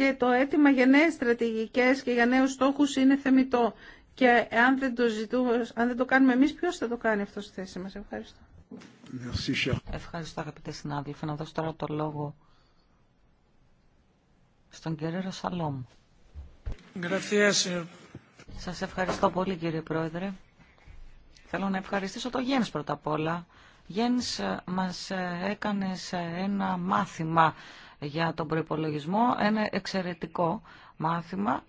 και το αίτημα για νέε στρατηγικέ και για νέου στόχου είναι θεμητό. Και αν δεν το, αν δεν το κάνουμε εμείς, ποιο θα το κάνει αυτό στη θέση μα. Ευχαριστώ. Ευχαριστώ αγαπητέ συνάδελφοι. Να δώσω τώρα το λόγο στον κύριο Ρασαλόμ. Σας ευχαριστώ πολύ κύριε Πρόεδρε. Θέλω να ευχαριστήσω το Γέννη πρώτα απ' όλα. Γέννη, ε, μας ε, έκανες ε, ένα μάθημα για τον προϋπολογισμό. Ένα εξαιρετικό μάθημα.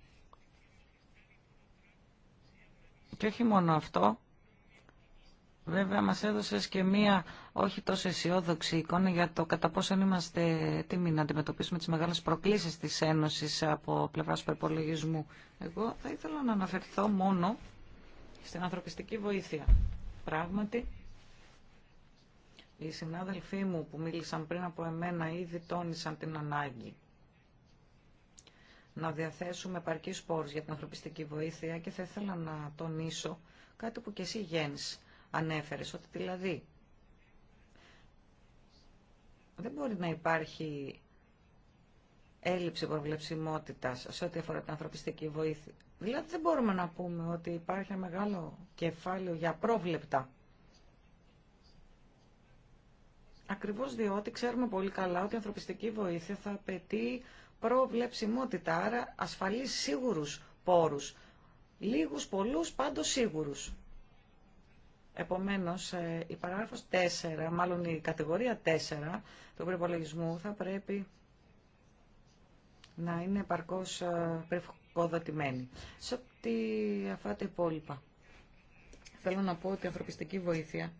Και όχι μόνο αυτό, Βέβαια, μας έδωσες και μία όχι τόσο αισιόδοξη εικόνα για το κατά πόσο είμαστε έτοιμοι να αντιμετωπίσουμε τις μεγάλες προκλήσεις της Ένωσης από πλευράς προϋπολογισμού. Εγώ θα ήθελα να αναφερθώ μόνο στην ανθρωπιστική βοήθεια. Πράγματι, οι συνάδελφοί μου που μίλησαν πριν από εμένα ήδη τόνισαν την ανάγκη να διαθέσουμε επαρκείς σπόρους για την ανθρωπιστική βοήθεια και θα ήθελα να τονίσω κάτι που και εσύ Γέννης ανέφερες, ότι δηλαδή δεν μπορεί να υπάρχει έλλειψη προβλεψιμότητας σε ό,τι αφορά την ανθρωπιστική βοήθεια. Δηλαδή δεν μπορούμε να πούμε ότι υπάρχει ένα μεγάλο κεφάλαιο για πρόβλεπτα Ακριβώς διότι ξέρουμε πολύ καλά ότι η ανθρωπιστική βοήθεια θα απαιτεί προβλεψιμότητα, άρα ασφαλεί σίγουρους πόρους. λίγου πολλού πάντως σίγουρους. Επομένω, ε, η παράγραφος 4, μάλλον η κατηγορία 4 του προπολογισμού θα πρέπει να είναι επαρκώ ε, περιφοκοδοτημένη. Σε ό,τι αφορά τα υπόλοιπα, θέλω να πω ότι η ανθρωπιστική βοήθεια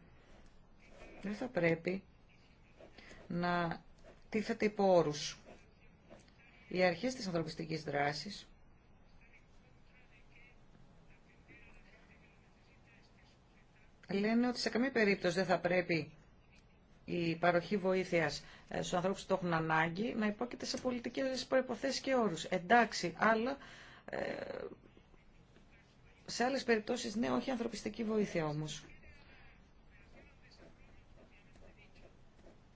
δεν θα πρέπει να τίθεται υπό όρους. Οι αρχές της ανθρωπιστικής δράσης λένε ότι σε καμία περίπτωση δεν θα πρέπει η παροχή βοήθειας ε, στους ανθρώπους που το έχουν ανάγκη να υπόκειται σε πολιτικές προποθέσει και όρους. Εντάξει, αλλά ε, σε άλλες περιπτώσεις ναι, όχι ανθρωπιστική βοήθεια όμως.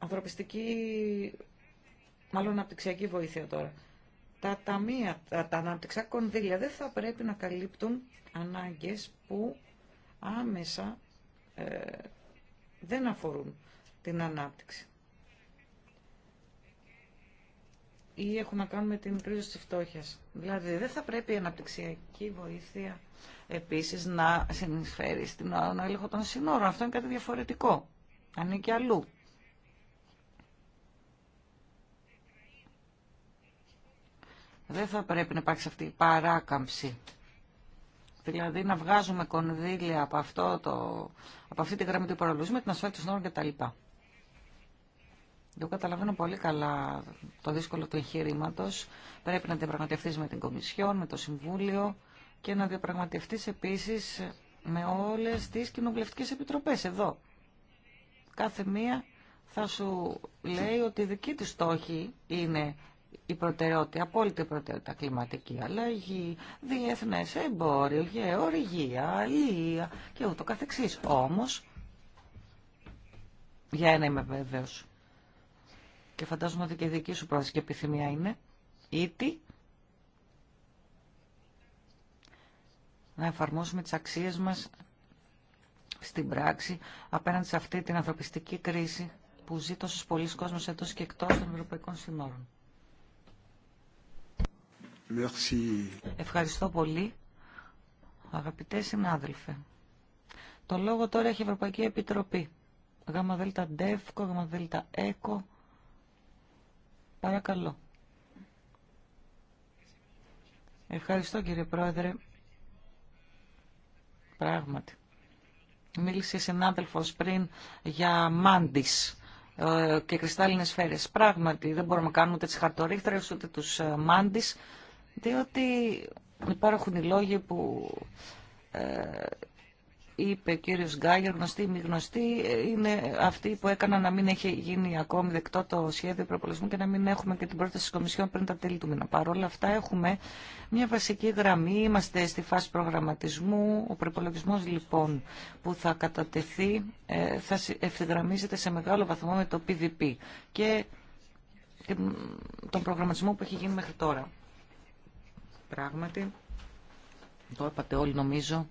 Ανθρωπιστική, μάλλον αναπτυξιακή βοήθεια τώρα. Τα ταμεία, τα, τα αναπτυξιακά κονδύλια δεν θα πρέπει να καλύπτουν ανάγκες που άμεσα ε, δεν αφορούν την ανάπτυξη. Ή έχουν να κάνουν με την κρίση της φτώχειας. Δηλαδή δεν θα πρέπει η αναπτυξιακή βοήθεια επίσης να συνεισφέρει στην έλεγχο των συνόρων. Αυτό είναι κάτι διαφορετικό. Ανήκει αλλού. Δεν θα πρέπει να υπάρξει αυτή η παράκαμψη. Δηλαδή να βγάζουμε κονδύλια από, αυτό το, από αυτή τη γραμμή του υπολογισμού με την ασφάλεια του συνόρων κτλ. Εγώ καταλαβαίνω πολύ καλά το δύσκολο του εγχειρήματο. Πρέπει να διαπραγματευτεί με την Κομισιόν, με το Συμβούλιο και να διαπραγματευτεί επίση με όλε τι κοινοβουλευτικέ επιτροπέ εδώ. Κάθε μία θα σου λέει ότι η δική του στόχη είναι η προτεραιότητα, η απόλυτη προτεραιότητα κλιματική αλλαγή, διεθνές εμπόριο, γεωργία, αλληλεία και ούτω καθεξής. Όμως, για ένα είμαι βέβαιος. Και φαντάζομαι ότι και η δική σου πρόταση και επιθυμία είναι ήτι να εφαρμόσουμε τις αξίες μας στην πράξη απέναντι σε αυτή την ανθρωπιστική κρίση που ζει τόσος πολλοί κόσμος εντός και εκτός των ευρωπαϊκών συνόρων. Ευχαριστώ πολύ, αγαπητέ συνάδελφε. Το λόγο τώρα έχει η Ευρωπαϊκή Επιτροπή. Γάμα δέλτα ντεύκο, γάμα δέλτα έκο. Παρακαλώ. Ευχαριστώ κύριε Πρόεδρε. Πράγματι. Μίλησε συνάδελφος πριν για μάντις ε, και κρυστάλλινες σφαίρες. Πράγματι δεν μπορούμε να κάνουμε ούτε τις χαρτορίχτρες ούτε τους ε, μάντις. Διότι υπάρχουν οι λόγοι που ε, είπε ο κύριος Γκάγερ, γνωστή ή μη γνωστή, είναι αυτή που έκανα να μην έχει γίνει ακόμη δεκτό το σχέδιο προπολογισμού και να μην έχουμε και την πρόταση της Κομισιόν πριν τα τέλη του μήνα. Παρ' όλα αυτά έχουμε μια βασική γραμμή, είμαστε στη φάση προγραμματισμού. Ο προπολογισμός λοιπόν που θα κατατεθεί ε, θα ευθυγραμμίζεται σε μεγάλο βαθμό με το PVP και τον προγραμματισμό που έχει γίνει μέχρι τώρα. Πράγματι, το είπατε όλοι νομίζω,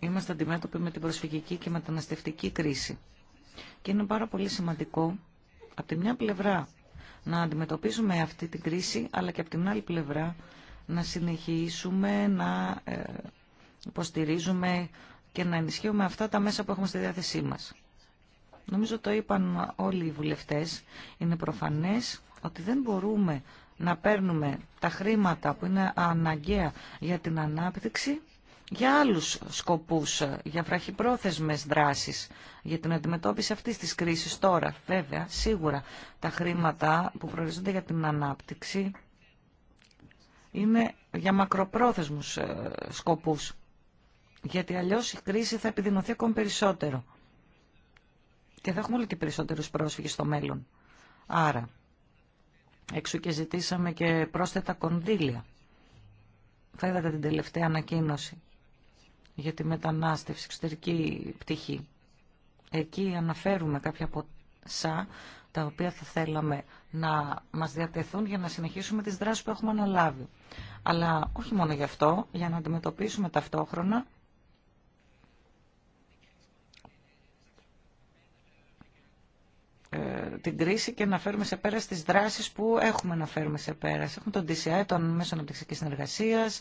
είμαστε αντιμέτωποι με την προσφυγική και μεταναστευτική κρίση. Και είναι πάρα πολύ σημαντικό, από τη μια πλευρά, να αντιμετωπίζουμε αυτή την κρίση, αλλά και από την άλλη πλευρά, να συνεχίσουμε να ε, υποστηρίζουμε και να ενισχύουμε αυτά τα μέσα που έχουμε στη διάθεσή μας. Νομίζω το είπαν όλοι οι βουλευτές. Είναι προφανές ότι δεν μπορούμε να παίρνουμε τα χρήματα που είναι αναγκαία για την ανάπτυξη για άλλους σκοπούς, για βραχυπρόθεσμες δράσεις, για την αντιμετώπιση αυτής της κρίσης τώρα. Βέβαια, σίγουρα τα χρήματα που προορίζονται για την ανάπτυξη είναι για μακροπρόθεσμους ε, σκοπούς, γιατί αλλιώς η κρίση θα επιδεινωθεί ακόμη περισσότερο και θα έχουμε όλο και περισσότερους πρόσφυγες στο μέλλον. Άρα, έξω και ζητήσαμε και πρόσθετα κονδύλια. Θα την τελευταία ανακοίνωση για τη μετανάστευση, εξωτερική πτυχή. Εκεί αναφέρουμε κάποια ποσά τα οποία θα θέλαμε να μας διατεθούν για να συνεχίσουμε τις δράσεις που έχουμε αναλάβει. Αλλά όχι μόνο γι' αυτό, για να αντιμετωπίσουμε ταυτόχρονα Ε, την κρίση και να φέρουμε σε πέρα τις δράσεις που έχουμε να φέρουμε σε πέρα. Έχουμε τον DCI, τον Μέσο Αναπτυξικής Συνεργασίας,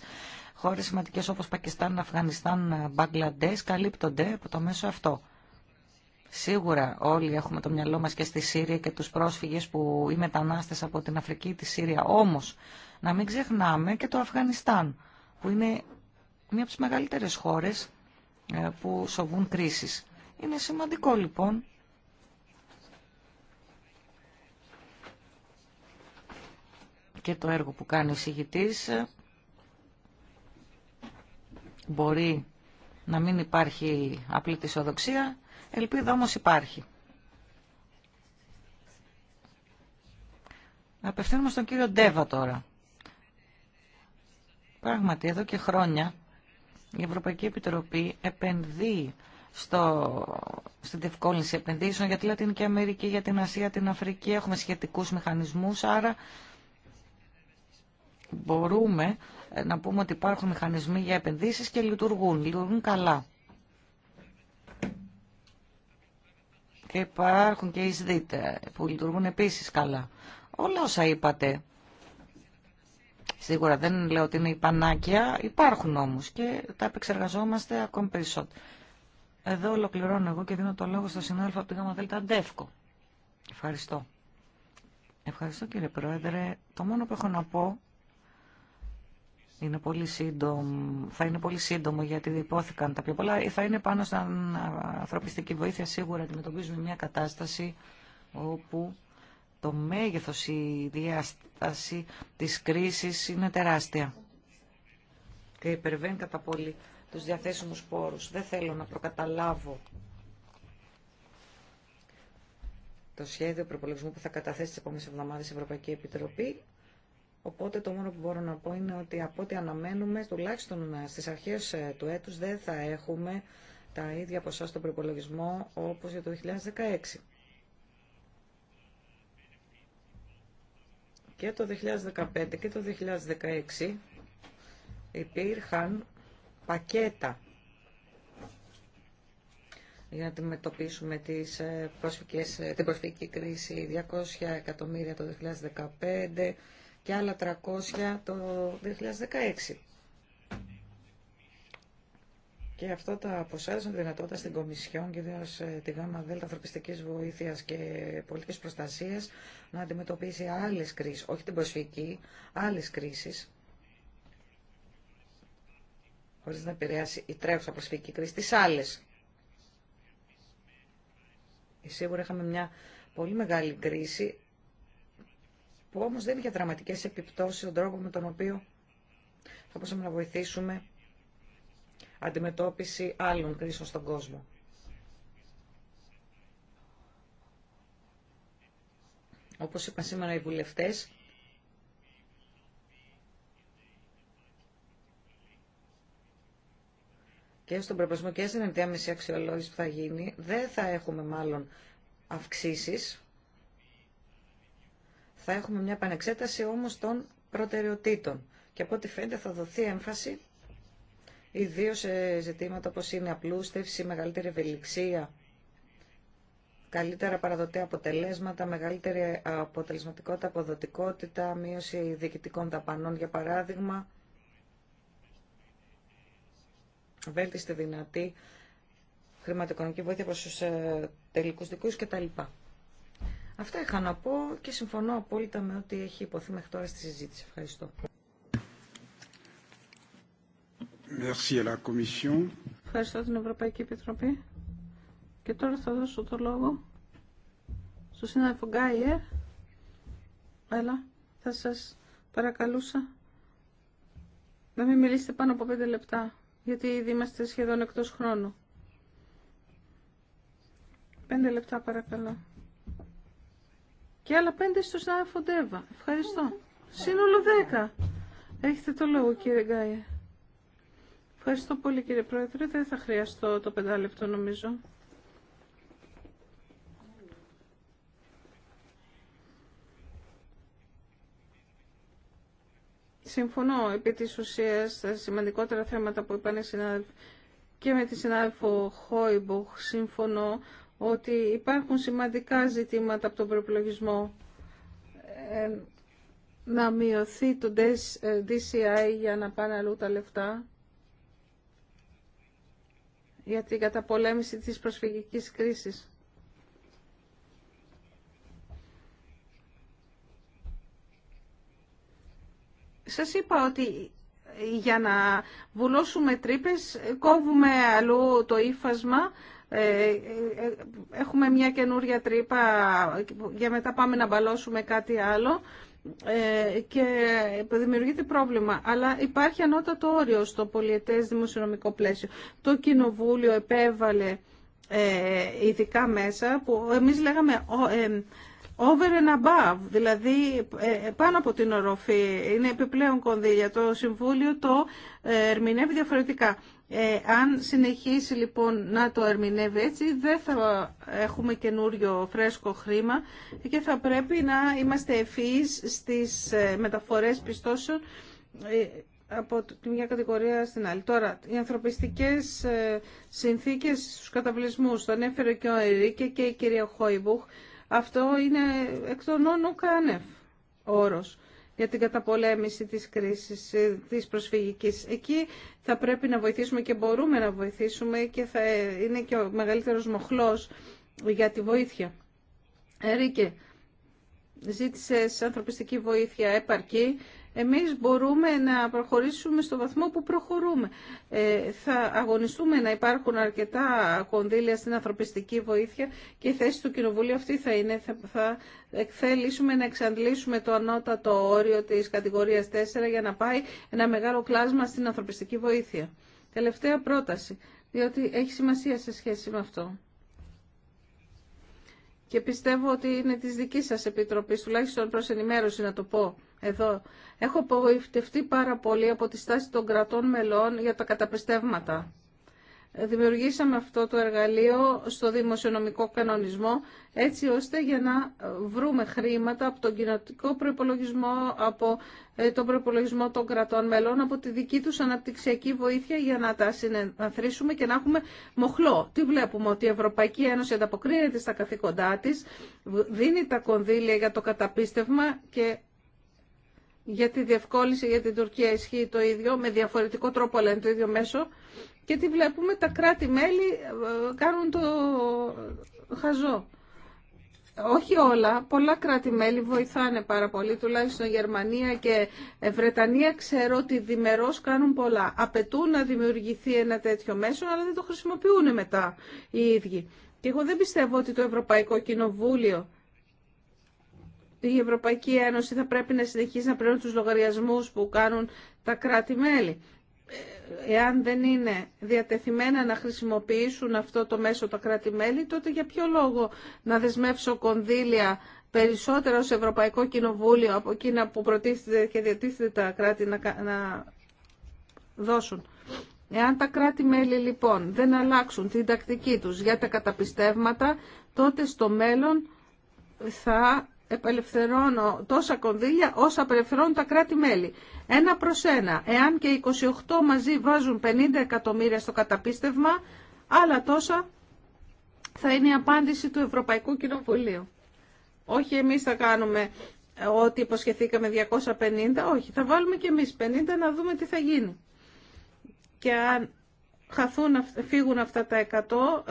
χώρες σημαντικές όπως Πακιστάν, Αφγανιστάν, Μπαγκλαντές καλύπτονται από το μέσο αυτό. Σίγουρα όλοι έχουμε το μυαλό μας και στη Σύρια και τους πρόσφυγες που οι μετανάστες από την Αφρική ή τη Σύρια. Όμως, να μην ξεχνάμε και το Αφγανιστάν, που είναι μία από τις μεγαλύτερες χώρες ε, που σοβούν κρίσει. Είναι σημαντικό λοιπόν και το έργο που κάνει ο συγητής. Μπορεί να μην υπάρχει απλή οδοξία ελπίδα όμως υπάρχει. Να Απευθύνουμε στον κύριο Ντέβα τώρα. Πράγματι, εδώ και χρόνια η Ευρωπαϊκή Επιτροπή επενδύει στο, στην διευκόλυνση επενδύσεων για τη Λατινική Αμερική, για την Ασία, την Αφρική. Έχουμε σχετικούς μηχανισμούς, άρα μπορούμε ε, να πούμε ότι υπάρχουν μηχανισμοί για επενδύσεις και λειτουργούν, λειτουργούν καλά. Και υπάρχουν και εις ε, που λειτουργούν επίσης καλά. Όλα όσα είπατε, σίγουρα δεν λέω ότι είναι η υπάρχουν όμως και τα επεξεργαζόμαστε ακόμη περισσότερο. Εδώ ολοκληρώνω εγώ και δίνω το λόγο στο συνάδελφο από τη ΓΔ Αντεύκο. Ευχαριστώ. Ευχαριστώ κύριε Πρόεδρε. Το μόνο που έχω να πω είναι πολύ σύντομο, θα είναι πολύ σύντομο γιατί υπόθηκαν τα πιο πολλά. Θα είναι πάνω στην ανθρωπιστική βοήθεια σίγουρα αντιμετωπίζουμε μια κατάσταση όπου το μέγεθος, η διάσταση της κρίσης είναι τεράστια και υπερβαίνει κατά πολύ τους διαθέσιμους πόρους. Δεν θέλω να προκαταλάβω το σχέδιο προπολογισμού που θα καταθέσει τις επόμενες εβδομάδες η Ευρωπαϊκή Επιτροπή. Οπότε το μόνο που μπορώ να πω είναι ότι από ό,τι αναμένουμε, τουλάχιστον ε, στις αρχές ε, του έτους δεν θα έχουμε τα ίδια ποσά στον προπολογισμό όπως για το 2016. Και το 2015 και το 2016 υπήρχαν πακέτα για να αντιμετωπίσουμε τις ε, την προσφυγική κρίση 200 εκατομμύρια το 2015 και άλλα 300 το 2016. Και αυτό τα ποσά τη δυνατότητα στην Κομισιόν και ε, τη ΓΑΜΑ ΔΕΛΤΑ Ανθρωπιστική Βοήθεια και Πολιτική Προστασία να αντιμετωπίσει άλλε κρίσει, όχι την προσφυγική, άλλε κρίσει, χωρίς να επηρεάσει η τρέχουσα προσφυγική κρίση, τις άλλες. Σίγουρα είχαμε μια πολύ μεγάλη κρίση που όμως δεν είχε δραματικές επιπτώσεις στον τρόπο με τον οποίο θα μπορούσαμε να βοηθήσουμε αντιμετώπιση άλλων κρίσεων στον κόσμο. Όπως είπαν σήμερα οι βουλευτές, και στον προπασμό και στην ενδιάμεση αξιολόγηση που θα γίνει, δεν θα έχουμε μάλλον αυξήσεις θα έχουμε μια επανεξέταση όμως των προτεραιοτήτων και από ό,τι φαίνεται θα δοθεί έμφαση ιδίω σε ζητήματα όπως είναι απλούστευση, μεγαλύτερη ευελιξία, καλύτερα παραδοτέα αποτελέσματα, μεγαλύτερη αποτελεσματικότητα, αποδοτικότητα, μείωση διοικητικών δαπανών για παράδειγμα, βέλτιστη δυνατή χρηματοοικονομική βοήθεια προς τους ε, τελικούς δικούς κτλ. Αυτά είχα να πω και συμφωνώ απόλυτα με ό,τι έχει υποθεί μέχρι τώρα στη συζήτηση. Ευχαριστώ. Ευχαριστώ την Ευρωπαϊκή Επιτροπή. Και τώρα θα δώσω το λόγο στον συνάδελφο Γκάιερ. Έλα, θα σας παρακαλούσα να μην μιλήσετε πάνω από πέντε λεπτά, γιατί ήδη είμαστε σχεδόν εκτός χρόνου. Πέντε λεπτά παρακαλώ και άλλα πέντε στο συνάδελφο Ευχαριστώ. Σύνολο δέκα. Έχετε το λόγο κύριε Γκάιε. Ευχαριστώ πολύ κύριε Πρόεδρε. Δεν θα χρειαστώ το πεντάλεπτο νομίζω. Συμφωνώ επί της ουσίας στα σημαντικότερα θέματα που είπαν οι συνάδελφοι και με τη συνάδελφο Χόιμποχ. συμφωνώ ότι υπάρχουν σημαντικά ζητήματα από τον προπολογισμό ε, να μειωθεί το ε, DCI για να πάνε αλλού τα λεφτά για την καταπολέμηση της προσφυγικής κρίσης. Σας είπα ότι για να βουλώσουμε τρύπες κόβουμε αλλού το ύφασμα ε, ε, έχουμε μια καινούρια τρύπα για μετά πάμε να μπαλώσουμε κάτι άλλο ε, και δημιουργείται πρόβλημα. Αλλά υπάρχει ανώτατο όριο στο πολιετές δημοσιονομικό πλαίσιο. Το Κοινοβούλιο επέβαλε ειδικά μέσα που εμείς λέγαμε over and above, δηλαδή πάνω από την οροφή, είναι επιπλέον κονδύλια. Το Συμβούλιο το ερμηνεύει διαφορετικά. Ε, αν συνεχίσει λοιπόν να το ερμηνεύει έτσι, δεν θα έχουμε καινούριο φρέσκο χρήμα και θα πρέπει να είμαστε ευφυείς στις ε, μεταφορές πιστώσεων ε, από τη μια κατηγορία στην άλλη. Τώρα, οι ανθρωπιστικές συνθήκες στους καταβλισμούς, τον έφερε και ο Ερίκε και η κυρία Χόιμπουχ, αυτό είναι εκ των όνων κάνευ όρος για την καταπολέμηση της κρίσης, ε, της προσφυγικής. Εκεί θα πρέπει να βοηθήσουμε και μπορούμε να βοηθήσουμε και θα ε, είναι και ο μεγαλύτερος μοχλός για τη βοήθεια. Ερίκε, ζήτησες ανθρωπιστική βοήθεια επαρκή εμείς μπορούμε να προχωρήσουμε στο βαθμό που προχωρούμε. Ε, θα αγωνιστούμε να υπάρχουν αρκετά κονδύλια στην ανθρωπιστική βοήθεια και η θέση του Κοινοβουλίου αυτή θα είναι, θα, θα θέλησουμε να εξαντλήσουμε το ανώτατο όριο της κατηγορίας 4 για να πάει ένα μεγάλο κλάσμα στην ανθρωπιστική βοήθεια. Τελευταία πρόταση, διότι έχει σημασία σε σχέση με αυτό και πιστεύω ότι είναι της δικής σας επιτροπής, τουλάχιστον προς ενημέρωση να το πω εδώ. Έχω απογοητευτεί πάρα πολύ από τη στάση των κρατών μελών για τα καταπιστεύματα. Δημιουργήσαμε αυτό το εργαλείο στο δημοσιονομικό κανονισμό έτσι ώστε για να βρούμε χρήματα από τον κοινοτικό προπολογισμό, από ε, τον προπολογισμό των κρατών μελών, από τη δική τους αναπτυξιακή βοήθεια για να τα συνανθρήσουμε και να έχουμε μοχλό. Τι βλέπουμε, ότι η Ευρωπαϊκή Ένωση ανταποκρίνεται στα καθήκοντά της, δίνει τα κονδύλια για το καταπίστευμα και για τη διευκόλυνση για την Τουρκία ισχύει το ίδιο, με διαφορετικό τρόπο λένε το ίδιο μέσο και τι βλέπουμε, τα κράτη-μέλη ε, κάνουν το χαζό. Όχι όλα, πολλά κράτη-μέλη βοηθάνε πάρα πολύ, τουλάχιστον Γερμανία και ε, Βρετανία ξέρω ότι διμερώς κάνουν πολλά. Απαιτούν να δημιουργηθεί ένα τέτοιο μέσο, αλλά δεν το χρησιμοποιούν μετά οι ίδιοι. Και εγώ δεν πιστεύω ότι το Ευρωπαϊκό Κοινοβούλιο η Ευρωπαϊκή Ένωση θα πρέπει να συνεχίσει να πληρώνει τους λογαριασμούς που κάνουν τα κράτη-μέλη. Ε, εάν δεν είναι διατεθειμένα να χρησιμοποιήσουν αυτό το μέσο τα κράτη-μέλη, τότε για ποιο λόγο να δεσμεύσω κονδύλια περισσότερο σε Ευρωπαϊκό Κοινοβούλιο από εκείνα που προτίθεται και διατίθεται τα κράτη να δώσουν. Εάν τα κράτη-μέλη λοιπόν δεν αλλάξουν την τακτική τους για τα καταπιστεύματα, τότε στο μέλλον θα Επελευθερώνω τόσα κονδύλια όσα απελευθερώνουν τα κράτη-μέλη. Ένα προς ένα. Εάν και 28 μαζί βάζουν 50 εκατομμύρια στο καταπίστευμα, άλλα τόσα θα είναι η απάντηση του Ευρωπαϊκού Κοινοβουλίου. Όχι εμείς θα κάνουμε ότι υποσχεθήκαμε 250, όχι. Θα βάλουμε και εμείς 50 να δούμε τι θα γίνει. Και αν φύγουν αυτά τα 100,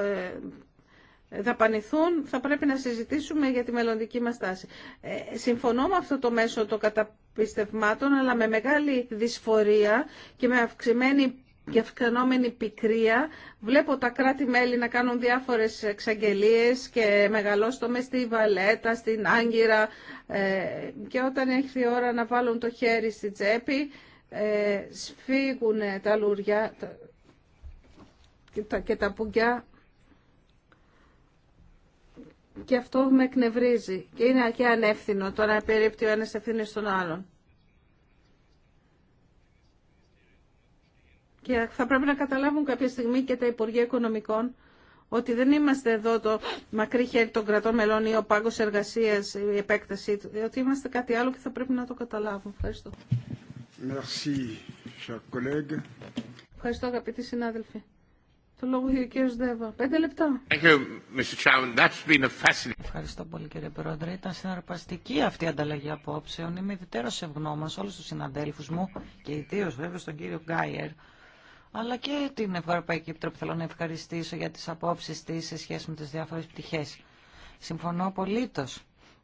δαπανηθούν, θα πρέπει να συζητήσουμε για τη μελλοντική μας τάση. Ε, συμφωνώ με αυτό το μέσο των καταπιστευμάτων, αλλά με μεγάλη δυσφορία και με αυξημένη και αυξανόμενη πικρία. Βλέπω τα κράτη-μέλη να κάνουν διάφορες εξαγγελίες και μεγαλώστομε στη Βαλέτα, στην Άγκυρα ε, και όταν έχει ώρα να βάλουν το χέρι στη τσέπη ε, τα λουριά και τα, και τα και αυτό με εκνευρίζει. Και είναι και ανεύθυνο το να περίπτει ο ένας ευθύνη στον άλλον. Και θα πρέπει να καταλάβουν κάποια στιγμή και τα Υπουργεία Οικονομικών ότι δεν είμαστε εδώ το μακρύ χέρι των κρατών μελών ή ο πάγκος εργασίας, η επέκτασή του, ότι είμαστε κάτι άλλο και θα πρέπει να το καταλάβουν. Ευχαριστώ. Merci, Ευχαριστώ αγαπητοί συνάδελφοι. Το λόγο για κύριο Δέβα. Πέντε λεπτά. Ευχαριστώ πολύ κύριε Πρόεδρε. Ήταν συναρπαστική αυτή η ανταλλαγή απόψεων. Είμαι ιδιαίτερο ευγνώμων σε όλου του συναντέλφου μου και ιδίω βέβαια στον κύριο Γκάιερ αλλά και την Ευρωπαϊκή Επιτροπή θέλω να ευχαριστήσω για τις απόψεις της σε σχέση με τις διάφορες πτυχές. Συμφωνώ απολύτω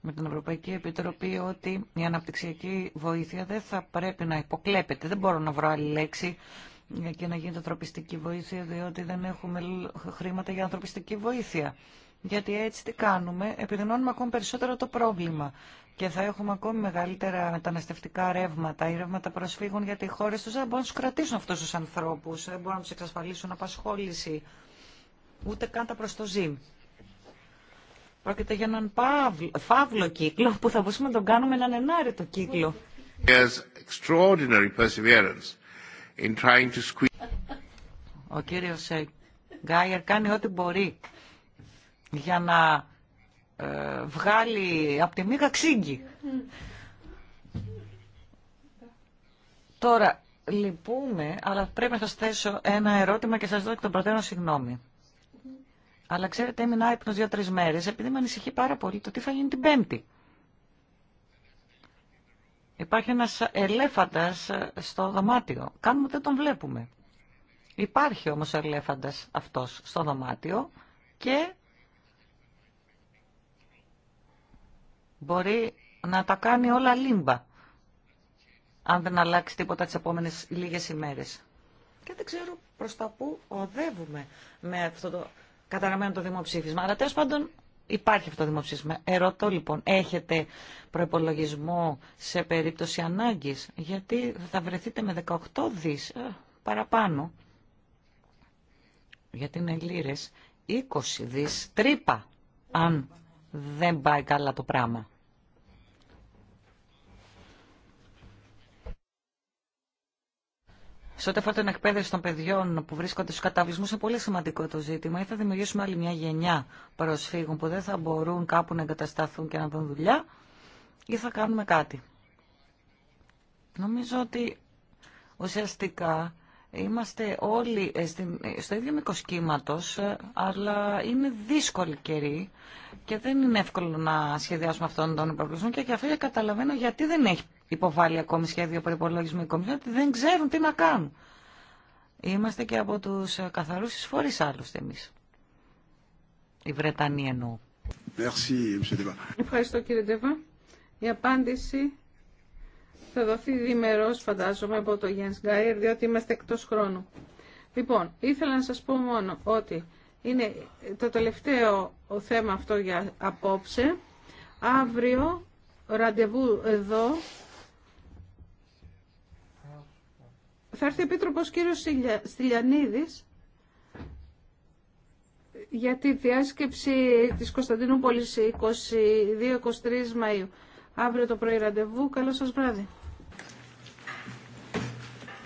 με την Ευρωπαϊκή Επιτροπή ότι η αναπτυξιακή βοήθεια δεν θα πρέπει να υποκλέπεται. Δεν μπορώ να βρω άλλη λέξη και να γίνεται ανθρωπιστική βοήθεια, διότι δεν έχουμε χρήματα για ανθρωπιστική βοήθεια. Γιατί έτσι τι κάνουμε, επιδεινώνουμε ακόμη περισσότερο το πρόβλημα και θα έχουμε ακόμη μεγαλύτερα μεταναστευτικά ρεύματα ή ρεύματα προσφύγων γιατί οι χώρε του δεν μπορούν να του κρατήσουν αυτού του ανθρώπου, δεν μπορούν να του εξασφαλίσουν απασχόληση, ούτε καν τα προστοζή. Πρόκειται για έναν παύλο, φαύλο κύκλο που θα μπορούσαμε να τον κάνουμε έναν ενάρετο κύκλο. extraordinary in trying to Ο κύριος ε, Γκάιερ κάνει ό,τι μπορεί για να ε, βγάλει από τη μύγα ξύγκη. Τώρα, λυπούμε, αλλά πρέπει να σας θέσω ένα ερώτημα και σας δω και τον προτέρων συγγνώμη. Αλλά ξέρετε, έμεινα ύπνος δύο-τρεις μέρες, επειδή με ανησυχεί πάρα πολύ το τι θα γίνει την Πέμπτη. Υπάρχει ένας ελέφαντας ε, στο δωμάτιο. Κάνουμε ότι δεν τον βλέπουμε. Υπάρχει όμως ελέφαντας αυτός στο δωμάτιο και μπορεί να τα κάνει όλα λίμπα αν δεν αλλάξει τίποτα τις επόμενες λίγες ημέρες. Και δεν ξέρω προς τα που οδεύουμε με αυτό το καταραμένο το δημοψήφισμα. Αλλά τέλος πάντων Υπάρχει αυτό το δημοψήφισμα. Ερωτώ λοιπόν, έχετε προπολογισμό σε περίπτωση ανάγκης, γιατί θα βρεθείτε με 18 δι ε, παραπάνω, γιατί είναι λίρε 20 δις τρύπα, αν δεν πάει καλά το πράγμα. Σε ό,τι αφορά την εκπαίδευση των παιδιών που βρίσκονται στου καταβλισμού, είναι πολύ σημαντικό το ζήτημα. Ή θα δημιουργήσουμε άλλη μια γενιά προσφύγων που δεν θα μπορούν κάπου να εγκατασταθούν και να δουν δουλειά, ή θα κάνουμε κάτι. Νομίζω ότι ουσιαστικά Είμαστε όλοι ε, ε, στο ίδιο μήκο κύματο, ε, αλλά είναι δύσκολη καιρή και δεν είναι εύκολο να σχεδιάσουμε αυτόν τον υπολογισμό. Και για αυτό καταλαβαίνω γιατί δεν έχει υποβάλει ακόμη σχέδιο προπολογισμού η Κομισιόν, ότι δεν ξέρουν τι να κάνουν. Είμαστε και από του καθαρού εισφορεί άλλωστε εμεί. Η Βρετανία εννοώ. Ευχαριστώ κύριε Ντεβά. Η απάντηση θα δοθεί διμερός φαντάζομαι από το Γιάννης Γκάιερ διότι είμαστε εκτός χρόνου. Λοιπόν, ήθελα να σας πω μόνο ότι είναι το τελευταίο θέμα αυτό για απόψε. Αύριο ραντεβού εδώ θα έρθει ο Επίτροπος κύριος Στυλιανίδης για τη διάσκεψη της Κωνσταντινούπολης 22-23 Μαΐου. Αύριο το πρωί ραντεβού. Καλό σας βράδυ.